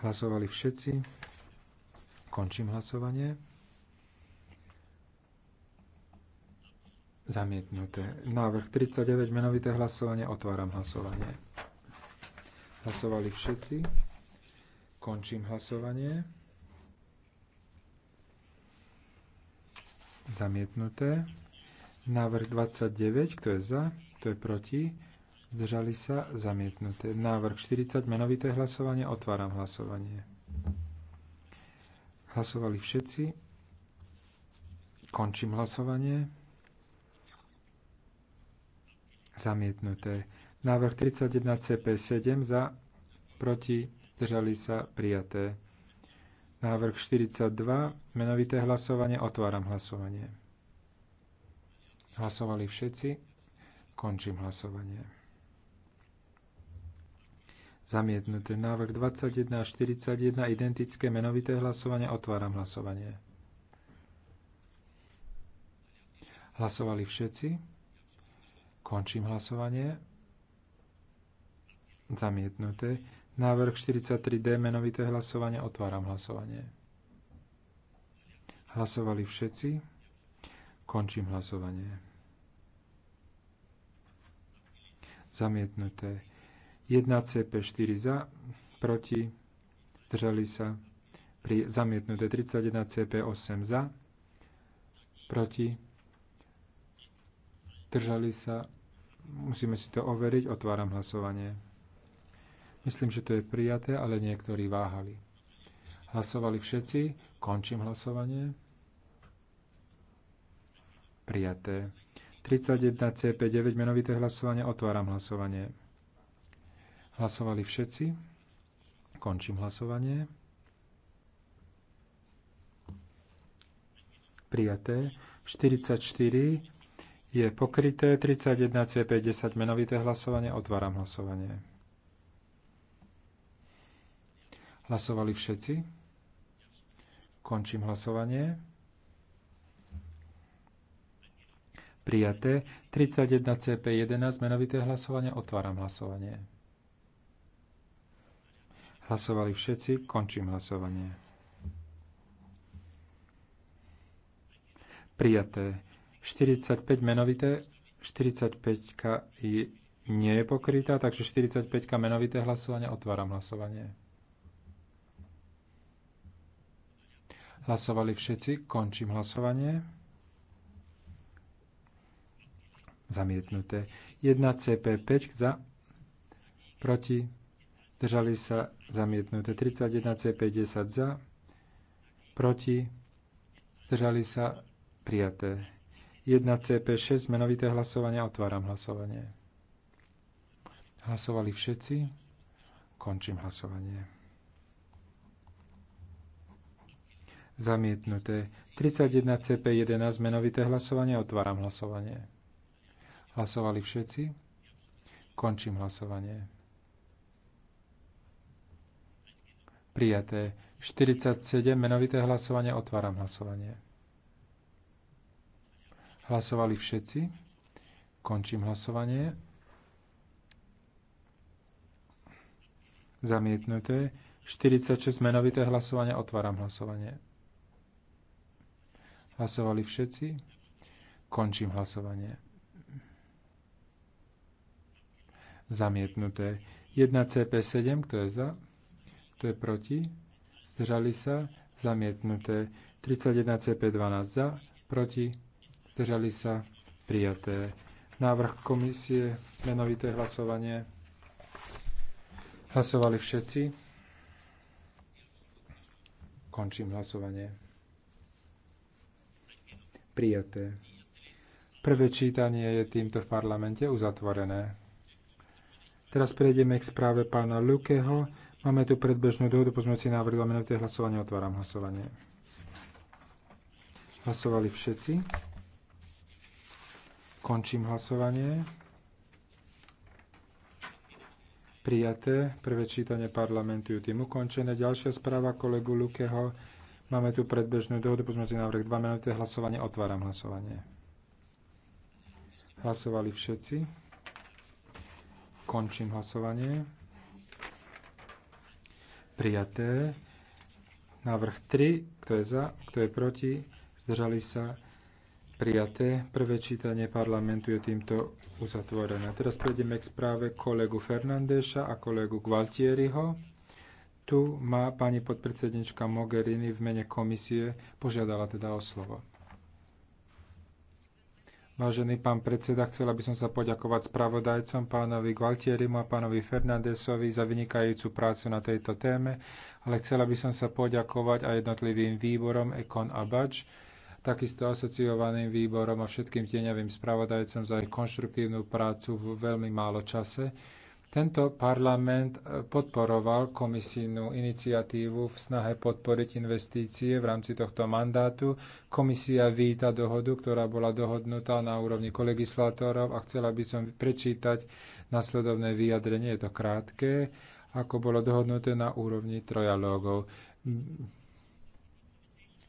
Hlasovali všetci. Končím hlasovanie. Zamietnuté. Návrh 39, menovité hlasovanie. Otváram hlasovanie. Hlasovali všetci. Končím hlasovanie. Zamietnuté. Návrh 29, kto je za, kto je proti zdržali sa, zamietnuté. Návrh 40, menovité hlasovanie, otváram hlasovanie. Hlasovali všetci. Končím hlasovanie. Zamietnuté. Návrh 31 CP7 za, proti, zdržali sa, prijaté. Návrh 42, menovité hlasovanie, otváram hlasovanie. Hlasovali všetci. Končím hlasovanie. Zamietnuté. Návrh 21 a 41 identické menovité hlasovanie. Otváram hlasovanie. Hlasovali všetci. Končím hlasovanie. Zamietnuté. Návrh 43D menovité hlasovanie. Otváram hlasovanie. Hlasovali všetci. Končím hlasovanie. Zamietnuté. 1CP4 za, proti, zdržali sa, pri zamietnuté 31 CP8 za, proti, zdržali sa, musíme si to overiť, otváram hlasovanie. Myslím, že to je prijaté, ale niektorí váhali. Hlasovali všetci, končím hlasovanie. Prijaté. 31 CP9 menovité hlasovanie, otváram hlasovanie. Hlasovali všetci? Končím hlasovanie. Prijaté. 44 je pokryté. 31 c 10, menovité hlasovanie. Otváram hlasovanie. Hlasovali všetci? Končím hlasovanie. Prijaté. 31 CP11 menovité hlasovanie. Otváram hlasovanie. Hlasovali všetci, končím hlasovanie. Prijaté. 45 menovité, 45 je, nie je pokrytá, takže 45 menovité hlasovanie, otváram hlasovanie. Hlasovali všetci, končím hlasovanie. Zamietnuté. 1 CP5 za, proti, zdržali sa zamietnuté 31 C50 za, proti, zdržali sa prijaté. 1 CP6 menovité hlasovanie, otváram hlasovanie. Hlasovali všetci, končím hlasovanie. Zamietnuté. 31 CP11 menovité hlasovanie, otváram hlasovanie. Hlasovali všetci, končím hlasovanie. Prijaté. 47. Menovité hlasovanie. Otváram hlasovanie. Hlasovali všetci. Končím hlasovanie. Zamietnuté. 46. Menovité hlasovanie. Otváram hlasovanie. Hlasovali všetci. Končím hlasovanie. Zamietnuté. 1 CP7, kto je za? Kto je proti? Zdržali sa? Zamietnuté. 31 CP12 za, proti? Zdržali sa? Prijaté. Návrh komisie, menovité hlasovanie. Hlasovali všetci. Končím hlasovanie. Prijaté. Prvé čítanie je týmto v parlamente uzatvorené. Teraz prejdeme k správe pána Lukeho Máme tu predbežnú dohodu, pozmeňujúci návrh, dva minúty hlasovanie, otváram hlasovanie. Hlasovali všetci. Končím hlasovanie. Prijaté. Prvé čítanie parlamentu je tým ukončené. Ďalšia správa kolegu Lukeho. Máme tu predbežnú dohodu, pozmeňujúci návrh 2 minúty hlasovanie, otváram hlasovanie. Hlasovali všetci. Končím hlasovanie prijaté. Návrh 3, kto je za, kto je proti, zdržali sa prijaté. Prvé čítanie parlamentu je týmto uzatvorené. Teraz prejdeme k správe kolegu Fernandéša a kolegu Gualtieriho. Tu má pani podpredsednička Mogherini v mene komisie požiadala teda o slovo. Vážený pán predseda, chcela by som sa poďakovať spravodajcom pánovi Gualtierimu a pánovi Fernandesovi za vynikajúcu prácu na tejto téme, ale chcela by som sa poďakovať aj jednotlivým výborom Ekon a Bač, takisto asociovaným výborom a všetkým tieňovým spravodajcom za ich konštruktívnu prácu v veľmi málo čase tento parlament e, podporoval komisijnú iniciatívu v snahe podporiť investície v rámci tohto mandátu. Komisia víta dohodu, ktorá bola dohodnutá na úrovni kolegislátorov a chcela by som prečítať nasledovné vyjadrenie. Je to krátke, ako bolo dohodnuté na úrovni trojalógov.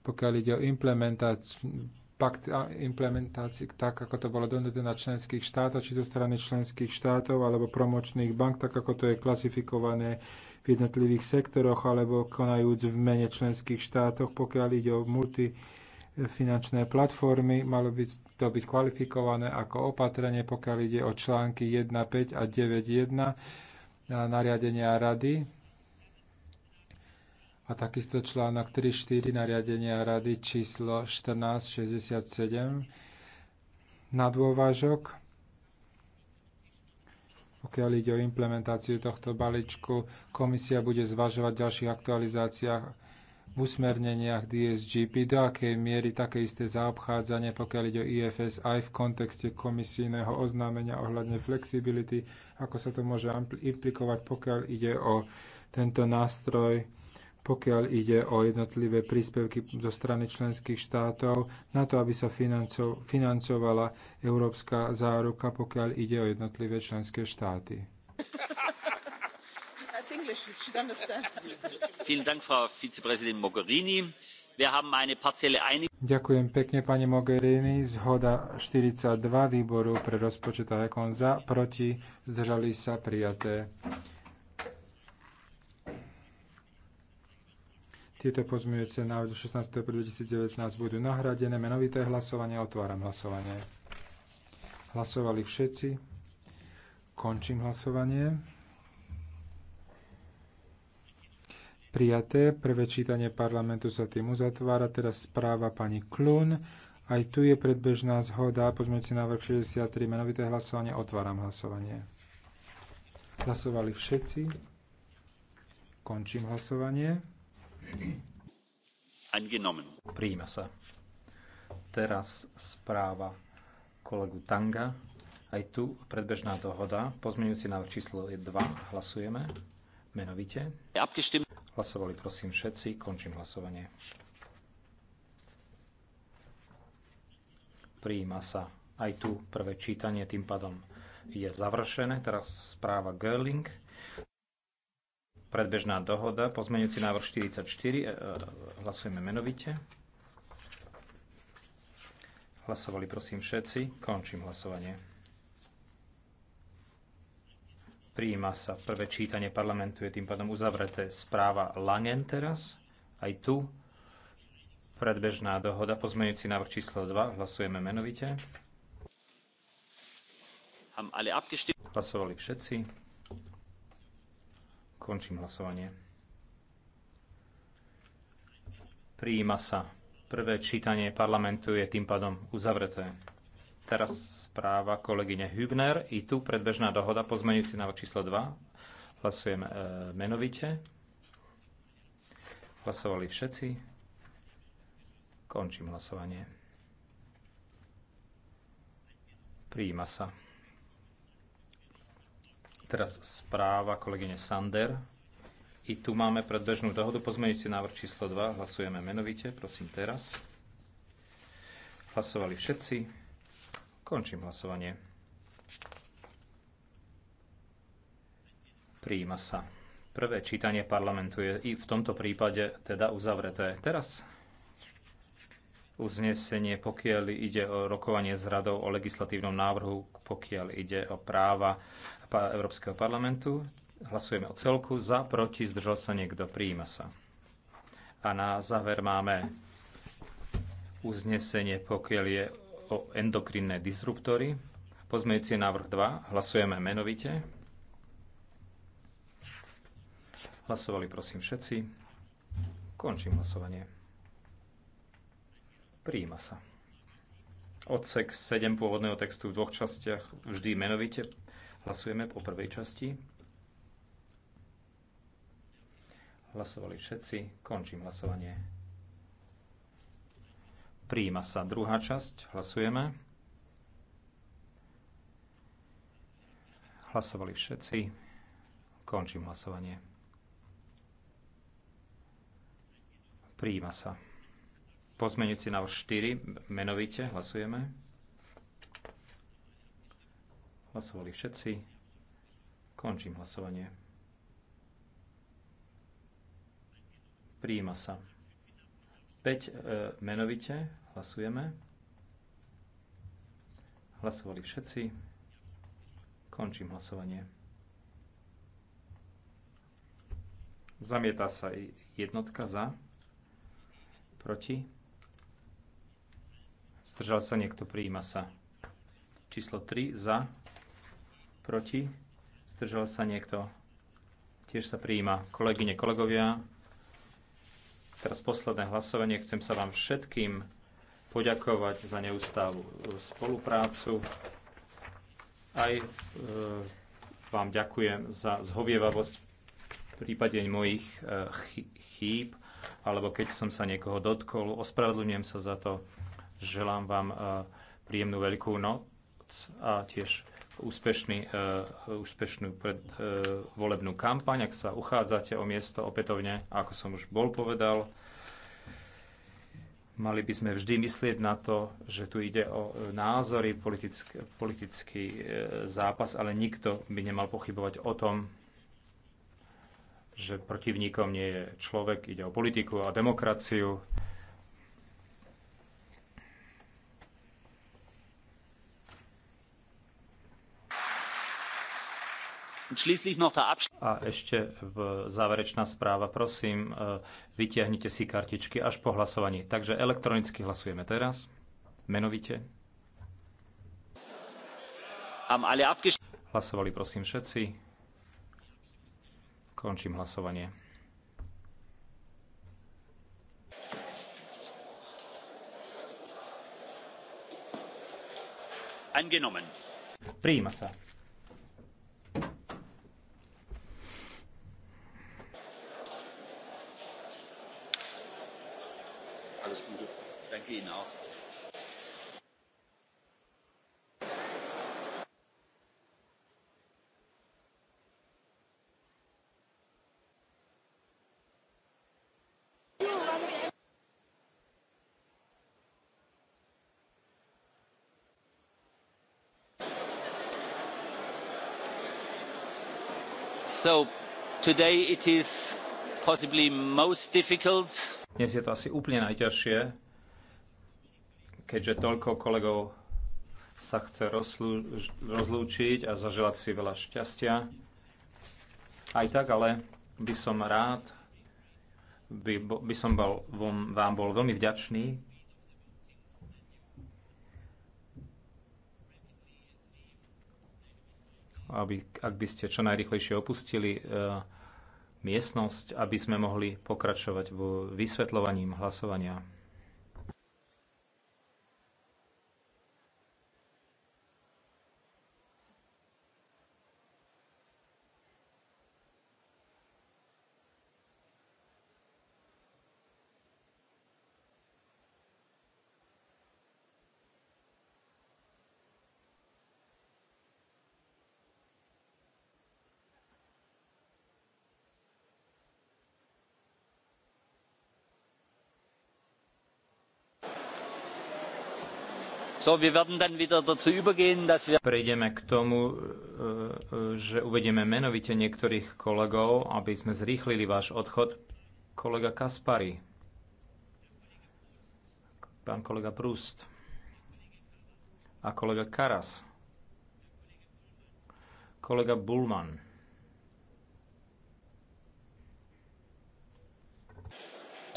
Pokiaľ ide o implementáciu pakt implementácií tak, ako to bolo dohodnuté na členských štátov, či zo strany členských štátov alebo promočných bank, tak ako to je klasifikované v jednotlivých sektoroch alebo konajúc v mene členských štátoch, pokiaľ ide o multifinančné platformy, malo by to byť kvalifikované ako opatrenie, pokiaľ ide o články 1.5 a 9.1 nariadenia rady a takisto článok 3.4 nariadenia Rady číslo 1467 na dôvážok. Pokiaľ ide o implementáciu tohto balíčku, komisia bude zvažovať v ďalších aktualizáciách v usmerneniach DSGP, do akej miery také isté zaobchádzanie, pokiaľ ide o IFS, aj v kontexte komisijného oznámenia ohľadne flexibility, ako sa to môže implikovať, pokiaľ ide o tento nástroj pokiaľ ide o jednotlivé príspevky zo strany členských štátov na to, aby sa financo, financovala európska záruka, pokiaľ ide o jednotlivé členské štáty. Ďakujem pekne, pani Mogherini. Zhoda 42 výboru pre rozpočet a ekon za, proti, zdržali sa prijaté. Tieto pozmeňujúce návrhy 16. 2019 budú nahradené. Menovité hlasovanie. Otváram hlasovanie. Hlasovali všetci. Končím hlasovanie. Prijaté. Prvé čítanie parlamentu sa tým uzatvára. Teraz správa pani Klun. Aj tu je predbežná zhoda. Pozmeňujúci návrh 63. Menovité hlasovanie. Otváram hlasovanie. Hlasovali všetci. Končím hlasovanie. Angenommen. Prijíma sa. Teraz správa kolegu Tanga. Aj tu predbežná dohoda. Pozmeňujúci návrh číslo 2. Hlasujeme menovite. Hlasovali prosím všetci. Končím hlasovanie. Prijíma sa aj tu prvé čítanie, tým pádom je završené. Teraz správa Görling. Predbežná dohoda, pozmeňujúci návrh 44, e, e, hlasujeme menovite. Hlasovali prosím všetci, končím hlasovanie. Prijíma sa prvé čítanie parlamentu, je tým pádom uzavreté správa Langen teraz. Aj tu predbežná dohoda, pozmeňujúci návrh číslo 2, hlasujeme menovite. Hlasovali všetci. Končím hlasovanie. Prijíma sa. Prvé čítanie parlamentu je tým pádom uzavreté. Teraz správa kolegyne Hübner. I tu predbežná dohoda pozmeňujúci návrh číslo 2. Hlasujeme e, menovite. Hlasovali všetci. Končím hlasovanie. Prijíma sa. Teraz správa kolegyne Sander. I tu máme predbežnú dohodu. Pozmeňujúci návrh číslo 2. Hlasujeme menovite. Prosím teraz. Hlasovali všetci. Končím hlasovanie. Prijíma sa. Prvé čítanie parlamentu je i v tomto prípade teda uzavreté. Teraz uznesenie, pokiaľ ide o rokovanie s radou o legislatívnom návrhu, pokiaľ ide o práva Európskeho parlamentu. Hlasujeme o celku. Za, proti, zdržal sa niekto. Prijíma sa. A na záver máme uznesenie, pokiaľ je o endokrinné disruptory. Pozmejúci návrh 2. Hlasujeme menovite. Hlasovali prosím všetci. Končím hlasovanie. Prijíma sa. Odsek 7 pôvodného textu v dvoch častiach vždy menovite. Hlasujeme po prvej časti. Hlasovali všetci. Končím hlasovanie. Príjima sa druhá časť. Hlasujeme. Hlasovali všetci. Končím hlasovanie. Príjima sa. si návrh 4. Menovite hlasujeme. Hlasovali všetci. Končím hlasovanie. Prijíma sa. 5 e, menovite. Hlasujeme. Hlasovali všetci. Končím hlasovanie. Zamieta sa jednotka za. Proti. Zdržal sa niekto, prijíma sa. Číslo 3 za Proti? Zdržal sa niekto? Tiež sa prijíma. Kolegyne, kolegovia, teraz posledné hlasovanie. Chcem sa vám všetkým poďakovať za neustálu e, spoluprácu. Aj e, vám ďakujem za zhovievavosť v prípade mojich e, chýb, alebo keď som sa niekoho dotkol. Ospravedlňujem sa za to. Želám vám e, príjemnú veľkú noc a tiež úspešný, e, úspešnú e, volebnú kampaň, ak sa uchádzate o miesto opätovne, ako som už bol povedal. Mali by sme vždy myslieť na to, že tu ide o e, názory, politický, politický zápas, ale nikto by nemal pochybovať o tom, že protivníkom nie je človek, ide o politiku a demokraciu. A ešte v záverečná správa, prosím, e, vytiahnite si kartičky až po hlasovaní. Takže elektronicky hlasujeme teraz, menovite. Hlasovali prosím všetci. Končím hlasovanie. Prijíma sa. So, today it is possibly most difficult. Dnes je to asi úplne najťažšie keďže toľko kolegov sa chce rozlúčiť a zaželať si veľa šťastia. Aj tak, ale by som rád, by, by som bol, vám bol veľmi vďačný, aby, ak by ste čo najrychlejšie opustili e, miestnosť, aby sme mohli pokračovať vo vysvetľovaním hlasovania. Prejdeme k tomu, e, e, že uvedieme menovite niektorých kolegov, aby sme zrýchlili váš odchod. Kolega Kaspari. Pán kolega Prust. A kolega Karas. Kolega Bulman.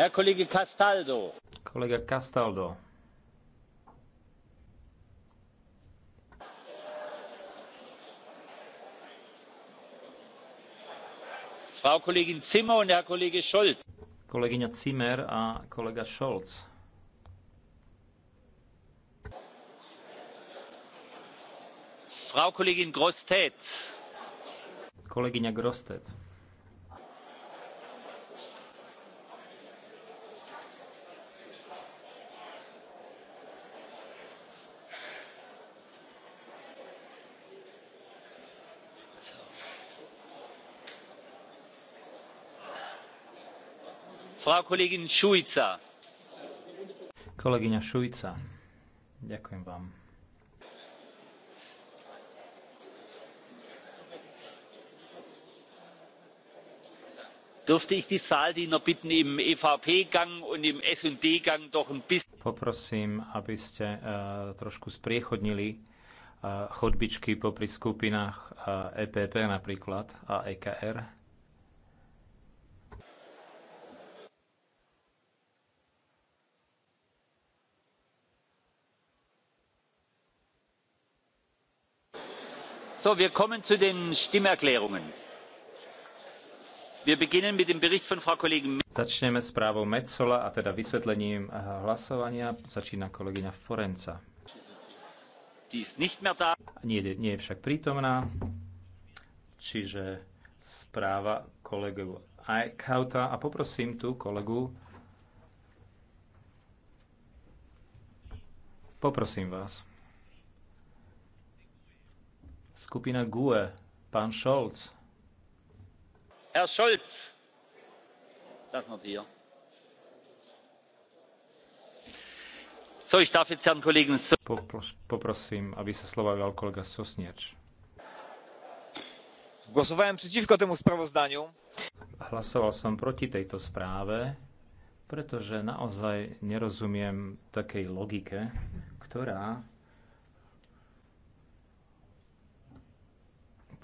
Kolega Castaldo. Kolega Castaldo. frau kollegin zimmer und herr kollege scholz kolegyňa zimmer a kolega scholz frau kollegin grossette kolegyňa grossette Kolegyňa Šujca, ďakujem vám. dürfte ich die bitten, im EVP-Gang und im S&D-Gang doch ein bisschen... Poprosím, aby ste uh, trošku spriechodnili uh, chodbičky popri skupinách uh, e, EPP napríklad a EKR. wir kommen zu den Stimmerklärungen. Wir beginnen mit dem Bericht von Frau Kollegin. metsola. Začneme správou metsola a teda vysvetlením eh, hlasovania začína kolegyňa Forenca. Nie, nie je však prítomná, čiže správa kolegu Eichhauta a poprosím tu kolegu Poprosím vás. Skupina GUE, pán Scholz. Herr Scholz. Das noch hier. So, ich darf jetzt Herrn Kollegen... Popros poprosím, aby sa slova ujal kolega Sosnieč. Głosowałem przeciwko temu sprawozdaniu. Hlasoval som proti tejto správe, pretože naozaj nerozumiem takej logike, ktorá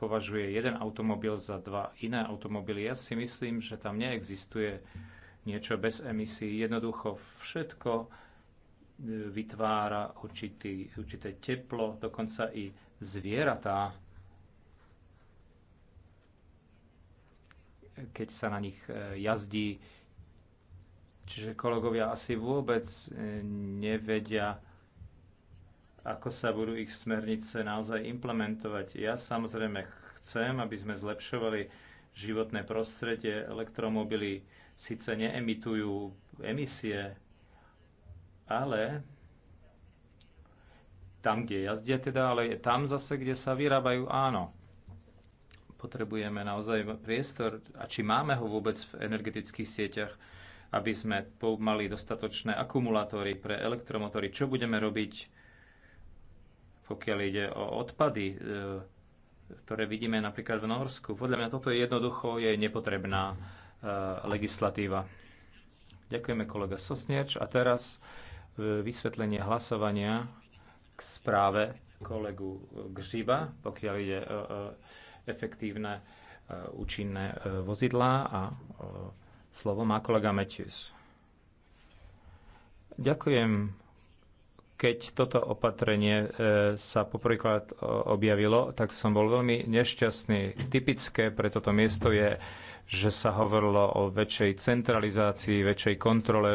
považuje jeden automobil za dva iné automobily. Ja si myslím, že tam neexistuje niečo bez emisí. Jednoducho všetko e, vytvára určitý, určité teplo, dokonca i zvieratá, keď sa na nich e, jazdí. Čiže kolegovia asi vôbec e, nevedia, ako sa budú ich smernice naozaj implementovať. Ja samozrejme chcem, aby sme zlepšovali životné prostredie. Elektromobily síce neemitujú emisie, ale tam, kde jazdia teda, ale je tam zase, kde sa vyrábajú, áno. Potrebujeme naozaj priestor a či máme ho vôbec v energetických sieťach, aby sme mali dostatočné akumulátory pre elektromotory, čo budeme robiť pokiaľ ide o odpady, e, ktoré vidíme napríklad v Norsku. Podľa mňa toto je jednoducho je nepotrebná e, legislatíva. Ďakujeme kolega Sosnieč. A teraz e, vysvetlenie hlasovania k správe kolegu Gžiba, pokiaľ ide o efektívne účinné vozidlá a slovo má kolega Metius. Ďakujem keď toto opatrenie e, sa poprvýkrát e, objavilo, tak som bol veľmi nešťastný. Typické pre toto miesto je, že sa hovorilo o väčšej centralizácii, väčšej kontrole,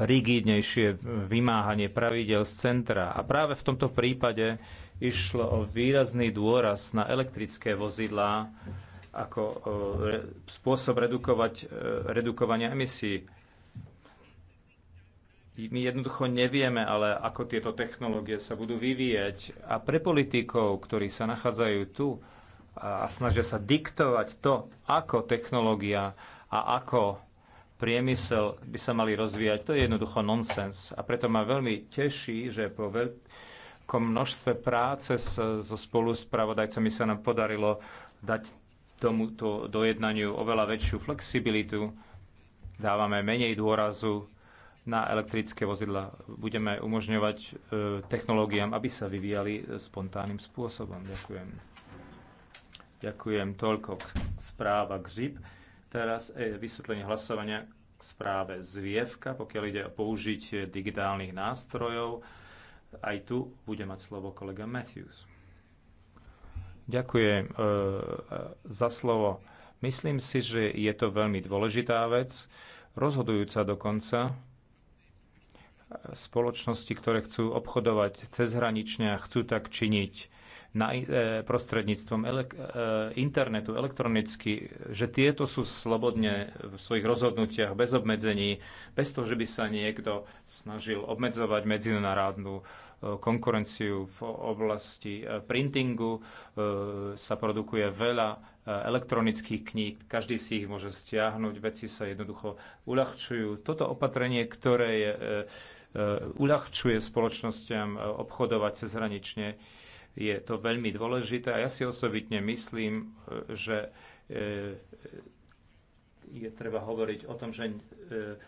rigidnejšie vymáhanie pravidel z centra. A práve v tomto prípade išlo o výrazný dôraz na elektrické vozidlá ako e, spôsob redukovať, redukovania emisí my jednoducho nevieme, ale ako tieto technológie sa budú vyvíjať. A pre politikov, ktorí sa nachádzajú tu a snažia sa diktovať to, ako technológia a ako priemysel by sa mali rozvíjať, to je jednoducho nonsens. A preto ma veľmi teší, že po veľkom množstve práce so spolu s pravodajcami sa nám podarilo dať tomuto dojednaniu oveľa väčšiu flexibilitu. Dávame menej dôrazu na elektrické vozidla. Budeme umožňovať e, technológiám, aby sa vyvíjali spontánnym spôsobom. Ďakujem. Ďakujem toľko k správa GRIP. Teraz e, vysvetlenie hlasovania k správe Zvievka, pokiaľ ide o použitie digitálnych nástrojov. Aj tu bude mať slovo kolega Matthews. Ďakujem e, za slovo. Myslím si, že je to veľmi dôležitá vec, rozhodujúca dokonca spoločnosti, ktoré chcú obchodovať cezhranične a chcú tak činiť na, e, prostredníctvom elek, e, internetu elektronicky, že tieto sú slobodne v svojich rozhodnutiach bez obmedzení, bez toho, že by sa niekto snažil obmedzovať medzinárodnú e, konkurenciu v oblasti e, printingu. E, sa produkuje veľa Eh, elektronických kníh, každý si ich môže stiahnuť, veci sa jednoducho uľahčujú. Toto opatrenie, ktoré je, eh, eh, uľahčuje spoločnosťam obchodovať cezhranične, je to veľmi dôležité a ja si osobitne myslím, že je treba hovoriť o tom, že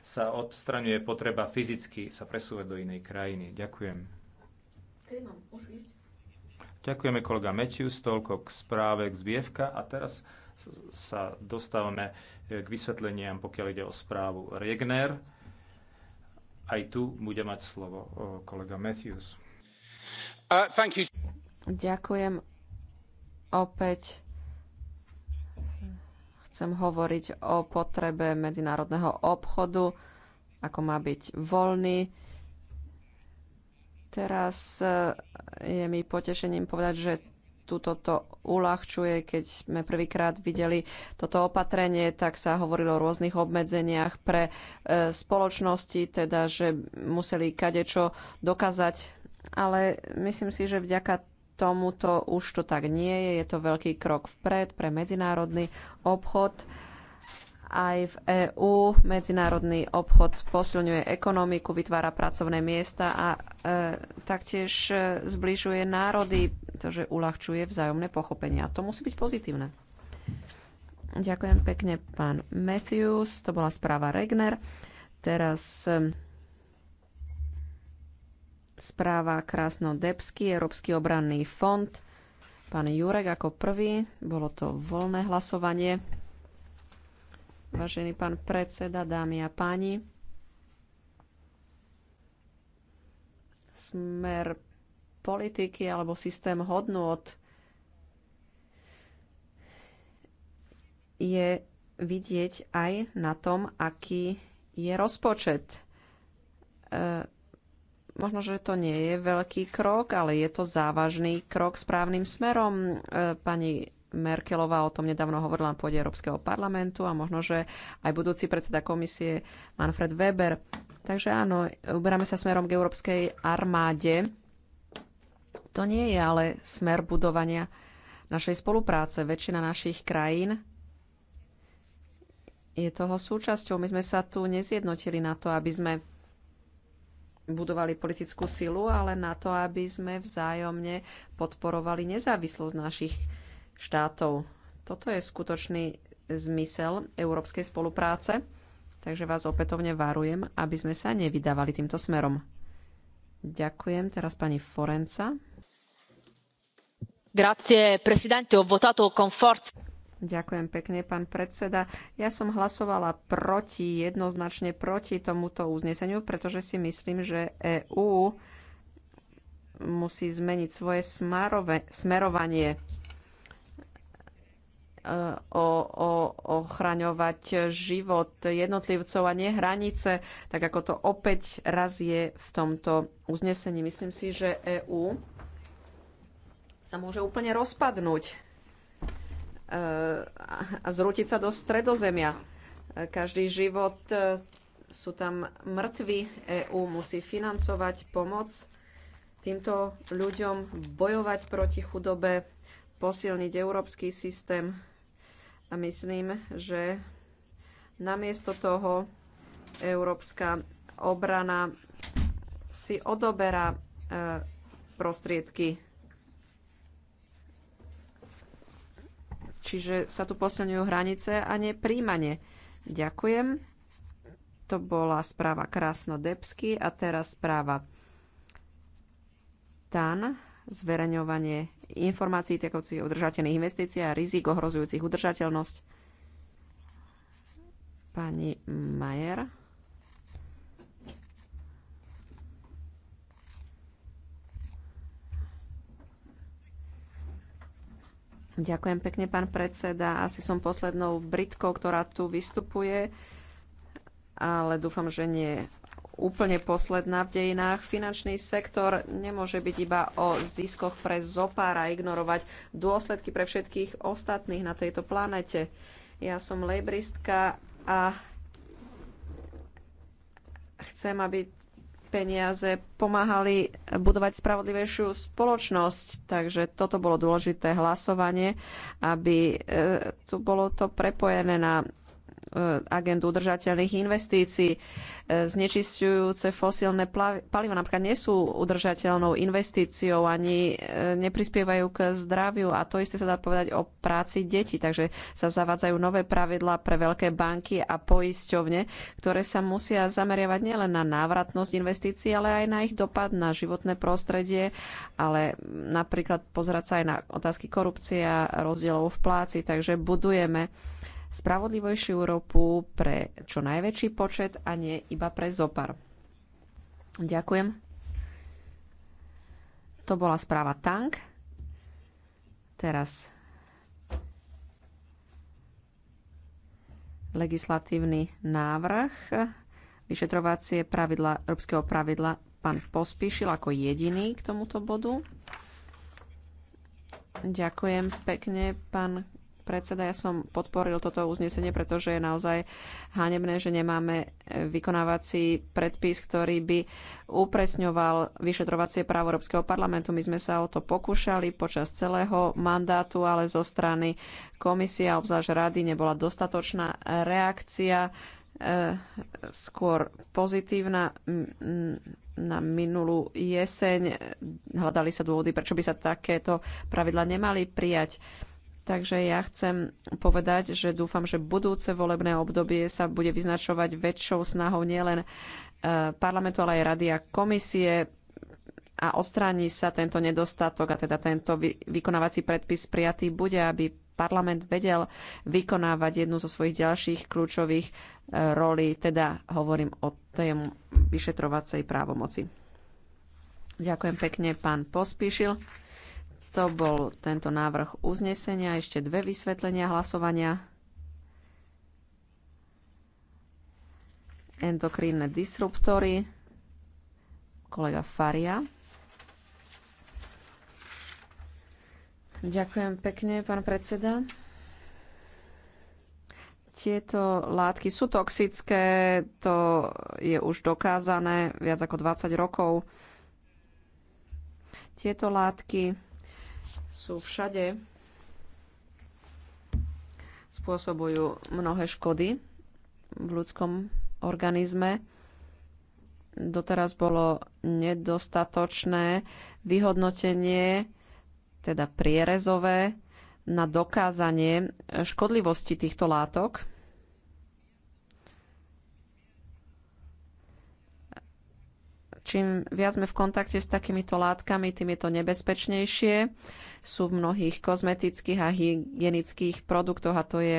sa odstraňuje potreba fyzicky sa presúvať do inej krajiny. Ďakujem. Kedy mám už ísť? Ďakujeme kolega Matthews, toľko k správe k zbievka a teraz sa dostávame k vysvetleniam, pokiaľ ide o správu Regner. Aj tu bude mať slovo kolega Matthews. Uh, Ďakujem. Opäť chcem hovoriť o potrebe medzinárodného obchodu, ako má byť voľný Teraz e, je mi potešením povedať, že túto to uľahčuje. Keď sme prvýkrát videli toto opatrenie, tak sa hovorilo o rôznych obmedzeniach pre e, spoločnosti, teda že museli kadečo dokázať. Ale myslím si, že vďaka tomuto už to tak nie je. Je to veľký krok vpred pre medzinárodný obchod aj v EÚ medzinárodný obchod posilňuje ekonomiku, vytvára pracovné miesta a e, taktiež e, zbližuje národy, pretože uľahčuje vzájomné pochopenie. A to musí byť pozitívne. Ďakujem pekne, pán Matthews. To bola správa Regner. Teraz e, správa Krásno-Debsky, Európsky obranný fond. Pán Jurek ako prvý. Bolo to voľné hlasovanie. Vážený pán predseda, dámy a páni, smer politiky alebo systém hodnôt je vidieť aj na tom, aký je rozpočet. E, možno, že to nie je veľký krok, ale je to závažný krok správnym smerom. E, pani Merkelová o tom nedávno hovorila na pôde Európskeho parlamentu a možno, že aj budúci predseda komisie Manfred Weber. Takže áno, uberáme sa smerom k Európskej armáde. To nie je ale smer budovania našej spolupráce. Väčšina našich krajín je toho súčasťou. My sme sa tu nezjednotili na to, aby sme budovali politickú silu, ale na to, aby sme vzájomne podporovali nezávislosť našich štátov. Toto je skutočný zmysel európskej spolupráce, takže vás opätovne varujem, aby sme sa nevydávali týmto smerom. Ďakujem. Teraz pani Forenca. Grazie, presidente, ho votato con forza. Ďakujem pekne, pán predseda. Ja som hlasovala proti, jednoznačne proti tomuto uzneseniu, pretože si myslím, že EÚ musí zmeniť svoje smarove, smerovanie o, o, ochraňovať život jednotlivcov a nie hranice, tak ako to opäť raz je v tomto uznesení. Myslím si, že EÚ sa môže úplne rozpadnúť e, a zrútiť sa do stredozemia. Každý život e, sú tam mŕtvi. EÚ musí financovať pomoc týmto ľuďom, bojovať proti chudobe, posilniť európsky systém myslím, že namiesto toho európska obrana si odoberá e, prostriedky. Čiže sa tu posilňujú hranice a nepríjmanie. Ďakujem. To bola správa Krasno-Debsky a teraz správa Tan zverejňovanie informácií týkajúcich udržateľných investícií a rizik ohrozujúcich udržateľnosť. Pani Majer. Ďakujem pekne, pán predseda. Asi som poslednou Britkou, ktorá tu vystupuje, ale dúfam, že nie úplne posledná v dejinách. Finančný sektor nemôže byť iba o ziskoch pre zopára, ignorovať dôsledky pre všetkých ostatných na tejto planete. Ja som lejbristka a chcem, aby peniaze pomáhali budovať spravodlivejšiu spoločnosť. Takže toto bolo dôležité hlasovanie, aby e, tu bolo to prepojené na E, agendu udržateľných investícií. E, Znečistujúce fosílne paliva napríklad nie sú udržateľnou investíciou ani e, neprispievajú k zdraviu a to isté sa dá povedať o práci detí. Takže sa zavádzajú nové pravidlá pre veľké banky a poisťovne, ktoré sa musia zameriavať nielen na návratnosť investícií, ale aj na ich dopad na životné prostredie, ale napríklad pozerať sa aj na otázky korupcia, rozdielov v pláci. Takže budujeme spravodlivejšiu Európu pre čo najväčší počet a nie iba pre zopar. Ďakujem. To bola správa Tank. Teraz legislatívny návrh, vyšetrovacie pravidla, európskeho pravidla pán Pospíšil ako jediný k tomuto bodu. Ďakujem pekne, pán predseda. Ja som podporil toto uznesenie, pretože je naozaj hanebné, že nemáme e, vykonávací predpis, ktorý by upresňoval vyšetrovacie právo Európskeho parlamentu. My sme sa o to pokúšali počas celého mandátu, ale zo strany komisia, obzvlášť rady, nebola dostatočná reakcia e, skôr pozitívna. Na minulú jeseň hľadali sa dôvody, prečo by sa takéto pravidla nemali prijať. Takže ja chcem povedať, že dúfam, že budúce volebné obdobie sa bude vyznačovať väčšou snahou nielen e, parlamentu, ale aj rady a komisie a odstráni sa tento nedostatok a teda tento vykonávací predpis prijatý bude, aby parlament vedel vykonávať jednu zo svojich ďalších kľúčových e, rolí, teda hovorím o tému vyšetrovacej právomoci. Ďakujem pekne, pán Pospíšil. To bol tento návrh uznesenia. Ešte dve vysvetlenia hlasovania. Endokrínne disruptory. Kolega Faria. Ďakujem pekne, pán predseda. Tieto látky sú toxické, to je už dokázané viac ako 20 rokov. Tieto látky sú všade, spôsobujú mnohé škody v ľudskom organizme. Doteraz bolo nedostatočné vyhodnotenie, teda prierezové, na dokázanie škodlivosti týchto látok Čím viac sme v kontakte s takýmito látkami, tým je to nebezpečnejšie. Sú v mnohých kozmetických a hygienických produktoch a to je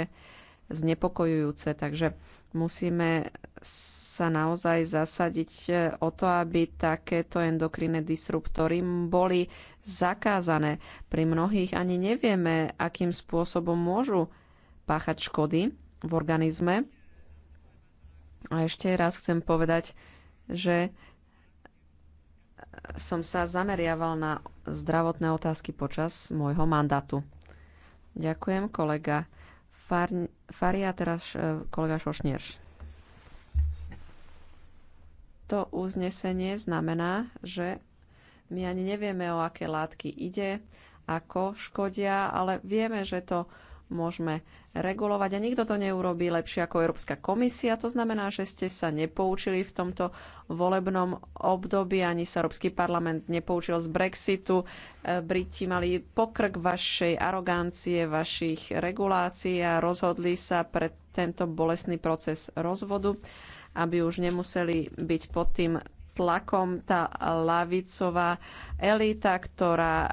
znepokojujúce. Takže musíme sa naozaj zasadiť e, o to, aby takéto endokrinné disruptory boli zakázané. Pri mnohých ani nevieme, akým spôsobom môžu páchať škody v organizme. A ešte raz chcem povedať, že som sa zameriaval na zdravotné otázky počas môjho mandátu. Ďakujem, kolega Far, Faria, teraz e, kolega Šošnierš. To uznesenie znamená, že my ani nevieme, o aké látky ide, ako škodia, ale vieme, že to môžeme regulovať a nikto to neurobí lepšie ako Európska komisia. To znamená, že ste sa nepoučili v tomto volebnom období, ani sa Európsky parlament nepoučil z Brexitu. E, Briti mali pokrk vašej arogancie, vašich regulácií a rozhodli sa pre tento bolestný proces rozvodu, aby už nemuseli byť pod tým tlakom tá lavicová elita, ktorá e,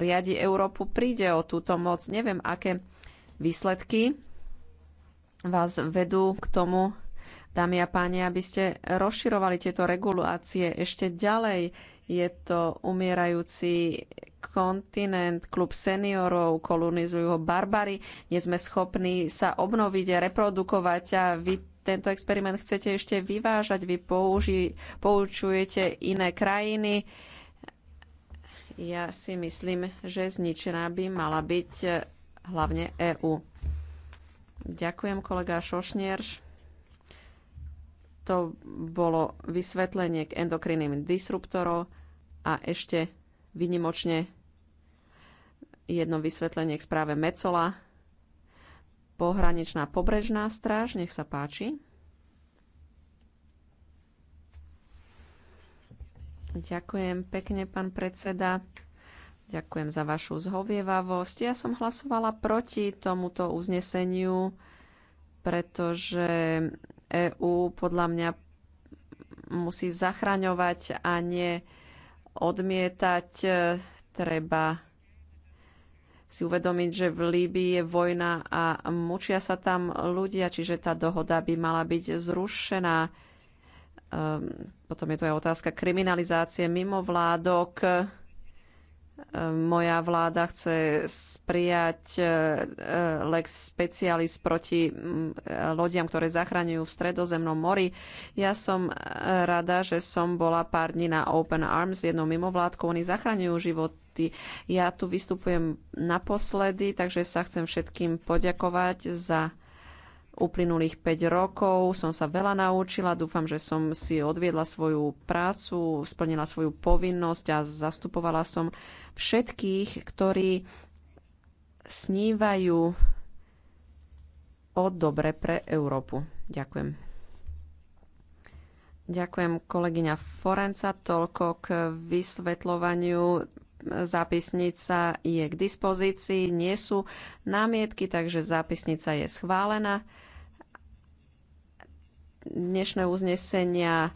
riadi Európu, príde o túto moc. Neviem, aké výsledky vás vedú k tomu, dámy a páni, aby ste rozširovali tieto regulácie ešte ďalej. Je to umierajúci kontinent, klub seniorov, kolonizujú ho barbary, nie sme schopní sa obnoviť a reprodukovať a vy tento experiment chcete ešte vyvážať, vy použi, poučujete iné krajiny. Ja si myslím, že zničená by mala byť hlavne EÚ. Ďakujem, kolega Šošnierš. To bolo vysvetlenie k endokrinným disruptorom a ešte vynimočne jedno vysvetlenie k správe Mecola. Pohraničná pobrežná stráž, nech sa páči. Ďakujem pekne, pán predseda. Ďakujem za vašu zhovievavosť. Ja som hlasovala proti tomuto uzneseniu, pretože EÚ podľa mňa musí zachraňovať a nie odmietať. Treba si uvedomiť, že v Líbii je vojna a mučia sa tam ľudia, čiže tá dohoda by mala byť zrušená. Ehm, potom je tu aj otázka kriminalizácie mimovládok. vládok moja vláda chce sprijať e, e, lex specialis proti lodiam, ktoré zachraňujú v stredozemnom mori. Ja som e, rada, že som bola pár dní na Open Arms jednou mimovládkou. Oni zachraňujú životy. Ja tu vystupujem naposledy, takže sa chcem všetkým poďakovať za uplynulých 5 rokov. Som sa veľa naučila, dúfam, že som si odviedla svoju prácu, splnila svoju povinnosť a zastupovala som všetkých, ktorí snívajú o dobre pre Európu. Ďakujem. Ďakujem kolegyňa Forenca, toľko k vysvetľovaniu zápisnica je k dispozícii, nie sú námietky, takže zápisnica je schválená dnešné uznesenia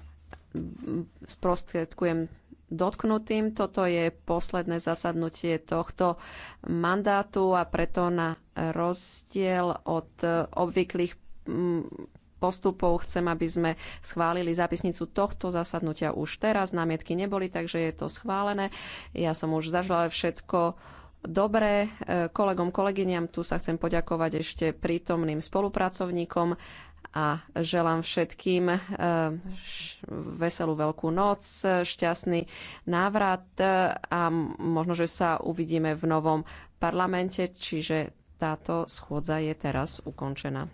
sprostredkujem dotknutým. Toto je posledné zasadnutie tohto mandátu a preto na rozdiel od obvyklých mm, postupov chcem, aby sme schválili zápisnicu tohto zasadnutia už teraz. Námietky neboli, takže je to schválené. Ja som už zažila všetko dobré. E, kolegom, kolegyňam tu sa chcem poďakovať ešte prítomným spolupracovníkom a želám všetkým eh, veselú veľkú noc, šťastný návrat eh, a možno, že sa uvidíme v novom parlamente, čiže táto schôdza je teraz ukončená.